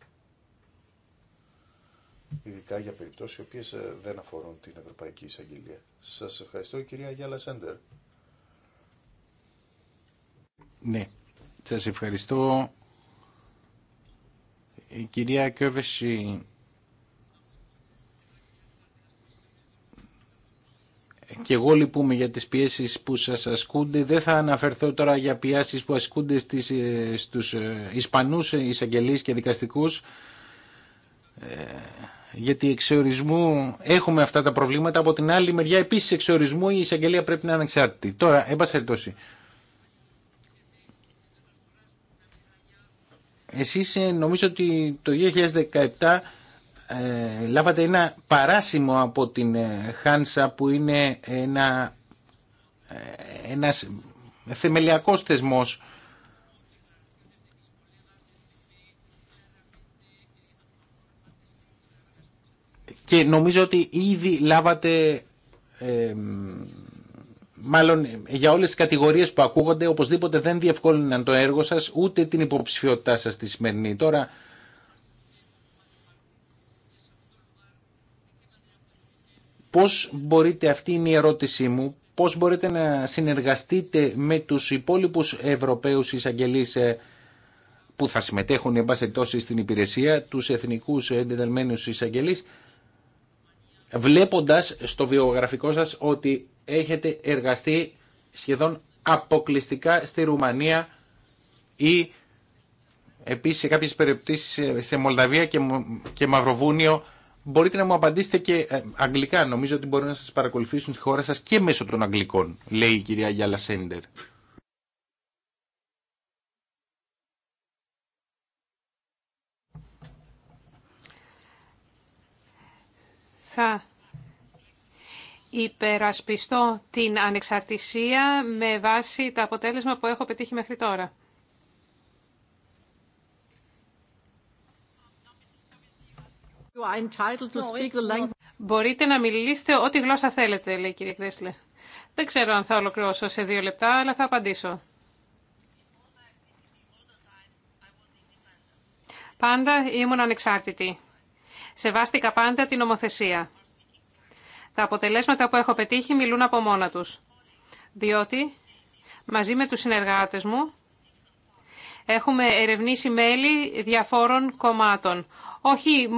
Ειδικά για περιπτώσεις οι οποίες ε, δεν αφορούν την Ευρωπαϊκή Εισαγγελία. Σας ευχαριστώ κυρία Γιάλα Σέντερ. Ναι, σας ευχαριστώ. Η κυρία Κιόβεση και εγώ λυπούμαι για τις πιέσεις που σας ασκούνται. Δεν θα αναφερθώ τώρα για πιάσεις που ασκούνται στις, ε, στους ε, Ισπανούς εισαγγελείς και δικαστικούς, ε, γιατί εξορισμού έχουμε αυτά τα προβλήματα. Από την άλλη μεριά επίσης εξορισμού η εισαγγελία πρέπει να είναι εξάρτητη. Τώρα, έμπασε Εσείς ε, νομίζω ότι το 2017 ε, λάβατε ένα παράσημο από την ε, Χάνσα που είναι ένα, ε, ένας θεμελιακός θεσμός και νομίζω ότι ήδη λάβατε μάλλον ε, για όλες τις κατηγορίες που ακούγονται οπωσδήποτε δεν διευκόλυναν το έργο σας ούτε την υποψηφιότητά σας τη σημερινή. Τώρα πώς μπορείτε, αυτή είναι η ερώτησή μου, πώς μπορείτε να συνεργαστείτε με τους υπόλοιπους Ευρωπαίους εισαγγελείς ε, που θα συμμετέχουν εν πάση στην υπηρεσία, τους εθνικούς εντεταλμένους εισαγγελείς, βλέποντας στο βιογραφικό σας ότι έχετε εργαστεί σχεδόν αποκλειστικά στη Ρουμανία ή επίσης σε κάποιες περιπτώσεις σε Μολδαβία και, και Μαυροβούνιο. Μπορείτε να μου απαντήσετε και ε, αγγλικά. Νομίζω ότι μπορεί να σας παρακολουθήσουν στη χώρα σας και μέσω των αγγλικών, λέει η κυρία Γιάλα Σέντερ. Θα υπερασπιστώ την ανεξαρτησία με βάση τα αποτέλεσμα που έχω πετύχει μέχρι τώρα. Μπορείτε να μιλήσετε ό,τι γλώσσα θέλετε, λέει η κυρία Κρέσλε. Δεν ξέρω αν θα ολοκληρώσω σε δύο λεπτά, αλλά θα απαντήσω. Πάντα ήμουν ανεξάρτητη. Σεβάστηκα πάντα την ομοθεσία. Τα αποτελέσματα που έχω πετύχει μιλούν από μόνα τους, διότι μαζί με τους συνεργάτες μου έχουμε ερευνήσει μέλη διαφόρων κομμάτων. Όχι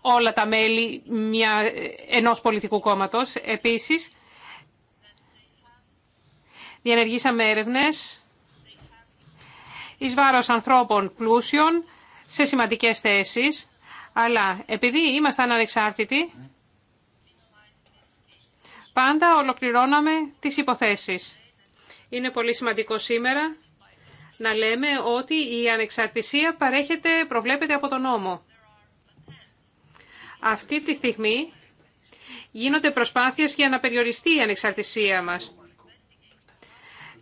όλα τα μέλη μια, ενός πολιτικού κόμματος. Επίσης, διενεργήσαμε έρευνες εις βάρος ανθρώπων πλούσιων σε σημαντικές θέσεις, αλλά επειδή ήμασταν ανεξάρτητοι, Πάντα ολοκληρώναμε τις υποθέσεις. Είναι πολύ σημαντικό σήμερα να λέμε ότι η ανεξαρτησία παρέχεται, προβλέπεται από τον νόμο. Αυτή τη στιγμή γίνονται προσπάθειες για να περιοριστεί η ανεξαρτησία μας.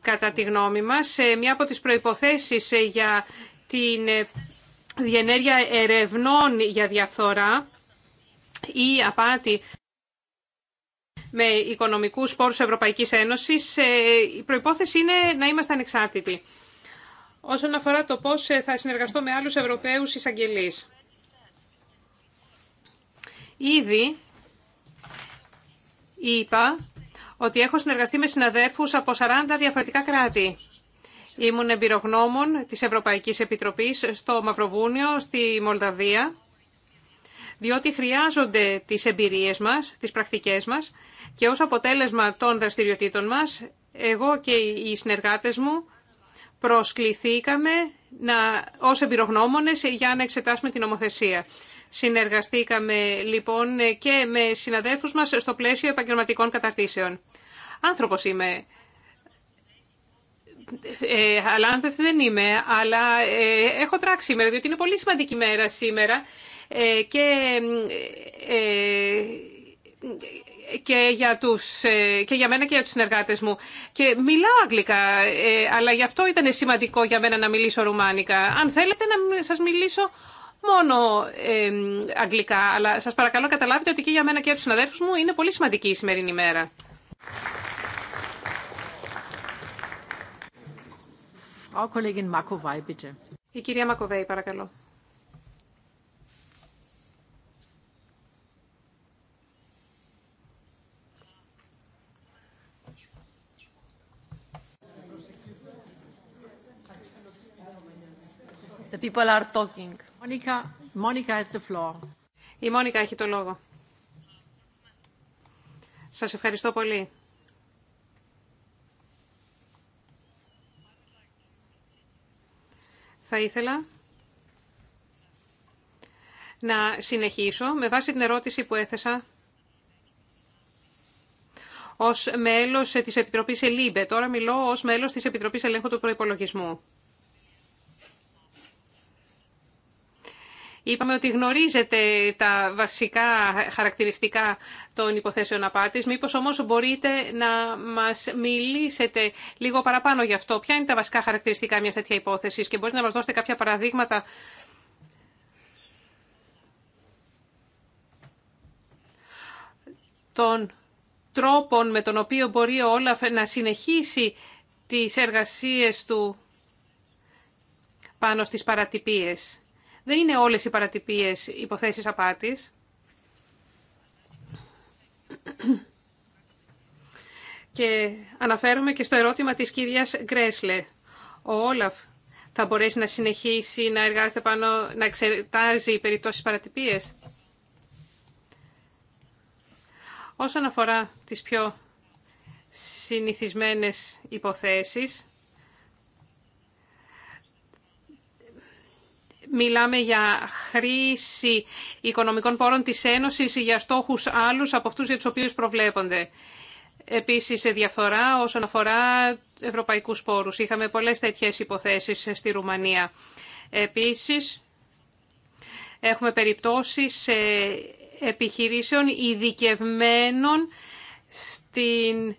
Κατά τη γνώμη μας, μια από τις προϋποθέσεις για την διενέργεια ερευνών για διαφθορά ή απάτη με οικονομικούς πόρους Ευρωπαϊκής Ένωσης, ε, η προϋπόθεση είναι να είμαστε ανεξάρτητοι. Όσον αφορά το πώς ε, θα συνεργαστώ με άλλους Ευρωπαίους εισαγγελείς. Ήδη είπα ότι έχω συνεργαστεί με συναδέρφους από 40 διαφορετικά κράτη. Ήμουν εμπειρογνώμων της Ευρωπαϊκής Επιτροπής στο Μαυροβούνιο, στη Μολδαβία, διότι χρειάζονται τις εμπειρίες μας, τις πρακτικές μας, και ως αποτέλεσμα των δραστηριοτήτων μας, εγώ και οι συνεργάτες μου προσκληθήκαμε να, ως εμπειρογνώμονες για να εξετάσουμε την νομοθεσία. Συνεργαστήκαμε λοιπόν και με συναδέλφους μας στο πλαίσιο επαγγελματικών καταρτήσεων. Άνθρωπος είμαι. Ε, αλλά άνθρωπος δεν είμαι, αλλά ε, έχω τράξει σήμερα, διότι είναι πολύ σημαντική μέρα σήμερα ε, και ε, και για, τους, ε, και για μένα και για τους συνεργάτες μου. Και μιλάω αγγλικά, ε, αλλά γι' αυτό ήταν σημαντικό για μένα να μιλήσω ρουμάνικα. Αν θέλετε να σας μιλήσω μόνο ε, αγγλικά, αλλά σας παρακαλώ καταλάβετε ότι και για μένα και για τους συναδέλφους μου είναι πολύ σημαντική η σημερινή ημέρα Η κυρία Μακοβέη, παρακαλώ. The people are talking. Monica, Monica the floor. Η Μόνικα έχει το λόγο. Σας ευχαριστώ πολύ. Θα ήθελα να συνεχίσω με βάση την ερώτηση που έθεσα ως μέλος της Επιτροπής Ελίμπε. Τώρα μιλώ ως μέλος της Επιτροπής Ελέγχου του Προϋπολογισμού. Είπαμε ότι γνωρίζετε τα βασικά χαρακτηριστικά των υποθέσεων απάτης. Μήπως όμως μπορείτε να μας μιλήσετε λίγο παραπάνω γι' αυτό. Ποια είναι τα βασικά χαρακτηριστικά μιας τέτοια υπόθεσης και μπορείτε να μας δώσετε κάποια παραδείγματα των τρόπων με τον οποίο μπορεί ο Όλαφ να συνεχίσει τις εργασίες του πάνω στις παρατυπίες. Δεν είναι όλες οι παρατυπίες υποθέσεις απάτης. Και αναφέρομαι και στο ερώτημα της κυρίας Γκρέσλε. Ο Όλαφ θα μπορέσει να συνεχίσει να εργάζεται πάνω, να εξετάζει περιπτώσεις παρατυπίες. Όσον αφορά τις πιο συνηθισμένες υποθέσεις, μιλάμε για χρήση οικονομικών πόρων της Ένωσης για στόχους άλλους από αυτούς για τους οποίους προβλέπονται. Επίσης, διαφθορά όσον αφορά ευρωπαϊκούς πόρους. Είχαμε πολλές τέτοιες υποθέσεις στη Ρουμανία. Επίσης, έχουμε περιπτώσεις επιχειρήσεων ειδικευμένων στην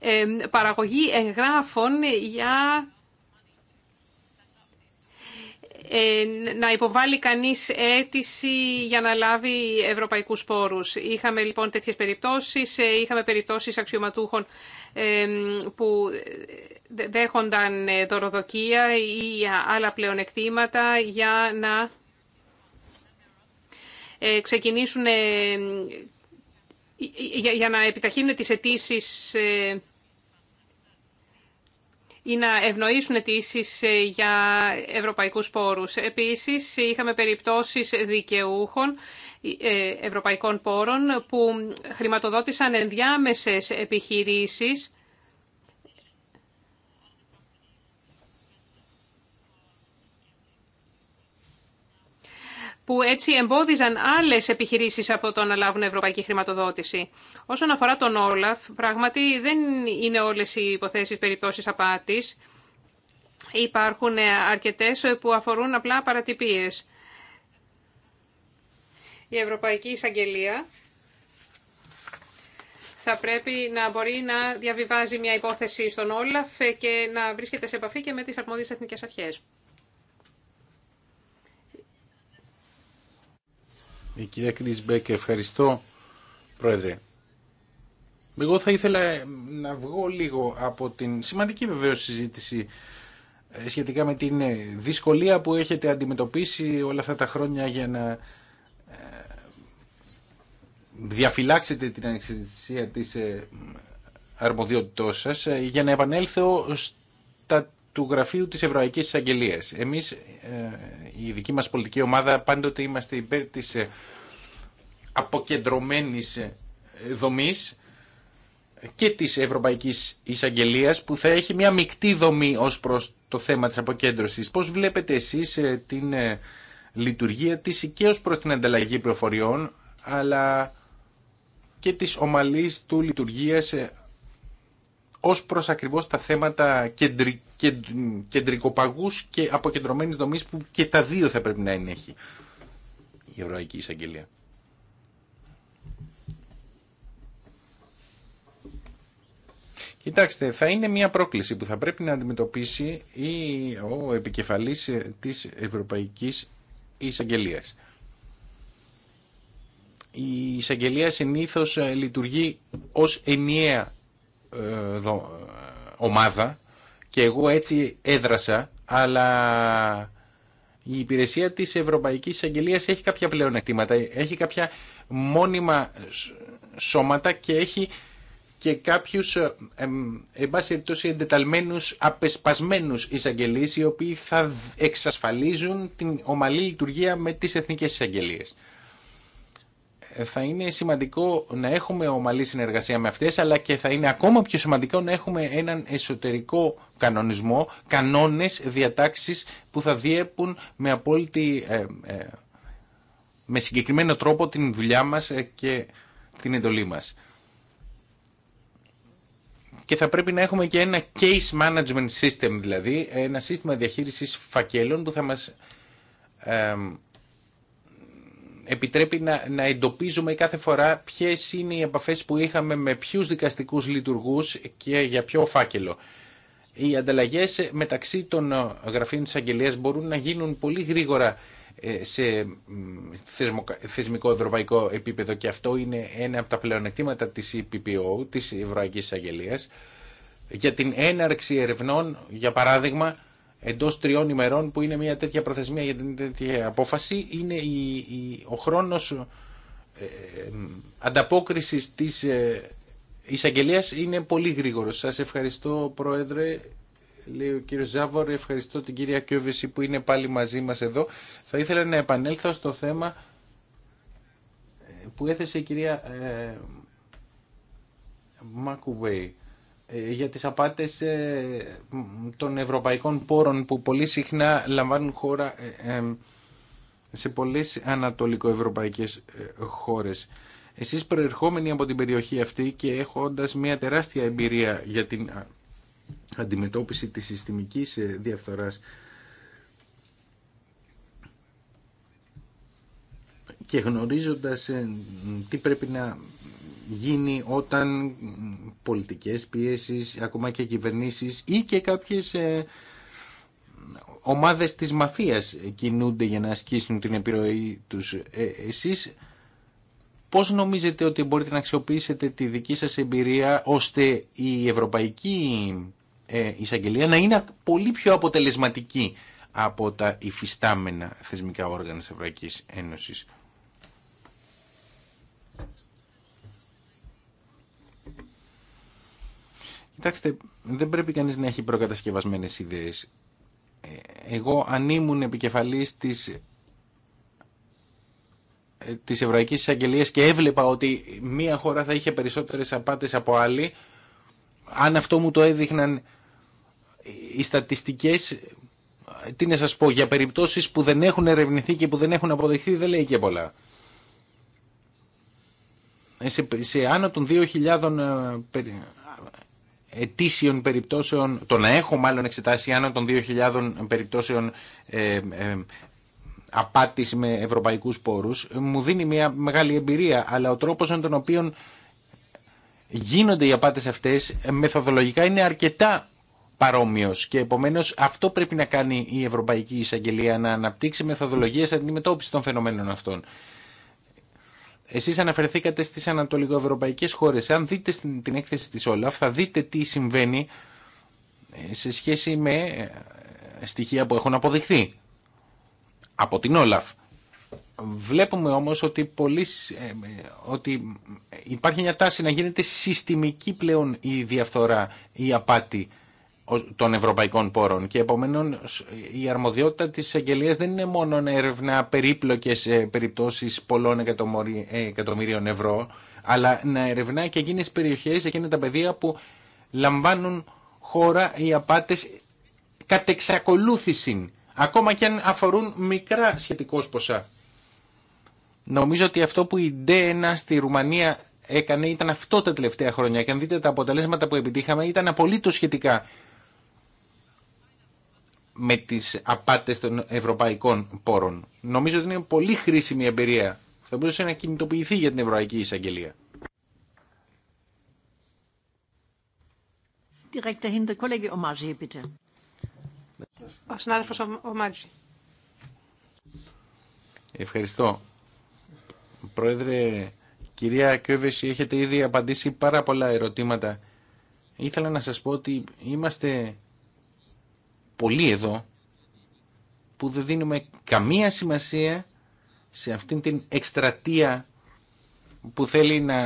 ε, παραγωγή εγγράφων για ε, να υποβάλει κανείς αίτηση για να λάβει ευρωπαϊκούς πόρους. Είχαμε λοιπόν τέτοιες περιπτώσεις, ε, είχαμε περιπτώσεις αξιωματούχων ε, που δέχονταν δωροδοκία ή άλλα πλεονεκτήματα για να ξεκινήσουν για να επιταχύνουν τις αιτήσει ή να ευνοήσουν αιτήσει ε, για ευρωπαϊκούς πόρους. Επίσης, είχαμε περιπτώσεις δικαιούχων ε, ευρωπαϊκών πόρων που χρηματοδότησαν ενδιάμεσες επιχειρήσεις που έτσι εμπόδιζαν άλλε επιχειρήσεις από το να λάβουν ευρωπαϊκή χρηματοδότηση. Όσον αφορά τον Όλαφ, πράγματι δεν είναι όλες οι υποθέσεις περιπτώσεις απάτης. Υπάρχουν ε, αρκετές που αφορούν απλά παρατυπίες. Η Ευρωπαϊκή Εισαγγελία θα πρέπει να μπορεί να διαβιβάζει μια υπόθεση στον Όλαφ και να βρίσκεται σε επαφή και με τις αρμόδιες εθνικές αρχές. Η κυρία Κρίσμπεκ, ευχαριστώ, Πρόεδρε. Εγώ θα ήθελα ε, να βγω λίγο από την σημαντική βεβαίως συζήτηση ε, σχετικά με την ε, δυσκολία που έχετε αντιμετωπίσει όλα αυτά τα χρόνια για να διαφυλάξετε την ανεξαρτησία της αρμοδιότητός σας για να επανέλθω στα του Γραφείου της Ευρωπαϊκής Εισαγγελίας. Εμείς, ε, η δική μας πολιτική ομάδα, πάντοτε είμαστε υπέρ της ε, αποκεντρωμένης ε, δομής και της Ευρωπαϊκής Εισαγγελίας που θα έχει μια μεικτή δομή ως προς το θέμα της αποκέντρωσης. Πώς βλέπετε εσείς την λειτουργία της και ως προς την ανταλλαγή πληροφοριών αλλά και της ομαλής του λειτουργίας ως προς ακριβώς τα θέματα κεντρι, κεντρικοπαγούς και αποκεντρωμένης δομής που και τα δύο θα πρέπει να ενέχει η Ευρωπαϊκή Εισαγγελία. Κοιτάξτε, θα είναι μια πρόκληση που θα πρέπει να αντιμετωπίσει η, ο επικεφαλής της Ευρωπαϊκής εισαγγελία. Η εισαγγελία συνήθως λειτουργεί ως ενιαία ε, ομάδα και εγώ έτσι έδρασα, αλλά η υπηρεσία της Ευρωπαϊκής Αγγελίας έχει κάποια πλέον έχει κάποια μόνιμα σώματα και έχει και κάποιους, ε, εν πάση περιπτώσει, εντεταλμένους, απεσπασμένους εισαγγελίες οι οποίοι θα εξασφαλίζουν την ομαλή λειτουργία με τις εθνικές εισαγγελίες. Ε, θα είναι σημαντικό να έχουμε ομαλή συνεργασία με αυτές, αλλά και θα είναι ακόμα πιο σημαντικό να έχουμε έναν εσωτερικό κανονισμό, κανόνες, διατάξεις που θα διέπουν με απόλυτη, ε, ε, με συγκεκριμένο τρόπο την δουλειά μας και την εντολή μας. Και θα πρέπει να έχουμε και ένα case management system, δηλαδή ένα σύστημα διαχείρισης φακέλων που θα μας επιτρέπει να, να εντοπίζουμε κάθε φορά ποιε είναι οι επαφέ που είχαμε με ποιου δικαστικούς λειτουργούς και για ποιο φάκελο. Οι ανταλλαγέ μεταξύ των ε, γραφείων τη Αγγελίας μπορούν να γίνουν πολύ γρήγορα ε, σε θεσμικό ευρωπαϊκό επίπεδο και αυτό είναι ένα από τα πλεονεκτήματα της EPPO, της Ευρωπαϊκής Αγγελίας, για την έναρξη ερευνών, για παράδειγμα, Εντό τριών ημερών που είναι μια τέτοια προθεσμία για την τέτοια απόφαση είναι η, ο χρόνος ε, ε, ανταπόκρισης της ε, εισαγγελία είναι πολύ γρήγορο. Σα ευχαριστώ Πρόεδρε, λέει ο κύριος Ζάβορ, ευχαριστώ την κυρία Κιόβεση που είναι πάλι μαζί μας εδώ. Θα ήθελα να επανέλθω στο θέμα ε, που έθεσε η κυρία ε, Μακουβέη ε, για τις απάτες ε, των ευρωπαϊκών πόρων που πολύ συχνά λαμβάνουν χώρα ε, σε πολλές ανατολικοευρωπαϊκές χώρες. Εσείς προερχόμενοι από την περιοχή αυτή και έχοντας μια τεράστια εμπειρία για την αντιμετώπιση της συστημικής διαφθοράς και γνωρίζοντας τι πρέπει να γίνει όταν πολιτικές πιέσεις, ακόμα και κυβερνήσεις ή και κάποιες ε, ομάδες της μαφίας κινούνται για να ασκήσουν την επιρροή τους. Ε, εσείς πώς νομίζετε ότι μπορείτε να αξιοποιήσετε τη δική σας εμπειρία ώστε η Ευρωπαϊκή ε, Εισαγγελία να είναι πολύ πιο αποτελεσματική από τα υφιστάμενα θεσμικά όργανα της Ευρωπαϊκής Ένωσης. Κοιτάξτε, δεν πρέπει κανείς να έχει προκατασκευασμένες ιδέες. Ε, εγώ αν ήμουν επικεφαλής της, ε, της Ευρωπαϊκής Εισαγγελίας και έβλεπα ότι μία χώρα θα είχε περισσότερες απάτες από άλλη, αν αυτό μου το έδειχναν οι στατιστικές, τι να σας πω, για περιπτώσεις που δεν έχουν ερευνηθεί και που δεν έχουν αποδεχθεί δεν λέει και πολλά. Ε, σε, σε άνω των 2.000 ετήσιων περιπτώσεων, το να έχω μάλλον εξετάσει άνω των 2.000 περιπτώσεων ε, ε, απάτης με ευρωπαϊκούς πόρους, μου δίνει μια μεγάλη εμπειρία, αλλά ο τρόπος με τον οποίο γίνονται οι απάτες αυτές ε, μεθοδολογικά είναι αρκετά παρόμοιος και επομένως αυτό πρέπει να κάνει η Ευρωπαϊκή Εισαγγελία να αναπτύξει μεθοδολογίες αντιμετώπιση των φαινομένων αυτών. Εσείς αναφερθήκατε στις ανατολικοευρωπαϊκές χώρες. Αν δείτε την έκθεση της Όλαφ θα δείτε τι συμβαίνει ε, σε σχέση με ε, στοιχεία που έχουν αποδειχθεί από την Όλαφ. Βλέπουμε όμως ότι, ε, ότι υπάρχει μια τάση να γίνεται συστημική πλέον η διαφθορά, η απάτη των ευρωπαϊκών πόρων και επομένως η αρμοδιότητα της αγγελίας δεν είναι μόνο να ερευνά περίπλοκες ε, περιπτώσεις πολλών ε, εκατομμυρίων ευρώ αλλά να ερευνά και εκείνες τις περιοχές, εκείνα τα πεδία που λαμβάνουν χώρα οι απάτες κατ' εξακολούθηση ακόμα και αν αφορούν μικρά σχετικώς ποσά. Νομίζω ότι αυτό που η D1 στη Ρουμανία έκανε ήταν αυτό τα τελευταία χρόνια και αν δείτε τα αποτελέσματα που επιτύχαμε ήταν απολύτω σχετικά με τις απάτες των ευρωπαϊκών πόρων. Νομίζω ότι είναι πολύ χρήσιμη εμπειρία. Θα μπορούσε να κινητοποιηθεί για την Ευρωπαϊκή Εισαγγελία. Ο Ευχαριστώ. Πρόεδρε, κυρία Κιόβεση, έχετε ήδη απαντήσει πάρα πολλά ερωτήματα. Ήθελα να σας πω ότι είμαστε πολύ εδώ που δεν δίνουμε καμία σημασία σε αυτήν την εκστρατεία που θέλει να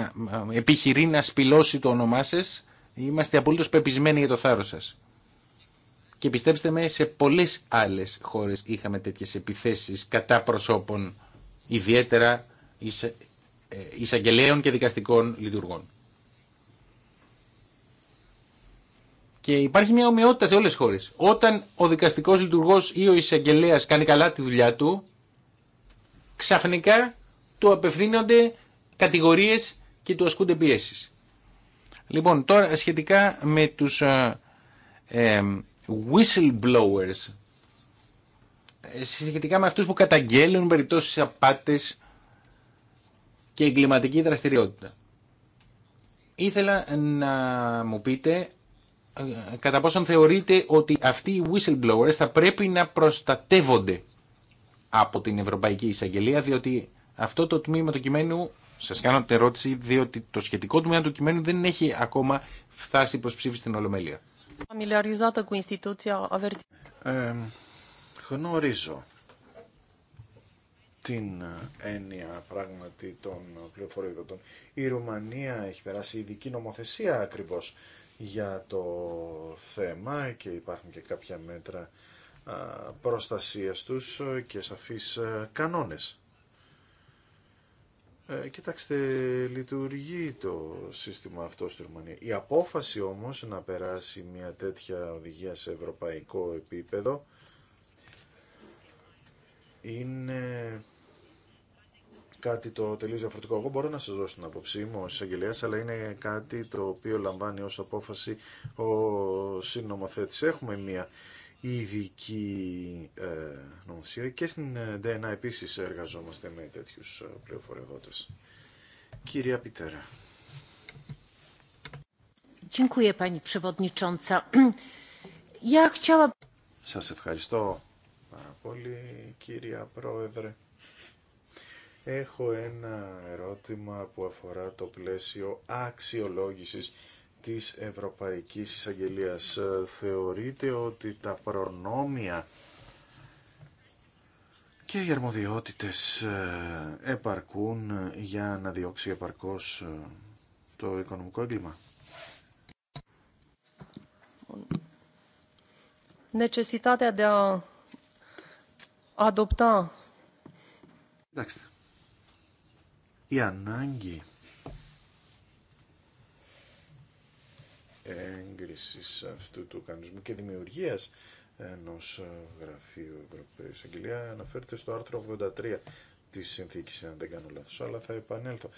ε, επιχειρεί να σπηλώσει το όνομά σας. Είμαστε απολύτως πεπισμένοι για το θάρρος σας. Και πιστέψτε με, σε πολλές άλλες χώρες είχαμε τέτοιες επιθέσεις κατά προσώπων, ιδιαίτερα ε, εισαγγελέων και δικαστικών λειτουργών. Και υπάρχει μια ομοιότητα σε όλες τις χώρες. Όταν ο δικαστικός λειτουργός ή ο εισαγγελέα κάνει καλά τη δουλειά του, ξαφνικά του απευθύνονται κατηγορίες και του ασκούνται πιέσει. Λοιπόν, τώρα σχετικά με τους ε, ε whistleblowers, ε, σχετικά με αυτούς που καταγγέλουν περιπτώσει απάτε και εγκληματική δραστηριότητα. Ήθελα να μου πείτε κατά πόσον θεωρείτε ότι αυτοί οι whistleblowers θα πρέπει να προστατεύονται από την Ευρωπαϊκή Εισαγγελία, διότι αυτό το τμήμα του κειμένου, σα κάνω την ερώτηση, διότι το σχετικό τμήμα του κειμένου δεν έχει ακόμα φτάσει προς ψήφιση στην Ολομέλεια. Ε, γνωρίζω την ε, έννοια πράγματι των πληροφοριοδοτών. Η Ρουμανία έχει περάσει ειδική νομοθεσία ακριβώς για το θέμα και υπάρχουν και κάποια μέτρα προστασίας τους και σαφείς κανόνες. Ε, κοιτάξτε, λειτουργεί το σύστημα αυτό στη Ρουμανία. Η απόφαση όμως να περάσει μια τέτοια οδηγία σε ευρωπαϊκό επίπεδο είναι κάτι το τελείω διαφορετικό. Εγώ μπορώ να σας δώσω την απόψή μου ω εισαγγελέα, αλλά είναι κάτι το οποίο λαμβάνει ως απόφαση ο συνομοθέτης. Έχουμε μία ειδική ε, νομοθεσία και στην ε, DNA επίση εργαζόμαστε με τέτοιου ε, πληροφοριοδότες. Κυρία Πιτέρα. *clears throat* Σας ευχαριστώ πάρα πολύ, κυρία Πρόεδρε. Έχω ένα ερώτημα που αφορά το πλαίσιο αξιολόγησης της Ευρωπαϊκής Εισαγγελίας. Θεωρείτε ότι τα προνόμια και οι αρμοδιότητες ε, επαρκούν για να διώξει επαρκώς ε, το οικονομικό έγκλημα. Necesitatea de a adopta η ανάγκη έγκρισης αυτού του κανονισμού και δημιουργίας ενός γραφείου Ευρωπαϊκής Αγγελία αναφέρεται στο άρθρο 83 της συνθήκης, αν δεν κάνω λάθος, αλλά θα επανέλθω.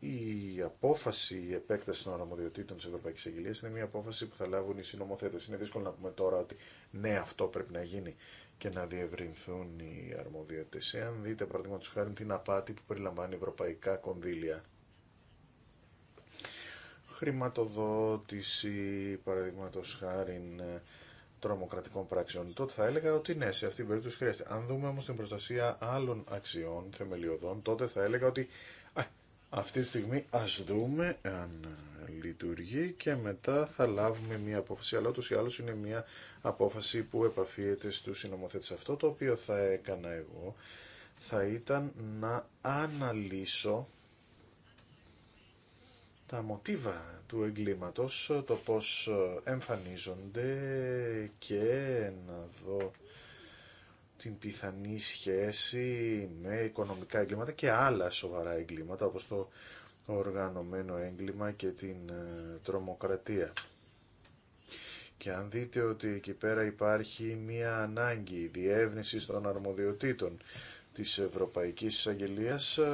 Η απόφαση η επέκταση των αρμοδιοτήτων τη Ευρωπαϊκή Αγγελία είναι μια απόφαση που θα λάβουν οι συνομοθέτε. Είναι δύσκολο να πούμε τώρα ότι ναι, αυτό πρέπει να γίνει και να διευρυνθούν οι αρμοδιότητες. Εάν δείτε παραδείγματος χάρη την απάτη που περιλαμβάνει ευρωπαϊκά κονδύλια, χρηματοδότηση παραδείγματος χάρη τρομοκρατικών πράξεων, τότε θα έλεγα ότι ναι, σε αυτήν την περίπτωση χρειάζεται. Αν δούμε όμως την προστασία άλλων αξιών θεμελιωδών, τότε θα έλεγα ότι αυτή τη στιγμή ας δούμε αν λειτουργεί και μετά θα λάβουμε μια απόφαση. Αλλά ούτως ή άλλως είναι μια απόφαση που επαφίεται στους συνομοθέτες. Αυτό το οποίο θα έκανα εγώ θα ήταν να αναλύσω τα μοτίβα του εγκλήματος, το πώς εμφανίζονται και να δω την πιθανή σχέση με οικονομικά εγκλήματα και άλλα σοβαρά εγκλήματα όπως το οργανωμένο έγκλημα και την ε, τρομοκρατία. Και αν δείτε ότι εκεί πέρα υπάρχει μία ανάγκη διεύνηση των αρμοδιοτήτων της Ευρωπαϊκής Αγγελίας ε,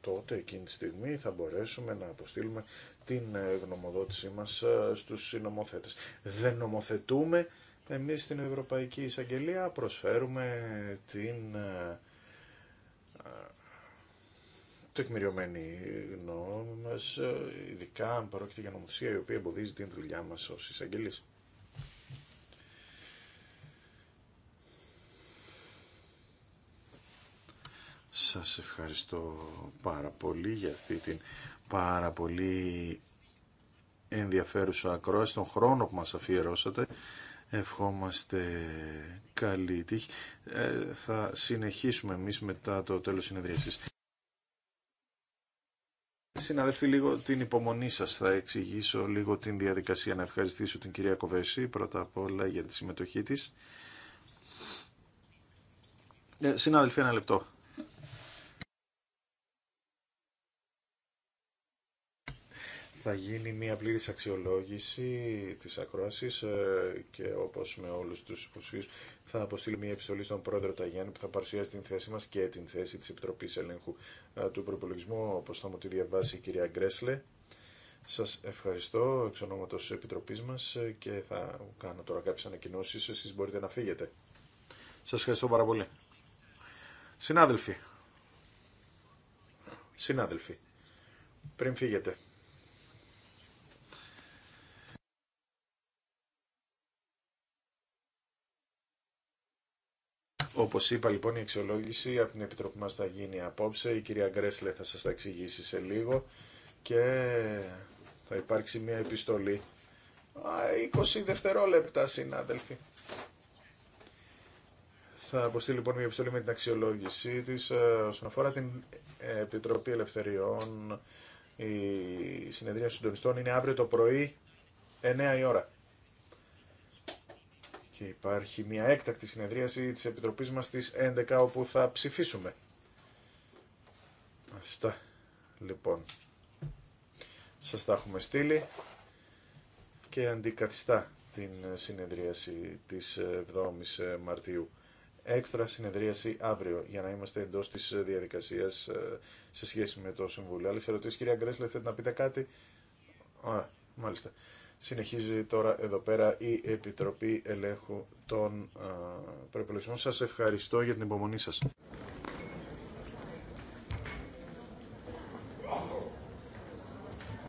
τότε εκείνη τη στιγμή θα μπορέσουμε να αποστείλουμε την ε, γνωμοδότησή μας στους συνομοθέτες. Δεν νομοθετούμε εμείς στην Ευρωπαϊκή Εισαγγελία προσφέρουμε την ε, ε, τεκμηριωμένη γνώμη μας, ε, ειδικά αν πρόκειται για νομοθεσία η οποία εμποδίζει την δουλειά μας ως εισαγγελής. Σας ευχαριστώ πάρα πολύ για αυτή την πάρα πολύ ενδιαφέρουσα ακρόαση, τον χρόνο που μας αφιερώσατε Ευχόμαστε καλή τύχη. Ε, θα συνεχίσουμε εμείς μετά το τέλος συνεδρίασης. Συναδελφοί, λίγο την υπομονή σας θα εξηγήσω λίγο την διαδικασία. Να ευχαριστήσω την κυρία Κοβέση πρώτα απ' όλα για τη συμμετοχή της. Ε, συνάδελφοι, ένα λεπτό. θα γίνει μια πλήρης αξιολόγηση της ακρόασης ε, και όπως με όλους τους υποψηφίους θα αποστείλει μια επιστολή στον πρόεδρο Ταγιάννη που θα παρουσιάσει την θέση μας και την θέση της Επιτροπής Ελέγχου ε, του Προπολογισμού όπως θα μου τη διαβάσει η κυρία Γκρέσλε. Σας ευχαριστώ εξ ονόματος της Επιτροπής μας ε, και θα κάνω τώρα κάποιες ανακοινώσεις, εσείς μπορείτε να φύγετε. Σας ευχαριστώ πάρα πολύ. Συνάδελφοι, συνάδελφοι, πριν φύγετε. Όπως είπα λοιπόν η αξιολόγηση από την Επιτροπή μας θα γίνει απόψε. Η κυρία Γκρέσλε θα σας τα εξηγήσει σε λίγο και θα υπάρξει μια επιστολή. 20 δευτερόλεπτα συνάδελφοι. Θα αποστείλει λοιπόν μια επιστολή με την αξιολόγησή της ε, όσον αφορά την Επιτροπή Ελευθεριών. Η συνεδρία των συντονιστών είναι αύριο το πρωί 9 η ώρα. Και υπάρχει μια έκτακτη συνεδρίαση της Επιτροπής μας στις 11 όπου θα ψηφίσουμε. Αυτά λοιπόν. Σας τα έχουμε στείλει και αντικαθιστά την συνεδρίαση της 7ης Μαρτίου. Έξτρα συνεδρίαση αύριο για να είμαστε εντό τη διαδικασία ε, σε σχέση με το Συμβούλιο. Άλλε ερωτήσει, κυρία Γκρέσλε, θέλετε να πείτε κάτι. Ωραία, μάλιστα συνεχίζει τώρα εδώ πέρα η Επιτροπή Ελέγχου των ε, Προπολογισμών. Σας ευχαριστώ για την υπομονή σας.